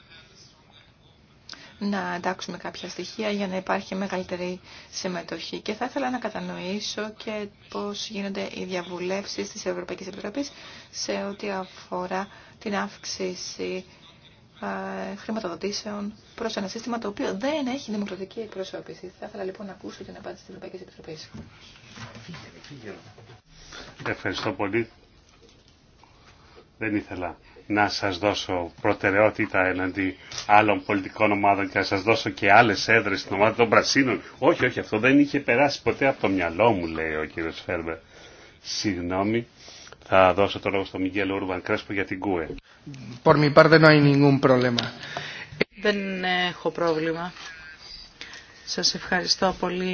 να εντάξουμε κάποια στοιχεία για να υπάρχει μεγαλύτερη συμμετοχή. Και θα ήθελα να κατανοήσω και πώς γίνονται οι διαβουλεύσεις της Ευρωπαϊκής Επιτροπής σε ό,τι αφορά την αύξηση χρηματοδοτήσεων προ ένα σύστημα το οποίο δεν έχει δημοκρατική εκπροσώπηση. Θα ήθελα λοιπόν να ακούσω την απάντηση τη Ευρωπαϊκή Επιτροπή. Ευχαριστώ πολύ. Δεν ήθελα να σας δώσω προτεραιότητα εναντί άλλων πολιτικών ομάδων και να σας δώσω και άλλες έδρες στην ομάδα των Πρασίνων. Όχι, όχι, αυτό δεν είχε περάσει ποτέ από το μυαλό μου, λέει ο κύριος Φέρμπερ. Συγγνώμη θα δώσω το λόγο στον Μιγγέλ Ούρβαν Κρέσπο για την ΚΟΕ. Δεν έχω πρόβλημα. Σας ευχαριστώ πολύ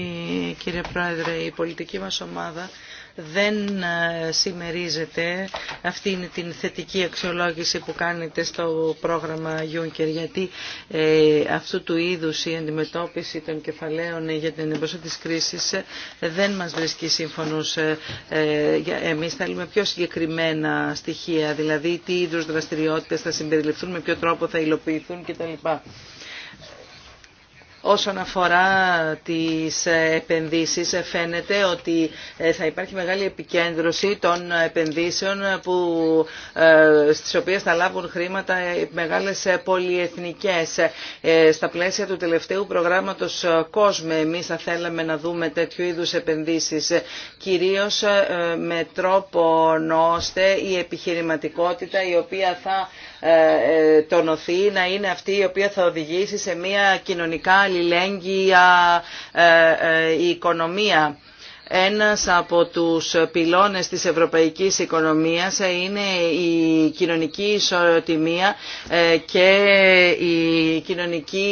κύριε Πρόεδρε. Η πολιτική μας ομάδα δεν ε, συμμερίζεται αυτή την θετική αξιολόγηση που κάνετε στο πρόγραμμα Juncker γιατί ε, αυτού του είδους η αντιμετώπιση των κεφαλαίων για την εμπόσχα της κρίσης ε, δεν μας βρίσκει σύμφωνος. Εμείς θέλουμε πιο συγκεκριμένα στοιχεία, δηλαδή τι είδους δραστηριότητες θα συμπεριληφθούν, με ποιο τρόπο θα υλοποιηθούν κτλ. Όσον αφορά τις επενδύσεις, φαίνεται ότι ε, θα υπάρχει μεγάλη επικέντρωση των επενδύσεων που, ε, στις οποίες θα λάβουν χρήματα ε, μεγάλες πολυεθνικές. Στα πλαίσια του τελευταίου προγράμματος COSME εμείς θα θέλαμε να δούμε τέτοιου είδους επενδύσεις, κυρίως με τρόπο ώστε η επιχειρηματικότητα η οποία θα ε, ε, τονωθεί, να είναι αυτή η οποία θα οδηγήσει σε μια κοινωνικά αλληλέγγυα ε, οικονομία. Ένας από τους πυλώνες της ευρωπαϊκής οικονομίας είναι η κοινωνική ισορροτιμία ε, και η κοινωνική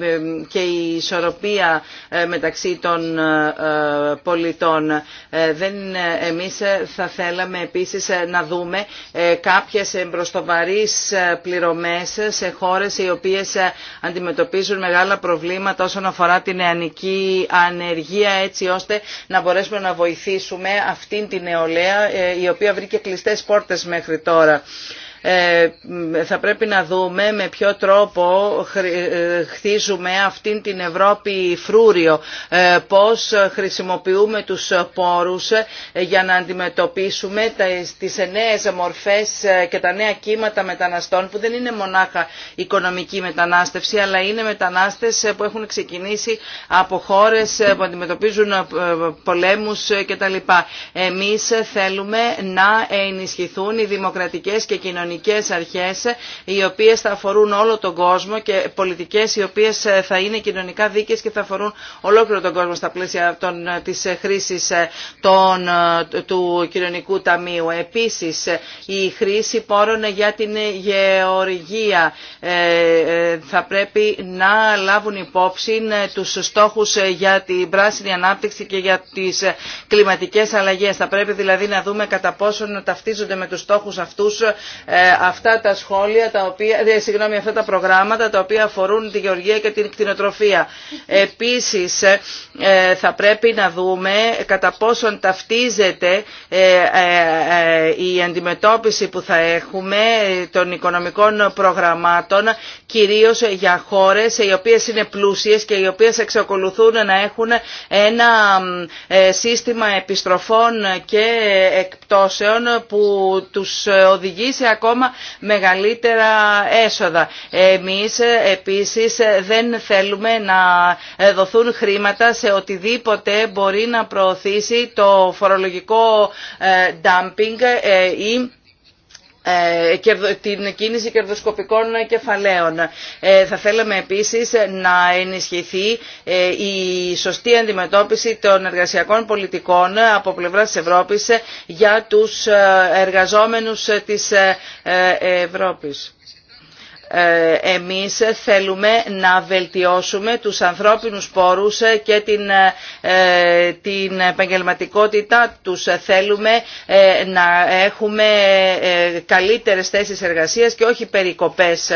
ε, και η ισορροπία ε, μεταξύ των πολιτών. Δεν εμείς θα θέλαμε επίσης να δούμε κάποιες εμπροστοβαρείς πληρωμές σε χώρες οι οποίες αντιμετωπίζουν μεγάλα προβλήματα όσον αφορά την νεανική ανεργία έτσι ώστε να μπορέσουμε να βοηθήσουμε αυτήν την νεολαία ε, η οποία βρήκε κλειστές πόρτες μέχρι τώρα. Ε, θα πρέπει να δούμε με ποιο τρόπο ε, χτίζουμε αυτήν την Ευρώπη φρούριο, ε, πώς χρησιμοποιούμε τους πόρους για να αντιμετωπίσουμε τις νέες μορφές και τα νέα κύματα μεταναστών που δεν είναι μονάχα οικονομική μετανάστευση αλλά είναι μετανάστες που έχουν ξεκινήσει από χώρες που αντιμετωπίζουν πολέμους κτλ. Εμείς θέλουμε να ενισχυθούν οι δημοκρατικές και κοινωνικές κοινωνικές αρχές οι οποίες θα αφορούν όλο τον κόσμο και πολιτικές οι οποίες ε, θα είναι κοινωνικά δίκαιες και θα αφορούν ολόκληρο τον κόσμο στα πλαίσια των, ε, της ε, χρήσης των, του κοινωνικού ταμείου. Επίσης η χρήση πόρων για την γεωργία θα πρέπει να λάβουν υπόψη τους στόχους για την πράσινη ανάπτυξη και για τις κλιματικές αλλαγές. Θα πρέπει δηλαδή να δούμε κατά πόσον ταυτίζονται με τους στόχους αυτούς ε, αυτά τα σχόλια, τα οποία, ε, συγγνώμη, αυτά τα προγράμματα τα οποία αφορούν τη γεωργία και την κτηνοτροφία. Επίσης ε, θα πρέπει να δούμε κατά πόσον ταυτίζεται η αντιμετώπιση που θα έχουμε των οικονομικών προγραμμάτων κυρίως για χώρες οι οποίες είναι πλούσιες και οι οποίες εξακολουθούν να έχουν ένα σύστημα επιστροφών και εκπτώσεων που τους οδηγεί σε ακόμα μεγαλύτερα έσοδα. Εμείς επίσης δεν θέλουμε να δοθούν χρήματα σε οτιδήποτε μπορεί να προωθήσει το φορολογικό ε, dumping ε, ή ε, την κίνηση κερδοσκοπικών κεφαλαίων. Ε, θα θέλαμε επίσης να ενισχυθεί ε, η σωστή αντιμετώπιση των εργασιακών πολιτικών από πλευρά της Ευρώπης για τους εργαζόμενους της Ευρώπης. Ε, εμείς θέλουμε να βελτιώσουμε τους ανθρώπινους πόρους και την, ε, την επαγγελματικότητά τους. Θέλουμε ε, να έχουμε καλύτερες θέσεις εργασίας και όχι περικοπές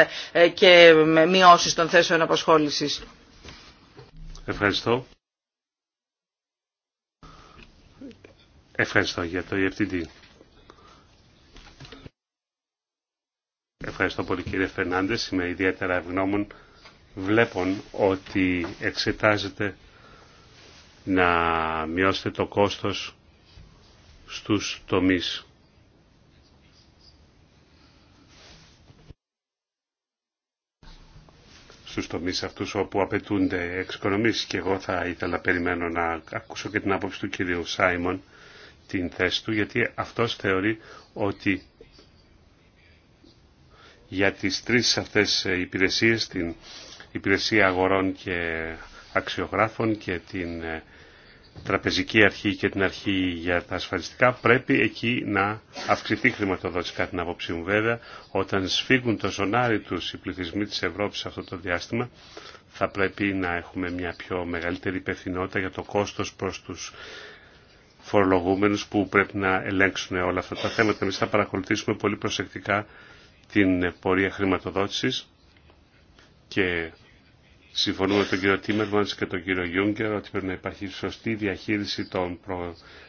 και μειώσεις των θέσεων απασχόλησης. Ευχαριστώ. Ευχαριστώ για το EFTD. Ευχαριστώ πολύ κύριε Φερνάντες. Είμαι ιδιαίτερα ευγνώμων. Βλέπω ότι εξετάζεται να μειώσετε το κόστος στους τομείς. Στους τομείς αυτούς όπου απαιτούνται εξοικονομήσεις και εγώ θα ήθελα περιμένω να ακούσω και την άποψη του κυρίου Σάιμον την θέση του γιατί αυτός θεωρεί ότι για τις τρεις αυτές ε, υπηρεσίες, την Υπηρεσία Αγορών και Αξιογράφων και την ε, Τραπεζική Αρχή και την Αρχή για τα Ασφαλιστικά, πρέπει εκεί να αυξηθεί η χρηματοδότηση κατά την άποψή μου. Βέβαια, όταν σφίγγουν το ζωνάρι τους οι πληθυσμοί της Ευρώπης σε αυτό το διάστημα, θα πρέπει να έχουμε μια πιο μεγαλύτερη υπευθυνότητα για το κόστος προς τους φορολογούμενους που πρέπει να ελέγξουν όλα αυτά τα θέματα. Εμείς θα παρακολουθήσουμε πολύ προσεκτικά την πορεία χρηματοδότησης και συμφωνούμε με τον κύριο Τίμερμαντς και τον κύριο Γιούγκερ ότι πρέπει να υπάρχει σωστή διαχείριση των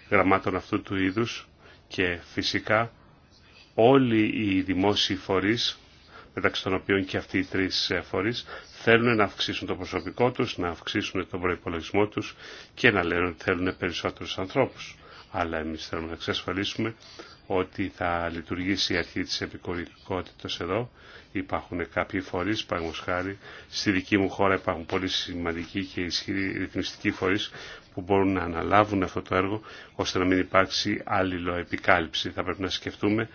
προγραμμάτων αυτού του είδους και φυσικά όλοι οι δημόσιοι φορείς μεταξύ των οποίων και αυτοί οι τρεις ε, φορείς θέλουν να αυξήσουν το προσωπικό τους, να αυξήσουν τον προϋπολογισμό τους και να λένε ότι θέλουν περισσότερους ανθρώπους. Αλλά εμείς θέλουμε να εξασφαλίσουμε ότι θα λειτουργήσει η αρχή της επικορικότητας εδώ. Υπάρχουν κάποιοι φορείς, παραγωγός στη δική μου χώρα υπάρχουν πολύ σημαντικοί και ισχυροί ρυθμιστικοί φορείς που μπορούν να αναλάβουν αυτό το έργο ώστε να μην υπάρξει επικάλυψη. Θα πρέπει να σκεφτούμε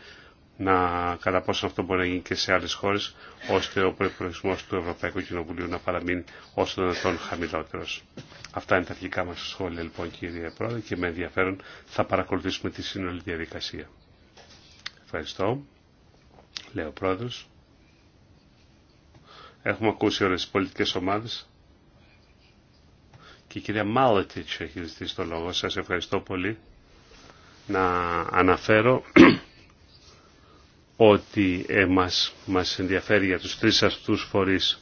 να κατά πόσο αυτό μπορεί να γίνει και σε άλλες χώρες ώστε ο προϋπολογισμός του Ευρωπαϊκού Κοινοβουλίου να παραμείνει όσο το δυνατόν χαμηλότερος. Αυτά είναι τα αρχικά μας σχόλια λοιπόν κύριε Πρόεδρε και με ενδιαφέρον θα παρακολουθήσουμε τη σύνολη διαδικασία. Ευχαριστώ. Λέω ο πρόεδρο. Έχουμε ακούσει όλε τι πολιτικέ ομάδε Και η κυρία Μάλετιτ έχει ζητήσει το λόγο. Σα ευχαριστώ πολύ. Να αναφέρω ότι εμάς μας ενδιαφέρει για τους τρεις αυτούς φορείς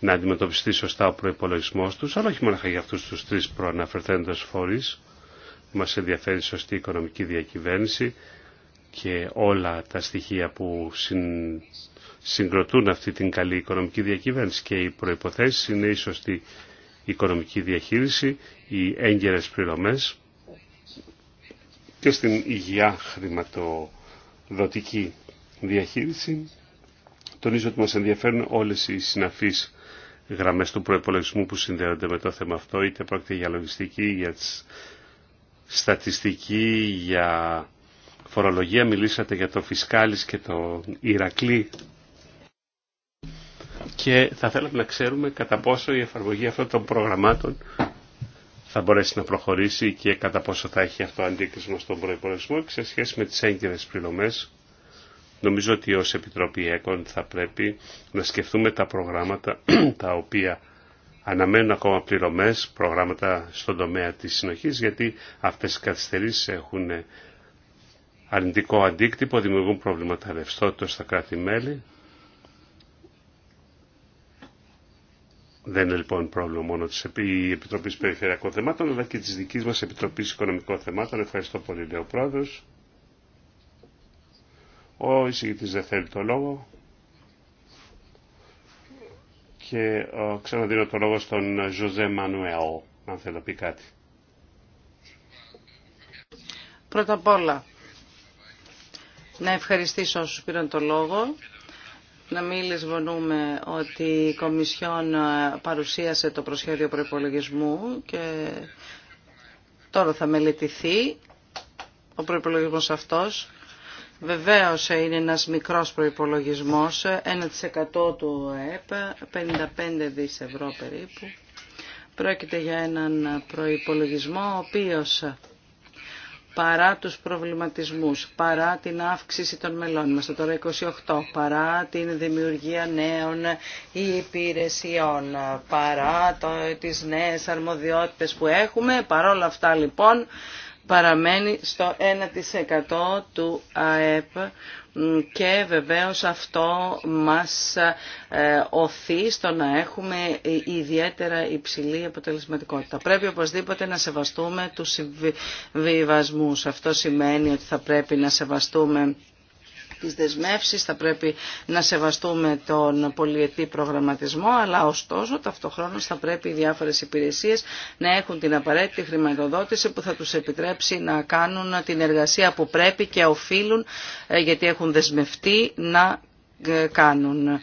να αντιμετωπιστεί σωστά ο προπολογισμό τους, αλλά όχι μόνο για αυτούς τους τρεις προαναφερθέντες φορείς. Μας ενδιαφέρει σωστή οικονομική διακυβέρνηση, και όλα τα στοιχεία που συγκροτούν αυτή την καλή οικονομική διακυβέρνηση και οι προϋποθέσεις είναι η σωστή οικονομική διαχείριση, οι έγκαιρες πληρωμές και στην υγεία χρηματοδοτική διαχείριση. Τονίζω ότι μας ενδιαφέρουν όλες οι συναφείς γραμμές του προϋπολογισμού που συνδέονται με το θέμα αυτό, είτε πρόκειται για λογιστική, για στατιστική, για φορολογία, μιλήσατε για το Φισκάλης και το Ηρακλή και θα θέλαμε να ξέρουμε κατά πόσο η εφαρμογή αυτών των προγραμμάτων θα μπορέσει να προχωρήσει και κατά πόσο θα έχει αυτό αντίκρισμα στον προϋπολογισμό σε σχέση με τις έγκυρες πληρωμές. Νομίζω ότι ως Επιτροπή ΕΚΟΝ θα πρέπει να σκεφτούμε τα προγράμματα τα οποία αναμένουν ακόμα πληρωμές, προγράμματα στον τομέα της συνοχής, γιατί αυτές οι καθυστερήσεις έχουν αρνητικό αντίκτυπο, δημιουργούν προβλήματα ρευστότητα στα κράτη-μέλη. Δεν είναι λοιπόν πρόβλημα μόνο της Επιτροπής Περιφερειακών Θεμάτων, αλλά και της δικής μας Επιτροπής Οικονομικών Θεμάτων. Ευχαριστώ πολύ, λέει ο Πρόεδρος. Ο εισηγητής δεν θέλει το λόγο. Και ο, ξαναδίνω το λόγο στον Ζωζέ Μανουεό, αν θέλει να πει κάτι. Πρώτα απ' όλα, να ευχαριστήσω όσους πήραν το λόγο. Να μην λησβονούμε ότι η Κομισιόν ε, παρουσίασε το προσχέδιο προϋπολογισμού και τώρα θα μελετηθεί ο προϋπολογισμός αυτός. Βεβαίως ε, είναι ένας μικρός προϋπολογισμός, 1% ε, του ΕΕΠ, 55 δις ευρώ περίπου. Πρόκειται για έναν προϋπολογισμό ο οποίος παρά τους προβληματισμούς, παρά την αύξηση των μελών μας, το τώρα 28, παρά την δημιουργία νέων υπηρεσιών, παρά το, τις νέες αρμοδιότητες που έχουμε, παρόλα αυτά λοιπόν παραμένει στο 1% του ΑΕΠ και βεβαίως αυτό μας ε, οθεί στο να έχουμε ε, ιδιαίτερα υψηλή αποτελεσματικότητα. Πρέπει οπωσδήποτε να σεβαστούμε τους συμβιβασμούς. Αυτό σημαίνει ότι θα πρέπει να σεβαστούμε τις δεσμεύσεις, θα πρέπει να σεβαστούμε τον πολιετή προγραμματισμό, αλλά ωστόσο ταυτόχρονα θα πρέπει οι διάφορες υπηρεσίες να έχουν την απαραίτητη χρηματοδότηση που θα τους επιτρέψει να κάνουν την εργασία που πρέπει και οφείλουν ε, γιατί έχουν δεσμευτεί να ε, κάνουν.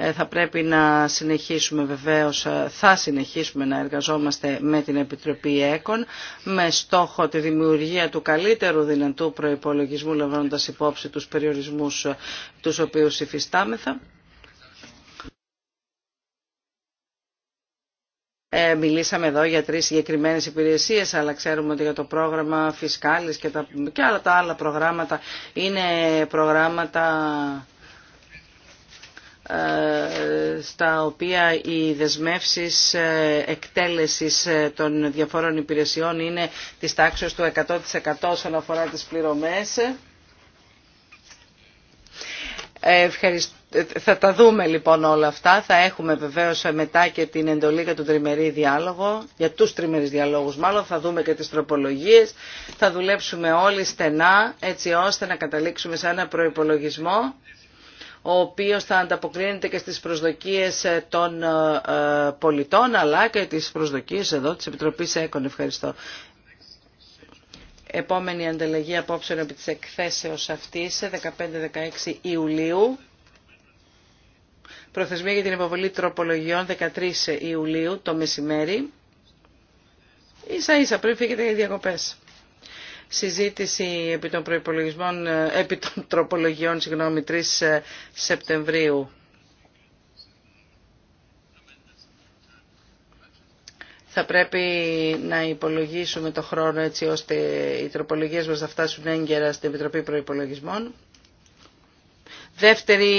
Ε, θα πρέπει να συνεχίσουμε βεβαίως, ε, θα συνεχίσουμε να εργαζόμαστε με την Επιτροπή ΕΚΟΝ με στόχο τη δημιουργία του καλύτερου δυνατού προϋπολογισμού λαμβάνοντας υπόψη τους περιορισμούς ε, τους οποίους υφιστάμεθα. Ε, μιλήσαμε εδώ για τρεις συγκεκριμένες υπηρεσίες, αλλά ξέρουμε ότι για το πρόγραμμα φυσκάλης και, τα, και άλλα τα άλλα προγράμματα είναι προγράμματα στα οποία οι δεσμεύσεις εκτέλεσης των διαφόρων υπηρεσιών είναι της τάξης του 100% όσον αφορά τις πληρωμές. Θα τα δούμε λοιπόν όλα αυτά. Θα έχουμε βεβαίως μετά και την εντολή για τον τριμερή διάλογο, για τους τριμερείς διαλόγους μάλλον. Θα δούμε και τις τροπολογίες. Θα δουλέψουμε όλοι στενά έτσι ώστε να καταλήξουμε σε ένα προϋπολογισμό ο οποίος θα ανταποκρίνεται και στις προσδοκίες ε, των ε, ε, πολιτών αλλά και τις προσδοκίες εδώ της Επιτροπής ΕΚΟΝ. Ευχαριστώ. Επόμενη ανταλλαγή απόψεων από τις εκθέσεως αυτής, 15-16 Ιουλίου. Προθεσμία για την υποβολή τροπολογιών 13 Ιουλίου το μεσημέρι. Ίσα ίσα πριν φύγετε για διακοπές συζήτηση επί των, προϋπολογισμών, ε, επί των τροπολογιών συγγνώμη, 3 ε, Σεπτεμβρίου. Θα πρέπει να υπολογίσουμε το χρόνο έτσι ώστε οι τροπολογίες μας να φτάσουν έγκαιρα στην Επιτροπή Προϋπολογισμών. Δεύτερη,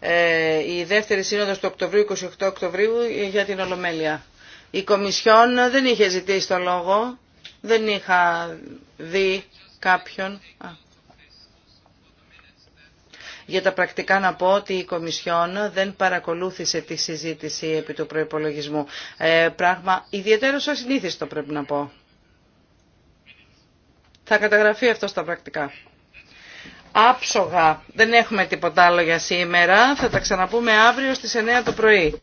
ε, η δεύτερη σύνοδος του Οκτωβρίου, 28 Οκτωβρίου για την Ολομέλεια. Η Κομισιόν δεν είχε ζητήσει το λόγο, δεν είχα δει κάποιον... Για τα πρακτικά να πω ότι η Κομισιόν δεν παρακολούθησε τη συζήτηση επί του προϋπολογισμού. Ε, πράγμα ιδιαίτερος ασυνήθιστο πρέπει να πω. Θα καταγραφεί αυτό στα πρακτικά. Άψογα. Δεν έχουμε τίποτα άλλο για σήμερα. Θα τα ξαναπούμε αύριο στις 9 το πρωί.